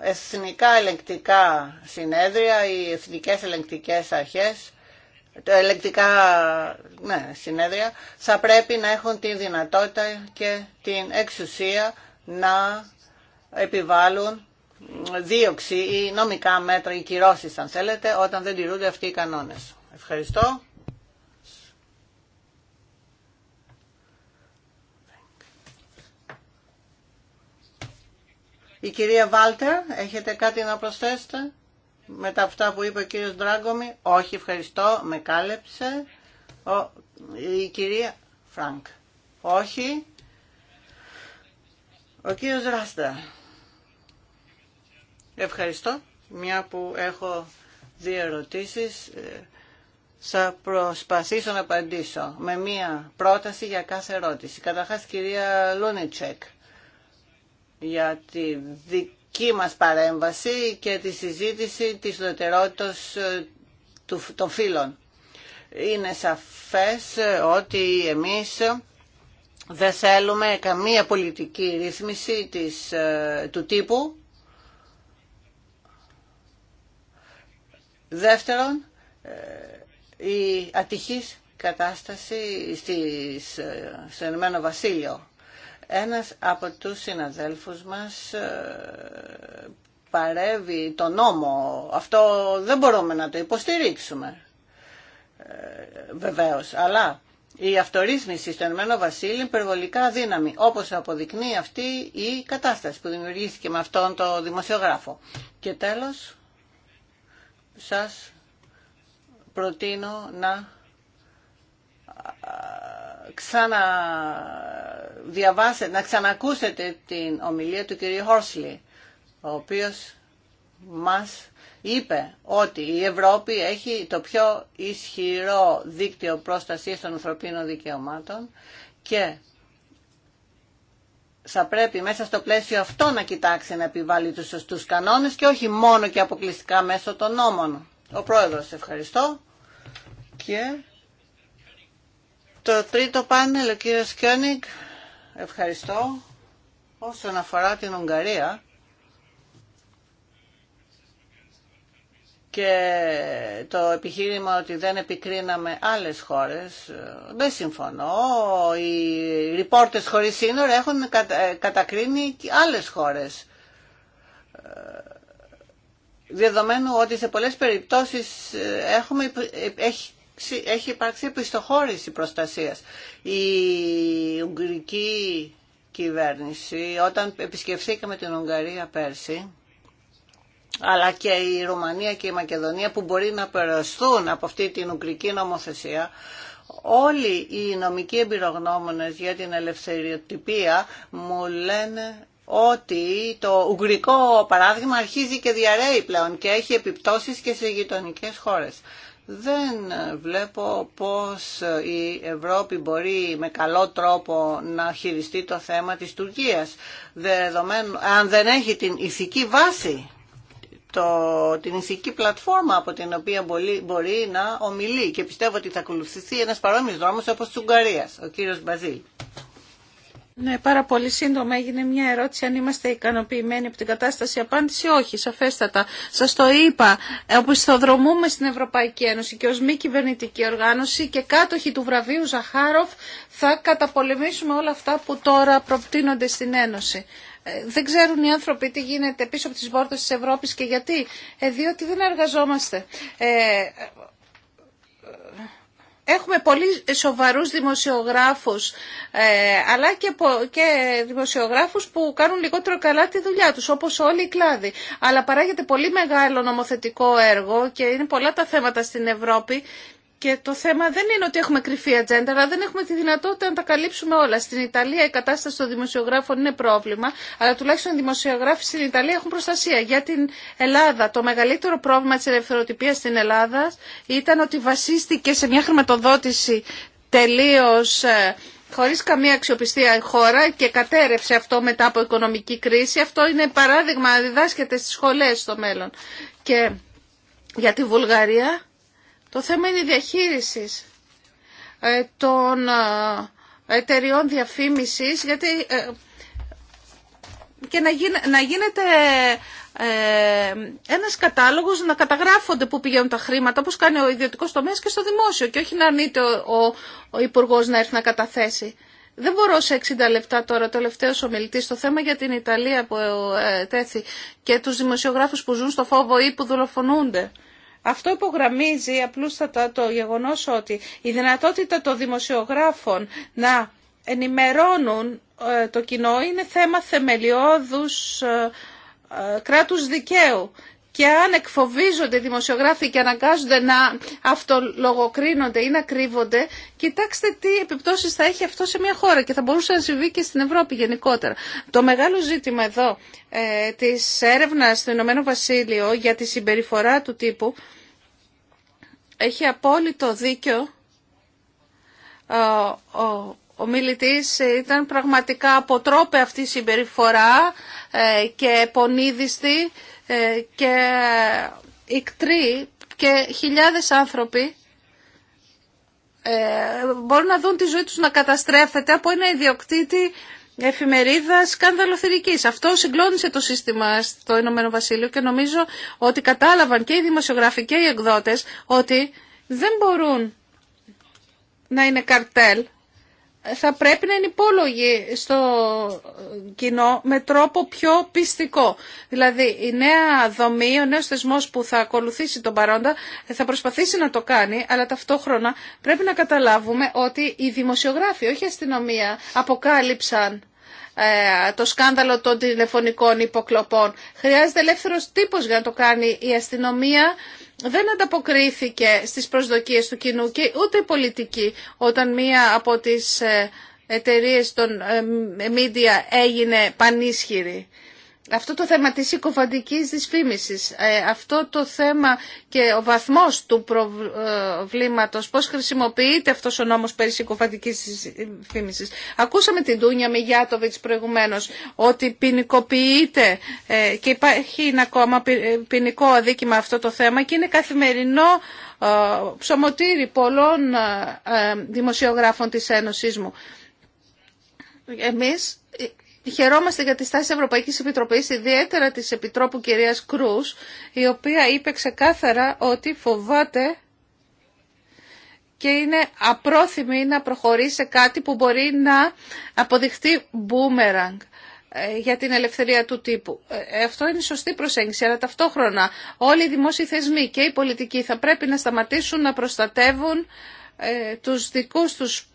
εθνικά ελεγκτικά συνέδρια, οι εθνικές ελεγκτικές αρχές, τα ελεγκτικά ναι, συνέδρια, θα πρέπει να έχουν τη δυνατότητα και την εξουσία να επιβάλλουν δίωξη ή νομικά μέτρα ή κυρώσεις αν θέλετε όταν δεν τηρούνται αυτοί οι κανόνες. Ευχαριστώ. Η κυρία Βάλτερ, έχετε κάτι να προσθέσετε με τα αυτά που είπε ο κύριος Ντράγκομι. Όχι, ευχαριστώ, με κάλεψε. Ο, η κυρία Φρανκ. Όχι. Ο κύριος Ράστα. Ευχαριστώ. Μια που έχω δύο ερωτήσεις, ε, θα προσπαθήσω να απαντήσω με μία πρόταση για κάθε ερώτηση. Καταρχάς, κυρία Λούνιτσεκ, για τη δική μας παρέμβαση και τη συζήτηση της δοτερότητας ε, των φύλων. Είναι σαφές ε, ότι εμείς ε, δεν θέλουμε καμία πολιτική ρύθμιση του τύπου. Δεύτερον, η ατυχής κατάσταση στις, στο Ηνωμένο Βασίλειο ένας από τους συναδέλφους μας ε, παρεύει τον νόμο. Αυτό δεν μπορούμε να το υποστηρίξουμε. Ε, βεβαίως, αλλά η αυτορύθμιση στο Ενωμένο Βασίλειο είναι υπερβολικά δύναμη, όπως αποδεικνύει αυτή η κατάσταση που δημιουργήθηκε με αυτόν τον δημοσιογράφο. Και τέλος, σας προτείνω να ξαναδιαβάσετε, να ξανακούσετε την ομιλία του κυρίου Χόρσλι, ο οποίος μας είπε ότι η Ευρώπη έχει το πιο ισχυρό δίκτυο πρόστασης των ανθρωπίνων δικαιωμάτων και θα πρέπει μέσα στο πλαίσιο αυτό να κοιτάξει να επιβάλλει τους σωστούς κανόνες και όχι μόνο και αποκλειστικά μέσω των νόμων. Ο Πρόεδρος, ευχαριστώ και το τρίτο πάνελ, ο κύριος Κιόνικ, ευχαριστώ. Όσον αφορά την Ουγγαρία και το επιχείρημα ότι δεν επικρίναμε άλλες χώρες, δεν συμφωνώ. Οι ρηπόρτες χωρίς σύνορα έχουν κατακρίνει και άλλες χώρες δεδομένου ότι σε πολλές περιπτώσεις έχουμε, έχει έχει υπάρξει επιστοχώρηση προστασίας. Η Ουγγρική κυβέρνηση όταν επισκεφθήκαμε την Ουγγαρία πέρσι αλλά και η Ρουμανία και η Μακεδονία που μπορεί να περαστούν από αυτή την Ουγγρική νομοθεσία όλοι οι νομικοί εμπειρογνώμονες για την ελευθεριοτυπία μου λένε ότι το ουγγρικό παράδειγμα αρχίζει και διαρρέει πλέον και έχει επιπτώσεις και σε γειτονικέ χώρες δεν βλέπω πώς η Ευρώπη μπορεί με καλό τρόπο να χειριστεί το θέμα της Τουρκίας, δεδομένου, αν δεν έχει την ηθική βάση, το, την ηθική πλατφόρμα από την οποία μπορεί, μπορεί να ομιλεί και πιστεύω ότι θα ακολουθηθεί ένας παρόμοιος δρόμος όπως της Ουγγαρίας, ο κύριος Μπαζίλ. Ναι, πάρα πολύ σύντομα έγινε μια ερώτηση αν είμαστε ικανοποιημένοι από την κατάσταση. Απάντηση όχι, σαφέστατα. Σα το είπα. Οπισθοδρομούμε στην Ευρωπαϊκή Ένωση και ω μη κυβερνητική οργάνωση και κάτοχοι του βραβείου Ζαχάροφ θα καταπολεμήσουμε όλα αυτά που τώρα προπτύνονται στην Ένωση. Ε, δεν ξέρουν οι άνθρωποι τι γίνεται πίσω από τις πόρτες της Ευρώπης και γιατί. Ε, διότι δεν εργαζόμαστε. Ε, Έχουμε πολύ σοβαρούς δημοσιογράφους, ε, αλλά και, και δημοσιογράφους που κάνουν λιγότερο καλά τη δουλειά τους, όπως όλοι οι κλάδοι. Αλλά παράγεται πολύ μεγάλο νομοθετικό έργο και είναι πολλά τα θέματα στην Ευρώπη και το θέμα δεν είναι ότι έχουμε κρυφή ατζέντα, αλλά δεν έχουμε τη δυνατότητα να τα καλύψουμε όλα. Στην Ιταλία η κατάσταση των δημοσιογράφων είναι πρόβλημα, αλλά τουλάχιστον οι δημοσιογράφοι στην Ιταλία έχουν προστασία. Για την Ελλάδα, το μεγαλύτερο πρόβλημα τη ελευθεροτυπία στην Ελλάδα ήταν ότι βασίστηκε σε μια χρηματοδότηση τελείω ε, χωρίς καμία αξιοπιστία η χώρα και κατέρευσε αυτό μετά από οικονομική κρίση. Αυτό είναι παράδειγμα, διδάσκεται στις σχολές στο μέλλον. Και για τη Βουλγαρία το θέμα είναι η διαχείριση ε, των ε, εταιριών διαφήμισης, γιατί ε, και να, γίνεται ένας κατάλογος να καταγράφονται που πηγαίνουν τα χρήματα, όπως κάνει ο ιδιωτικός τομέας και στο δημόσιο και όχι να αρνείται ο, ο υπουργός να έρθει να καταθέσει. Δεν μπορώ σε 60 λεπτά τώρα, τελευταίος ομιλητής, το θέμα για την Ιταλία που τέθη και τους δημοσιογράφους που ζουν στο φόβο ή που δολοφονούνται. Αυτό υπογραμμίζει απλούστατα το γεγονός ότι η δυνατότητα των δημοσιογράφων να ενημερώνουν ε, το κοινό είναι θέμα θεμελιώδους ε, ε, κράτους δικαίου και αν εκφοβίζονται οι δημοσιογράφοι και αναγκάζονται να αυτολογοκρίνονται ή να κρύβονται, κοιτάξτε τι επιπτώσεις θα έχει αυτό σε μια χώρα και θα μπορούσε να συμβεί και στην Ευρώπη γενικότερα. Το μεγάλο ζήτημα εδώ ε, της έρευνας στο Ηνωμένο Βασίλειο για τη συμπεριφορά του τύπου έχει απόλυτο δίκιο ε, ο, ο, ήταν πραγματικά αποτρόπε αυτή η συμπεριφορά ε, και πονίδιστη ε, και ικτροί και χιλιάδες άνθρωποι ε, μπορούν να δουν τη ζωή τους να καταστρέφεται από ένα ιδιοκτήτη εφημερίδα σκανδαλοθυρική. Αυτό συγκλώνησε το σύστημα στο Ηνωμένο Βασίλειο και νομίζω ότι κατάλαβαν και οι δημοσιογράφοι και οι εκδότε ότι δεν μπορούν να είναι καρτέλ θα πρέπει να είναι υπόλογοι στο κοινό με τρόπο πιο πιστικό. Δηλαδή η νέα δομή, ο νέος θεσμός που θα ακολουθήσει τον παρόντα θα προσπαθήσει να το κάνει, αλλά ταυτόχρονα πρέπει να καταλάβουμε ότι οι δημοσιογράφοι, όχι η αστυνομία, αποκάλυψαν ε, το σκάνδαλο των τηλεφωνικών υποκλοπών. Χρειάζεται ελεύθερος τύπος για να το κάνει η αστυνομία δεν ανταποκρίθηκε στις προσδοκίες του κοινού και ούτε η πολιτική όταν μία από τις ε, εταιρείες των ε, media έγινε πανίσχυρη αυτό το θέμα της συκοφαντικής δυσφήμισης, ε, αυτό το θέμα και ο βαθμός του προβλήματος, πώς χρησιμοποιείται αυτός ο νόμος περί συκοφαντικής δυσφήμισης. Ακούσαμε την Τούνια Μιγιάτοβιτς προηγουμένως ότι ποινικοποιείται ε, και υπάρχει ακόμα ε, ποινικό αδίκημα αυτό το θέμα και είναι καθημερινό ψωμοτήρι πολλών δημοσιογράφων της Ένωσής μου. Εμείς Χαιρόμαστε για τη στάση Ευρωπαϊκής Επιτροπής, ιδιαίτερα της Επιτρόπου κυρίας Κρούς, η οποία είπε ξεκάθαρα ότι φοβάται και είναι απρόθυμη να προχωρήσει σε κάτι που μπορεί να αποδειχτεί μπούμεραγκ για την ελευθερία του τύπου. Ε, αυτό είναι σωστή προσέγγιση, αλλά ταυτόχρονα όλοι οι δημόσιοι θεσμοί και οι πολιτικοί θα πρέπει να σταματήσουν να προστατεύουν ε, τους δικούς τους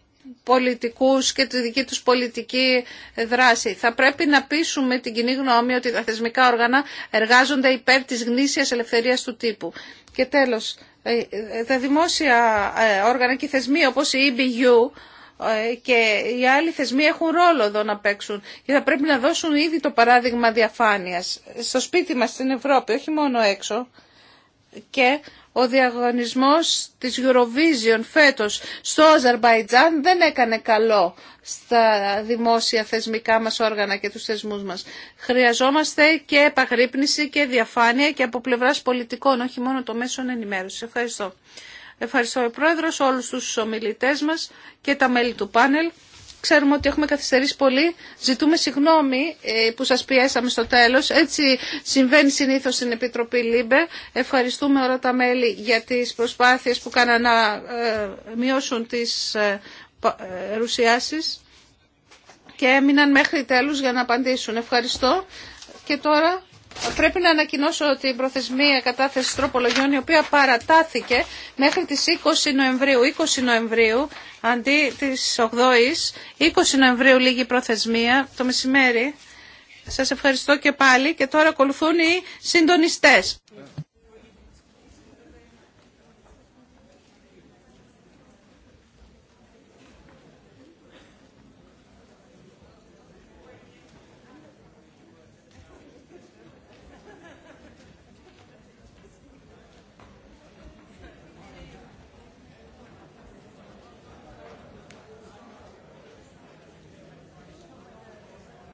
πολιτικούς και τη δική τους πολιτική δράση. Θα πρέπει να πείσουμε την κοινή γνώμη ότι τα θεσμικά όργανα εργάζονται υπέρ της γνήσιας ελευθερίας του τύπου. Και τέλος, ε, ε, τα δημόσια ε, όργανα και θεσμοί όπως η EBU και οι άλλοι θεσμοί έχουν ρόλο εδώ να παίξουν και θα πρέπει να δώσουν ήδη το παράδειγμα διαφάνειας στο σπίτι μας στην Ευρώπη, όχι μόνο έξω και ο διαγωνισμός της Eurovision φέτος στο Αζερβαϊτζάν δεν έκανε καλό στα δημόσια θεσμικά μας όργανα και τους θεσμούς μας. Χρειαζόμαστε και επαγρύπνηση και διαφάνεια και από πλευράς πολιτικών, όχι μόνο το μέσων ενημέρωση. Ευχαριστώ. Ευχαριστώ ο Πρόεδρος, όλους τους ομιλητές μας και τα μέλη του πάνελ. Ξέρουμε ότι έχουμε καθυστερήσει πολύ. Ζητούμε συγγνώμη ε, που σας πιέσαμε στο τέλος. Έτσι συμβαίνει συνήθως στην Επιτροπή ΛΥΜΠΕ. Ευχαριστούμε όλα τα μέλη για τις προσπάθειες που κάναν να ε, μειώσουν τις ε, ρουσιάσεις και έμειναν μέχρι τέλους για να απαντήσουν. Ευχαριστώ. Και τώρα Πρέπει να ανακοινώσω την προθεσμία κατάθεση τροπολογιών η οποία παρατάθηκε μέχρι τις 20 Νοεμβρίου. 20 Νοεμβρίου αντί της 8ης, 20 Νοεμβρίου λίγη προθεσμία το μεσημέρι. Σας ευχαριστώ και πάλι και τώρα ακολουθούν οι συντονιστές.